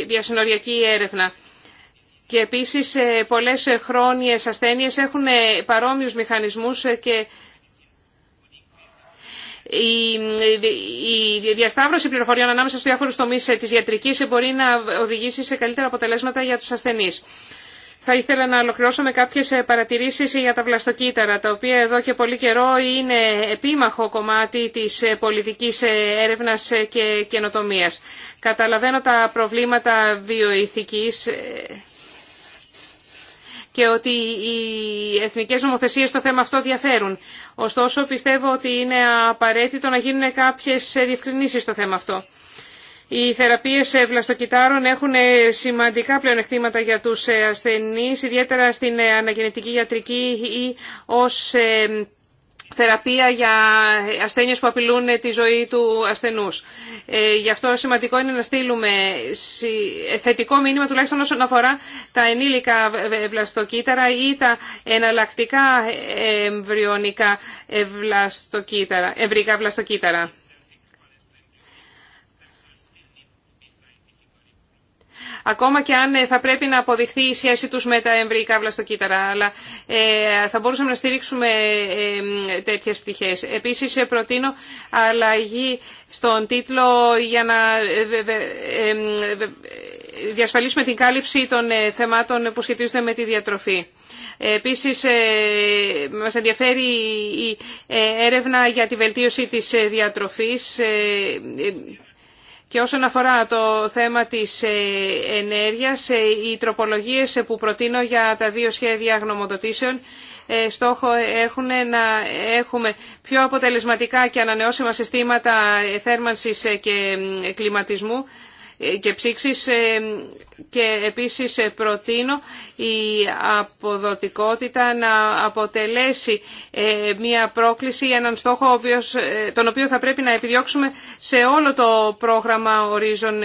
διασυνοριακή έρευνα. Και επίσης πολλές χρόνιες ασθένειες έχουν παρόμοιους μηχανισμούς και η διασταύρωση πληροφοριών ανάμεσα στους διάφορους τομείς της ιατρικής μπορεί να οδηγήσει σε καλύτερα αποτελέσματα για τους ασθενείς. Θα ήθελα να ολοκληρώσω με κάποιες ε, παρατηρήσεις για τα βλαστοκύτταρα, τα οποία εδώ και πολύ καιρό είναι επίμαχο κομμάτι της ε, πολιτικής ε, έρευνας και καινοτομίας. Καταλαβαίνω τα προβλήματα βιοηθικής και ότι οι εθνικές νομοθεσίες στο θέμα αυτό διαφέρουν. Ωστόσο, πιστεύω ότι είναι απαραίτητο να γίνουν κάποιες διευκρινήσεις στο θέμα αυτό. Οι θεραπείες βλαστοκυτάρων έχουν ε, σημαντικά πλεονεκτήματα για τους ε, ασθενείς, ιδιαίτερα στην ε, αναγεννητική ιατρική ή ως θεραπεία για ασθένειες που απειλούν τη ζωή του ασθενούς. γι' αυτό σημαντικό είναι να στείλουμε θετικό μήνυμα τουλάχιστον όσον αφορά τα ενήλικα βλαστοκύτταρα ή τα εναλλακτικά εμβριονικά βλαστοκύτταρα, ακόμα και αν ε, θα πρέπει να αποδειχθεί η σχέση τους με τα εμβρυϊκά βλαστοκύτταρα. Αλλά ε, θα μπορούσαμε να στηρίξουμε ε, τέτοιες πτυχές. Επίσης, ε, προτείνω αλλαγή στον τίτλο για να διασφαλίσουμε την κάλυψη των θεμάτων που σχετίζονται με τη διατροφή. Επίσης, μας ενδιαφέρει η έρευνα για τη βελτίωση της διατροφής και όσον αφορά το θέμα της ε, ενέργειας, ε, οι τροπολογίες ε, που προτείνω για τα δύο σχέδια γνωμοδοτήσεων στόχο έχουν να έχουμε πιο αποτελεσματικά και ανανεώσιμα συστήματα θέρμανσης και κλιματισμού και ε, και επίσης ε, προτείνω η αποδοτικότητα να αποτελέσει ε, μια πρόκληση ή έναν στόχο τον οποίο θα πρέπει να επιδιώξουμε σε όλο το πρόγραμμα Horizon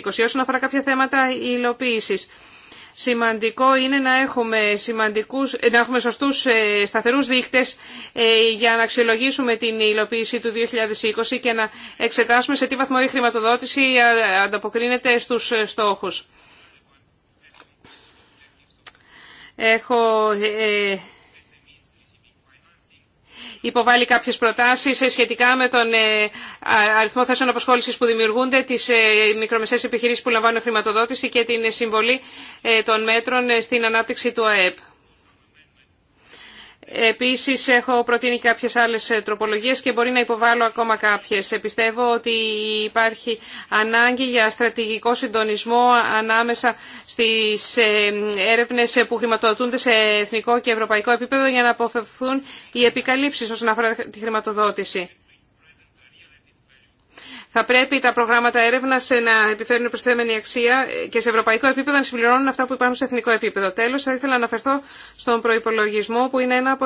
2020 όσον αφορά κάποια θέματα υλοποίησης. Σημαντικό είναι να έχουμε, σημαντικούς, να έχουμε σωστούς ε, σταθερούς δείχτες ε, για να αξιολογήσουμε την υλοποίηση του 2020 και να εξετάσουμε σε τι βαθμό η χρηματοδότηση ε, ανταποκρίνεται στους στόχους. Έχω υποβάλει κάποιες προτάσεις ε, σχετικά με τον ε, αριθμό θέσεων αποσχόλησης που δημιουργούνται, τις ε, μικρομεσαίες επιχειρήσεις που λαμβάνουν χρηματοδότηση και την συμβολή των μέτρων στην ανάπτυξη του ΑΕΠ. Επίσης έχω προτείνει κάποιες άλλες ε, τροπολογίες και μπορεί να υποβάλω ακόμα κάποιες. Ε, πιστεύω ότι υπάρχει ανάγκη για στρατηγικό συντονισμό ανάμεσα στις ε, έρευνες που χρηματοδοτούνται σε εθνικό και ευρωπαϊκό επίπεδο για να αποφευθούν οι επικαλύψεις όσον αφορά τη χρηματοδότηση. Θα πρέπει τα προγράμματα έρευνα να επιφέρουν προσθέμενη αξία και σε ευρωπαϊκό επίπεδο να συμπληρώνουν αυτά που υπάρχουν σε εθνικό επίπεδο. Τέλο, θα ήθελα να αναφερθώ στον προπολογισμό, που είναι ένα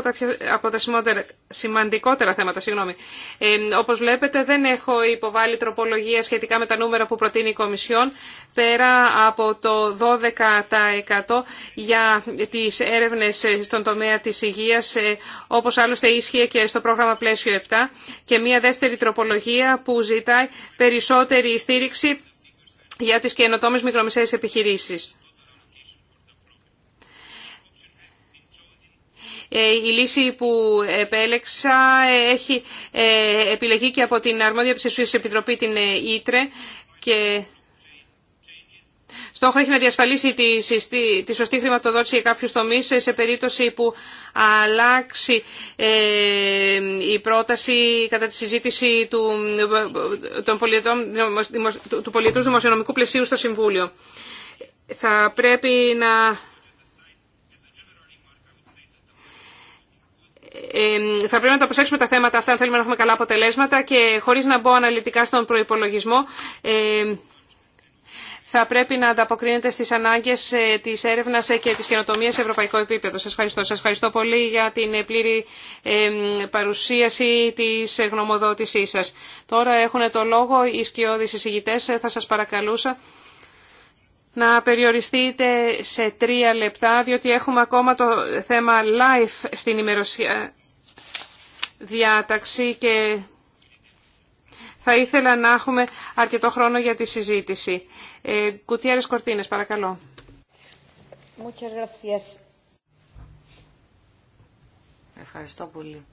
από τα, σημαντικότερα θέματα. Ε, όπω βλέπετε, δεν έχω υποβάλει τροπολογία σχετικά με τα νούμερα που προτείνει η Κομισιόν, πέρα από το 12% για τι έρευνε στον τομέα τη υγεία, ε, όπω άλλωστε ίσχυε και στο πρόγραμμα πλαίσιο 7, και μία δεύτερη τροπολογία που ζητάει περισσότερη στήριξη για τις καινοτόμες μικρομεσαίες επιχειρήσεις. Ε, η λύση που επέλεξα ε, έχει ε, επιλεγεί και από την αρμόδια της επιτροπή την Ήτρε και στόχο έχει να διασφαλίσει τη, σωστή χρηματοδότηση για κάποιους τομείς σε περίπτωση που αλλάξει ε, η πρόταση κατά τη συζήτηση του, των πολιτών, του δημοσιονομικού πλαισίου στο Συμβούλιο. Θα πρέπει να θα πρέπει να τα προσέξουμε τα θέματα αυτά αν θέλουμε να έχουμε καλά αποτελέσματα και χωρίς να μπω αναλυτικά στον προϋπολογισμό θα πρέπει να ανταποκρίνεται στις ανάγκες ε, της έρευνας ε, και της καινοτομίας σε ευρωπαϊκό επίπεδο. Σας ευχαριστώ. Σας ευχαριστώ πολύ για την ε, πλήρη παρουσίαση της γνωμοδότησής σας. Τώρα έχουν το λόγο οι σκιώδεις εισηγητές. Θα σας παρακαλούσα να περιοριστείτε σε τρία λεπτά, διότι έχουμε ακόμα το θέμα live στην ημεροσία διάταξη και θα ήθελα να έχουμε αρκετό χρόνο για τη συζήτηση. Ε, Κουτιέρες Κορτίνες, παρακαλώ. Ευχαριστώ πολύ.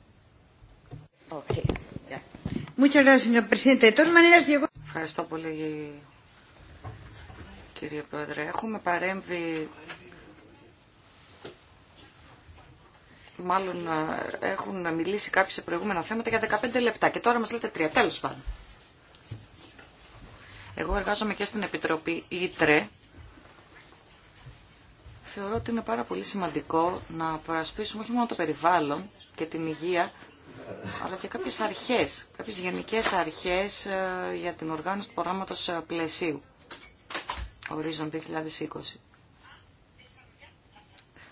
Ευχαριστώ πολύ, κύριε Πρόεδρε. Έχουμε παρέμβει μάλλον ε, έχουν μιλήσει κάποιοι σε προηγούμενα θέματα για 15 λεπτά και τώρα μας λέτε τρία. Τέλος πάντων. Εγώ εργάζομαι και στην Επιτροπή Ήτρε. Θεωρώ ότι είναι πάρα πολύ σημαντικό να παρασπίσουμε όχι μόνο το περιβάλλον και την υγεία, αλλά και κάποιες αρχές, κάποιες γενικές αρχές ε, για την οργάνωση του προγράμματος ε, πλαισίου, ορίζον 2020.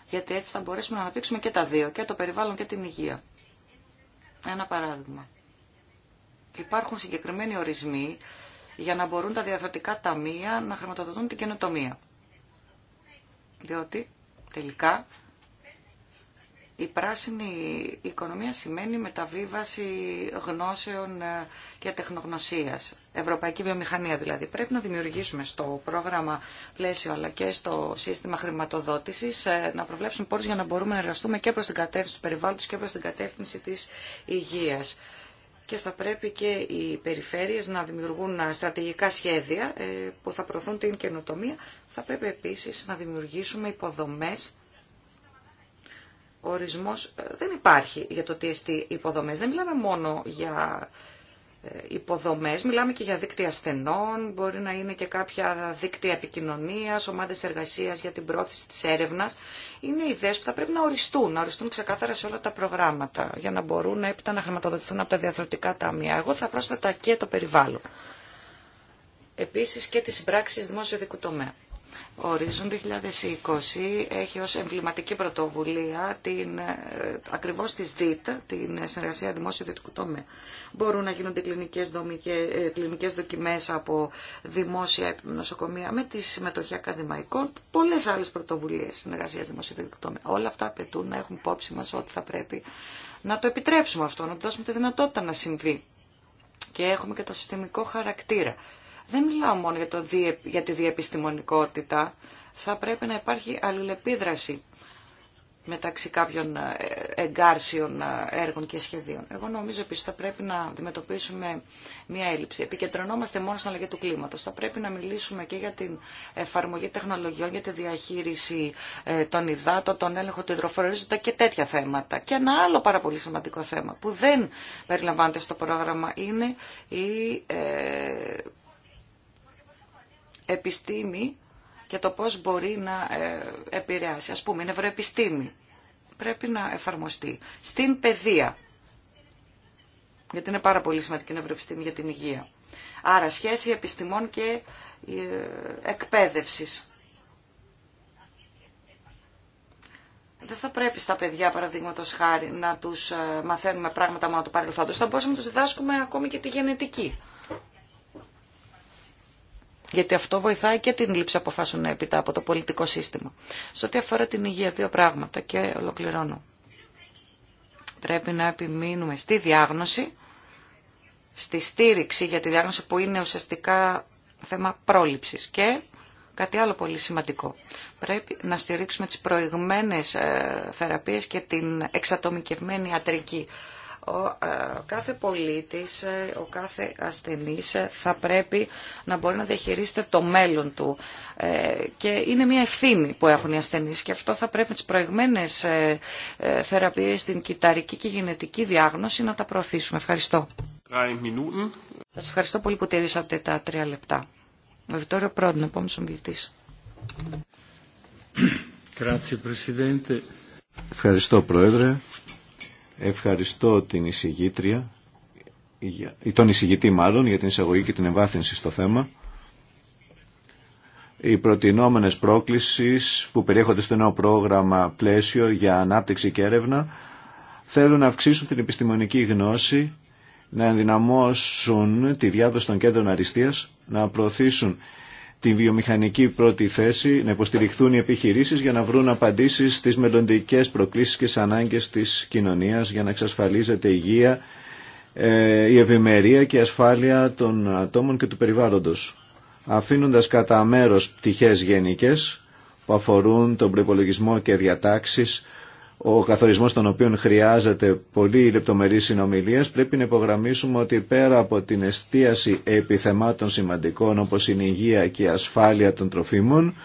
Γιατί έτσι θα μπορέσουμε να αναπτύξουμε και τα δύο, και το περιβάλλον και την υγεία. Ένα παράδειγμα. Υπάρχουν συγκεκριμένοι ορισμοί για να μπορούν τα διαθροτικά ταμεία να χρηματοδοτούν την καινοτομία. Διότι τελικά η πράσινη οικονομία σημαίνει μεταβίβαση γνώσεων ε, και τεχνογνωσίας. Ευρωπαϊκή βιομηχανία δηλαδή. Πρέπει να δημιουργήσουμε στο πρόγραμμα πλαίσιο αλλά και στο σύστημα χρηματοδότησης ε, να προβλέψουμε πόρους για να μπορούμε να εργαστούμε και προς την κατεύθυνση του περιβάλλοντος και προς την κατεύθυνση της υγείας και θα πρέπει και οι περιφέρειες να δημιουργούν στρατηγικά σχέδια ε, που θα προωθούν την καινοτομία. Θα πρέπει επίσης να δημιουργήσουμε υποδομές. Ορισμός ε, δεν υπάρχει για το τι εστί υποδομές. Δεν μιλάμε μόνο για υποδομές. Μιλάμε και για δίκτυα ασθενών, μπορεί να είναι και κάποια δίκτυα επικοινωνίας, ομάδες εργασίας για την πρόθεση της έρευνας. Είναι ιδέες που θα πρέπει να οριστούν, να οριστούν ξεκάθαρα σε όλα τα προγράμματα, για να μπορούν έπειτα να χρηματοδοτηθούν από τα διαδροτικά ταμεία. Εγώ θα πρόσθετα και το περιβάλλον. Επίσης και τις πράξεις δημόσιο δικού τομέα. Ο Ορίζον 2020 έχει ως εμβληματική πρωτοβουλία την, ε, ακριβώς της ΔΙΤ, την συνεργασία δημόσιο Δυτικού Μπορούν να γίνονται κλινικές, δομικές, ε, κλινικές δοκιμές από δημόσια νοσοκομεία με τη συμμετοχή ακαδημαϊκών, πολλές άλλες πρωτοβουλίες συνεργασίας δημόσιο τομέα. Όλα αυτά απαιτούν να έχουν υπόψη μας ότι θα πρέπει να το επιτρέψουμε αυτό, να δώσουμε τη δυνατότητα να συμβεί. Και έχουμε και το συστημικό χαρακτήρα δεν μιλάω μόνο για, το διε, για τη διεπιστημονικότητα. Θα πρέπει να υπάρχει αλληλεπίδραση μεταξύ κάποιων ε, εγκάρσιων ε, έργων και σχεδίων. Εγώ νομίζω επίσης θα πρέπει να αντιμετωπίσουμε μία έλλειψη. Επικεντρωνόμαστε μόνο στην αλλαγή του κλίματος. Θα πρέπει να μιλήσουμε και για την εφαρμογή τεχνολογιών, για τη διαχείριση ε, των υδάτων, τον έλεγχο του υδροφορίζοντα και τέτοια θέματα. Και ένα άλλο πάρα πολύ σημαντικό θέμα που δεν περιλαμβάνεται στο πρόγραμμα είναι η επιστήμη και το πώς μπορεί να ε, επηρεάσει. Ας πούμε, η νευροεπιστήμη πρέπει να εφαρμοστεί στην παιδεία, γιατί είναι πάρα πολύ σημαντική η νευροεπιστήμη για την υγεία. Άρα, σχέση επιστημών και ε, εκπαίδευσης. δεν θα πρέπει στα παιδιά, παραδείγματο χάρη, να του ε, μαθαίνουμε πράγματα μόνο του παρελθόντο. Θα μπορούσαμε να τους διδάσκουμε ακόμη και τη γενετική γιατί αυτό βοηθάει και την λήψη αποφάσεων έπειτα από το πολιτικό σύστημα. Σε ό,τι αφορά την υγεία, δύο πράγματα και ολοκληρώνω. Πρέπει να επιμείνουμε στη διάγνωση, στη στήριξη για τη διάγνωση που είναι ουσιαστικά θέμα πρόληψης και κάτι άλλο πολύ σημαντικό. Πρέπει να στηρίξουμε τις προηγμένες ε, θεραπείες και την εξατομικευμένη ατρική. Ε, ο κάθε πολίτης, ε, ο κάθε ασθενής ε, θα πρέπει να μπορεί να διαχειρίζεται το μέλλον του. Και είναι μια ευθύνη που έχουν οι ασθενείς και αυτό θα πρέπει τις προηγμένες θεραπείες στην κυταρική και γενετική διάγνωση να τα προωθήσουμε. Ευχαριστώ. Σας ευχαριστώ πολύ που τηρήσατε τα τρία λεπτά. Ο Βιτόριο Πρόντιν, επόμενος ομιλητής. Ευχαριστώ Πρόεδρε. Ευχαριστώ την εισηγήτρια, ή τον εισηγητή μάλλον, για την εισαγωγή και την εμβάθυνση στο θέμα. Οι προτινόμενες πρόκλησεις που περιέχονται στο νέο πρόγραμμα πλαίσιο για ανάπτυξη και έρευνα θέλουν να αυξήσουν την επιστημονική γνώση, να ενδυναμώσουν τη διάδοση των κέντρων αριστείας, να προωθήσουν τη βιομηχανική πρώτη θέση, να υποστηριχθούν οι επιχειρήσεις για να βρουν απαντήσεις στις μελλοντικέ προκλήσεις και στις ανάγκες της κοινωνίας για να εξασφαλίζεται η υγεία, ε, η ευημερία και η ασφάλεια των ατόμων και του περιβάλλοντος. Αφήνοντας κατά μέρος πτυχές γενικές που αφορούν τον προπολογισμό και διατάξεις ο καθορισμός των οποίων χρειάζεται πολύ λεπτομερή συνομιλία, πρέπει να υπογραμμίσουμε ότι πέρα από την εστίαση επιθεμάτων σημαντικών όπως η υγεία και η ασφάλεια των τροφίμων,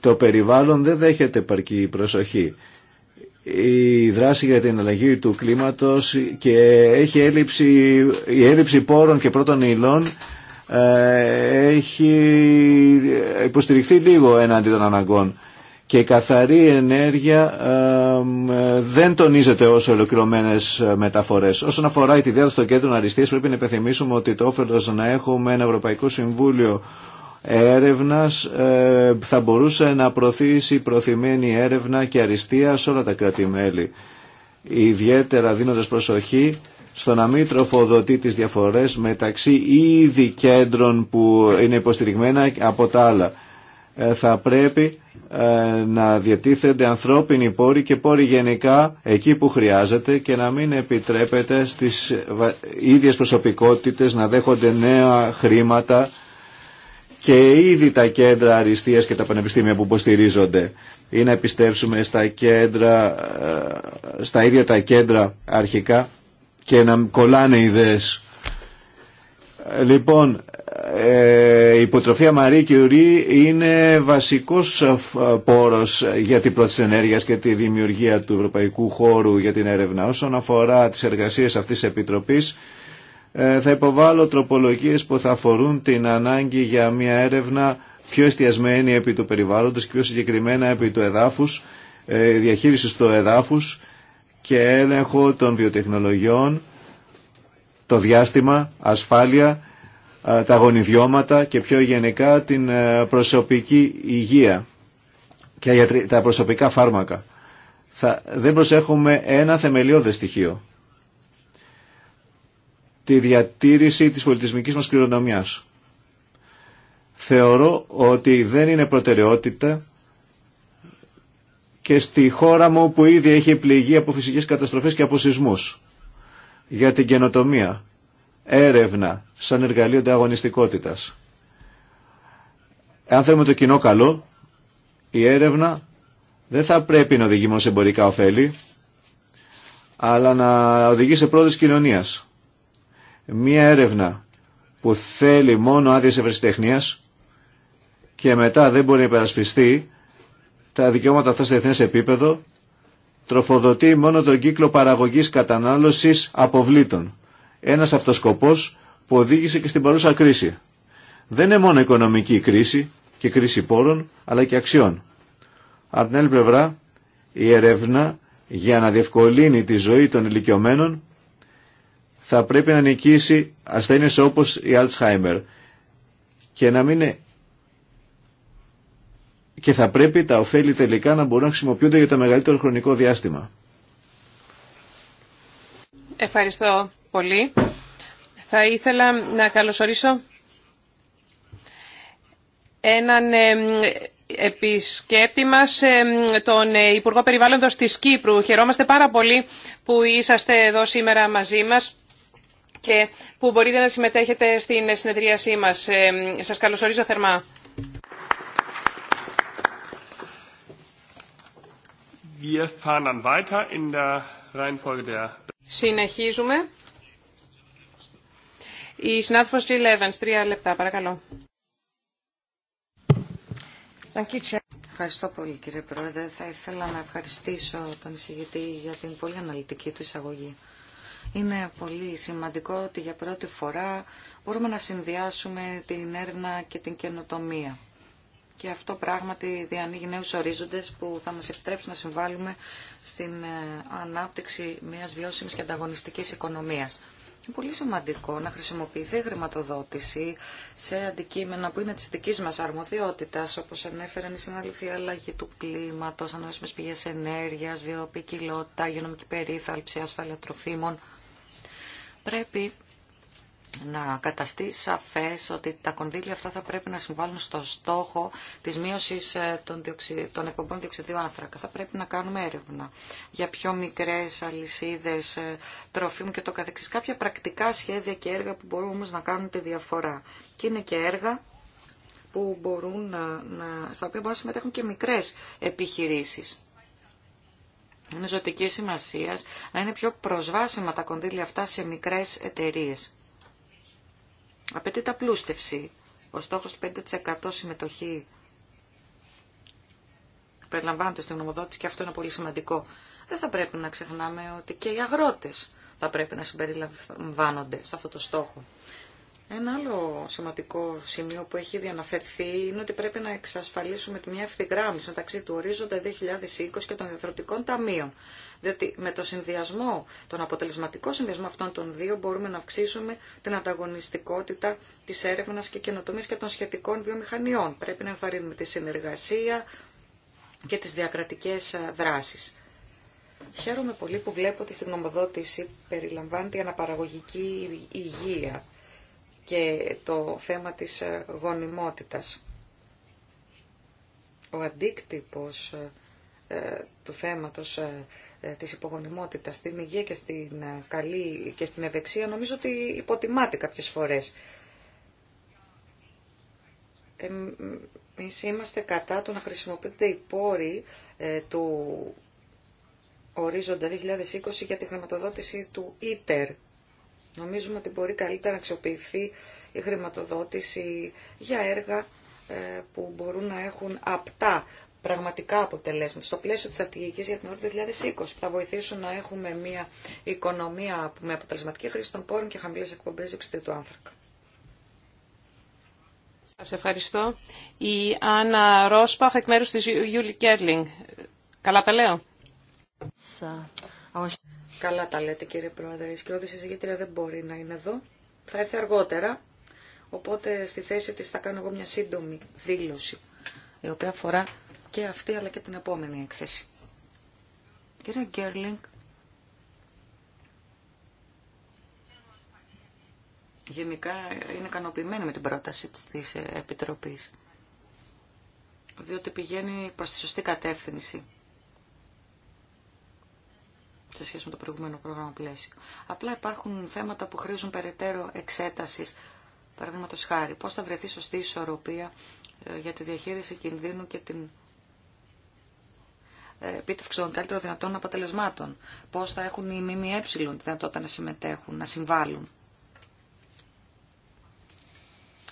το περιβάλλον δεν δέχεται επαρκή προσοχή. Η δράση για την αλλαγή του κλίματος και έχει έλλειψη, η έλλειψη πόρων και πρώτων υλών ε, έχει υποστηριχθεί λίγο έναντι των αναγκών και η καθαρή ενέργεια δεν τονίζεται ως ολοκληρωμένε μεταφορές. Όσον αφορά τη διάδοση των κέντρων αριστείας πρέπει να υπενθυμίσουμε ότι το όφελος να έχουμε ένα Ευρωπαϊκό Συμβούλιο έρευνας ε, θα μπορούσε να προωθήσει προθυμένη έρευνα και αριστεία σε όλα τα κράτη-μέλη. Ιδιαίτερα δίνοντας προσοχή στο να μην τροφοδοτεί τις διαφορές μεταξύ ήδη κέντρων που είναι υποστηριγμένα από τα άλλα. Ε, θα πρέπει ε, να διατίθενται ανθρώπινοι πόροι και πόροι γενικά εκεί που χρειάζεται και να μην επιτρέπεται στις ίδιες προσωπικότητες να δέχονται νέα χρήματα και ήδη τα κέντρα αριστείας και τα πανεπιστήμια που υποστηρίζονται ή να επιστρέψουμε στα, κέντρα, ε, στα ίδια τα κέντρα αρχικά και να κολλάνε ιδέες. Λοιπόν, ε, η υποτροφία Μαρή Κιουρί είναι βασικός ε, ε, πόρος για την πρώτη ενέργεια και τη δημιουργία του ευρωπαϊκού χώρου για την έρευνα. Όσον αφορά τις εργασίες αυτής της Επιτροπής, θα υποβάλω τροπολογίες που θα αφορούν την ανάγκη για μια έρευνα πιο εστιασμένη επί του περιβάλλοντος και πιο συγκεκριμένα επί του εδάφους, διαχείρισης του εδάφους και έλεγχο των βιοτεχνολογιών, το διάστημα, ασφάλεια ε, τα γονιδιώματα και πιο γενικά την ε, προσωπική υγεία και τα προσωπικά φάρμακα. Θα, δεν προσέχουμε ένα θεμελιώδες στοιχείο. Τη διατήρηση της πολιτισμικής μας κληρονομιάς. Θεωρώ ότι δεν είναι προτεραιότητα και στη χώρα μου που ήδη έχει πληγεί από φυσικές καταστροφές και από σεισμούς για την καινοτομία έρευνα σαν εργαλείο ανταγωνιστικότητας. Αν θέλουμε το κοινό καλό, η έρευνα δεν θα πρέπει να οδηγεί μόνο σε εμπορικά ωφέλη, αλλά να οδηγεί σε πρόοδο κοινωνίας. Μία έρευνα που θέλει μόνο άδειε ευρεσιτεχνία και μετά δεν μπορεί να υπερασπιστεί τα δικαιώματα αυτά σε εθνές επίπεδο, τροφοδοτεί μόνο τον κύκλο παραγωγής κατανάλωσης αποβλήτων ένας αυτοσκοπός που οδήγησε και στην παρούσα κρίση. Δεν είναι μόνο οικονομική κρίση και κρίση πόρων, αλλά και αξιών. Από την άλλη πλευρά, η ερεύνα για να διευκολύνει τη ζωή των ηλικιωμένων θα πρέπει να νικήσει ασθένειες όπως η Alzheimer και να μην και θα πρέπει τα ωφέλη τελικά να μπορούν να χρησιμοποιούνται για το μεγαλύτερο χρονικό διάστημα. Ευχαριστώ πολύ. Θα ήθελα να καλωσορίσω έναν ε, επισκέπτη μας, ε, τον ε, Υπουργό Περιβάλλοντος της Κύπρου. Χαιρόμαστε πάρα πολύ που είσαστε εδώ σήμερα μαζί μας και που μπορείτε να συμμετέχετε στην συνεδρίασή μας. Σας καλωσορίζω θερμά. Συνεχίζουμε. Η συνάδελφο Τζι Λέβεν, τρία λεπτά, παρακαλώ. Ευχαριστώ πολύ κύριε Πρόεδρε. Θα ήθελα να ευχαριστήσω τον εισηγητή για την πολύ αναλυτική του εισαγωγή. Είναι πολύ σημαντικό ότι για πρώτη φορά μπορούμε να συνδυάσουμε την έρευνα και την καινοτομία. Και αυτό πράγματι διανοίγει νέους ορίζοντες που θα μα επιτρέψουν να συμβάλλουμε στην ε, ανάπτυξη μια βιώσιμης και ανταγωνιστικής οικονομίας. Είναι πολύ σημαντικό να χρησιμοποιηθεί η χρηματοδότηση σε αντικείμενα που είναι τη δική μα αρμοδιότητα, όπω ανέφεραν οι συναδελφοί, αλλαγή του κλίματο, ανώσιμε πηγέ ενέργεια, βιοποικιλότητα, υγειονομική περίθαλψη, ασφάλεια τροφίμων. Πρέπει να καταστεί σαφές ότι τα κονδύλια αυτά θα πρέπει να συμβάλλουν στο στόχο της μείωσης ε, των, των εκπομπών διοξιδίου άνθρακα. Θα πρέπει να κάνουμε έρευνα για πιο μικρές αλυσίδες ε, τροφίμου και το καθεξής. Κάποια πρακτικά σχέδια και έργα που μπορούν όμως να κάνουν τη διαφορά. Και είναι και έργα που μπορούν να, να... στα οποία μπορούν να συμμετέχουν και μικρές επιχειρήσεις. Είναι ζωτική σημασία να είναι πιο προσβάσιμα τα κονδύλια αυτά σε μικρές εταιρείες Απαιτείται απλούστευση. Ο στόχος του 5% συμμετοχή περιλαμβάνεται στην νομοδότηση και αυτό είναι πολύ σημαντικό. Δεν θα πρέπει να ξεχνάμε ότι και οι αγρότες θα πρέπει να συμπεριλαμβάνονται σε αυτό το στόχο. Ένα άλλο σημαντικό σημείο που έχει ήδη αναφερθεί είναι ότι πρέπει να εξασφαλίσουμε μια ευθυγράμμιση μεταξύ του ορίζοντα 2020 και των διαθροτικών ταμείων. Διότι με το συνδυασμό, τον αποτελεσματικό συνδυασμό αυτών των δύο μπορούμε να αυξήσουμε την ανταγωνιστικότητα τη έρευνα και καινοτομία και των σχετικών βιομηχανιών. Πρέπει να ενθαρρύνουμε τη συνεργασία και τι διακρατικέ δράσει. Χαίρομαι πολύ που βλέπω ότι στην νομοδότηση περιλαμβάνεται η αναπαραγωγική υγεία και το θέμα της ε, γονιμότητας. Ο αντίκτυπος ε, ε, του θέματος της υπογονιμότητας στην υγεία και στην καλή και στην ευεξία νομίζω ότι υποτιμάται κάποιες φορές. Εμεί είμαστε κατά το να χρησιμοποιούνται οι πόροι του ορίζοντα 2020 για τη χρηματοδότηση του ΙΤΕΡ, Νομίζουμε ότι μπορεί καλύτερα να αξιοποιηθεί η χρηματοδότηση για έργα ε, που μπορούν να έχουν απτά πραγματικά αποτελέσματα στο πλαίσιο της στρατηγικής για την ώρα 2020 που θα βοηθήσουν να έχουμε μια οικονομία με αποτελεσματική χρήση των πόρων και χαμηλές εκπομπές του άνθρακα. Σας ευχαριστώ. Η Άννα Ρόσπαχ εκ μέρους της Γιούλη Κέρλινγκ. Καλά τα λέω. Καλά τα λέτε κύριε Πρόεδρε. Η σκιώδη συζητήτρια δεν μπορεί να είναι εδώ. Θα έρθει αργότερα. Οπότε στη θέση της θα κάνω εγώ μια σύντομη δήλωση η οποία αφορά και αυτή αλλά και την επόμενη έκθεση. Κύριε Γκέρλινγκ, γενικά είναι ικανοποιημένη με την πρόταση της Επιτροπής, διότι πηγαίνει προς τη σωστή κατεύθυνση σε σχέση με το προηγούμενο πρόγραμμα πλαίσιο. Απλά υπάρχουν θέματα που χρήζουν περαιτέρω εξέταση, Παραδείγματο χάρη, Πώ θα βρεθεί σωστή ισορροπία ε, για τη διαχείριση κινδύνου και την ε, επίτευξη των καλύτερων δυνατών αποτελεσμάτων. πώ θα έχουν οι ΜΜΕ τη δυνατότητα να συμμετέχουν, να συμβάλλουν.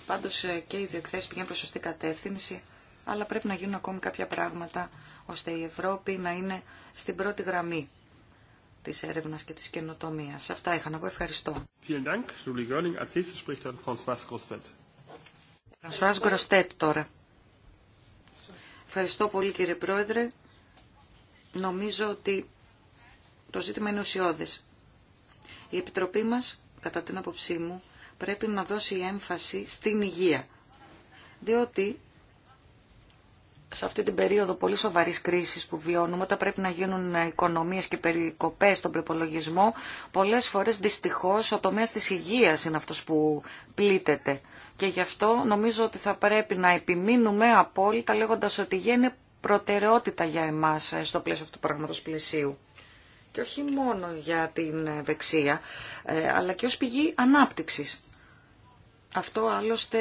Πάντω ε, και οι διεκθέσει πηγαίνουν προ σωστή κατεύθυνση, αλλά πρέπει να γίνουν ακόμη κάποια πράγματα ώστε η Ευρώπη να είναι στην πρώτη γραμμή της έρευνας και της καινοτομίας. Αυτά είχα να πω. Ευχαριστώ. τώρα. Ευχαριστώ πολύ κύριε Πρόεδρε. Νομίζω ότι το ζήτημα είναι ουσιώδες. Η Επιτροπή μας, κατά την άποψή μου, πρέπει να δώσει έμφαση στην υγεία. Διότι σε αυτή την περίοδο πολύ σοβαρή κρίση που βιώνουμε, όταν πρέπει να γίνουν οικονομίε και περικοπές στον προπολογισμό, πολλές φορές δυστυχώς ο τομέας της υγείας είναι αυτός που πλήττεται. Και γι' αυτό νομίζω ότι θα πρέπει να επιμείνουμε απόλυτα λέγοντας ότι η υγεία είναι προτεραιότητα για εμά, ε, στο πλαίσιο αυτού του πραγματοσπλαισίου. Και όχι μόνο για την ευεξία, ε, αλλά και ω πηγή ανάπτυξη. Αυτό άλλωστε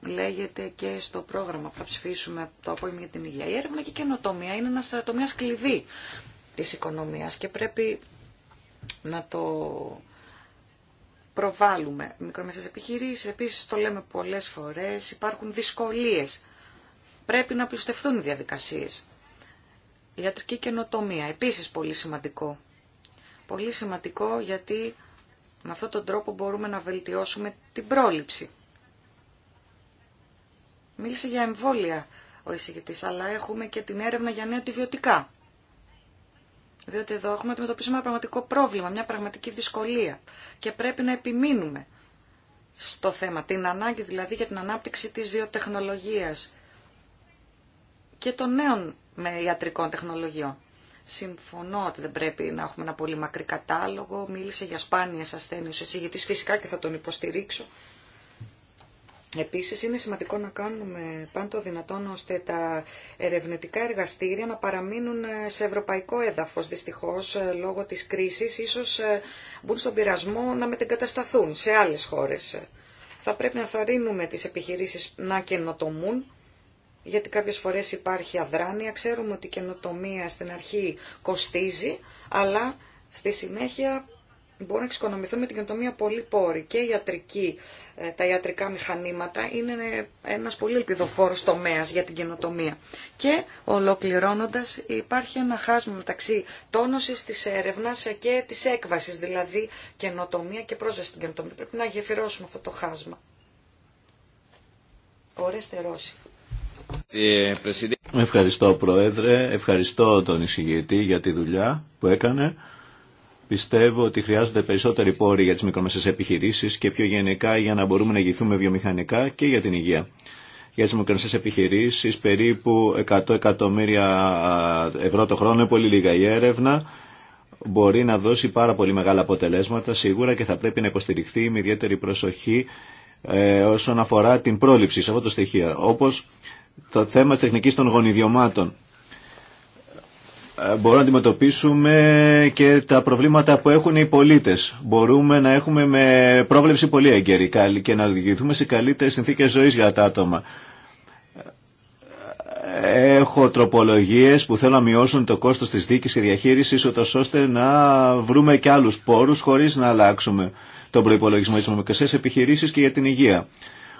λέγεται και στο πρόγραμμα που θα ψηφίσουμε το απόγευμα για την υγεία. Η έρευνα και η καινοτομία είναι ένα κλειδί της οικονομία. και πρέπει να το προβάλλουμε. Μικρομεσαίες επιχειρήσεις, επίσης το λέμε πολλές φορές, υπάρχουν δυσκολίες. Πρέπει να πλουστευτούν οι διαδικασίες. Η ιατρική καινοτομία, επίσης πολύ σημαντικό. Πολύ σημαντικό γιατί με αυτόν τον τρόπο μπορούμε να βελτιώσουμε την πρόληψη Μίλησε για εμβόλια ο εισηγητή, αλλά έχουμε και την έρευνα για νέα αντιβιωτικά. Διότι εδώ έχουμε αντιμετωπίσει ένα πραγματικό πρόβλημα, μια πραγματική δυσκολία και πρέπει να επιμείνουμε στο θέμα, την ανάγκη δηλαδή για την ανάπτυξη της βιοτεχνολογίας και των νέων με ιατρικών τεχνολογιών. Συμφωνώ ότι δεν πρέπει να έχουμε ένα πολύ μακρύ κατάλογο. Μίλησε για σπάνιες ασθένειες ο εισηγητής φυσικά και θα τον υποστηρίξω Επίσης είναι σημαντικό να κάνουμε πάντο δυνατόν ώστε τα ερευνητικά εργαστήρια να παραμείνουν σε ευρωπαϊκό έδαφος. Δυστυχώς ε, λόγω της κρίσης ίσως ε, μπουν στον πειρασμό να μετεγκατασταθούν σε άλλες χώρες. Θα πρέπει να θαρρύνουμε τις επιχειρήσεις να καινοτομούν γιατί κάποιες φορές υπάρχει αδράνεια. Ξέρουμε ότι η καινοτομία στην αρχή κοστίζει αλλά στη συνέχεια μπορούν να εξοικονομηθούν με την καινοτομία πολλοί πόροι και ιατρική, ε, τα ιατρικά μηχανήματα είναι ένας πολύ ελπιδοφόρος τομέας για την καινοτομία. Και ολοκληρώνοντας υπάρχει ένα χάσμα μεταξύ τόνωσης της έρευνας και της έκβασης, δηλαδή καινοτομία και πρόσβαση στην καινοτομία. Πρέπει να γεφυρώσουμε αυτό το χάσμα. Ωραίστε Ρώση. Ευχαριστώ Πρόεδρε, ευχαριστώ τον εισηγητή για τη δουλειά που έκανε. Πιστεύω ότι χρειάζονται περισσότεροι πόροι για τι μικρομεσαίες επιχειρήσει και πιο γενικά για να μπορούμε να ηγηθούμε βιομηχανικά και για την υγεία. Για τι μικρομεσαίες επιχειρήσει, περίπου 100 εκατομμύρια ευρώ το χρόνο είναι πολύ λίγα η έρευνα. Μπορεί να δώσει πάρα πολύ μεγάλα αποτελέσματα σίγουρα και θα πρέπει να υποστηριχθεί με ιδιαίτερη προσοχή ε, όσον αφορά την πρόληψη σε αυτό το στοιχείο. Όπω το θέμα τη τεχνικής των γονιδιωμάτων ε, μπορούμε να αντιμετωπίσουμε και τα προβλήματα που έχουν οι πολίτες. Μπορούμε να έχουμε με πρόβλεψη πολύ έγκαιρη και να οδηγηθούμε σε καλύτερες συνθήκες ζωής για τα άτομα. Έχω τροπολογίες που θέλω να μειώσουν το κόστος της δίκης και διαχείρισης ώστε να βρούμε και άλλους πόρους χωρίς να αλλάξουμε τον προϋπολογισμό της νομικές επιχειρήσης και για την υγεία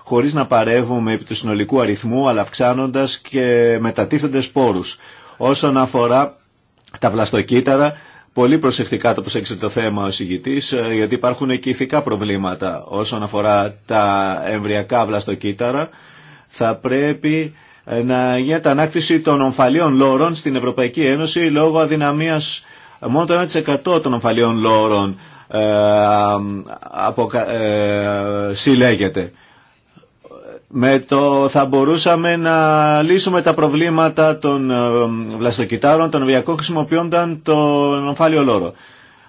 χωρίς να παρεύουμε επί του συνολικού αριθμού, αλλά αυξάνοντα και μετατίθεντε πόρους. Όσον αφορά τα βλαστοκύτταρα. Πολύ προσεκτικά το προσέξετε το θέμα ο Συγητή, ε, γιατί υπάρχουν και ηθικά προβλήματα όσον αφορά τα εμβριακά βλαστοκύτταρα. Θα πρέπει ε, να τα ανάκτηση των ομφαλίων λόρων στην Ευρωπαϊκή Ένωση λόγω αδυναμίας ε, μόνο το 1% των ομφαλίων λόρων ε, συλλέγεται με το θα μπορούσαμε να λύσουμε τα προβλήματα των ε, βλαστοκυτάρων, των βιακών χρησιμοποιώνταν τον ομφάλιο λόρο.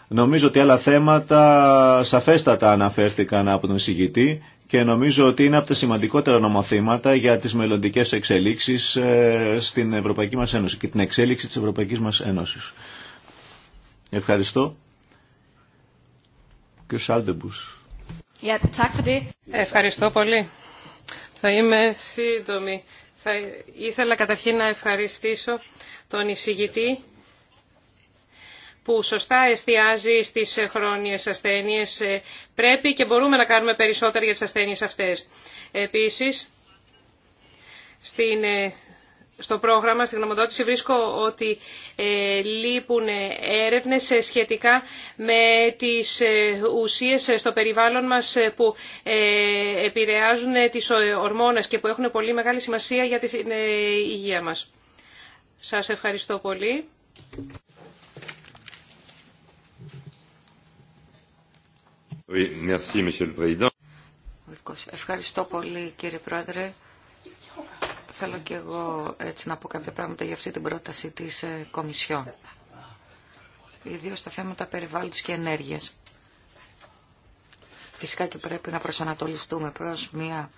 Νομίζω ότι άλλα θέματα σαφέστατα αναφέρθηκαν από τον εισηγητή και νομίζω ότι είναι από τα σημαντικότερα νομοθήματα για τις μελλοντικέ εξελίξεις ε, στην Ευρωπαϊκή μας Ένωση και την εξέλιξη της Ευρωπαϊκής μας Ένωσης. Ευχαριστώ. Ευχαριστώ πολύ. Θα είμαι σύντομη. Θα ήθελα καταρχήν να ευχαριστήσω τον εισηγητή που σωστά εστιάζει στις χρόνιες ασθένειες. Πρέπει και μπορούμε να κάνουμε περισσότερα για τις ασθένειες αυτές. Επίσης, στην ε, στο πρόγραμμα, στην γνωμοδότηση, βρίσκω ότι ε, λείπουν έρευνες σχετικά με τις ε, ουσίες στο περιβάλλον μας που ε, επηρεάζουν τις ορμόνες και που έχουν πολύ μεγάλη σημασία για την υγεία μας. Σας ευχαριστώ πολύ. Oui, merci, Monsieur le Président. Ευχαριστώ πολύ κύριε Πρόεδρε. Θέλω και εγώ έτσι να πω κάποια πράγματα για αυτή την πρόταση της ε, Κομισιόν. Ιδίω τα θέματα περιβάλλοντος και ενέργειας. Φυσικά και πρέπει να προσανατολιστούμε προς μια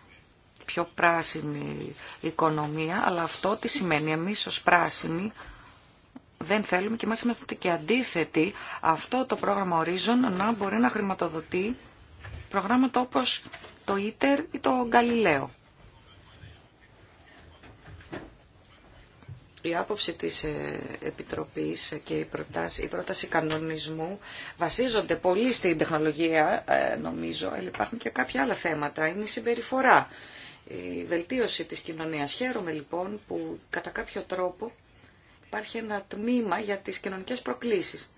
πιο πράσινη οικονομία, αλλά αυτό τι σημαίνει εμείς ως πράσινοι δεν θέλουμε και μας είμαστε και αντίθετοι αυτό το πρόγραμμα ορίζων να μπορεί να χρηματοδοτεί προγράμματα όπως το ITER ή το Γκαλιλαίο. Η άποψη της ε, Επιτροπής και η πρόταση, κανονισμού βασίζονται πολύ στην τεχνολογία, ε, νομίζω, αλλά υπάρχουν και κάποια άλλα θέματα. Είναι η συμπεριφορά, η βελτίωση της κοινωνίας. Χαίρομαι λοιπόν που κατά κάποιο τρόπο υπάρχει ένα τμήμα για τις κοινωνικές προκλήσεις.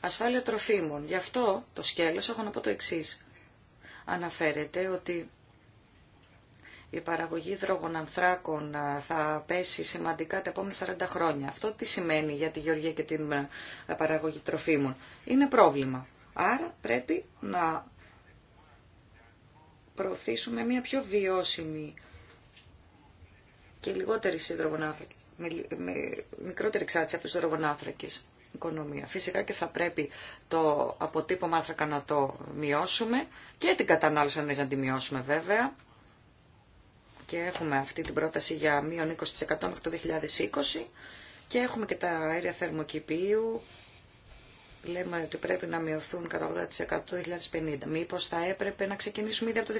Ασφάλεια τροφίμων. Γι' αυτό το σκέλος έχω να πω το εξής. Αναφέρεται ότι η παραγωγή ανθράκων θα πέσει σημαντικά τα επόμενα 40 χρόνια. Αυτό τι σημαίνει για τη γεωργία και την παραγωγή τροφίμων. Είναι πρόβλημα. Άρα πρέπει να προωθήσουμε μια πιο βιώσιμη και λιγότερη μικρότερη εξάρτηση από τους υδρογονάνθρακες οικονομία. Φυσικά και θα πρέπει το αποτύπωμα άνθρακα να το μειώσουμε και την κατανάλωση να τη μειώσουμε βέβαια και έχουμε αυτή την πρόταση για μείον 20% μέχρι το 2020 και έχουμε και τα αέρια θερμοκηπίου. Λέμε ότι πρέπει να μειωθούν κατά 80% το 2050. Μήπως θα έπρεπε να ξεκινήσουμε ήδη από το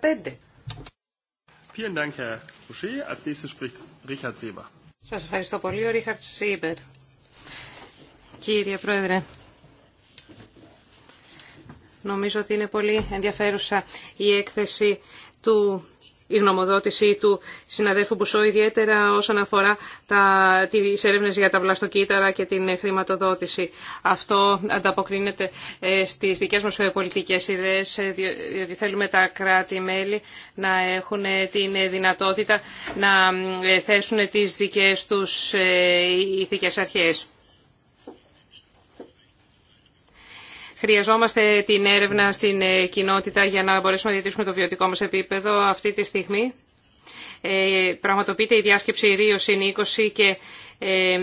2035. Σας ευχαριστώ πολύ, ο Ρίχαρτ Σίμπερ. Κύριε Πρόεδρε, νομίζω ότι είναι πολύ ενδιαφέρουσα η έκθεση του η γνωμοδότησή του συναδέλφου Μπουσό, ιδιαίτερα όσον αφορά τα, τις για τα βλαστοκύτταρα και την χρηματοδότηση. Αυτό ανταποκρίνεται ε, στις δικές μας πολιτικές ιδέες, ε, διότι θέλουμε τα κράτη-μέλη να έχουν ε, την δυνατότητα να θέσουν τις δικές τους ηθικές αρχές. Χρειαζόμαστε την έρευνα στην ε, κοινότητα για να μπορέσουμε να διατηρήσουμε το βιωτικό μας επίπεδο αυτή τη στιγμή. Ε, πραγματοποιείται η διάσκεψη Ρίο συν 20 και ε,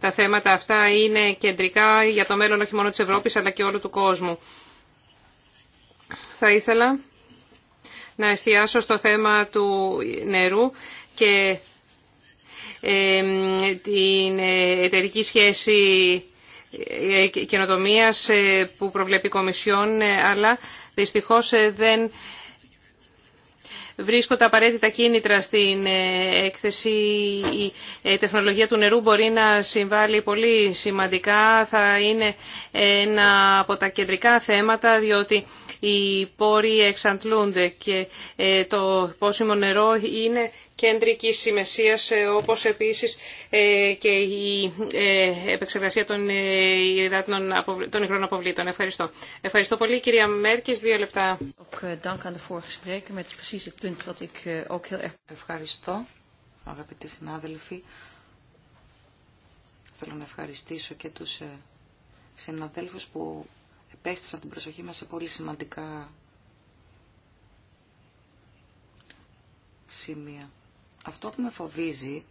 τα θέματα αυτά είναι κεντρικά για το μέλλον όχι μόνο της Ευρώπης αλλά και όλου του κόσμου. Θα ήθελα να εστιάσω στο θέμα του νερού και ε, την εταιρική σχέση ε, καινοτομία ε, που προβλέπει η Κομισιόν, ε, αλλά δυστυχώς δεν βρίσκω τα απαραίτητα κίνητρα στην έκθεση. Η τεχνολογία του νερού μπορεί να συμβάλλει πολύ σημαντικά. Θα είναι ένα από τα κεντρικά θέματα, διότι οι πόροι εξαντλούνται και το πόσιμο νερό είναι κεντρικής σημασίας, όπως επίσης ε, και η ε, επεξεργασία των, ε, των υγρών αποβλήτων. Ευχαριστώ. Ευχαριστώ πολύ, κυρία Μέρκης. Δύο λεπτά. Ευχαριστώ, αγαπητοί συνάδελφοι. Θέλω να ευχαριστήσω και τους συναδέλφους που επέστησαν την προσοχή μας σε πολύ σημαντικά σημεία. Αυτό που με φοβίζει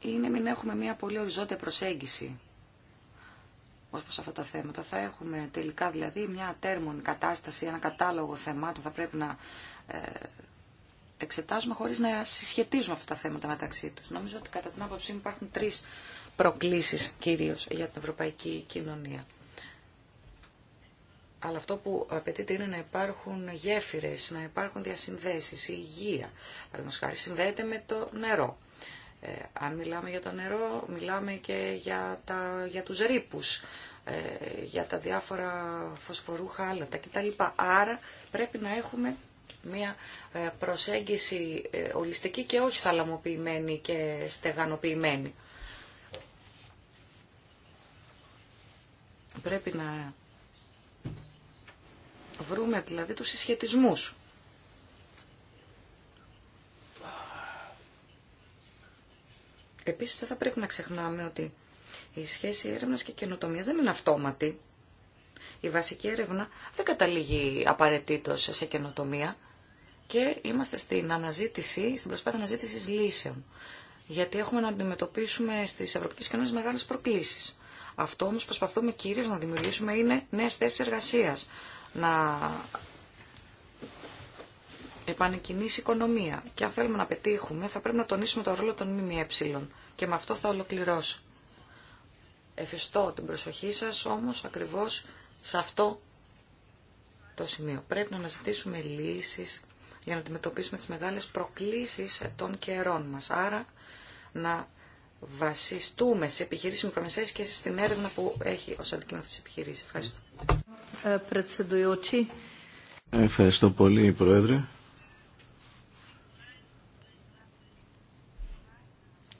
είναι μην έχουμε μια πολύ οριζόντια προσέγγιση ως προς αυτά τα θέματα. Θα έχουμε τελικά δηλαδή μια τέρμον κατάσταση, ένα κατάλογο θεμάτων θα πρέπει να ε, εξετάζουμε χωρίς να συσχετίζουμε αυτά τα θέματα μεταξύ τους. Νομίζω ότι κατά την άποψή μου υπάρχουν τρεις προκλήσεις κυρίως για την ευρωπαϊκή κοινωνία. Αλλά αυτό που απαιτείται είναι να υπάρχουν γέφυρες, να υπάρχουν διασυνδέσεις, η υγεία. Παραδείγματος χάρη συνδέεται με το νερό. Ε, αν μιλάμε για το νερό, μιλάμε και για, τα, για τους ρήπους, ε, για τα διάφορα φωσφορούχα άλατα κτλ. Άρα πρέπει να έχουμε μια ε, προσέγγιση ολιστική και όχι σαλαμοποιημένη και στεγανοποιημένη. Πρέπει να βρούμε δηλαδή τους συσχετισμούς. Επίσης δεν θα πρέπει να ξεχνάμε ότι η σχέση έρευνας και καινοτομίας δεν είναι αυτόματη. Η βασική έρευνα δεν καταλήγει απαραίτητο σε καινοτομία και είμαστε στην αναζήτηση, στην προσπάθεια αναζήτηση λύσεων. Γιατί έχουμε να αντιμετωπίσουμε στι ευρωπαϊκές κοινωνίες μεγάλε προκλήσει. Αυτό όμω προσπαθούμε κυρίω να δημιουργήσουμε είναι νέε θέσει εργασία να επανεκκινήσει η οικονομία. Και αν θέλουμε να πετύχουμε, θα πρέπει να τονίσουμε το ρόλο των ΜΜΕ. Και με αυτό θα ολοκληρώσω. Εφιστώ την προσοχή σας όμως ακριβώς σε αυτό το σημείο. Πρέπει να αναζητήσουμε λύσεις για να αντιμετωπίσουμε τις μεγάλες προκλήσεις των καιρών μας. Άρα να βασιστούμε σε επιχειρήσεις μικρομεσαίες και στην έρευνα που έχει ως αντικείμενο της επιχειρήσης. Ευχαριστώ. Ευχαριστώ πολύ, Πρόεδρε.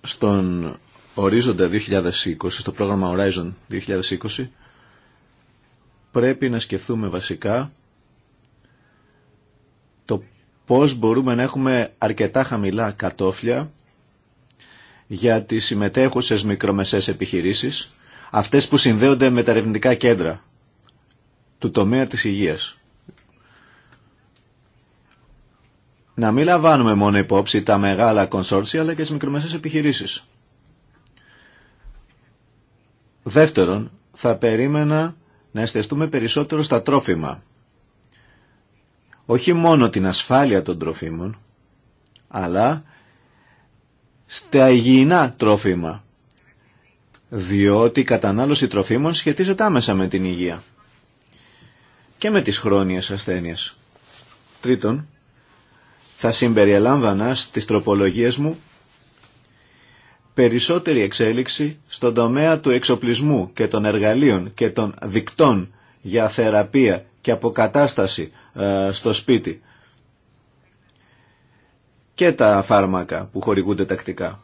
Στον ορίζοντα 2020, στο πρόγραμμα Horizon 2020, πρέπει να σκεφτούμε βασικά το πώς μπορούμε να έχουμε αρκετά χαμηλά κατόφλια για τις συμμετέχουσες μικρομεσαίες επιχειρήσεις, αυτές που συνδέονται με τα ερευνητικά κέντρα του τομέα της υγείας. Να μην λαμβάνουμε μόνο υπόψη τα μεγάλα κονσόρτσια αλλά και τις μικρομεσαίες επιχειρήσεις. Δεύτερον, θα περίμενα να εστιαστούμε περισσότερο στα τρόφιμα. Όχι μόνο την ασφάλεια των τροφίμων, αλλά στα υγιεινά τρόφιμα, διότι η κατανάλωση τροφίμων σχετίζεται άμεσα με την υγεία και με τις χρόνιες ασθένειες. Τρίτον, θα συμπεριελάμβανα στις τροπολογίες μου περισσότερη εξέλιξη στον τομέα του εξοπλισμού και των εργαλείων και των δικτών για θεραπεία και αποκατάσταση ε, στο σπίτι και τα φάρμακα που χορηγούνται τακτικά.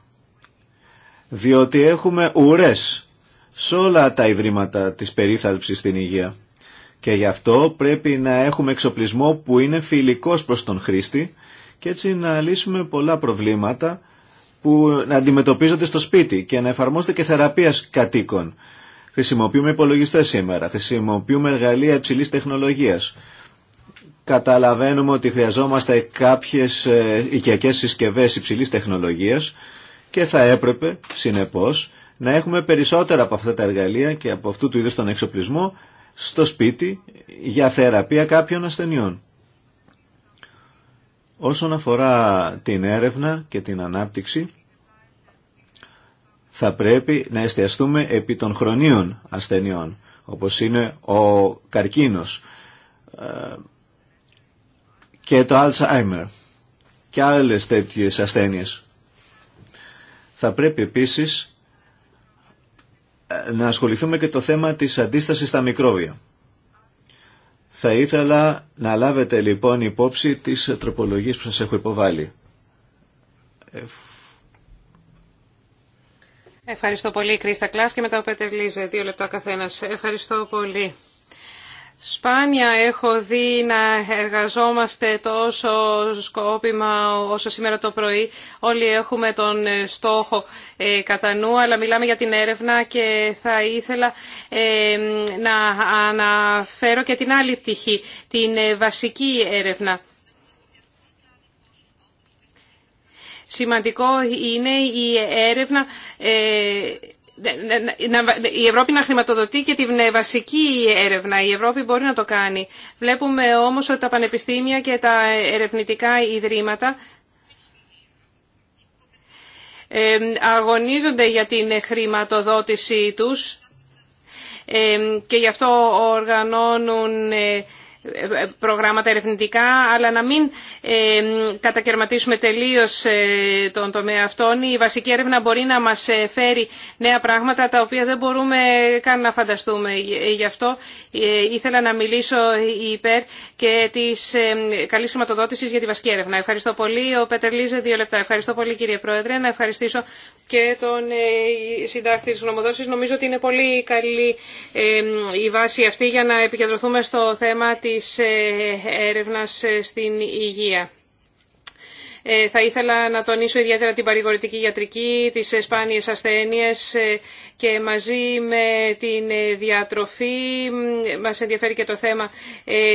Διότι έχουμε ουρές σε όλα τα ιδρύματα της περίθαλψης στην υγεία και γι' αυτό πρέπει να έχουμε εξοπλισμό που είναι φιλικός προς τον χρήστη και έτσι να λύσουμε πολλά προβλήματα που να αντιμετωπίζονται στο σπίτι και να εφαρμόζονται και θεραπεία κατοίκων. Χρησιμοποιούμε υπολογιστέ σήμερα, χρησιμοποιούμε εργαλεία υψηλή τεχνολογίας. Καταλαβαίνουμε ότι χρειαζόμαστε κάποιες ε, οικιακές συσκευές υψηλή τεχνολογίας και θα έπρεπε, συνεπώς, να έχουμε περισσότερα από αυτά τα εργαλεία και από αυτού του είδου τον εξοπλισμό στο σπίτι για θεραπεία κάποιων ασθενειών. Όσον αφορά την έρευνα και την ανάπτυξη, θα πρέπει να εστιαστούμε επί των χρονίων ασθενειών, όπως είναι ο καρκίνος ε, και το Alzheimer και άλλες τέτοιες ασθένειες. Θα πρέπει επίσης να ασχοληθούμε και το θέμα της αντίστασης στα μικρόβια. Θα ήθελα να λάβετε λοιπόν υπόψη τις τροπολογίες που σας έχω υποβάλει. Ευχαριστώ πολύ Κρίστα Κλάς και μετά ο Πέτερ Λίζε. Δύο λεπτά καθένας. Ευχαριστώ πολύ. Σπάνια έχω δει να εργαζόμαστε τόσο σκόπιμα όσο σήμερα το πρωί. Όλοι έχουμε τον στόχο ε, κατά νου, αλλά μιλάμε για την έρευνα και θα ήθελα ε, να αναφέρω και την άλλη πτυχή, την ε, βασική έρευνα. Σημαντικό είναι η έρευνα ναι, ναι, ναι, η Ευρώπη να χρηματοδοτεί και την ε, βασική έρευνα. Η Ευρώπη μπορεί να το κάνει. Βλέπουμε όμως ότι τα πανεπιστήμια και τα ε, ερευνητικά ιδρύματα αγωνίζονται για την χρηματοδότησή τους και γι' αυτό οργανώνουν ε, προγράμματα ερευνητικά, αλλά να μην ε, κατακαιρματίσουμε τελείως ε, τον τομέα αυτόν. Η βασική έρευνα μπορεί να μας ε, φέρει νέα πράγματα τα οποία δεν μπορούμε καν να φανταστούμε. Γι' αυτό ήθελα να μιλήσω υπέρ και της καλής χρηματοδότησης για τη βασική έρευνα. Ευχαριστώ πολύ. Ο Πέτερ Λίζε, δύο λεπτά. Ευχαριστώ πολύ κύριε Πρόεδρε. Να ευχαριστήσω και τον συντάκτη της γνωμοδότησης. Νομίζω ότι είναι πολύ καλή η βάση αυτή για να επικεντρωθούμε στο θέμα της ε, έρευνας ε, στην υγεία. Ε, θα ήθελα να τονίσω ιδιαίτερα την παρηγορητική γιατρική, τις σπάνιες ασθένειες και μαζί με την διατροφή. Μας ενδιαφέρει και το θέμα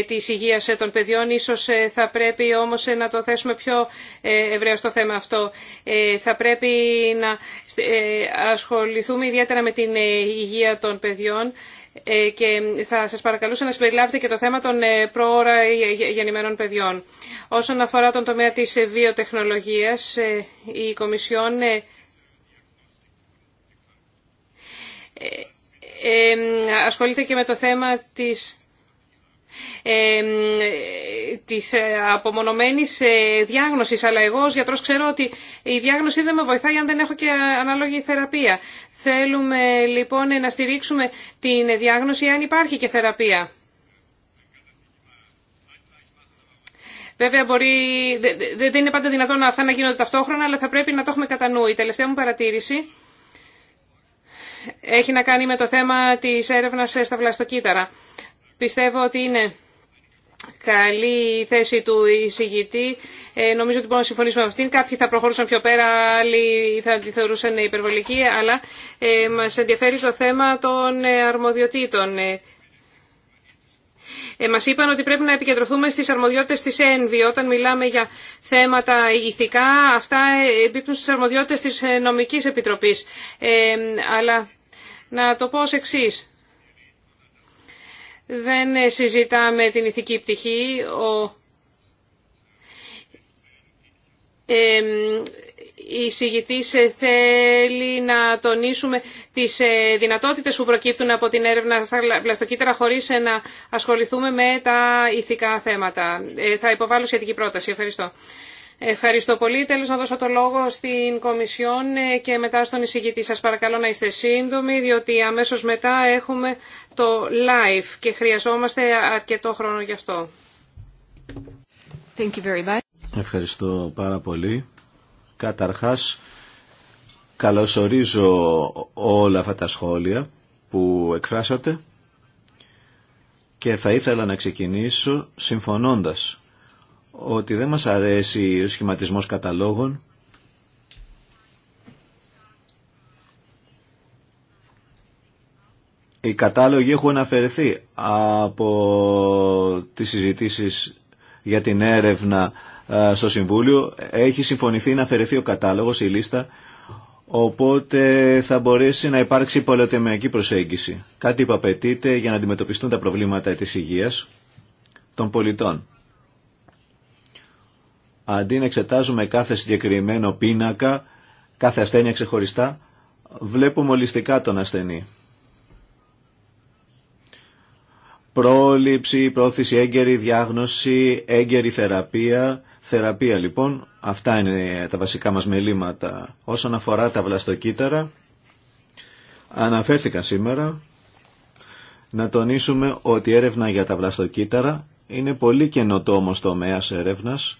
της υγείας των παιδιών. Ίσως θα πρέπει όμως να το θέσουμε πιο ευρέως το θέμα αυτό. Θα πρέπει να ασχοληθούμε ιδιαίτερα με την υγεία των παιδιών ε, και θα σας παρακαλούσα να συμπεριλάβετε και το θέμα των ε, προώρα ε, γεννημένων παιδιών. Όσον αφορά τον τομέα της βιοτεχνολογίας, η Κομισιόν ασχολείται και με το θέμα της της απομονωμένης διάγνωσης αλλά εγώ ως γιατρός ξέρω ότι η διάγνωση δεν με βοηθάει αν δεν έχω και ανάλογη θεραπεία Θέλουμε λοιπόν να στηρίξουμε την διάγνωση αν υπάρχει και θεραπεία. Βέβαια, μπορεί, δεν είναι πάντα δυνατόν αυτά να γίνονται ταυτόχρονα, αλλά θα πρέπει να το έχουμε κατά νου. Η τελευταία μου παρατήρηση έχει να κάνει με το θέμα της έρευνας στα βλαστοκύτταρα. Πιστεύω ότι είναι καλή θέση του εισηγητή. Ε, νομίζω ότι μπορούμε να συμφωνήσουμε με αυτήν. Κάποιοι θα προχωρούσαν πιο πέρα, άλλοι θα τη θεωρούσαν υπερβολική, αλλά ε, μας ενδιαφέρει το θέμα των ε, αρμοδιοτήτων. Ε, ε, μας είπαν ότι πρέπει να επικεντρωθούμε στις αρμοδιότητες της ΕΝΒΙ. Όταν μιλάμε για θέματα ηθικά, αυτά επίπτουν στις αρμοδιότητες της ε, Νομικής Επιτροπής. Ε, αλλά να το πω ως εξής. Δεν συζητάμε την ηθική πτυχή. Ο ε, η συγητής θέλει να τονίσουμε τις ε, δυνατότητες που προκύπτουν από την έρευνα στα βλαστοκύτταρα χωρίς ε, να ασχοληθούμε με τα ηθικά θέματα. Ε, θα υποβάλω σχετική πρόταση. Ευχαριστώ. Ευχαριστώ πολύ. Τέλος να δώσω το λόγο στην Κομισιόν και μετά στον εισηγητή. Σας παρακαλώ να είστε σύντομοι, διότι αμέσως μετά έχουμε το live και χρειαζόμαστε αρκετό χρόνο γι' αυτό. Ευχαριστώ πάρα πολύ. Καταρχάς, καλωσορίζω όλα αυτά τα σχόλια που εκφράσατε και θα ήθελα να ξεκινήσω συμφωνώντας ότι δεν μας αρέσει ο σχηματισμός καταλόγων οι κατάλογοι έχουν αφαιρεθεί από τις συζητήσεις για την έρευνα στο Συμβούλιο. Έχει συμφωνηθεί να αφαιρεθεί ο κατάλογος, η λίστα, οπότε θα μπορέσει να υπάρξει πολεοτεμιακή προσέγγιση. Κάτι που απαιτείται για να αντιμετωπιστούν τα προβλήματα της υγείας των πολιτών. Αντί να εξετάζουμε κάθε συγκεκριμένο πίνακα, κάθε ασθένεια ξεχωριστά, βλέπουμε ολιστικά τον ασθενή. Πρόληψη, πρόθεση, έγκαιρη διάγνωση, έγκαιρη θεραπεία. Θεραπεία λοιπόν, αυτά είναι τα βασικά μας μελήματα. Όσον αφορά τα βλαστοκύτταρα, αναφέρθηκα σήμερα να τονίσουμε ότι η έρευνα για τα βλαστοκύτταρα είναι πολύ καινοτόμος τομέας έρευνας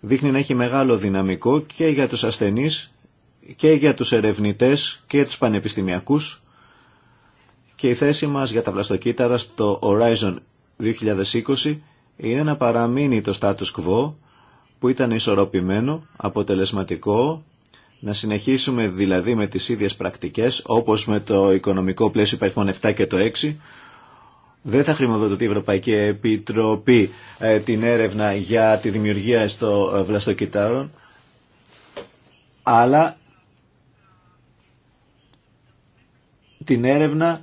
δείχνει να έχει μεγάλο δυναμικό και για τους ασθενείς και για τους ερευνητές και τους πανεπιστημιακούς και η θέση μας για τα πλαστοκύτταρα στο Horizon 2020 είναι να παραμείνει το status quo που ήταν ισορροπημένο, αποτελεσματικό, να συνεχίσουμε δηλαδή με τις ίδιες πρακτικές όπως με το οικονομικό πλαίσιο υπαριθμών 7 και το 6 δεν θα χρηματοδοτεί η Ευρωπαϊκή Επιτροπή ε, την έρευνα για τη δημιουργία στο ε, βλαστοκυτάρων, αλλά την έρευνα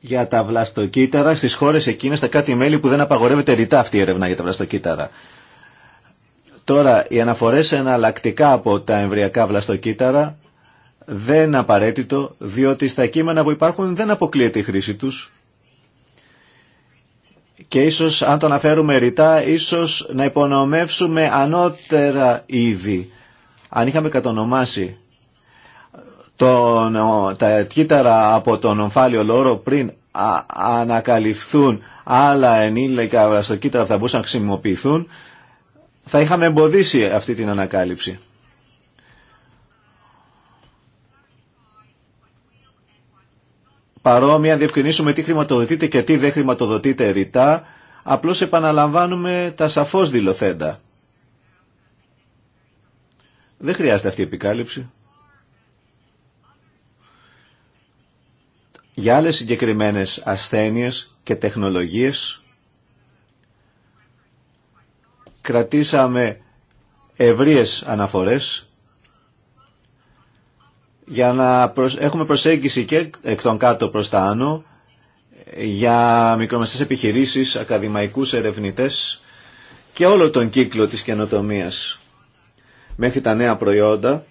για τα βλαστοκύτταρα στις χώρες εκείνες, τα κάτι μέλη που δεν απαγορεύεται ρητά αυτή η έρευνα για τα βλαστοκύτταρα. Τώρα, οι αναφορές εναλλακτικά από τα εμβριακά βλαστοκύτταρα δεν είναι απαραίτητο, διότι στα κείμενα που υπάρχουν δεν αποκλείεται η χρήση τους και ίσως αν το αναφέρουμε ρητά ίσως να υπονομεύσουμε ανώτερα είδη. Αν είχαμε κατονομάσει τον, τα κύτταρα από τον ομφάλιο λόρο πριν ανακαλυφθούν άλλα ενήλικα στο κύτταρα που θα μπορούσαν να χρησιμοποιηθούν θα είχαμε εμποδίσει αυτή την ανακάλυψη. παρόμοια διευκρινίσουμε τι χρηματοδοτείται και τι δεν χρηματοδοτείται ρητά, απλώς επαναλαμβάνουμε τα σαφώς δηλωθέντα. Δεν χρειάζεται αυτή η επικάλυψη. Για άλλες συγκεκριμένες ασθένειες και τεχνολογίες κρατήσαμε ευρείες αναφορές για να έχουμε προσέγγιση και εκ των κάτω προς τα άνω για μικρομεσαίες επιχειρήσεις, ακαδημαϊκούς ερευνητές και όλο τον κύκλο της καινοτομίας μέχρι τα νέα προϊόντα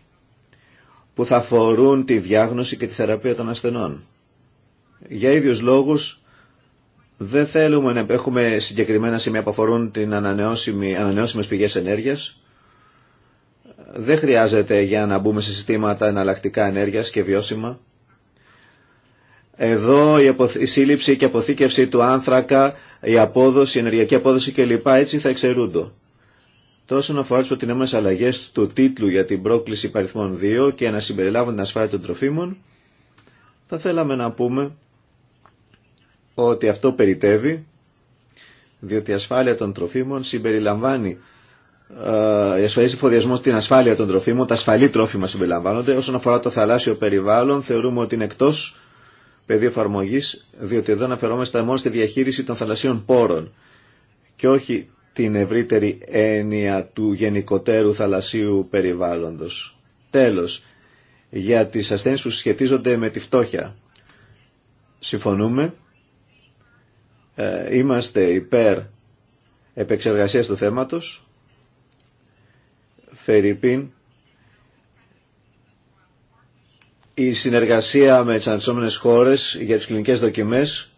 που θα αφορούν τη διάγνωση και τη θεραπεία των ασθενών. Για ίδιους λόγους δεν θέλουμε να έχουμε συγκεκριμένα σημεία που αφορούν την ανανεώσιμη, ανανεώσιμες πηγές ενέργειας δεν χρειάζεται για να μπούμε σε συστήματα εναλλακτικά ενέργειας και βιώσιμα. Εδώ η σύλληψη και αποθήκευση του άνθρακα, η απόδοση, η ενεργειακή απόδοση κλπ. έτσι θα εξαιρούνται. Τόσο αφορά τι προτινόμενε αλλαγέ του τίτλου για την πρόκληση παριθμών 2 και να συμπεριλάβουν την ασφάλεια των τροφίμων, θα θέλαμε να πούμε ότι αυτό περιτεύει, διότι η ασφάλεια των τροφίμων συμπεριλαμβάνει ασφαλή ε, εφοδιασμό στην ασφάλεια των τροφίμων, τα ασφαλή τρόφιμα συμπεριλαμβάνονται. Όσον αφορά το θαλάσσιο περιβάλλον, θεωρούμε ότι είναι εκτό πεδίο εφαρμογή, διότι εδώ αναφερόμαστε μόνο στη διαχείριση των θαλασσίων πόρων και όχι την ευρύτερη έννοια του γενικότερου θαλασσίου περιβάλλοντος. Τέλος, για τις ασθένειες που σχετίζονται με τη φτώχεια. Συμφωνούμε, ε, είμαστε υπέρ επεξεργασίας του θέματος, Φερρυπίν, η συνεργασία με τις αναπτυσσόμενες χώρες για τις κλινικές δοκιμές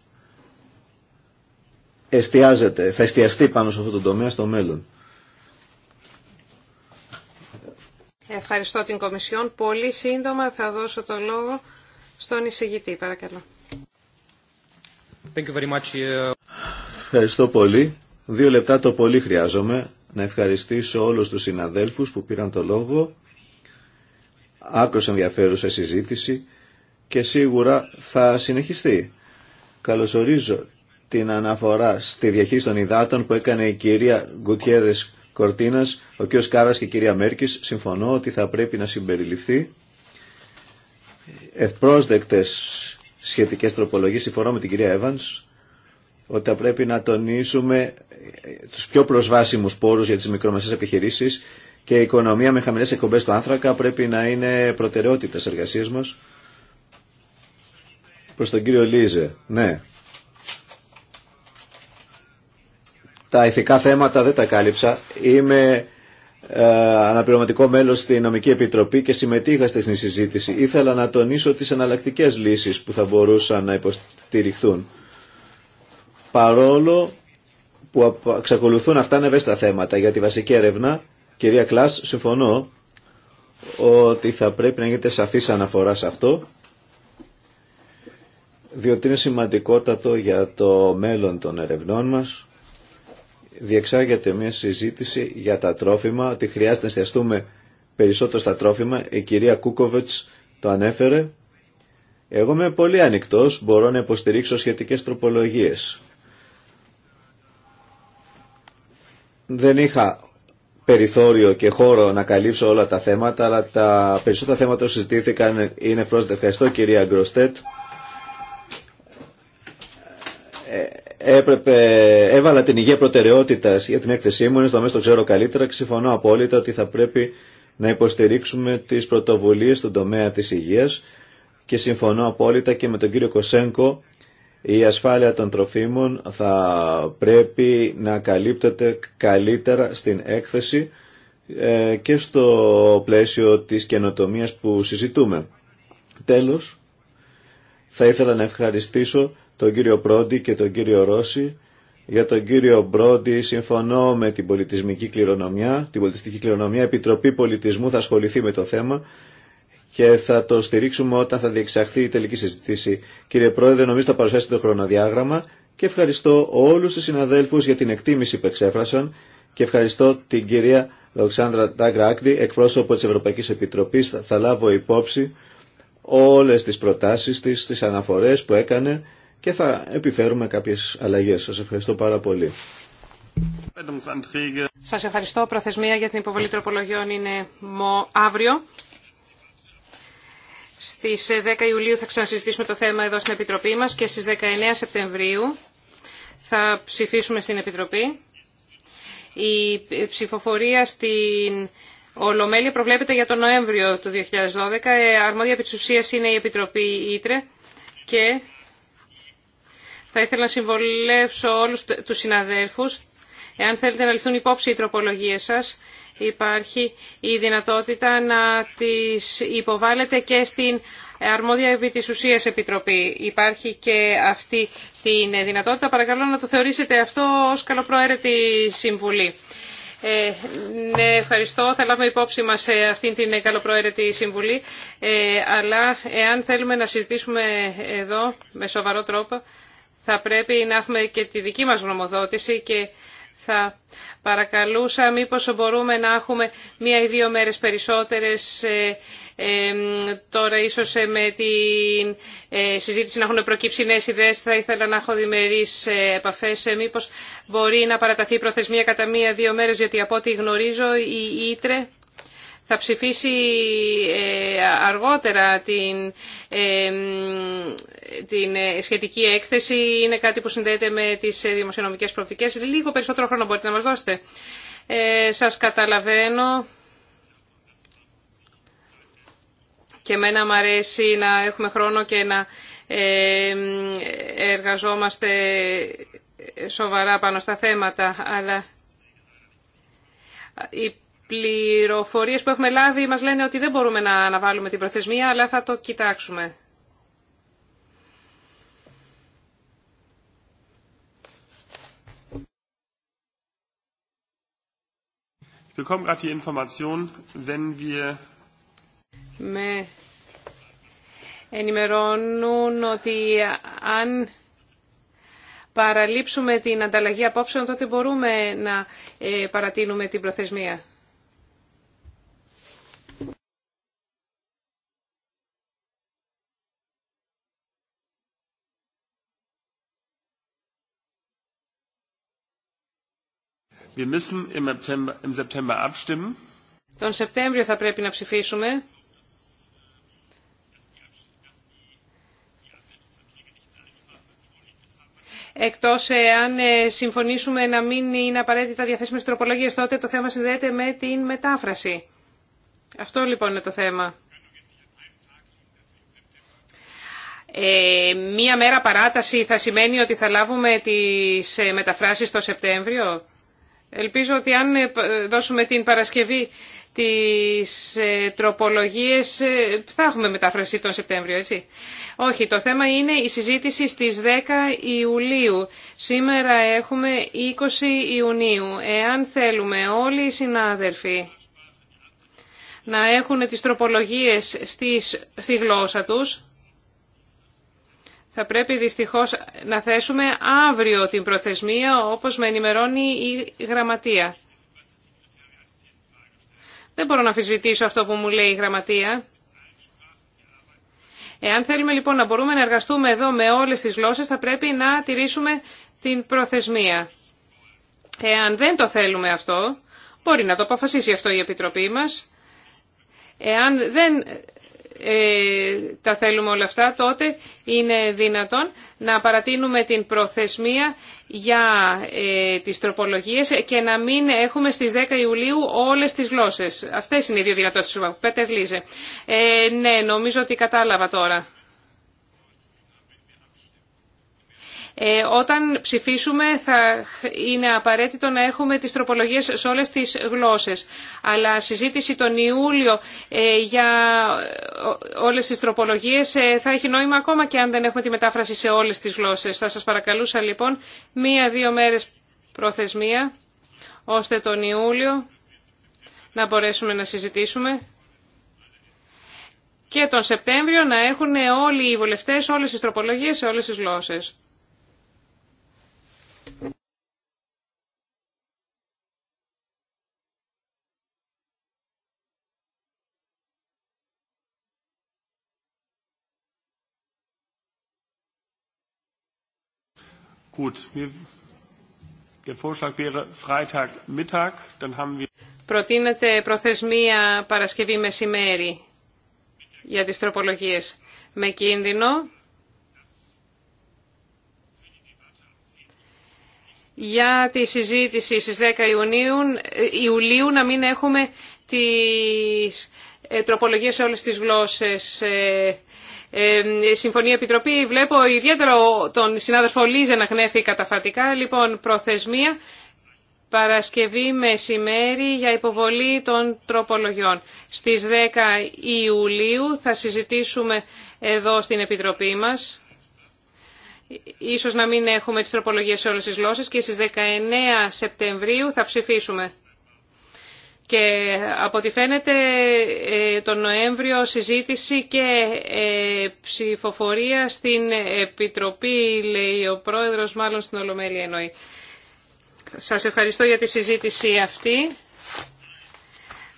εστιάζεται, θα εστιαστεί πάνω σε αυτό το τομέα στο μέλλον. Ευχαριστώ την Κομισιόν. Πολύ σύντομα θα δώσω το λόγο στον εισηγητή. Παρακαλώ. Thank you very much. Ευχαριστώ πολύ. Δύο λεπτά το πολύ χρειάζομαι να ευχαριστήσω όλους τους συναδέλφους που πήραν το λόγο. Άκρως ενδιαφέρουσα συζήτηση και σίγουρα θα συνεχιστεί. Καλωσορίζω την αναφορά στη διαχείριση των υδάτων που έκανε η κυρία Γκουτιέδες Κορτίνας, ο κ. Κάρας και η κυρία Μέρκης. Συμφωνώ ότι θα πρέπει να συμπεριληφθεί ευπρόσδεκτες σχετικές τροπολογίες. Συμφωνώ με την κυρία Εύανς ότι θα πρέπει να τονίσουμε ε, τους πιο προσβάσιμους πόρους για τις μικρομεσαίες επιχειρήσεις και η οικονομία με χαμηλές εκπομπές του άνθρακα πρέπει να είναι προτεραιότητα στις εργασίες μας. Προς τον κύριο Λίζε, ναι. Τα ηθικά θέματα δεν τα κάλυψα. Είμαι ε, αναπληρωματικό μέλος στη Νομική Επιτροπή και συμμετείχα στη συζήτηση. Ήθελα να τονίσω τις εναλλακτικές λύσεις που θα μπορούσαν να υποστηριχθούν παρόλο που εξακολουθούν αυτά είναι τα θέματα για τη βασική έρευνα. Κυρία Κλάς, συμφωνώ ότι θα πρέπει να γίνεται σαφής αναφορά σε αυτό διότι είναι σημαντικότατο για το μέλλον των ερευνών μας. Διεξάγεται μια συζήτηση για τα τρόφιμα, ότι χρειάζεται να εστιαστούμε περισσότερο στα τρόφιμα. Η κυρία Κούκοβετς το ανέφερε. Εγώ είμαι πολύ ανοιχτό, μπορώ να υποστηρίξω σχετικές τροπολογίες. δεν είχα περιθώριο και χώρο να καλύψω όλα τα θέματα, αλλά τα περισσότερα θέματα που συζητήθηκαν είναι πρόσδεκτα. Ευχαριστώ κυρία Γκροστέτ. Ε, έπρεπε, έβαλα την υγεία προτεραιότητα για την έκθεσή μου, είναι στο μέσο το ξέρω καλύτερα και συμφωνώ απόλυτα ότι θα πρέπει να υποστηρίξουμε τις πρωτοβουλίες στον τομέα τη Υγεία και συμφωνώ απόλυτα και με τον κύριο Κοσένκο η ασφάλεια των τροφίμων θα πρέπει να καλύπτεται καλύτερα στην έκθεση ε, και στο πλαίσιο της καινοτομίας που συζητούμε. Τέλος, θα ήθελα να ευχαριστήσω τον κύριο Πρόντι και τον κύριο Ρώση. Για τον κύριο Πρόντι συμφωνώ με την πολιτισμική κληρονομιά, την πολιτιστική κληρονομιά. Επιτροπή Πολιτισμού θα ασχοληθεί με το θέμα και θα το στηρίξουμε όταν θα διεξαχθεί η τελική συζήτηση. Κύριε Πρόεδρε, νομίζω θα παρουσιάσετε το χρονοδιάγραμμα και ευχαριστώ όλους τους συναδέλφους για την εκτίμηση που εξέφρασαν και ευχαριστώ την κυρία Λοξάνδρα Τάγκρακτη, εκπρόσωπο της Ευρωπαϊκής Επιτροπής. Θα λάβω υπόψη όλες τις προτάσεις της, τις αναφορές που έκανε και θα επιφέρουμε κάποιες αλλαγές. Σας ευχαριστώ πάρα πολύ. Σας ευχαριστώ. Προθεσμία για την υποβολή τροπολογιών είναι αύριο. Στις 10 ε, Ιουλίου θα ξανασυζητήσουμε το θέμα εδώ στην Επιτροπή μας και στις 19 Σεπτεμβρίου θα ψηφίσουμε στην Επιτροπή. Η ψηφοφορία στην Ολομέλεια προβλέπεται για τον Νοέμβριο του 2012. Ε, αρμόδια επί της είναι η Επιτροπή Ήτρε και θα ήθελα να συμβολεύσω όλους τους συναδέλφους εάν θέλετε να ληφθούν υπόψη οι τροπολογίες σας υπάρχει η δυνατότητα να τις υποβάλλετε και στην αρμόδια επί της ουσίας επιτροπή. Υπάρχει και αυτή τη δυνατότητα. Παρακαλώ να το θεωρήσετε αυτό ως καλοπροαίρετη συμβουλή. Ε, ναι, ευχαριστώ. Θα λάβουμε υπόψη μας σε αυτήν την καλοπροαίρετη συμβουλή. Ε, αλλά εάν θέλουμε να συζητήσουμε εδώ με σοβαρό τρόπο, θα πρέπει να έχουμε και τη δική μας γνωμοδότηση θα παρακαλούσα μήπως μπορούμε να έχουμε μία ή δύο μέρες περισσότερες ε, τώρα ίσως ε, με τη ε, συζήτηση να έχουν προκύψει νέες ιδέες θα ήθελα να έχω διμερείς επαφές. μήπως μπορεί να παραταθεί η προθεσμία κατά μία-δύο μέρες, διότι από ό,τι γνωρίζω η Ήτρε θα ψηφίσει ε, αργότερα την, ε, την ε, σχετική έκθεση. Είναι κάτι που συνδέεται με τις δημοσιονομικές προοπτικές. Λίγο περισσότερο χρόνο μπορείτε να μας δώσετε. Ε, σας καταλαβαίνω. Και εμένα μου αρέσει να έχουμε χρόνο και να εργαζόμαστε σοβαρά πάνω στα θέματα, αλλά πληροφορίες που έχουμε λάβει μας λένε ότι δεν μπορούμε να αναβάλουμε την προθεσμία, αλλά θα το κοιτάξουμε. Με ενημερώνουν ότι αν παραλείψουμε την ανταλλαγή απόψεων τότε μπορούμε να ε, παρατείνουμε την προθεσμία. Τον Σεπτέμβριο θα πρέπει να ψηφίσουμε. Εκτός εάν ε, συμφωνήσουμε να μην είναι απαραίτητα διαθέσιμες τροπολογίες, τότε το θέμα συνδέεται με την μετάφραση. Αυτό λοιπόν είναι το θέμα. Ε, μία μέρα παράταση θα σημαίνει ότι θα λάβουμε τις ε, μεταφράσεις το Σεπτέμβριο. Ελπίζω ότι αν ε, ε, δώσουμε την Παρασκευή τις ε, τροπολογίες θα έχουμε μετάφραση τον Σεπτέμβριο, έτσι. Όχι, το θέμα είναι η συζήτηση στις 10 Ιουλίου. Σήμερα έχουμε 20 Ιουνίου. Εάν θέλουμε όλοι οι συνάδελφοι να έχουν τις τροπολογίες στη γλώσσα τους, θα πρέπει δυστυχώς να θέσουμε αύριο την προθεσμία όπως με ενημερώνει η γραμματεία. Δεν μπορώ να αφισβητήσω αυτό που μου λέει η γραμματεία. Εάν θέλουμε λοιπόν να μπορούμε να εργαστούμε εδώ με όλες τις γλώσσες θα πρέπει να τηρήσουμε την προθεσμία. Εάν δεν το θέλουμε αυτό, μπορεί να το αποφασίσει αυτό η Επιτροπή μας. Εάν δεν ε, τα θέλουμε όλα αυτά, τότε είναι δυνατόν να παρατείνουμε την προθεσμία για ε, τις τροπολογίες και να μην έχουμε στις 10 Ιουλίου όλες τις γλώσσες. Αυτές είναι οι δύο δυνατότητες. Πέτερ Λίζε. Ε, ναι, νομίζω ότι κατάλαβα τώρα. Ε, όταν ψηφίσουμε θα είναι απαραίτητο να έχουμε τις τροπολογίες σε όλες τις γλώσσες. Αλλά συζήτηση τον Ιούλιο ε, για ε, όλες τις τροπολογίες θα έχει νόημα ακόμα και αν δεν έχουμε τη μετάφραση σε όλες τις γλώσσες. Θα σας παρακαλούσα λοιπόν μία-δύο μέρες προθεσμία ώστε τον Ιούλιο να μπορέσουμε να συζητήσουμε και τον Σεπτέμβριο να έχουν όλοι οι βουλευτές όλες τις τροπολογίες σε όλες τις γλώσσες. Gut, wir, der Vorschlag wäre Freitagmittag, dann haben wir... Προτείνεται προθεσμία Παρασκευή μεσημέρι για τις τροπολογίες με κίνδυνο για τη συζήτηση στις 10 Ιουνίου, ε, Ιουλίου να μην έχουμε τις ε, τροπολογίες σε όλες τις γλώσσες. Ε, Συμφωνία Επιτροπή. Βλέπω ιδιαίτερα τον συνάδελφο Λίζε να γνέφει καταφατικά. Λοιπόν, προθεσμία Παρασκευή μεσημέρι για υποβολή των τροπολογιών. Στις 10 Ιουλίου θα συζητήσουμε εδώ στην Επιτροπή μας. Ίσως να μην έχουμε τις τροπολογίες σε όλες τις γλώσσες και στις 19 Σεπτεμβρίου θα ψηφίσουμε και από ό,τι φαίνεται ε, τον Νοέμβριο συζήτηση και ε, ψηφοφορία στην Επιτροπή, λέει ο Πρόεδρος, μάλλον στην Ολομέλεια εννοεί. Σας ευχαριστώ για τη συζήτηση αυτή.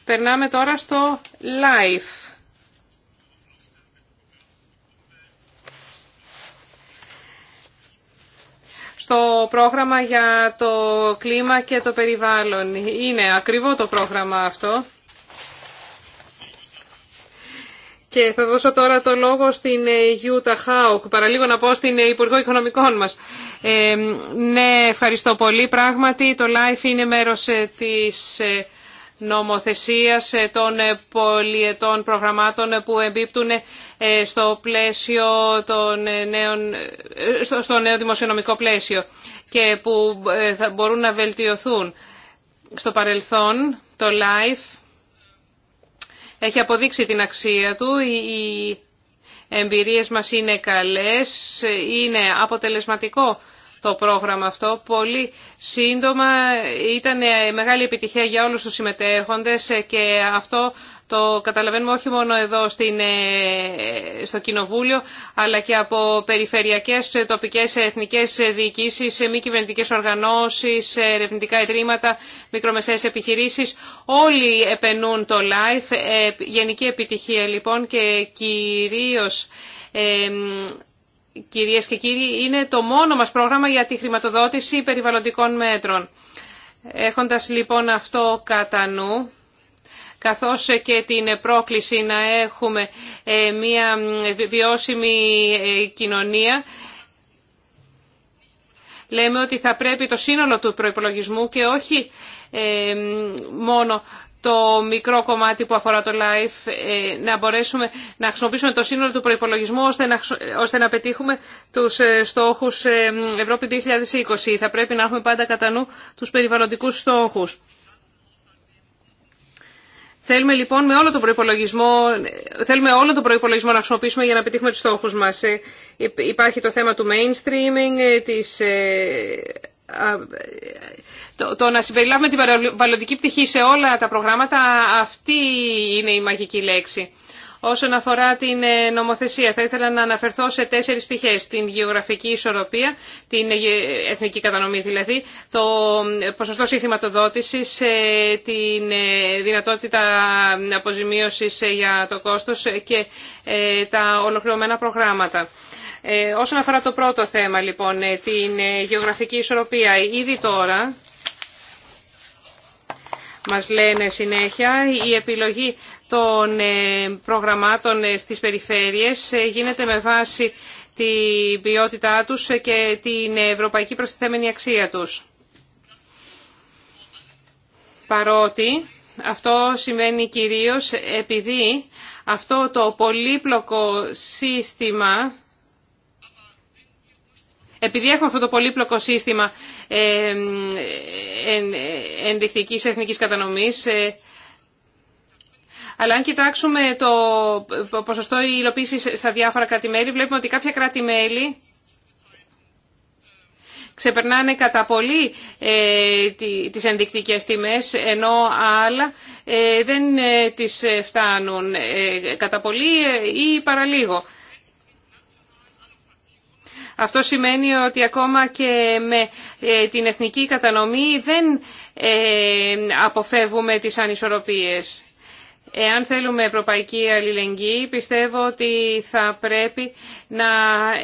Περνάμε τώρα στο live. Το πρόγραμμα για το κλίμα και το περιβάλλον. Είναι ακριβό το πρόγραμμα αυτό. Και θα δώσω τώρα το λόγο στην ε, Γιούτα Χάουκ, παραλίγο να πω στην ε, Υπουργό Οικονομικών μας. Ε, ναι, ευχαριστώ πολύ. Πράγματι, το LIFE είναι μέρος της νομοθεσίας ε, των ε, πολιετών προγραμμάτων ε, που εμπίπτουν στο, πλαίσιο των νέων, στο νέο δημοσιονομικό πλαίσιο και που μπορούν να βελτιωθούν. Στο παρελθόν το LIFE έχει αποδείξει την αξία του, οι εμπειρίες μας είναι καλές, είναι αποτελεσματικό το πρόγραμμα αυτό. Πολύ σύντομα ήταν ε, μεγάλη επιτυχία για όλους τους συμμετέχοντες ε, και αυτό το καταλαβαίνουμε όχι μόνο εδώ στην, ε, στο Κοινοβούλιο, αλλά και από περιφερειακές, τοπικές, εθνικές διοικήσεις, μη κυβερνητικέ οργανώσεις, ερευνητικά ιδρύματα, μικρομεσαίες επιχειρήσεις. Όλοι επενούν το LIFE. Γενική επιτυχία λοιπόν και κυρίως κυρίες και κύριοι, είναι το μόνο μας πρόγραμμα για τη χρηματοδότηση περιβαλλοντικών μέτρων. Έχοντας λοιπόν αυτό κατά νου, καθώς και την πρόκληση να έχουμε ε, μια βιώσιμη ε, κοινωνία, λέμε ότι θα πρέπει το σύνολο του προϋπολογισμού και όχι ε, μόνο το μικρό κομμάτι που αφορά το life, ε, να μπορέσουμε να χρησιμοποιήσουμε το σύνολο του προϋπολογισμού ώστε να, ώστε να πετύχουμε τους ε, στόχους ε, Ευρώπη 2020. Θα πρέπει να έχουμε πάντα κατά νου τους περιβαλλοντικούς στόχους. Θέλουμε λοιπόν με όλο τον προϋπολογισμό, θέλουμε όλο τον προϋπολογισμό να χρησιμοποιήσουμε για να πετύχουμε τους στόχους μας. Υπάρχει το θέμα του mainstreaming, της το, το να συμπεριλάβουμε την βαλλοντική πτυχή σε όλα τα προγράμματα, αυτή είναι η μαγική λέξη. Όσον αφορά την ε, νομοθεσία, θα ήθελα να αναφερθώ σε τέσσερις πτυχές. Την γεωγραφική ισορροπία, την ε, εθνική κατανομή δηλαδή, το ε, ποσοστό συγχρηματοδότησης, την δυνατότητα αποζημίωσης για το κόστος και τα ολοκληρωμένα προγράμματα. Ε, όσον αφορά το πρώτο θέμα, λοιπόν, ε, την ε, γεωγραφική ισορροπία, ήδη τώρα μας λένε συνέχεια η επιλογή των προγραμμάτων στις περιφέρειες γίνεται με βάση την ποιότητά τους και την ευρωπαϊκή προστιθέμενη αξία τους. Παρότι αυτό σημαίνει κυρίως επειδή αυτό το πολύπλοκο σύστημα επειδή έχουμε αυτό το πολύπλοκο σύστημα ε, ενδεικτικής εθνικής κατανομής, ε, αλλά αν κοιτάξουμε το ποσοστό υλοποίηση στα διάφορα κράτη-μέλη, βλέπουμε ότι κάποια κράτη-μέλη ξεπερνάνε κατά πολύ ε, τις ενδεικτικές τιμές, ενώ άλλα ε, δεν ε, τις φτάνουν κατά πολύ ή παραλίγο. Αυτό σημαίνει ότι ακόμα και με ε, την εθνική κατανομή δεν ε, αποφεύγουμε τις ανισορροπίες. Εάν θέλουμε ευρωπαϊκή αλληλεγγύη, πιστεύω ότι θα πρέπει να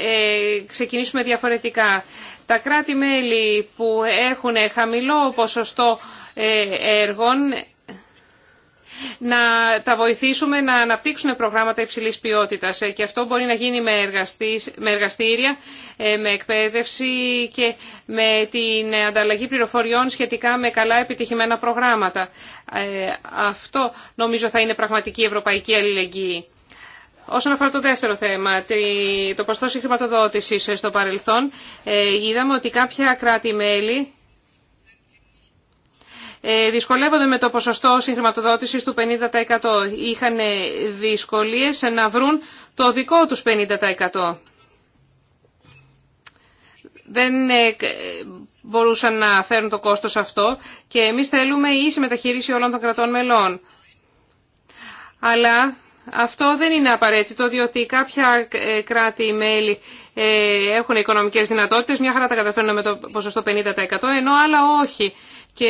ε, ξεκινήσουμε διαφορετικά. Τα κράτη-μέλη που έχουν χαμηλό ποσοστό έργων να τα βοηθήσουμε να αναπτύξουν προγράμματα υψηλής ποιότητας ε, και αυτό μπορεί να γίνει με εργαστήρια, ε, με εκπαίδευση και με την ανταλλαγή πληροφοριών σχετικά με καλά επιτυχημένα προγράμματα. Ε, αυτό νομίζω θα είναι πραγματική ευρωπαϊκή αλληλεγγύη. Όσον αφορά το δεύτερο θέμα, το ποστό χρηματοδότηση στο παρελθόν, είδαμε ότι κάποια κράτη-μέλη ε, δυσκολεύονται με το ποσοστό συγχρηματοδότησης του 50%. Είχαν ε, δυσκολίες να βρουν το δικό τους 50%. Δεν ε, μπορούσαν να φέρουν το κόστος αυτό και εμείς θέλουμε ίση μεταχείριση όλων των κρατών μελών. Αλλά αυτό δεν είναι απαραίτητο, διότι κάποια κράτη-μέλη έχουν οικονομικές δυνατότητες, μια χαρά τα καταφέρνουν με το ποσοστό 50%, ενώ άλλα όχι. Και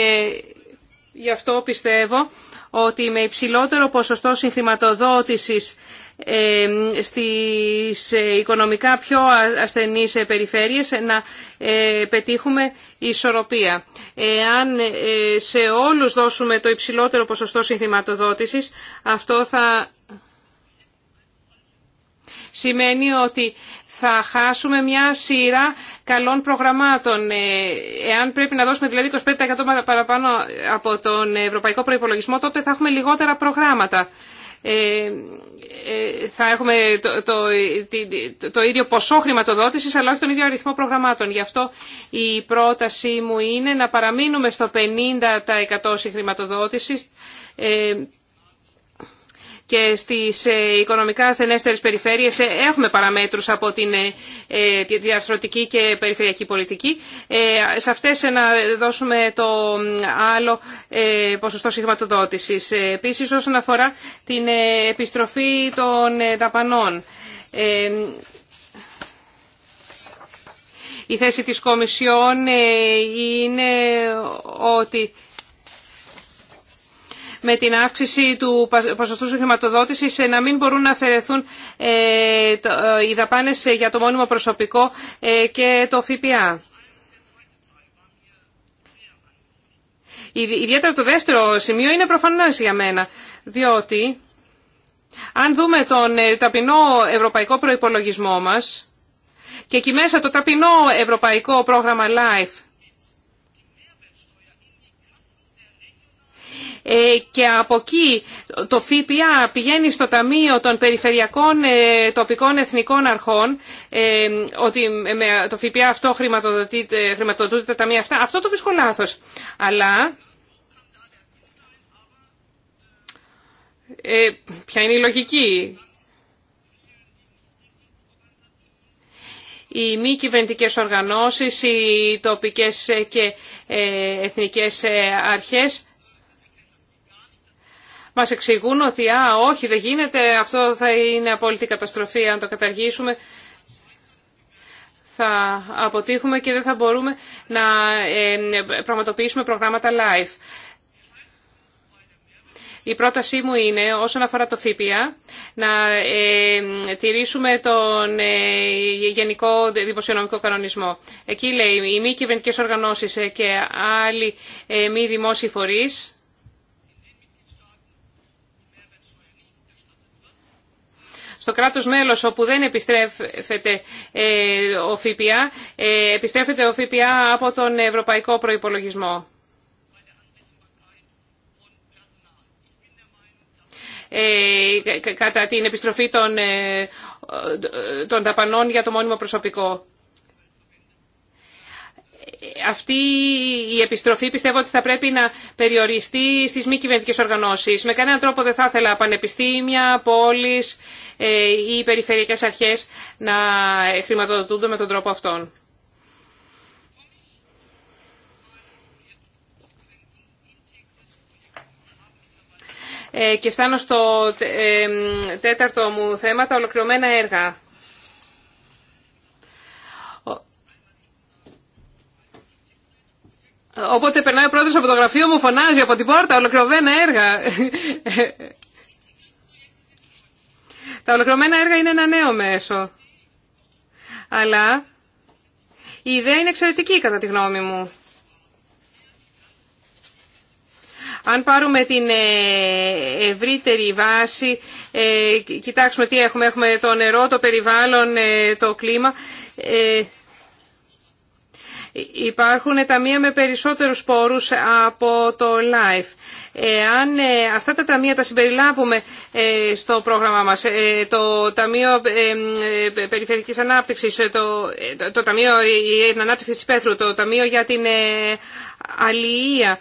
Γι' αυτό πιστεύω ότι με υψηλότερο ποσοστό συγχρηματοδότησης ε, στις ε, οικονομικά πιο ασθενείς ε, περιφέρειες να πετύχουμε ισορροπία. Εάν σε όλους δώσουμε το υψηλότερο ποσοστό συγχρηματοδότησης, αυτό θα σημαίνει ότι θα χάσουμε μια σειρά καλών προγραμμάτων. Ε, εάν πρέπει να δώσουμε δηλαδή 25% παραπάνω από τον ευρωπαϊκό προϋπολογισμό, τότε θα έχουμε λιγότερα προγράμματα. Ε, ε θα έχουμε το, το, το, το ίδιο ποσό χρηματοδότησης αλλά όχι τον ίδιο αριθμό προγραμμάτων. Γι' αυτό η πρότασή μου είναι να παραμείνουμε στο 50% χρηματοδότησης ε, και στις ε, οικονομικά ασθενέστερες περιφέρειες ε, έχουμε παραμέτρους από την ε, διαρθρωτική και περιφερειακή πολιτική. Σε αυτές να δώσουμε το άλλο ποσοστό συγχρηματοδότησης. Επίσης όσον αφορά την επιστροφή των ταπανών. Η θέση της Κομισιόν είναι ότι με την αύξηση του ποσοστού χρηματοδότηση, ε, να μην μπορούν να αφαιρεθούν ε, ε, οι δαπάνε για το μόνιμο προσωπικό και το ΦΠΑ. Ιδιαίτερα το δεύτερο σημείο είναι προφανές για μένα, διότι αν δούμε τον ταπεινό ευρωπαϊκό προϋπολογισμό μας και εκεί μέσα το ταπεινό ευρωπαϊκό πρόγραμμα LIFE Ε, και από εκεί το ΦΠΑ πηγαίνει στο Ταμείο των Περιφερειακών ε, Τοπικών Εθνικών Αρχών, ε, ότι με το ΦΠΑ αυτό χρηματοδοτούνται τα ταμεία αυτά. Αυτό το βρίσκω λάθος. Αλλά ποια είναι η λογική. Οι μη κυβερνητικέ οργανώσεις, οι τοπικές και εθνικές αρχές μας εξηγούν ότι α, όχι δεν γίνεται, αυτό θα είναι απόλυτη καταστροφή αν το καταργήσουμε. Θα αποτύχουμε και δεν θα μπορούμε να ε, πραγματοποιήσουμε προγράμματα live. Η πρότασή μου είναι, όσον αφορά το ΦΠΑ, να ε, τηρήσουμε τον ε, Γενικό Δημοσιονομικό Κανονισμό. Εκεί λέει οι μη κυβερνητικέ οργανώσεις και άλλοι ε, μη δημόσιοι φορείς Το κράτος μέλος όπου δεν επιστρέφεται ε, ο ΦΠΑ, ε, επιστρέφεται ο ΦΠΑ από τον Ευρωπαϊκό Προϋπολογισμό. Ε, κατά την επιστροφή των, των ταπανών για το μόνιμο προσωπικό αυτή η επιστροφή πιστεύω ότι θα πρέπει να περιοριστεί στις μη κυβερνητικέ οργανώσεις. Με κανέναν τρόπο δεν θα ήθελα πανεπιστήμια, πόλεις ε, ή περιφερειακές αρχές να χρηματοδοτούνται με τον τρόπο αυτόν. Ε, και φτάνω στο ε, τέταρτο μου θέμα, τα ολοκληρωμένα έργα. Όποτε περνάει ο πρόεδρος από το γραφείο μου φωνάζει από την πόρτα ολοκληρωμένα έργα. Τα ολοκληρωμένα έργα είναι ένα νέο μέσο. Αλλά η ιδέα είναι εξαιρετική κατά τη γνώμη μου. Αν πάρουμε την ε, ευρύτερη βάση, ε, κοιτάξουμε τι έχουμε. Έχουμε το νερό, το περιβάλλον, ε, το κλίμα. Υπάρχουν ταμεία με περισσότερους πόρους από το LIFE. Αν ε, αυτά τα ταμεία τα συμπεριλάβουμε ε, στο πρόγραμμα μας, ε, το Ταμείο Περιφερικής Ανάπτυξης, το, το Ταμείο για την Ανάπτυξη της Πέθρου, το Ταμείο για την Αλληλεία,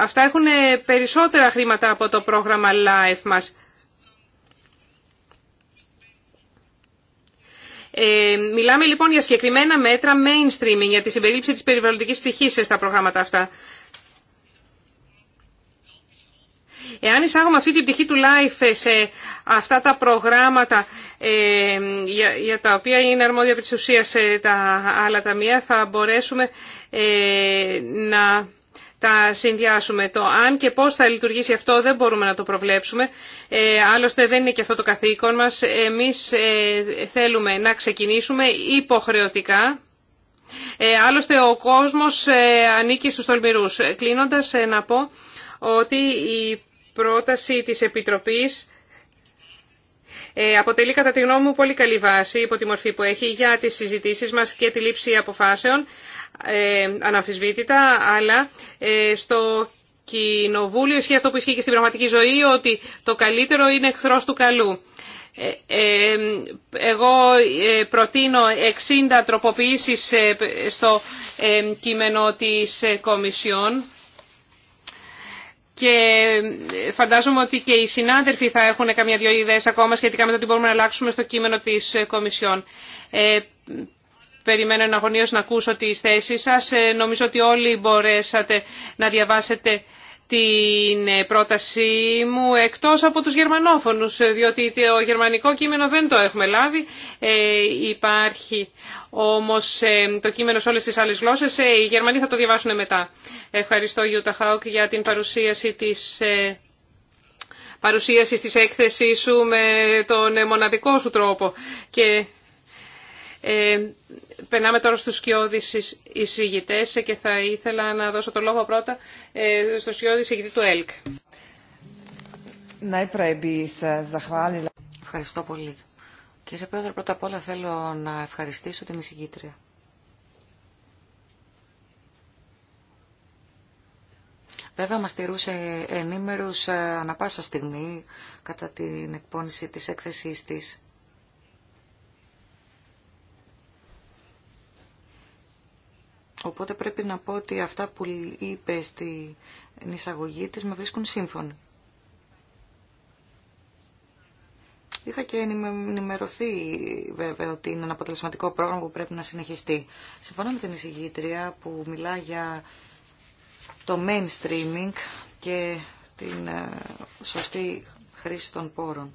αυτά έχουν περισσότερα χρήματα από το πρόγραμμα LIFE μας. Ε, μιλάμε λοιπόν για συγκεκριμένα μέτρα mainstreaming, για τη συμπερίληψη της περιβαλλοντικής πτυχής στα προγράμματα αυτά. Εάν εισάγουμε αυτή την πτυχή του LIFE σε αυτά τα προγράμματα ε, για, τα οποία είναι αρμόδια επί της ουσίας σε τα άλλα ταμεία, θα μπορέσουμε ε, να τα συνδυάσουμε. Το αν και πώς θα λειτουργήσει αυτό δεν μπορούμε να το προβλέψουμε. Ε, άλλωστε δεν είναι και αυτό το καθήκον μας. Εμείς ε, θέλουμε να ξεκινήσουμε υποχρεωτικά. Ε, άλλωστε ο κόσμος ε, ανήκει στους τολμηρούς. Κλείνοντας ε, να πω ότι η πρόταση της Επιτροπής αποτελεί κατά τη γνώμη μου πολύ καλή βάση υπό τη μορφή που έχει για τις συζητήσεις μας και τη λήψη αποφάσεων ε, αναμφισβήτητα, αλλά ε, στο κοινοβούλιο ισχύει αυτό που ισχύει και στην πραγματική ζωή, ότι το καλύτερο είναι εχθρό του καλού. Ε, εγώ προτείνω 60 τροποποιήσεις στο κείμενο της Κομισιόν και φαντάζομαι ότι και οι συνάδελφοι θα έχουν καμιά δυο ιδέες ακόμα σχετικά με το τι μπορούμε να αλλάξουμε στο κείμενο της Κομισιόν. Περιμένω εναγωνίως να ακούσω τις θέσεις σας. Ε, νομίζω ότι όλοι μπορέσατε να διαβάσετε την ε, πρότασή μου εκτός από τους γερμανόφωνους, ε, διότι το γερμανικό κείμενο δεν το έχουμε λάβει. υπάρχει όμως το κείμενο σε όλες τις άλλες γλώσσες. οι Γερμανοί θα το διαβάσουν μετά. Ευχαριστώ Γιούτα Χάουκ για την παρουσίαση της... Ε, παρουσίαση έκθεσής σου με τον μοναδικό σου τρόπο και ε, περνάμε τώρα στους σκιώδεις εισηγητές ε, και θα ήθελα να δώσω το λόγο πρώτα ε, στο σκιώδη εισηγητή του ΕΛΚ. Ευχαριστώ πολύ. Κύριε Πρόεδρε, πρώτα απ' όλα θέλω να ευχαριστήσω την εισηγήτρια. Βέβαια μας στηρούσε ενήμερους ε, ανα πάσα στιγμή κατά την εκπόνηση της έκθεσής της. Οπότε πρέπει να πω ότι αυτά που είπε στην εισαγωγή της με βρίσκουν σύμφωνοι. Είχα και ενημερωθεί βέβαια ότι είναι ένα αποτελεσματικό πρόγραμμα που πρέπει να συνεχιστεί. Συμφωνώ με την εισηγήτρια που μιλά για το mainstreaming και την ε, σωστή χρήση των πόρων.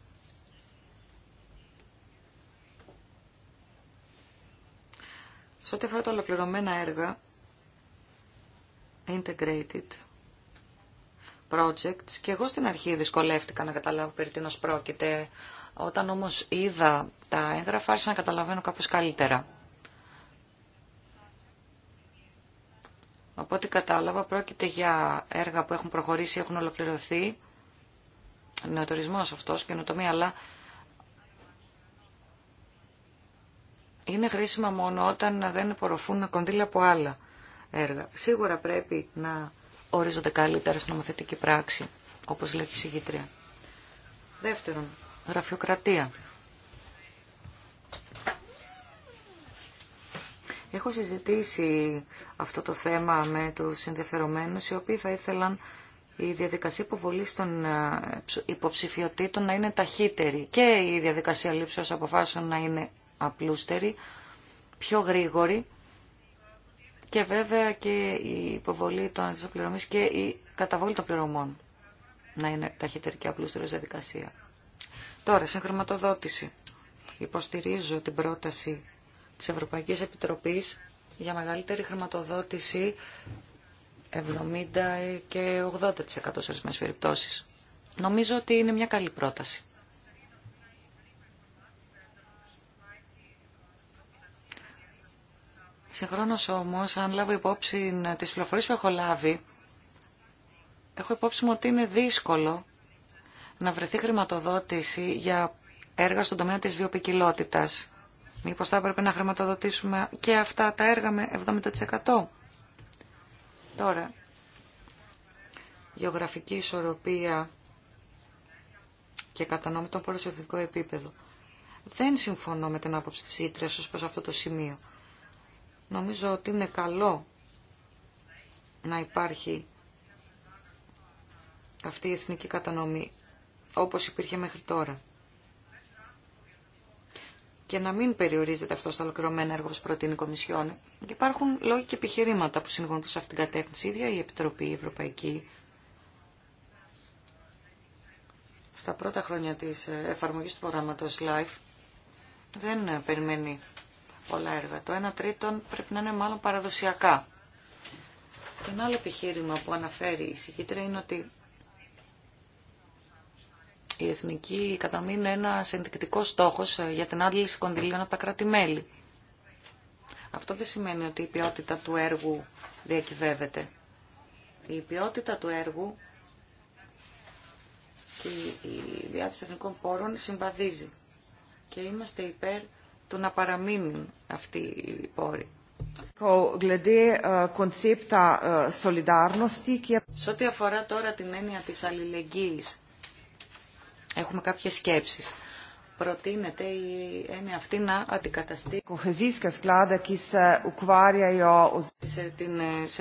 Σε ό,τι αφορά τα ολοκληρωμένα έργα, integrated projects, και εγώ στην αρχή δυσκολεύτηκα να καταλάβω περί τίνος πρόκειται, όταν όμως είδα τα έγγραφα, άρχισα να καταλαβαίνω κάπως καλύτερα. Από ό,τι κατάλαβα, πρόκειται για έργα που έχουν προχωρήσει, έχουν ολοκληρωθεί, νεοτορισμός αυτός, καινοτομία, αλλά είναι χρήσιμα μόνο όταν δεν απορροφούν κονδύλια από άλλα έργα. Σίγουρα πρέπει να ορίζονται καλύτερα στην νομοθετική πράξη, όπως λέει η συγγήτρια. Δεύτερον, γραφειοκρατία. Έχω συζητήσει αυτό το θέμα με τους ενδιαφερομένους, οι οποίοι θα ήθελαν η διαδικασία υποβολή των ε, υποψηφιωτήτων να είναι ταχύτερη και η διαδικασία λήψεως αποφάσεων να είναι απλούστερη, πιο γρήγορη και βέβαια και η υποβολή των αντισοπληρωμής και η καταβολή των πληρωμών να είναι ταχύτερη και απλούστερη διαδικασία. Τώρα, χρηματοδότηση Υποστηρίζω την πρόταση της Ευρωπαϊκής Επιτροπής για μεγαλύτερη χρηματοδότηση 70 και 80% σε ορισμένες περιπτώσεις. Νομίζω ότι είναι μια καλή πρόταση. Συγχρόνως όμω, αν λάβω υπόψη τι πληροφορίε που έχω λάβει, έχω υπόψη μου ότι είναι δύσκολο να βρεθεί χρηματοδότηση για έργα στον τομέα τη βιοπικιλότητα. Μήπω θα έπρεπε να χρηματοδοτήσουμε και αυτά τα έργα με 70%. Τώρα, γεωγραφική ισορροπία και κατανόμη των σε επίπεδο. Δεν συμφωνώ με την άποψη της Ήτρες ω προς αυτό το σημείο. Νομίζω ότι είναι καλό να υπάρχει αυτή η εθνική κατανομή όπως υπήρχε μέχρι τώρα. Και να μην περιορίζεται αυτό στο ολοκληρωμένο έργο όπως προτείνει η Κομισιόν. Υπάρχουν λόγοι και επιχειρήματα που συνηγορούν προ αυτήν την κατεύθυνση. Ήδη ίδια η Επιτροπή Ευρωπαϊκή στα πρώτα χρόνια της εφαρμογής του προγράμματος LIFE δεν περιμένει πολλά έργα. Το ένα τρίτον πρέπει να είναι μάλλον παραδοσιακά. Και ένα άλλο επιχείρημα που αναφέρει η συγκήτρια είναι ότι η εθνική κατανομή είναι ένα ενδεικτικό στόχο ε, για την άντληση κονδυλίων από τα κράτη-μέλη. Αυτό δεν σημαίνει ότι η ποιότητα του έργου διακυβεύεται. Η ποιότητα του έργου και η διάθεση εθνικών πόρων συμβαδίζει. Και είμαστε υπέρ του να παραμείνουν αυτοί οι πόροι. Eh, eh, σε ό,τι αφορά τώρα την έννοια της αλληλεγγύης, έχουμε κάποιες σκέψεις. Προτείνεται η έννοια αυτή να αντικαταστεί ε, σε,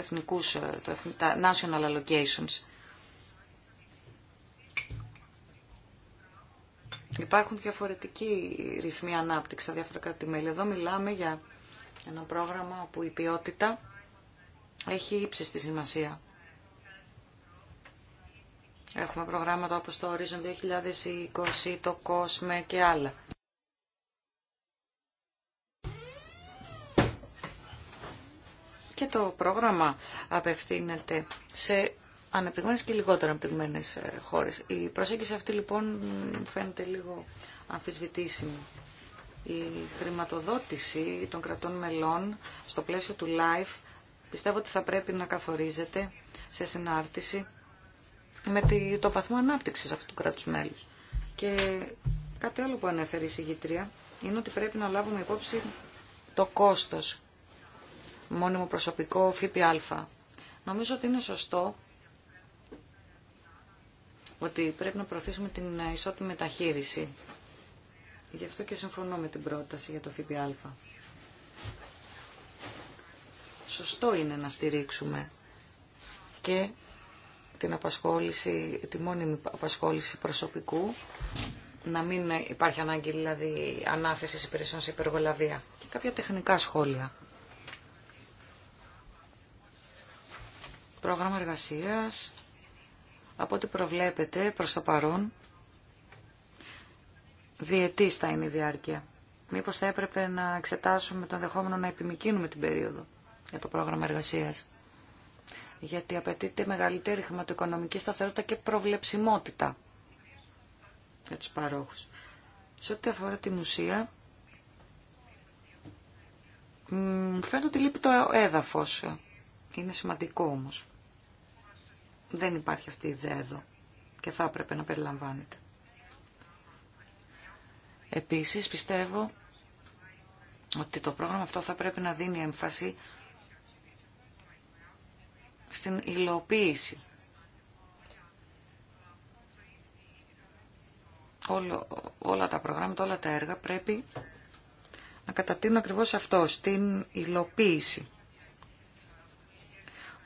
εθνικούς, ε, το, τα national allocations. Υπάρχουν διαφορετικοί ρυθμοί ανάπτυξη στα διάφορα κράτη-μέλη. Εδώ μιλάμε για ένα πρόγραμμα όπου η ποιότητα έχει στη σημασία. Έχουμε προγράμματα όπως το Horizon 2020, το COSME και άλλα. Και το πρόγραμμα απευθύνεται σε αναπτυγμένες και λιγότερο αναπτυγμένες ε, χώρες. Η προσέγγιση αυτή λοιπόν φαίνεται λίγο αμφισβητήσιμη. Η χρηματοδότηση των κρατών μελών στο πλαίσιο του LIFE πιστεύω ότι θα πρέπει να καθορίζεται σε συνάρτηση με το βαθμό ανάπτυξης αυτού του κράτους μέλους. Και κάτι άλλο που ανέφερε η συγγήτρια είναι ότι πρέπει να λάβουμε υπόψη το κόστος μόνιμο προσωπικό ΦΠΑ. Νομίζω ότι είναι σωστό ότι πρέπει να προωθήσουμε την ισότιμη μεταχείριση. Γι' αυτό και συμφωνώ με την πρόταση για το ΦΠΑ. Σωστό είναι να στηρίξουμε και την απασχόληση, τη μόνιμη απασχόληση προσωπικού, να μην υπάρχει ανάγκη δηλαδή ανάθεσης υπηρεσιών σε υπεργολαβία και κάποια τεχνικά σχόλια. Πρόγραμμα εργασίας, από ό,τι προβλέπετε προς το παρόν, διετής θα είναι η διάρκεια. Μήπως θα έπρεπε να εξετάσουμε το ενδεχόμενο να επιμικρύνουμε την περίοδο για το πρόγραμμα εργασίας. Γιατί απαιτείται μεγαλύτερη χρηματοοικονομική σταθερότητα και προβλεψιμότητα για τους παρόχους. Σε ό,τι αφορά τη μουσεία, φαίνεται ότι λείπει το έδαφος. Είναι σημαντικό όμως. Δεν υπάρχει αυτή η ιδέα εδώ και θα έπρεπε να περιλαμβάνεται. Επίσης πιστεύω ότι το πρόγραμμα αυτό θα πρέπει να δίνει έμφαση στην υλοποίηση. Όλο, όλα τα προγράμματα, όλα τα έργα πρέπει να κατατείνουν ακριβώς αυτό, στην υλοποίηση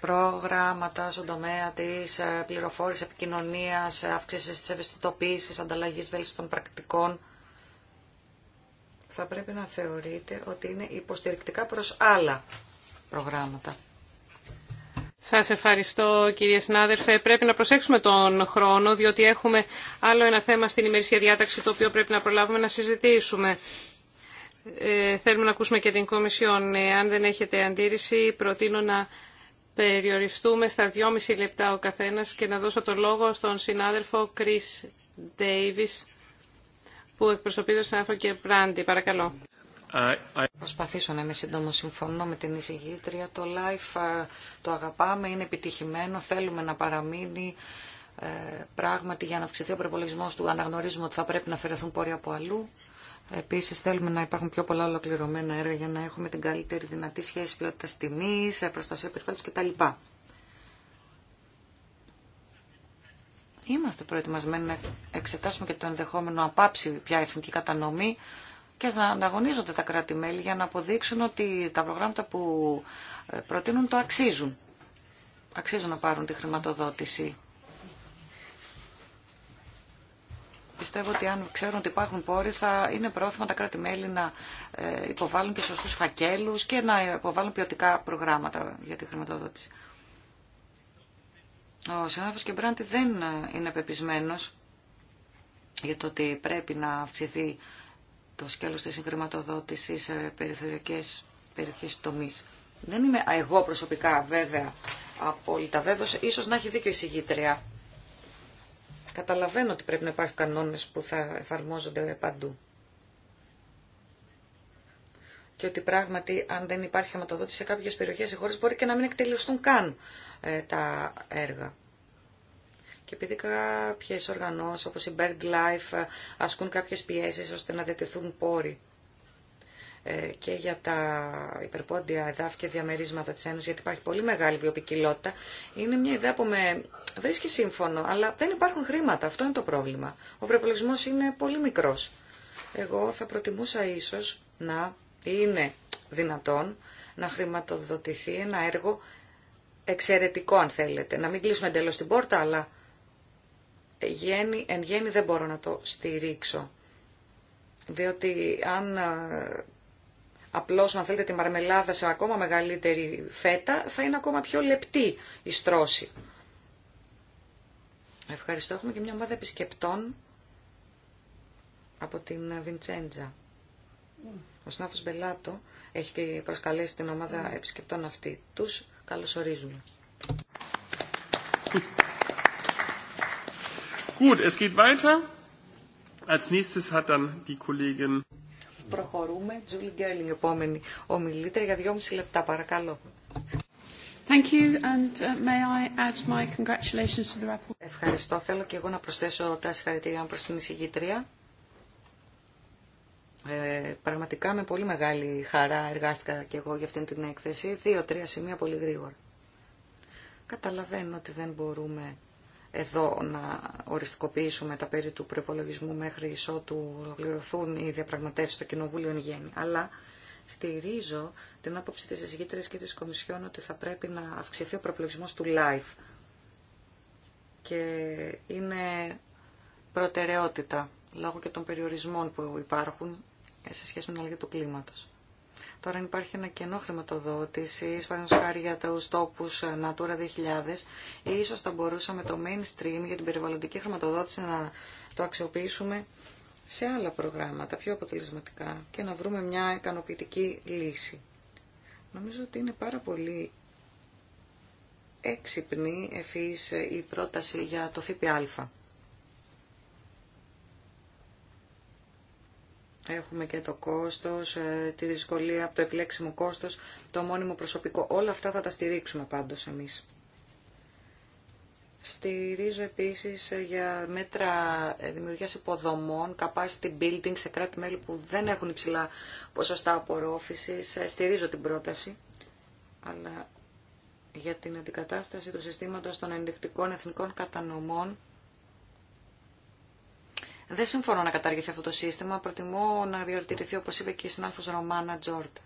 προγράμματα στον τομέα της ε, πληροφόρησης, επικοινωνίας, ε, αύξησης της ευαισθητοποίησης, ανταλλαγής βέλτιστων πρακτικών, θα πρέπει να θεωρείτε ότι είναι υποστηρικτικά προ άλλα προγράμματα. Σα ευχαριστώ κύριε συνάδελφε. Πρέπει να προσέξουμε τον χρόνο, διότι έχουμε άλλο ένα θέμα στην ημερήσια διάταξη, το οποίο πρέπει να προλάβουμε να συζητήσουμε. Ε, θέλουμε να ακούσουμε και την Κομισιόν. Ε, αν δεν έχετε αντίρρηση, προτείνω να περιοριστούμε στα 2,5 λεπτά ο καθένας και να δώσω το λόγο στον συνάδελφο Chris Davis που εκπροσωπεί τον συνάδελφο και Παρακαλώ. Προσπαθήσω να είμαι σύντομο. Συμφωνώ με την εισηγήτρια. Το live το αγαπάμε, είναι επιτυχημένο, θέλουμε να παραμείνει. Ε, πράγματι για να αυξηθεί ο προπολογισμό του αναγνωρίζουμε ότι θα πρέπει να αφαιρεθούν πόρια από αλλού. Επίσης θέλουμε να υπάρχουν πιο πολλά ολοκληρωμένα έργα για να έχουμε την καλύτερη δυνατή σχέση ποιότητας τιμής, προστασία τα κτλ. Είμαστε προετοιμασμένοι να εξετάσουμε και το ενδεχόμενο απάψη πια εθνική κατανομή και να ανταγωνίζονται τα κράτη-μέλη για να αποδείξουν ότι τα προγράμματα που ε, προτείνουν το αξίζουν. Αξίζουν να πάρουν τη χρηματοδότηση. Πιστεύω ότι αν ξέρουν ότι υπάρχουν πόροι θα είναι πρόθυμα τα κράτη-μέλη να ε, υποβάλουν και σωστούς φακέλους και να υποβάλουν ποιοτικά προγράμματα για τη χρηματοδότηση. Ο συνάδελφος Κεμπράντη δεν ε, είναι πεπισμένος για το ότι πρέπει να αυξηθεί το σκέλος της χρηματοδότησης σε περιθωριακές περιοχές τομείς. Δεν είμαι εγώ προσωπικά βέβαια απόλυτα βέβαιος, ίσως να έχει δίκιο η συγγήτρια Καταλαβαίνω ότι πρέπει να υπάρχουν κανόνες που θα εφαρμόζονται παντού. Και ότι πράγματι αν δεν υπάρχει χρηματοδότηση σε κάποιες περιοχές ή χώρες μπορεί και να μην εκτελειωστούν καν ε, τα έργα. Και επειδή κάποιες οργανώσεις όπως η BirdLife Life ε, ασκούν κάποιες πιέσεις ώστε να διατηθούν πόροι ε, και για τα υπερπόντια εδάφη και διαμερίσματα της Ένωσης, γιατί υπάρχει πολύ μεγάλη βιοπικιλότητα, είναι μια ιδέα που με βρίσκει σύμφωνο, αλλά δεν υπάρχουν χρήματα, αυτό είναι το πρόβλημα. Ο προπολογισμό είναι πολύ μικρός. Εγώ θα προτιμούσα ίσως να είναι δυνατόν να χρηματοδοτηθεί ένα έργο εξαιρετικό, αν θέλετε. Να μην κλείσουμε εντελώς την πόρτα, αλλά εν γέννη δεν μπορώ να το στηρίξω διότι αν Απλώς, αν θέλετε τη μαρμελάδα σε ακόμα μεγαλύτερη φέτα, θα είναι ακόμα πιο λεπτή η στρώση. Ευχαριστώ. Έχουμε και μια ομάδα επισκεπτών από την Βιντσέντζα. Ο Σνάφος Μπελάτο έχει και προσκαλέσει την ομάδα επισκεπτών αυτή. Τους καλωσορίζουμε. Gut, es geht weiter. Als nächstes hat dann die Kollegin Προχωρούμε. Τζούλι Γκέρλινγκ, επόμενη ομιλήτρια, για δυόμιση λεπτά, παρακαλώ. Thank you and uh, may I add my congratulations to the report. Ευχαριστώ. Θέλω και εγώ να προσθέσω τα συγχαρητήριά μου προς την εισηγήτρια. Ε, πραγματικά με πολύ μεγάλη χαρά εργάστηκα και εγώ για αυτήν την έκθεση. Δύο-τρία σημεία πολύ γρήγορα. Καταλαβαίνω ότι δεν μπορούμε εδώ να οριστικοποιήσουμε τα περί του προπολογισμού μέχρι ισότου ολοκληρωθούν οι διαπραγματεύσει στο Κοινοβούλιο εν γέννη. Αλλά στηρίζω την άποψη τη εισηγήτρια και τη Κομισιόν ότι θα πρέπει να αυξηθεί ο προπολογισμό του LIFE. Και είναι προτεραιότητα λόγω και των περιορισμών που υπάρχουν σε σχέση με την αλλαγή του κλίματος. Τώρα υπάρχει ένα κενό χρηματοδότηση, παραδείγματο χάρη για του τόπου ε, Natura 2000, ίσω θα μπορούσαμε το mainstream για την περιβαλλοντική χρηματοδότηση να το αξιοποιήσουμε σε άλλα προγράμματα πιο αποτελεσματικά και να βρούμε μια ικανοποιητική λύση. Νομίζω ότι είναι πάρα πολύ έξυπνη ε, η πρόταση για το ΦΠΑ. Έχουμε και το κόστος, ε, τη δυσκολία από το επιλέξιμο κόστος, το μόνιμο προσωπικό. Όλα αυτά θα τα στηρίξουμε πάντως εμείς. Στηρίζω επίσης ε, για μέτρα ε, δημιουργίας υποδομών, capacity building σε κράτη-μέλη που δεν έχουν υψηλά ποσοστά απορρόφησης. Στηρίζω την πρόταση, αλλά για την αντικατάσταση του συστήματος των ενδεικτικών εθνικών κατανομών δεν συμφωνώ να καταργηθεί αυτό το σύστημα. Προτιμώ να διορτηρηθεί, όπως είπε και η συνάδελφο Ρωμάνα Τζόρτ.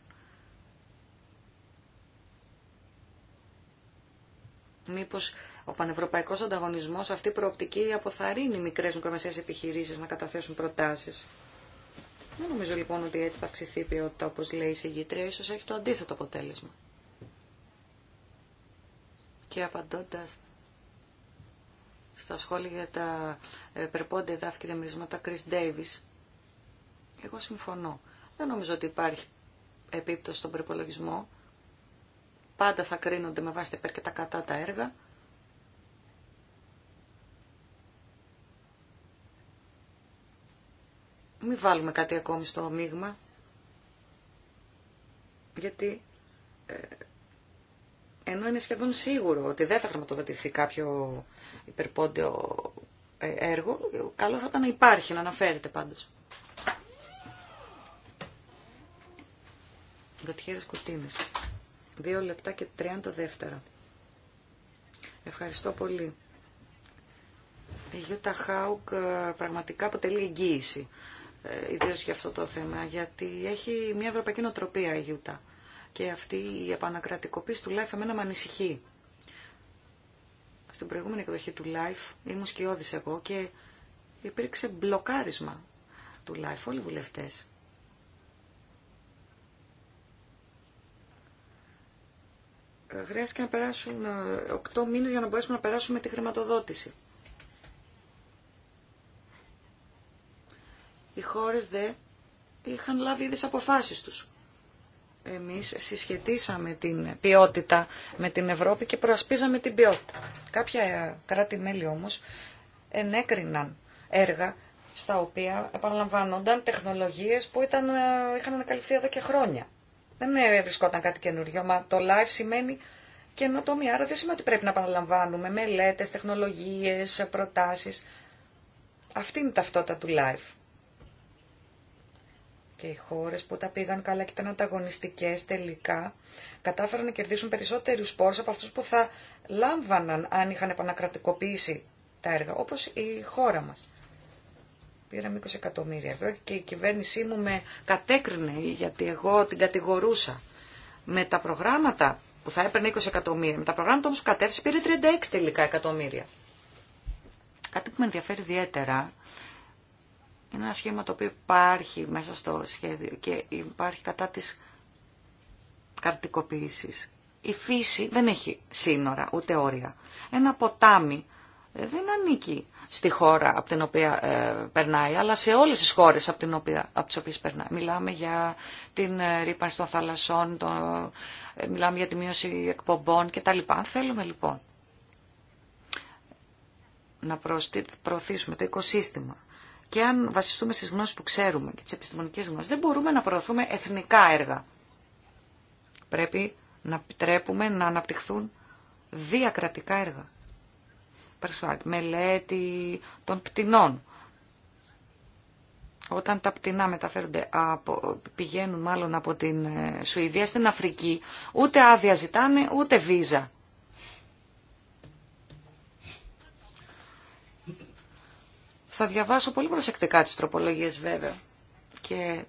Μήπως ο πανευρωπαϊκός ανταγωνισμός, αυτή η προοπτική αποθαρρύνει μικρές μικρομεσαίε επιχειρήσεις να καταθέσουν προτάσεις. Δεν νομίζω λοιπόν ότι έτσι θα αυξηθεί η ποιότητα, όπως λέει η συγγήτρια, ίσως έχει το αντίθετο αποτέλεσμα. Και απαντώντας στα σχόλια για τα ε, περπόντα εδάφη και διαμερίσματα Chris Davis. Εγώ συμφωνώ. Δεν νομίζω ότι υπάρχει επίπτωση στον προπολογισμό. Πάντα θα κρίνονται με βάση τα υπέρ και τα κατά τα έργα. Μην βάλουμε κάτι ακόμη στο μείγμα, γιατί ε, ενώ είναι σχεδόν σίγουρο ότι δεν θα χρηματοδοτηθεί κάποιο υπερπόντιο ε, έργο, καλό θα ήταν να υπάρχει, να αναφέρεται πάντως. Γκατιέρες Κουτίνες. Δύο λεπτά και τριάντα δεύτερα. Ευχαριστώ πολύ. Η Γιούτα Χάουκ ε, πραγματικά αποτελεί εγγύηση, ε, ιδίως για αυτό το θέμα, γιατί έχει μια ευρωπαϊκή νοοτροπία η Γιούτα και αυτή η επανακρατικοποίηση του Life εμένα με ανησυχεί. Στην προηγούμενη εκδοχή του Life ήμουν σκιώδης εγώ και υπήρξε μπλοκάρισμα του Life, όλοι οι βουλευτές. Χρειάστηκε να περάσουν 8 ε, μήνες για να μπορέσουμε να περάσουμε τη χρηματοδότηση. Οι χώρες δε είχαν λάβει ήδη αποφάσεις τους εμείς συσχετίσαμε την ποιότητα με την Ευρώπη και προασπίζαμε την ποιότητα. Κάποια κράτη-μέλη όμως ενέκριναν έργα στα οποία επαναλαμβανόνταν τεχνολογίες που ήταν, ε, είχαν ανακαλυφθεί εδώ και χρόνια. Δεν ε, βρισκόταν κάτι καινούριο, μα το live σημαίνει καινοτομία. Άρα δεν σημαίνει ότι πρέπει να επαναλαμβάνουμε μελέτες, τεχνολογίες, προτάσεις. Αυτή είναι η ταυτότητα του live και οι χώρες που τα πήγαν καλά και ήταν ανταγωνιστικές τελικά κατάφεραν να κερδίσουν περισσότερους πόρους από αυτούς που θα λάμβαναν αν είχαν επανακρατικοποιήσει τα έργα, όπως η χώρα μας. Πήραμε 20 εκατομμύρια ευρώ και η κυβέρνησή μου με κατέκρινε γιατί εγώ την κατηγορούσα με τα προγράμματα που θα έπαιρνε 20 εκατομμύρια. Με τα προγράμματα όμως που κατέθεσε πήρε 36 τελικά εκατομμύρια. Κάτι που με ενδιαφέρει ιδιαίτερα είναι ένα σχήμα το οποίο υπάρχει μέσα στο σχέδιο και υπάρχει κατά της καρτικοποίησης. Η φύση δεν έχει σύνορα ούτε όρια. Ένα ποτάμι ε, δεν ανήκει στη χώρα από την οποία ε, περνάει, αλλά σε όλες τις χώρες από, την οποία, από τις οποίες περνάει. Μιλάμε για την ε, ρήπανση των θαλασσών, το, μιλάμε για τη μείωση εκπομπών κτλ. Αν θέλουμε λοιπόν να προωθήσουμε το οικοσύστημα και αν βασιστούμε στις γνώσεις που ξέρουμε και τις επιστημονικές γνώσεις, δεν μπορούμε να προωθούμε εθνικά έργα. Πρέπει να επιτρέπουμε να αναπτυχθούν διακρατικά έργα. Μελέτη των πτηνών. Όταν τα πτηνά μεταφέρονται, από, πηγαίνουν μάλλον από την ε, Σουηδία στην Αφρική, ούτε άδεια ζητάνε, ούτε βίζα. Θα διαβάσω πολύ προσεκτικά τις τροπολογίες βέβαια και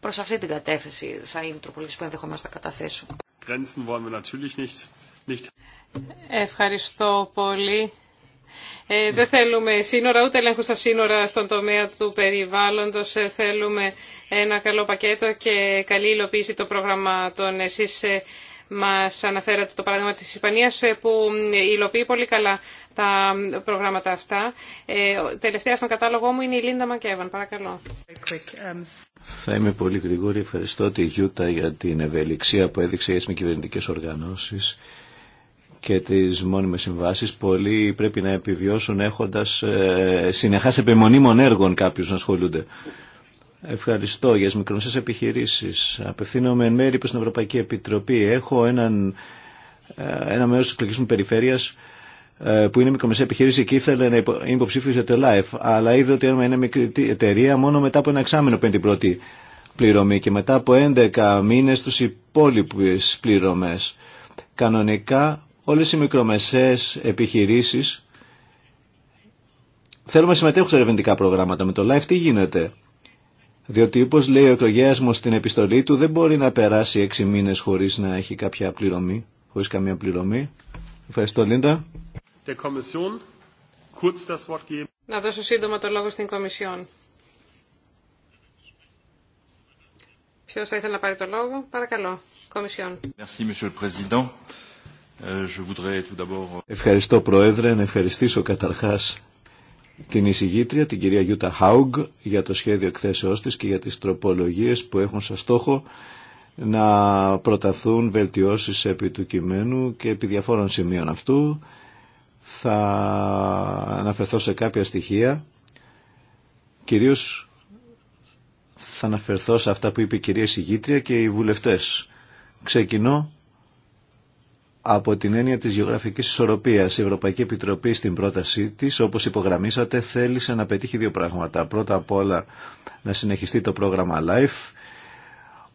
προς αυτή την κατεύθυνση θα είναι τροπολογίες που ενδεχομένως θα καταθέσω. Ευχαριστώ πολύ. Ε, δεν θέλουμε σύνορα, ούτε ελέγχου στα σύνορα στον τομέα του περιβάλλοντος. Ε, θέλουμε ένα καλό πακέτο και καλή υλοποίηση των προγραμμάτων. Ε, μας αναφέρατε το παράδειγμα της Ισπανίας ε, που υλοποιεί πολύ καλά τα προγράμματα αυτά. Ε, τελευταία στον κατάλογό μου είναι η Λίντα Μακέβαν. Παρακαλώ. Um, Θα είμαι πολύ γρήγορη. Ευχαριστώ τη Γιούτα για την ευελιξία που έδειξε για τις μη κυβερνητικές οργανώσεις και τις μόνιμες συμβάσεις πολλοί πρέπει να επιβιώσουν έχοντας ε, συνεχάς επιμονήμων έργων κάποιους να ασχολούνται. Ευχαριστώ για τι μικρομεσαίες επιχειρήσει. Απευθύνομαι εν μέρη προ την Ευρωπαϊκή Επιτροπή. Έχω έναν, ε, ένα μέρο τη εκλογική μου περιφέρειας ε, που είναι μικρομεσαία επιχειρήση και ήθελε να είναι υποψήφιο το Life. Αλλά είδε ότι είναι μικρή εταιρεία μόνο μετά από ένα εξάμεινο πέντε πρώτη πληρωμή και μετά από 11 μήνε τους υπόλοιπου πληρωμές. Κανονικά όλε οι μικρομεσαίες επιχειρήσει θέλουμε να συμμετέχουν σε ερευνητικά προγράμματα. Με το Life τι γίνεται. Διότι όπως λέει ο εκλογέας μου στην επιστολή του δεν μπορεί να περάσει έξι μήνες χωρίς να έχει κάποια πληρωμή, χωρίς καμία πληρωμή. Ευχαριστώ Λίντα. Να δώσω σύντομα το λόγο στην Κομισιόν. Ποιο θα ήθελε να πάρει το λόγο, παρακαλώ. Κομισιόν. Euh, Ευχαριστώ Πρόεδρε, να ευχαριστήσω καταρχάς την εισηγήτρια, την κυρία Γιούτα Χάουγκ, για το σχέδιο εκθέσεώς της και για τις τροπολογίες που έχουν σαν στόχο να προταθούν βελτιώσεις επί του κειμένου και επί διαφόρων σημείων αυτού. Θα αναφερθώ σε κάποια στοιχεία. Κυρίως θα αναφερθώ σε αυτά που είπε η κυρία εισηγήτρια και οι βουλευτές. Ξεκινώ από την έννοια της γεωγραφικής ισορροπίας, η Ευρωπαϊκή Επιτροπή στην πρότασή της, όπως υπογραμμίσατε, θέλησε να πετύχει δύο πράγματα. Πρώτα απ' όλα να συνεχιστεί το πρόγραμμα LIFE,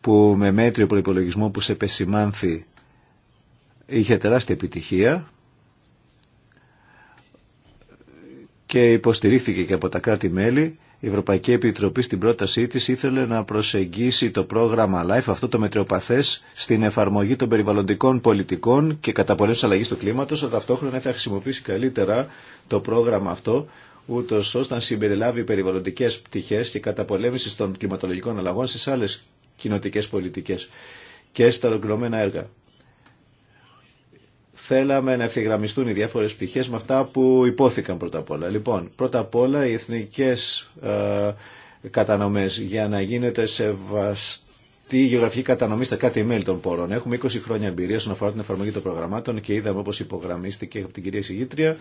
που με μέτριο προϋπολογισμό που σε πεσημάνθη είχε τεράστια επιτυχία και υποστηρίχθηκε και από τα κράτη-μέλη η Ευρωπαϊκή Επιτροπή στην πρότασή τη ήθελε να προσεγγίσει το πρόγραμμα LIFE, αυτό το μετριοπαθέ στην εφαρμογή των περιβαλλοντικών πολιτικών και καταπολέμηση αλλαγή του κλίματος, αλλά ταυτόχρονα θα χρησιμοποιήσει καλύτερα το πρόγραμμα αυτό, ούτω ώστε να συμπεριλάβει περιβαλλοντικές πτυχές και καταπολέμηση των κλιματολογικών αλλαγών στι άλλε κοινοτικέ πολιτικέ και στα ολοκληρωμένα έργα θέλαμε να ευθυγραμμιστούν οι διάφορε πτυχέ με αυτά που υπόθηκαν πρώτα απ' όλα. Λοιπόν, πρώτα απ' όλα οι εθνικέ ε, κατανομέ για να γίνεται σεβαστή η γεωγραφική κατανομή στα κάτι μέλη των πόρων. Έχουμε 20 χρόνια εμπειρία όσον αφορά την εφαρμογή των προγραμμάτων και είδαμε όπω υπογραμμίστηκε από την κυρία Συγήτρια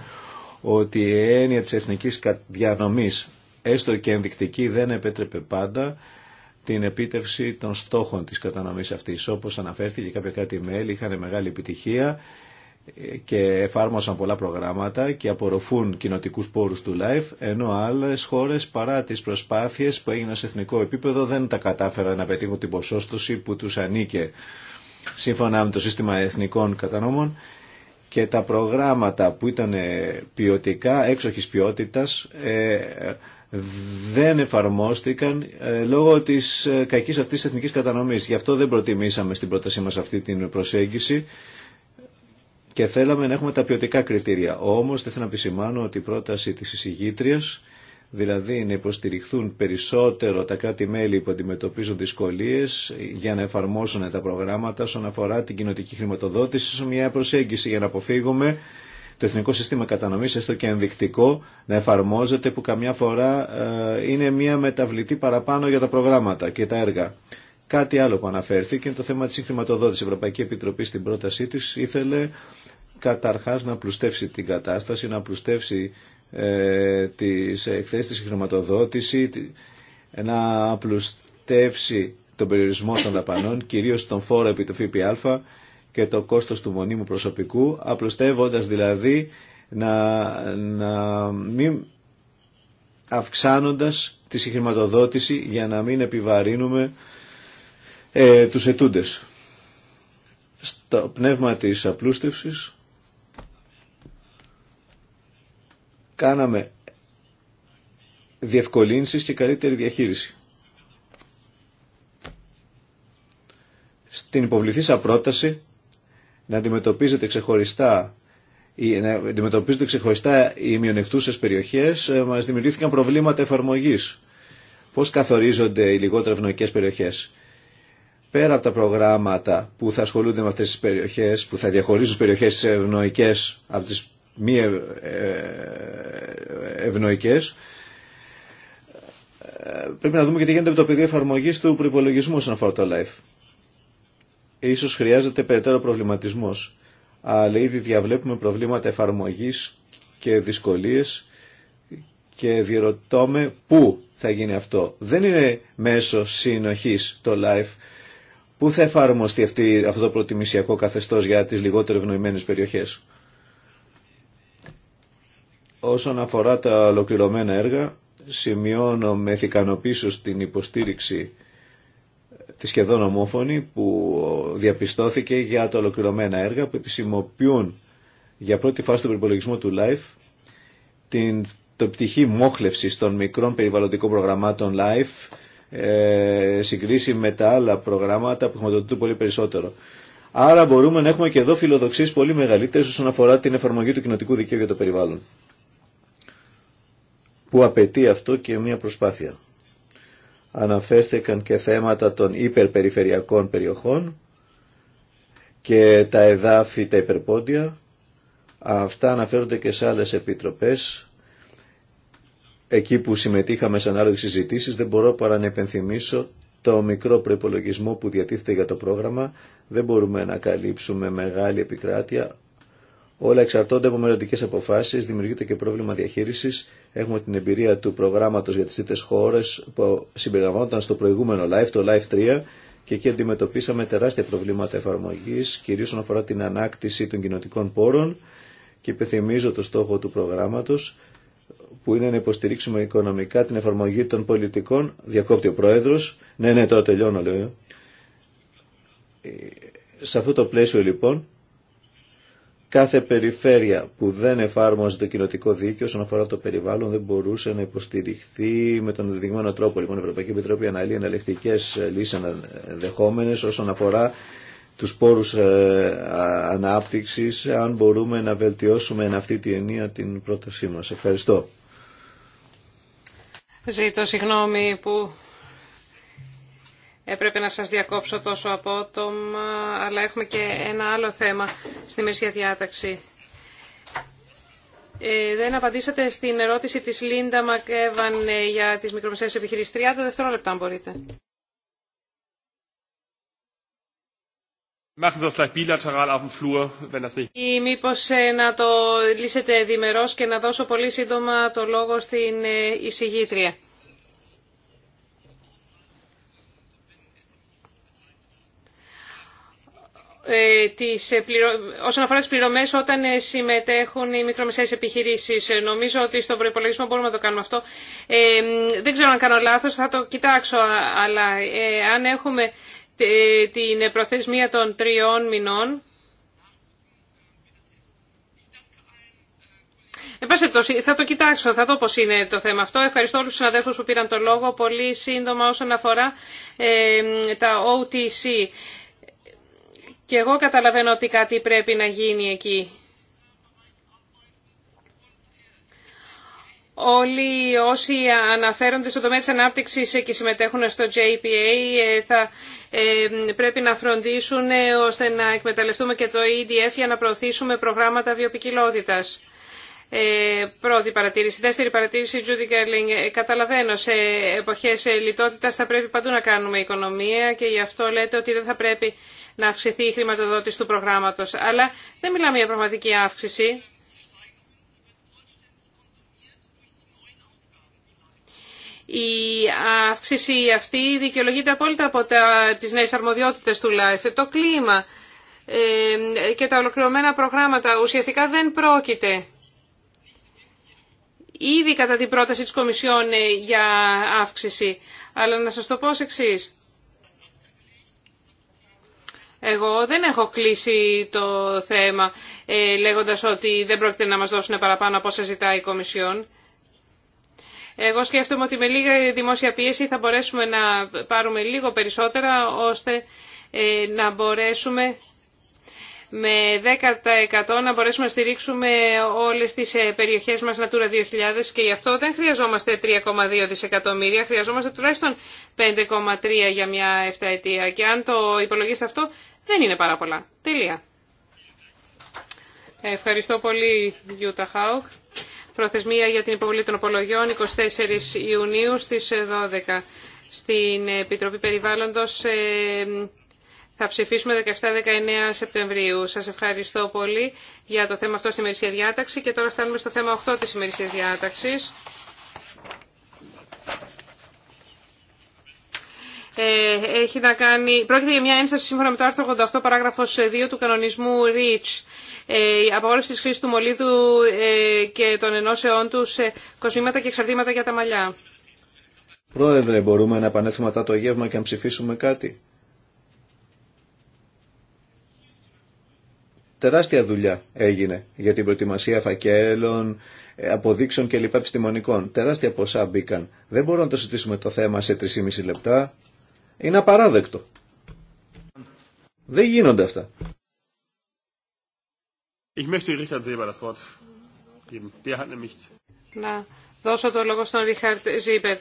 ότι η έννοια τη Εθνική διανομή έστω και ενδεικτική δεν επέτρεπε πάντα την επίτευξη των στόχων τη κατανομής αυτή. Όπω αναφέρθηκε κάποια κάτι μέλη είχαν μεγάλη επιτυχία και εφάρμοσαν πολλά προγράμματα και απορροφούν κοινοτικούς πόρους του LIFE, ενώ άλλες χώρες παρά τις προσπάθειες που έγιναν σε εθνικό επίπεδο δεν τα κατάφεραν να πετύχουν την ποσόστοση που τους ανήκε σύμφωνα με το σύστημα εθνικών κατανόμων και τα προγράμματα που ήταν ποιοτικά, έξοχης ποιότητας, ε, δεν εφαρμόστηκαν ε, λόγω της ε, κακής αυτής της εθνικής κατανομής. Γι' αυτό δεν προτιμήσαμε στην πρότασή μας αυτή την προσέγγιση και θέλαμε να έχουμε τα ποιοτικά κριτήρια. Όμως δεν θέλω να επισημάνω ότι η πρόταση της εισηγήτριας, δηλαδή να υποστηριχθούν περισσότερο τα κράτη-μέλη που αντιμετωπίζουν δυσκολίες για να εφαρμόσουν τα προγράμματα όσον αφορά την κοινοτική χρηματοδότηση, μια προσέγγιση για να αποφύγουμε το εθνικό σύστημα κατανομής, έστω και ενδεικτικό, να εφαρμόζεται που καμιά φορά ε, είναι μια μεταβλητή παραπάνω για τα προγράμματα και τα έργα. Κάτι άλλο που αναφέρθηκε είναι το θέμα της χρηματοδότησης. Η Ευρωπαϊκή Επιτροπή στην πρότασή της ήθελε καταρχάς να πλουστεύσει την κατάσταση, να πλουστεύσει ε, τις εκθέσεις, της χρηματοδότηση, να πλουστεύσει τον περιορισμό των δαπανών, κυρίως τον φόρο επί του ΦΠΑ και το κόστος του μονίμου προσωπικού, απλουστεύοντας δηλαδή να, να μην αυξάνοντας τη συγχρηματοδότηση για να μην επιβαρύνουμε ε, τους ετούντες. Στο πνεύμα της απλούστευσης κάναμε διευκολύνσεις και καλύτερη διαχείριση. Στην υποβληθήσα πρόταση να ξεχωριστά να αντιμετωπίζονται ξεχωριστά οι μειονεκτούσες περιοχές, ε, μας δημιουργήθηκαν προβλήματα εφαρμογής. Πώς καθορίζονται οι λιγότερο ευνοϊκές περιοχές. Πέρα από τα προγράμματα που θα ασχολούνται με αυτές τις περιοχές, που θα διαχωρίζουν τις περιοχές ευνοϊκές από τις μη ε, ευνοϊκές, ε, πρέπει να δούμε και τι γίνεται με το πεδίο εφαρμογή του προπολογισμού όσον αφορά το LIFE. Ίσως χρειάζεται περαιτέρω προβληματισμός, αλλά ήδη διαβλέπουμε προβλήματα εφαρμογή και δυσκολίες και διερωτώμε πού θα γίνει αυτό. Δεν είναι μέσω συνοχή το LIFE που θα εφαρμοστεί αυτή, αυτό το προτιμησιακό καθεστώ για τι λιγότερο ευνοημένε περιοχέ. Όσον αφορά τα ολοκληρωμένα έργα, σημειώνω με θικανοποίησο την υποστήριξη τη σχεδόν ομόφωνη που διαπιστώθηκε για τα ολοκληρωμένα έργα που επισημοποιούν για πρώτη φάση του περιπολογισμού του LIFE την, το πτυχή μόχλευση των μικρών περιβαλλοντικών προγραμμάτων LIFE ε, με τα άλλα προγράμματα που χρηματοδοτούν πολύ περισσότερο. Άρα μπορούμε να έχουμε και εδώ φιλοδοξίες πολύ μεγαλύτερες όσον αφορά την εφαρμογή του κοινοτικού δικαίου για το περιβάλλον που απαιτεί αυτό και μια προσπάθεια. Αναφέρθηκαν και θέματα των υπερπεριφερειακών περιοχών και τα εδάφη, τα υπερπόντια. Αυτά αναφέρονται και σε άλλες επιτροπές. Εκεί που συμμετείχαμε σε ανάλογες συζητήσεις δεν μπορώ παρά να επενθυμίσω το μικρό προπολογισμό που διατίθεται για το πρόγραμμα. Δεν μπορούμε να καλύψουμε μεγάλη επικράτεια. Όλα εξαρτώνται από μελλοντικέ αποφάσεις, δημιουργείται και πρόβλημα διαχείρισης Έχουμε την εμπειρία του προγράμματος για τις τρίτες χώρες που συμπεριλαμβάνονταν στο προηγούμενο live, το live 3, και εκεί αντιμετωπίσαμε τεράστια προβλήματα εφαρμογής, κυρίως όσον αφορά την ανάκτηση των κοινοτικών πόρων και υπενθυμίζω το στόχο του προγράμματος που είναι να υποστηρίξουμε οικονομικά την εφαρμογή των πολιτικών. Διακόπτει ο Πρόεδρος. Ναι, ναι, τώρα τελειώνω, λέω. Ε, σε αυτό το πλαίσιο, λοιπόν, Κάθε περιφέρεια που δεν εφάρμοζε το κοινοτικό δίκαιο όσον αφορά το περιβάλλον δεν μπορούσε να υποστηριχθεί με τον δεδειγμένο τρόπο. Λοιπόν, η Ευρωπαϊκή Επιτροπή αναλύει εναλλεκτικέ λύσει ενδεχόμενε όσον αφορά τους πόρους ε, ανάπτυξη. αν μπορούμε να βελτιώσουμε εν αυτή τη ενία την πρότασή μα. Ευχαριστώ. Ζήτω συγγνώμη που Έπρεπε να σας διακόψω τόσο απότομα, αλλά έχουμε και ένα άλλο θέμα στη μέση διάταξη. Ε, δεν απαντήσατε στην ερώτηση της Λίντα Μακέβαν ε, για τις μικρομεσαίες επιχειρήσεις. 30 δευτερόλεπτα, αν μπορείτε. Ή μήπω ε, να το λύσετε διμερός και να δώσω πολύ σύντομα το λόγο στην ε, εισηγήτρια. Ε, τις, ε, όσον αφορά τις πληρωμές όταν ε, συμμετέχουν οι μικρομεσαίες επιχειρήσεις. Νομίζω ότι στον προϋπολογισμό μπορούμε να το κάνουμε αυτό. Ε, δεν ξέρω αν κάνω λάθος, θα το κοιτάξω, αλλά αν έχουμε την προθεσμία των τριών μηνών, Εν πάση θα το κοιτάξω, θα δω πώ είναι το θέμα αυτό. Ευχαριστώ όλου του συναδέλφου που πήραν το λόγο. Πολύ σύντομα όσον αφορά ε, τα OTC. Και εγώ καταλαβαίνω ότι κάτι πρέπει να γίνει εκεί. Όλοι όσοι αναφέρονται στο τομέα της ανάπτυξης και συμμετέχουν στο JPA ε, θα ε, πρέπει να φροντίσουν ε, ώστε να εκμεταλλευτούμε και το EDF για να προωθήσουμε προγράμματα βιοπικιλότητας. Πρώτη παρατήρηση. Δεύτερη παρατήρηση, Judy Gerling. Καταλαβαίνω, σε εποχές λιτότητας θα πρέπει παντού να κάνουμε οικονομία και γι' αυτό λέτε ότι δεν θα πρέπει να αυξηθεί η χρηματοδότηση του προγράμματος. Αλλά δεν μιλάμε για πραγματική αύξηση. Η αύξηση αυτή δικαιολογείται απόλυτα από τα, τις νέες αρμοδιότητες του ΛΑΕΦ. Το κλίμα ε, και τα ολοκληρωμένα προγράμματα ουσιαστικά δεν πρόκειται ήδη κατά την πρόταση της Κομισιόν ε, για αύξηση. Αλλά να σας το πω εξής. Εγώ δεν έχω κλείσει το θέμα ε, λέγοντας ότι δεν πρόκειται να μας δώσουν παραπάνω από όσα ζητάει η Κομισιόν. Εγώ σκέφτομαι ότι με λίγα δημόσια πίεση θα μπορέσουμε να πάρουμε λίγο περισσότερα ώστε ε, να μπορέσουμε με 10% να μπορέσουμε να στηρίξουμε όλες τις ε, περιοχές μας Natura 2000 και γι' αυτό δεν χρειαζόμαστε 3,2 δισεκατομμύρια, χρειαζόμαστε τουλάχιστον 5,3 για μια 7 ετία. Και αν το υπολογίσετε αυτό δεν είναι πάρα πολλά. Τελεία. Ευχαριστώ πολύ, Γιούτα Χάουκ. Προθεσμία για την υποβολή των απολογιών 24 Ιουνίου στις 12. Στην Επιτροπή Περιβάλλοντος ε, θα ψηφίσουμε 17-19 Σεπτεμβρίου. Σας ευχαριστώ πολύ για το θέμα αυτό στη ημερησία διάταξη και τώρα φτάνουμε στο θέμα 8 της ημερησίας διάταξης. Ε, έχει να κάνει, πρόκειται για μια ένσταση σύμφωνα με το άρθρο 88 παράγραφος 2 ε, του κανονισμού REACH. Ε, η απαγόρευση της χρήσης του μολύδου και των ενώσεών του σε κοσμήματα και εξαρτήματα για τα μαλλιά. Πρόεδρε, μπορούμε να επανέλθουμε μετά το γεύμα και να ψηφίσουμε κάτι. Τεράστια δουλειά έγινε για την προετοιμασία φακέλων, αποδείξεων λοιπά επιστημονικών. Τεράστια ποσά μπήκαν. Δεν μπορούμε να το συζητήσουμε το θέμα σε 3,5 λεπτά. Είναι απαράδεκτο. Δεν γίνονται αυτά. Ich möchte Richard Seber das Wort geben. Der hat nämlich... Να δώσω το λόγο στον Ρίχαρτ Ζήπερ.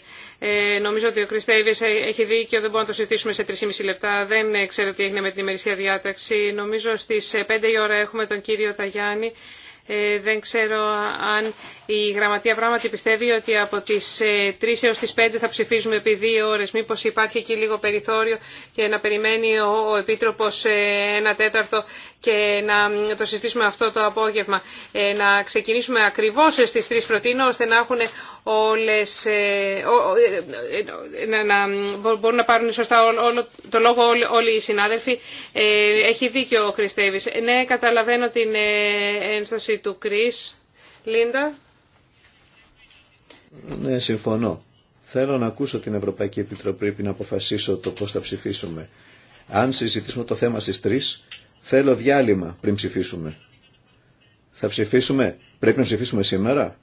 νομίζω ότι ο Κριστέιβε έχει δίκιο, δεν μπορούμε να το συζητήσουμε σε 3,5 λεπτά. Δεν ε, ξέρω τι έγινε με την ημερησία διάταξη. Νομίζω στι 5 η ώρα έχουμε τον κύριο Ταγιάννη. Ε, δεν ξέρω αν η Γραμματεία πράγματι πιστεύει ότι από τις 3 έω τι 5 θα ψηφίζουμε επί δύο ώρε. Μήπω υπάρχει εκεί λίγο περιθώριο και να περιμένει ο Επίτροπος ε, ένα τέταρτο και να το συζητήσουμε αυτό το απόγευμα. Ε, να ξεκινήσουμε ακριβώ στι 3 προτείνω ώστε να έχουν όλες... Ε, να μπορούν να πάρουν σωστά το λόγο όλοι οι συνάδελφοι. Έχει δίκιο ο Χριστέβης. Ναι, καταλαβαίνω την ένσταση του Κρίς. Λίντα. Ναι, συμφωνώ. Θέλω να ακούσω την Ευρωπαϊκή Επιτροπή να αποφασίσω το πώς θα ψηφίσουμε. Αν συζητήσουμε το θέμα στις 3, θέλω διάλειμμα πριν ψηφίσουμε. Θα ψηφίσουμε, πρέπει να ψηφίσουμε σήμερα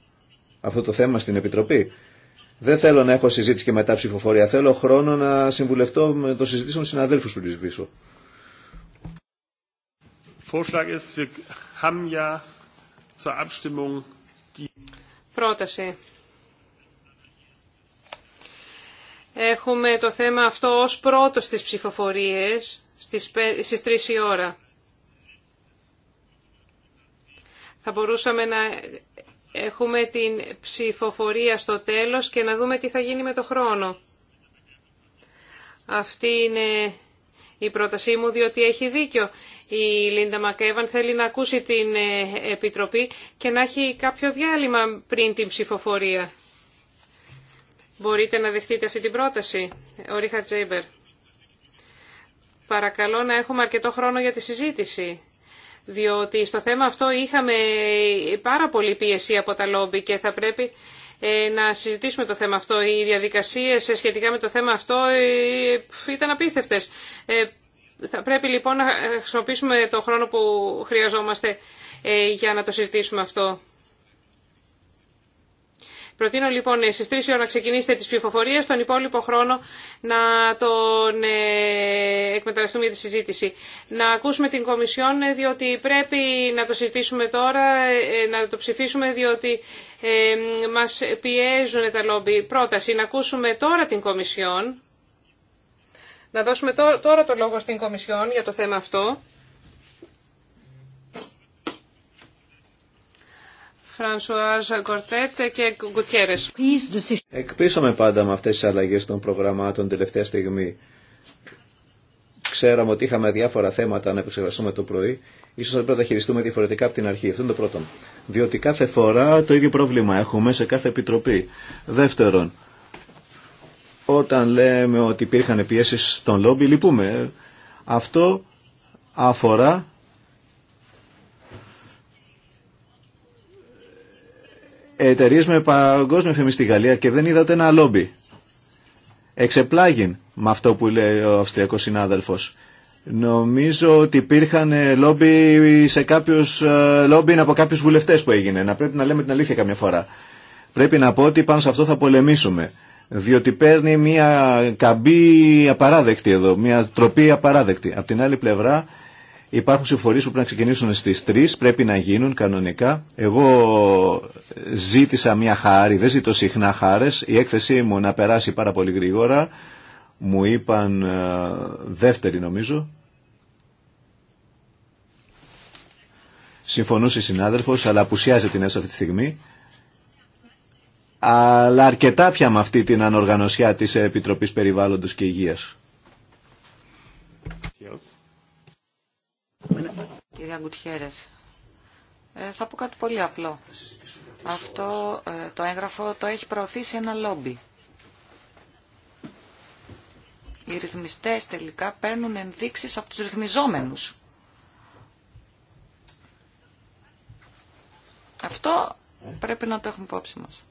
αυτό το θέμα στην Επιτροπή. Δεν θέλω να έχω συζήτηση και μετά ψηφοφορία. Θέλω χρόνο να συμβουλευτώ με το συζητήσω με συναδέλφους που ψηφίσω. Πρόταση έχουμε το θέμα αυτό ως πρώτο στις ψηφοφορίες στις 3 η ώρα. Θα μπορούσαμε να έχουμε την ψηφοφορία στο τέλος και να δούμε τι θα γίνει με το χρόνο. Αυτή είναι η πρότασή μου, διότι έχει δίκιο. Η Λίντα Μακέβαν θέλει να ακούσει την ε, Επιτροπή και να έχει κάποιο διάλειμμα πριν την ψηφοφορία. Μπορείτε να δεχτείτε αυτή την πρόταση, ο Ρίχαρτ Τζέιμπερ. Παρακαλώ να έχουμε αρκετό χρόνο για τη συζήτηση, διότι στο θέμα αυτό είχαμε πάρα πολύ πίεση από τα λόμπι και θα πρέπει ε, να συζητήσουμε το θέμα αυτό. Οι διαδικασίες ε, σχετικά με το θέμα αυτό ε, ήταν απίστευτες. Θα πρέπει λοιπόν να χρησιμοποιήσουμε το χρόνο που χρειαζόμαστε για να το συζητήσουμε αυτό. Προτείνω λοιπόν στι 3 ώρα να ξεκινήσετε τι ψηφοφορίε, τον υπόλοιπο χρόνο να τον ε, εκμεταλλευτούμε για τη συζήτηση. Να ακούσουμε την Κομισιόν, ε, διότι πρέπει να το συζητήσουμε τώρα, ε, να το ψηφίσουμε, διότι μας πιέζουν τα λόμπι. Πρόταση, να ακούσουμε τώρα την Κομισιόν, να δώσουμε τώρα το λόγο στην Κομισιόν για το θέμα αυτό. Φρανσουάζ Κορτέτ και πάντα με αυτέ τι αλλαγέ των προγραμμάτων τελευταία στιγμή. Ξέραμε ότι είχαμε διάφορα θέματα να επεξεργαστούμε το πρωί. Ίσως πρέπει να τα χειριστούμε διαφορετικά από την αρχή. Αυτό είναι το πρώτο. Διότι κάθε φορά το ίδιο πρόβλημα έχουμε σε κάθε επιτροπή. Δεύτερον, όταν λέμε ότι υπήρχαν πιέσει στον λόμπι, λυπούμε. Αυτό αφορά εταιρείε με παγκόσμιο φήμη στη Γαλλία και δεν είδα ούτε ένα λόμπι. Εξεπλάγιν με αυτό που λέει ο Αυστριακό συνάδελφο. Νομίζω ότι υπήρχαν ε, λόμπι σε κάποιους, ε, λόμπι από κάποιου βουλευτέ που έγινε. Να πρέπει να λέμε την αλήθεια καμιά φορά. Πρέπει να πω ότι πάνω σε αυτό θα πολεμήσουμε. Διότι παίρνει μια καμπή απαράδεκτη εδώ, μια τροπή απαράδεκτη. Απ' την άλλη πλευρά Υπάρχουν συμφορίες που πρέπει να ξεκινήσουν στις 3, πρέπει να γίνουν κανονικά. Εγώ ζήτησα μια χάρη, δεν ζητώ συχνά χάρες. Η έκθεσή μου να περάσει πάρα πολύ γρήγορα. Μου είπαν ε, δεύτερη νομίζω. Συμφωνούσε συνάδελφος, αλλά απουσιάζει την έσω αυτή τη στιγμή. Αλλά αρκετά πια με αυτή την ανοργανωσιά της Επιτροπής Περιβάλλοντος και Υγείας. Κυρία Γκουτιέρεφ, ε, θα πω κάτι πολύ απλό. Αυτό ε, το έγγραφο το έχει προωθήσει ένα λόμπι. Οι ρυθμιστές τελικά παίρνουν ενδείξεις από τους ρυθμιζόμενους. Αυτό πρέπει να το έχουμε υπόψη μας.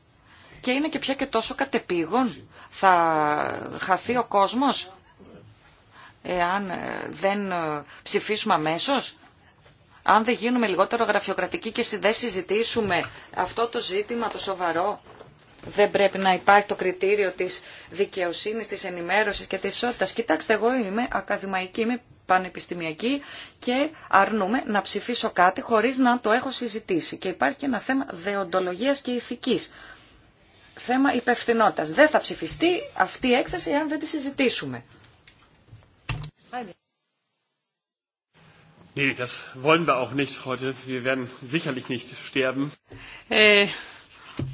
Και είναι και πια και τόσο κατεπήγον. Θα χαθεί ο κόσμος εάν ε, δεν ε, ψηφίσουμε αμέσω. Αν δεν γίνουμε λιγότερο γραφειοκρατικοί και δεν συζητήσουμε αυτό το ζήτημα το σοβαρό, δεν πρέπει να υπάρχει το κριτήριο της δικαιοσύνης, της ενημέρωσης και της ισότητας. Κοιτάξτε, εγώ είμαι ακαδημαϊκή, είμαι πανεπιστημιακή και αρνούμε να ψηφίσω κάτι χωρίς να το έχω συζητήσει. Και υπάρχει και ένα θέμα δεοντολογίας και ηθικής. Θέμα υπευθυνότητα. Δεν θα ψηφιστεί αυτή η έκθεση αν δεν τη συζητήσουμε wollen wir auch nicht heute. Wir werden sicherlich nicht sterben. Ε,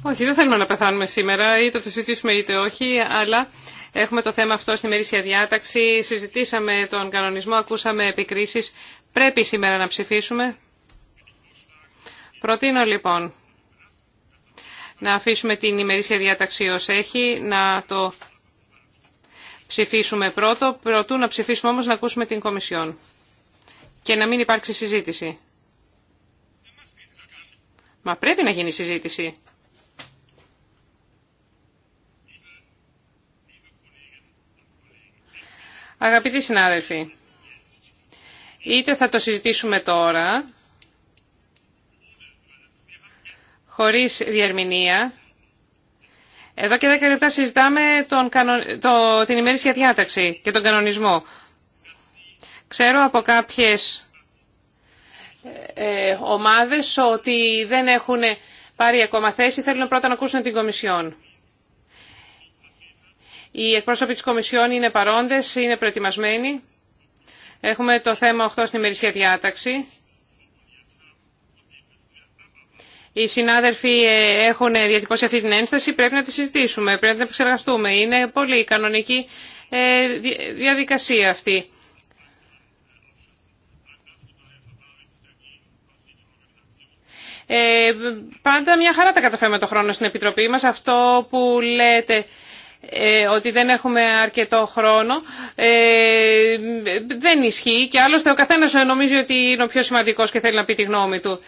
όχι, δεν θέλουμε να πεθάνουμε σήμερα, είτε το συζητήσουμε είτε όχι, αλλά έχουμε το θέμα αυτό στη μερίσια διάταξη. Συζητήσαμε τον κανονισμό, ακούσαμε επικρίσεις. Πρέπει σήμερα να ψηφίσουμε. Προτείνω λοιπόν να αφήσουμε την ημερήσια διάταξη ως έχει, να το ψηφίσουμε πρώτο, προτού να ψηφίσουμε όμως να ακούσουμε την Κομισιόν και να μην υπάρξει συζήτηση. Μα πρέπει να γίνει συζήτηση. Αγαπητοί συνάδελφοι, είτε θα το συζητήσουμε τώρα, χωρίς διαρμηνία... Εδώ και δέκα λεπτά συζητάμε τον την ημερήσια διάταξη και τον κανονισμό. Ξέρω από κάποιες ε, ε, ομάδες ότι δεν έχουν πάρει ακόμα θέση. Θέλουν πρώτα να ακούσουν την Κομισιόν. Οι εκπρόσωποι της Κομισιόν είναι παρόντες, είναι προετοιμασμένοι. Έχουμε το θέμα 8 στην ημερησία διάταξη. οι συνάδελφοι ε, έχουν ε, διατυπώσει αυτή την ένσταση, πρέπει να τη συζητήσουμε, πρέπει να επεξεργαστούμε. Είναι πολύ κανονική ε, διαδικασία αυτή. Ε, πάντα μια χαρά τα καταφέρουμε το χρόνο στην Επιτροπή μας. Αυτό που λέτε ότι δεν έχουμε αρκετό χρόνο δεν ισχύει και άλλωστε ο καθένας νομίζει ότι είναι ο πιο σημαντικός και θέλει να πει τη γνώμη του.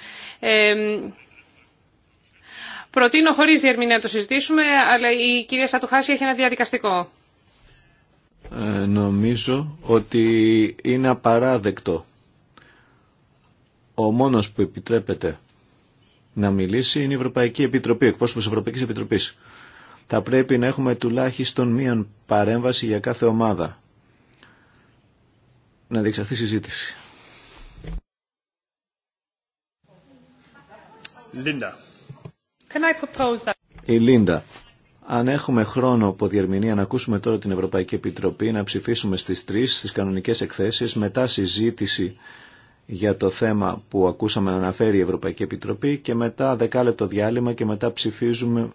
Προτείνω χωρίς διερμηνία να το συζητήσουμε, αλλά η κυρία Σατουχάση έχει ένα διαδικαστικό. Ε, νομίζω ότι είναι απαράδεκτο. Ο μόνος που επιτρέπεται να μιλήσει είναι η Ευρωπαϊκή Επιτροπή, εκπρόσωπο εκπρόσωπος της Ευρωπαϊκής Επιτροπής. Θα πρέπει να έχουμε τουλάχιστον μία παρέμβαση για κάθε ομάδα. Να διεξαχθεί συζήτηση. Linda. Η Λίντα. Αν έχουμε χρόνο από διερμηνία να ακούσουμε τώρα την Ευρωπαϊκή Επιτροπή να ψηφίσουμε στις τρεις, στις κανονικές εκθέσεις μετά συζήτηση για το θέμα που ακούσαμε να αναφέρει η Ευρωπαϊκή Επιτροπή και μετά δεκάλεπτο διάλειμμα και μετά ψηφίζουμε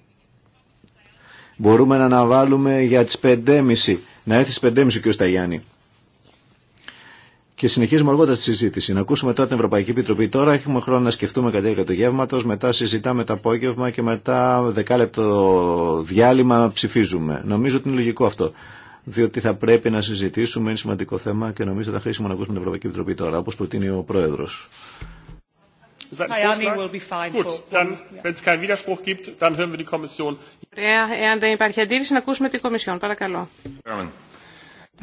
μπορούμε να αναβάλουμε για τις 5.30 να έρθει στις 5.30 ο κ. Σταγιάννη και συνεχίζουμε αργότερα τη συζήτηση. Να ακούσουμε τώρα την Ευρωπαϊκή Επιτροπή. Τώρα έχουμε χρόνο να σκεφτούμε κατά τη του γεύματο, μετά συζητάμε το απόγευμα και μετά δεκάλεπτο διάλειμμα ψηφίζουμε. Νομίζω ότι είναι λογικό αυτό. Διότι θα πρέπει να συζητήσουμε, είναι σημαντικό θέμα και νομίζω ότι θα χρήσιμο να ακούσουμε την Ευρωπαϊκή Επιτροπή τώρα, όπω προτείνει ο Πρόεδρο. εάν δεν υπάρχει αντίρρηση, να ακούσουμε την Κομισιόν. Παρακαλώ.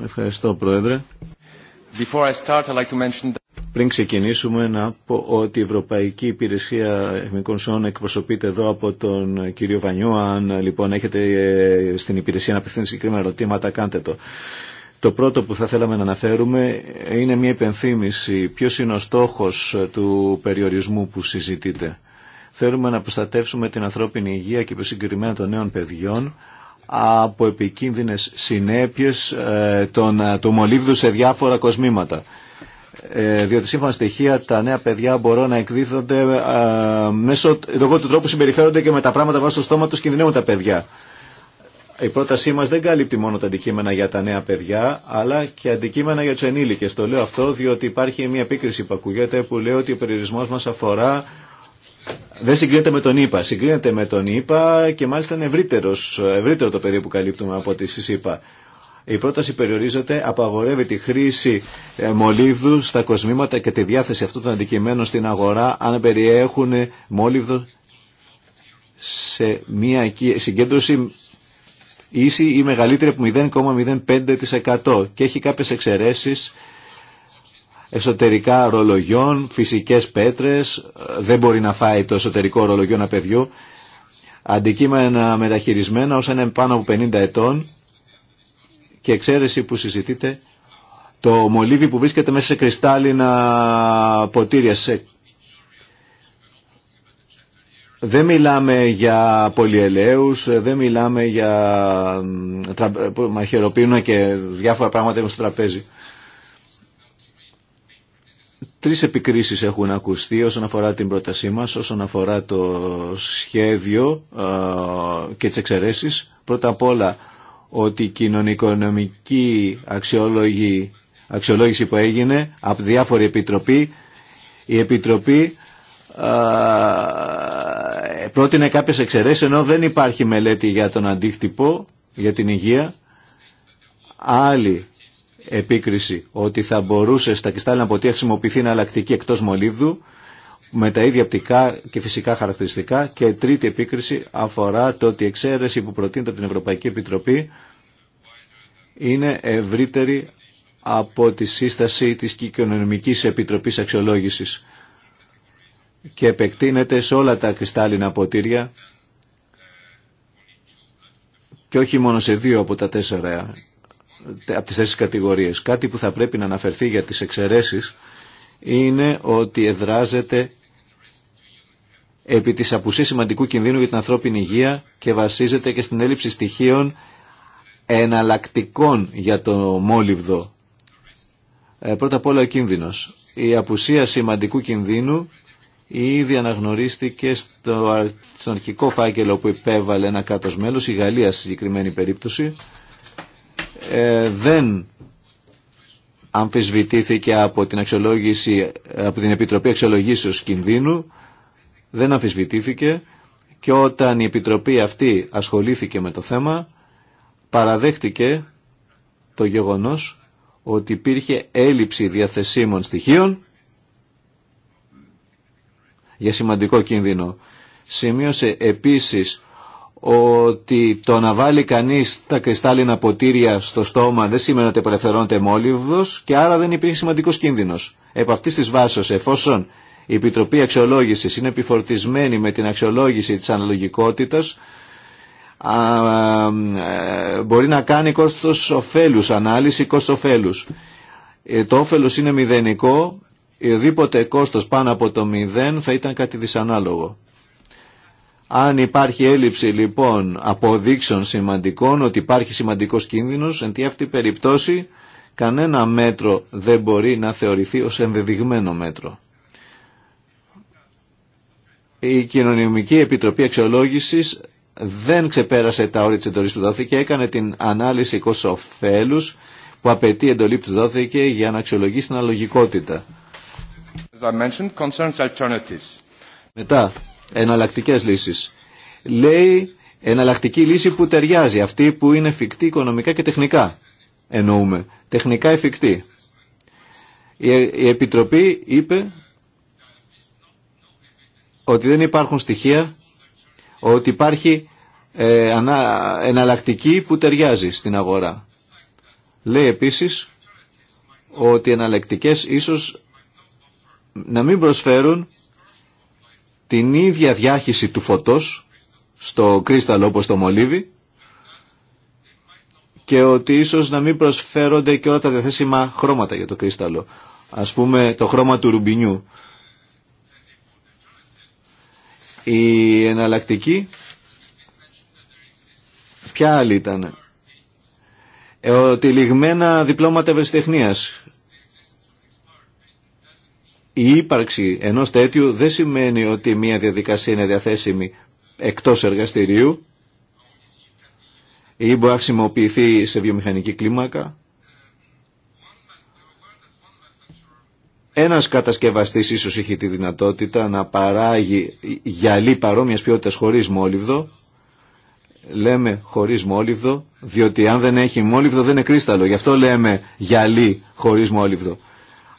Ευχαριστώ, Πρόεδρε. Πριν ξεκινήσουμε να πω ότι η Ευρωπαϊκή Υπηρεσία Εθνικών Σώων εκπροσωπείται εδώ από τον κύριο Βανιού. Αν λοιπόν έχετε ε, στην υπηρεσία να απευθύνετε συγκεκριμένα ερωτήματα, κάντε το. Το πρώτο που θα θέλαμε να αναφέρουμε είναι μια υπενθύμηση. Ποιος είναι ο στόχος ε, του περιορισμού που συζητείτε. Θέλουμε να προστατεύσουμε την ανθρώπινη υγεία και συγκεκριμένα των νέων παιδιών από επικίνδυνες συνέπειες ε, των, ε, του μολύβδου σε διάφορα κοσμήματα. Ε, διότι σύμφωνα στοιχεία τα νέα παιδιά μπορούν να εκδίδονται ε, μέσω λόγω του τρόπου συμπεριφέρονται και με τα πράγματα βάζουν στο στόμα τους κινδυνεύουν τα παιδιά. Η πρότασή μας δεν καλύπτει μόνο τα αντικείμενα για τα νέα παιδιά, αλλά και αντικείμενα για τους ενήλικες. Το λέω αυτό διότι υπάρχει μια επίκριση που ακούγεται που λέει ότι ο περιορισμός μας αφορά δεν συγκρίνεται με τον ΙΠΑ. Συγκρίνεται με τον ΙΠΑ και μάλιστα είναι ευρύτερος, ευρύτερο το πεδίο που καλύπτουμε από τη ΣΥΣΥΠΑ. Η πρόταση περιορίζεται, απαγορεύει τη χρήση ε, μολύβδου στα κοσμήματα και τη διάθεση αυτού των αντικειμένων στην αγορά αν περιέχουν μόλυβδο σε μια συγκέντρωση ίση ή μεγαλύτερη από 0,05% και έχει κάποιες εξαιρέσεις εσωτερικά ρολογιών, φυσικές πέτρες, δεν μπορεί να φάει το εσωτερικό ρολογιό ένα παιδιού, αντικείμενα μεταχειρισμένα όσο είναι πάνω από 50 ετών και εξαίρεση που συζητείτε το μολύβι που βρίσκεται μέσα σε κρυστάλλινα ποτήρια. Σε... Δεν μιλάμε για πολυελαίους, δεν μιλάμε για μαχαιροπίνα και διάφορα πράγματα στο τραπέζι. Τρεις επικρίσεις έχουν ακουστεί όσον αφορά την πρότασή μας, όσον αφορά το σχέδιο και τις εξαιρέσεις. Πρώτα απ' όλα ότι η κοινωνικονομική αξιολόγηση που έγινε από διάφορη επιτροπή, η επιτροπή πρότεινε κάποιες εξαιρέσεις ενώ δεν υπάρχει μελέτη για τον αντίκτυπο, για την υγεία. Άλλοι επίκριση ότι θα μπορούσε στα κρυστάλλινα ποτήρια χρησιμοποιηθεί εναλλακτική εκτός μολύβδου με τα ίδια οπτικά και φυσικά χαρακτηριστικά και τρίτη επίκριση αφορά το ότι η εξαίρεση που προτείνεται από την Ευρωπαϊκή Επιτροπή είναι ευρύτερη από τη σύσταση της κοινωνική Επιτροπής Αξιολόγησης και επεκτείνεται σε όλα τα κρυστάλλινα ποτήρια και όχι μόνο σε δύο από τα τέσσερα από τις τέσσερις κατηγορίες. Κάτι που θα πρέπει να αναφερθεί για τις εξαιρέσεις είναι ότι εδράζεται επί της απουσίας σημαντικού κινδύνου για την ανθρώπινη υγεία και βασίζεται και στην έλλειψη στοιχείων εναλλακτικών για το μόλιβδο. Ε, πρώτα απ' όλα ο κίνδυνος. Η απουσία σημαντικού κινδύνου ήδη αναγνωρίστηκε στο, αρχικό φάκελο που υπέβαλε ένα κάτω μέλος, η Γαλλία συγκεκριμένη περίπτωση, ε, δεν αμφισβητήθηκε από την, αξιολόγηση, από την Επιτροπή Αξιολογήσεως Κινδύνου, δεν αμφισβητήθηκε και όταν η Επιτροπή αυτή ασχολήθηκε με το θέμα, παραδέχτηκε το γεγονός ότι υπήρχε έλλειψη διαθεσίμων στοιχείων για σημαντικό κίνδυνο. Σημείωσε επίσης ότι το να βάλει κανείς τα κρυστάλλινα ποτήρια στο στόμα δεν σημαίνει ότι απελευθερώνεται μόλιβδος και άρα δεν υπήρχε σημαντικός κίνδυνος. Επ' αυτής της βάσης, εφόσον η Επιτροπή Αξιολόγησης είναι επιφορτισμένη με την αξιολόγηση της αναλογικότητας, ε, μπορεί να κάνει κόστος ωφέλους, ανάλυση κόστος ωφέλους. Ε, το όφελος είναι μηδενικό, οδήποτε κόστος πάνω από το μηδέν θα ήταν κάτι δυσανάλογο. Αν υπάρχει έλλειψη λοιπόν αποδείξεων σημαντικών ότι υπάρχει σημαντικός κίνδυνος, εν τη αυτή περίπτωση κανένα μέτρο δεν μπορεί να θεωρηθεί ως ενδεδειγμένο μέτρο. Η Κοινωνική Επιτροπή Αξιολόγησης δεν ξεπέρασε τα όρια της εντολής που δόθηκε, έκανε την ανάλυση κόσοφέλους που απαιτεί εντολή που δόθηκε για να αξιολογήσει την αλογικότητα. Εναλλακτικέ λύσεις. Λέει εναλλακτική λύση που ταιριάζει, αυτή που είναι εφικτή οικονομικά και τεχνικά. Εννοούμε, τεχνικά εφικτή. Η Επιτροπή είπε ότι δεν υπάρχουν στοιχεία, ότι υπάρχει ε, εναλλακτική που ταιριάζει στην αγορά. Λέει επίσης ότι οι εναλλακτικές ίσως να μην προσφέρουν την ίδια διάχυση του φωτός στο κρίσταλο όπως το μολύβι και ότι ίσως να μην προσφέρονται και όλα τα διαθέσιμα χρώματα για το κρίσταλο. Ας πούμε το χρώμα του ρουμπινιού. Η εναλλακτική, ποια άλλη ήταν, ε, ότι λιγμένα διπλώματα ευρεσιτεχνίας η ύπαρξη ενός τέτοιου δεν σημαίνει ότι μια διαδικασία είναι διαθέσιμη εκτός εργαστηρίου ή μπορεί να χρησιμοποιηθεί σε βιομηχανική κλίμακα. Ένας κατασκευαστής ίσως είχε τη δυνατότητα να παράγει γυαλί παρόμοιας ποιότητας χωρίς μόλιβδο. Λέμε χωρίς μόλιβδο, διότι αν δεν έχει μόλιβδο δεν είναι κρίσταλο. Γι' αυτό λέμε γυαλί χωρίς μόλιβδο.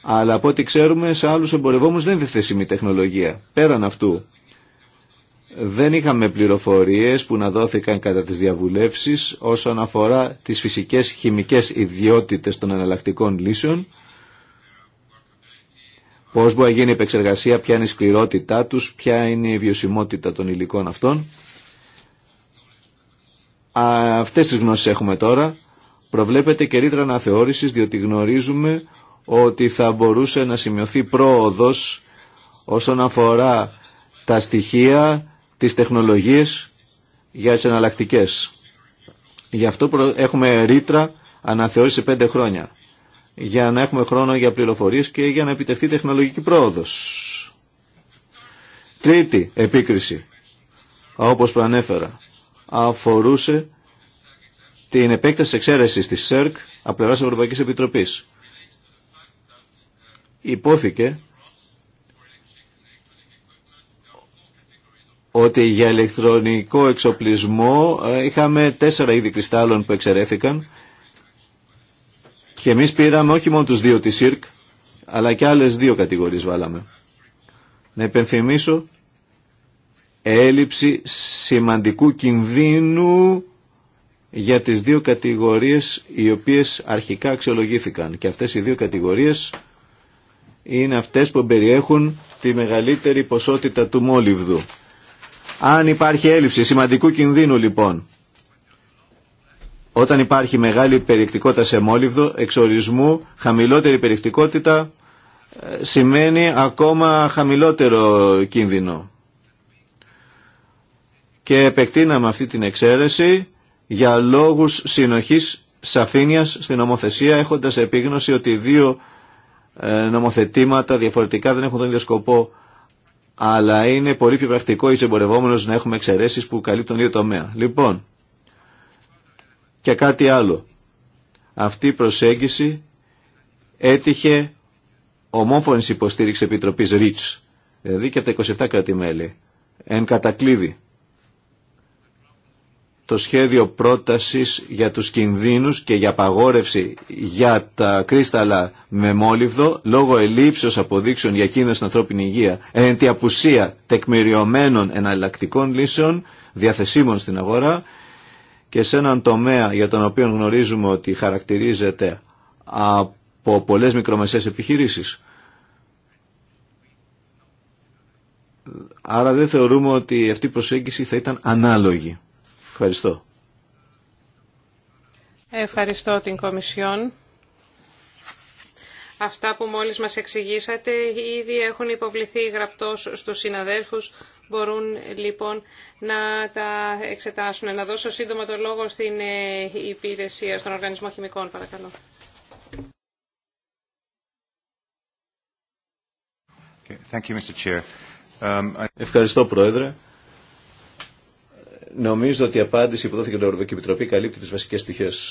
Αλλά από ό,τι ξέρουμε σε άλλους εμπορευόμενους δεν είναι θεσιμή τεχνολογία. Πέραν αυτού δεν είχαμε πληροφορίες που να δόθηκαν κατά τις διαβουλεύσεις όσον αφορά τις φυσικές χημικές ιδιότητες των εναλλακτικών λύσεων, πώς μπορεί να γίνει η επεξεργασία, ποια είναι η σκληρότητά τους, ποια είναι η βιωσιμότητα των υλικών αυτών. Αυτές τις γνώσεις έχουμε τώρα. Προβλέπεται και ρήτρα αναθεώρησης διότι γνωρίζουμε ότι θα μπορούσε να σημειωθεί πρόοδος όσον αφορά τα στοιχεία, τις τεχνολογίες για τις εναλλακτικέ. Γι' αυτό έχουμε ρήτρα αναθεώρηση πέντε χρόνια για να έχουμε χρόνο για πληροφορίες και για να επιτευχθεί τεχνολογική πρόοδος. Τρίτη επίκριση, όπως προανέφερα, αφορούσε την επέκταση εξαίρεσης της ΣΕΡΚ από πλευράς Ευρωπαϊκής Επιτροπής υπόθηκε ότι για ηλεκτρονικό εξοπλισμό ε, είχαμε τέσσερα είδη κρυστάλλων που εξαιρέθηκαν και εμείς πήραμε όχι μόνο τους δύο της ΣΥΡΚ αλλά και άλλες δύο κατηγορίες βάλαμε. Να υπενθυμίσω έλλειψη σημαντικού κινδύνου για τις δύο κατηγορίες οι οποίες αρχικά αξιολογήθηκαν και αυτές οι δύο κατηγορίες είναι αυτές που περιέχουν τη μεγαλύτερη ποσότητα του μόλιβδου. Αν υπάρχει έλλειψη σημαντικού κινδύνου λοιπόν, όταν υπάρχει μεγάλη περιεκτικότητα σε μόλιβδο, εξορισμού, χαμηλότερη περιεκτικότητα ε, σημαίνει ακόμα χαμηλότερο κίνδυνο. Και επεκτείναμε αυτή την εξαίρεση για λόγους συνοχής σαφήνειας στην ομοθεσία έχοντας επίγνωση ότι δύο ε, νομοθετήματα διαφορετικά δεν έχουν τον ίδιο σκοπό αλλά είναι πολύ πιο πρακτικό η εμπορευόμενος να έχουμε εξαιρεσει που καλύπτουν τον ίδιο τομέα. Λοιπόν, και κάτι άλλο. Αυτή η προσέγγιση έτυχε ομόφωνη υποστήριξη επιτροπή REACH, δηλαδή και από τα 27 κράτη-μέλη, εν κατακλείδη το σχέδιο πρότασης για τους κινδύνους και για παγόρευση για τα κρίσταλα με μόλιβδο λόγω ελήψεως αποδείξεων για κίνδυνο στην ανθρώπινη υγεία εν τη απουσία τεκμηριωμένων εναλλακτικών λύσεων διαθεσίμων στην αγορά και σε έναν τομέα για τον οποίο γνωρίζουμε ότι χαρακτηρίζεται από πολλές μικρομεσαίες επιχειρήσεις. Άρα δεν θεωρούμε ότι αυτή η προσέγγιση θα ήταν ανάλογη. Ευχαριστώ. Ευχαριστώ την Κομισιόν. Αυτά που μόλις μας εξηγήσατε ήδη έχουν υποβληθεί γραπτός στους συναδέλφους. Μπορούν λοιπόν να τα εξετάσουν. Να δώσω σύντομα το λόγο στην ε, υπηρεσία, στον Οργανισμό Χημικών, παρακαλώ. Um, Ευχαριστώ, Πρόεδρε. Νομίζω ότι η απάντηση που δόθηκε από την Ευρωπαϊκή Επιτροπή καλύπτει τις βασικές στοιχείες.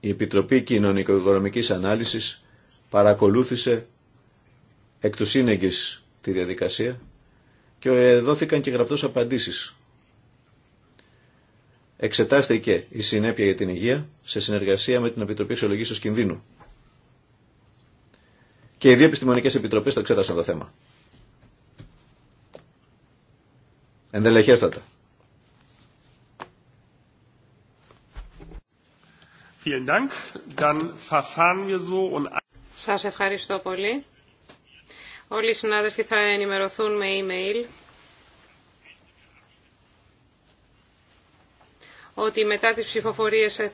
Η Επιτροπή Ανάλυσης παρακολούθησε εκ του σύνεγγυς τη διαδικασία και δόθηκαν και γραπτός απαντήσεις. Εξετάστηκε η συνέπεια για την υγεία σε συνεργασία με την Επιτροπή Εξολογήσεως Κινδύνου. Και οι δύο επιστημονικές επιτροπές το εξέτασαν το θέμα. Εντελεχέστατα. Σας ευχαριστώ πολύ. Όλοι οι συνάδελφοι θα ενημερωθούν με email. ότι μετά τις ψηφοφορίες, ε,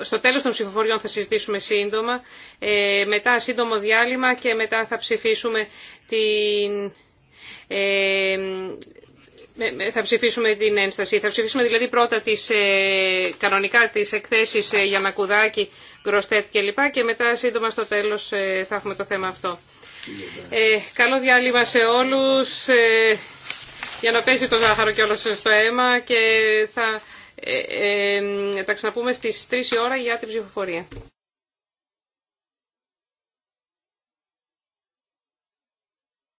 στο τέλος των ψηφοφοριών θα συζητήσουμε σύντομα, ε, μετά σύντομο διάλειμμα και μετά θα ψηφίσουμε την... Ε, θα ψηφίσουμε την ένσταση. Θα ψηφίσουμε δηλαδή πρώτα τις, κανονικά τις εκθέσεις για Μακουδάκη, Γκροστέτ κλπ. Και μετά σύντομα στο τέλος θα έχουμε το θέμα αυτό. Ε, καλό διάλειμμα σε όλους για να πέσει το ζάχαρο κιόλας στο αίμα και θα... Ε, ε, ε, θα ξαναπούμε στις 3 η ώρα για την ψηφοφορία.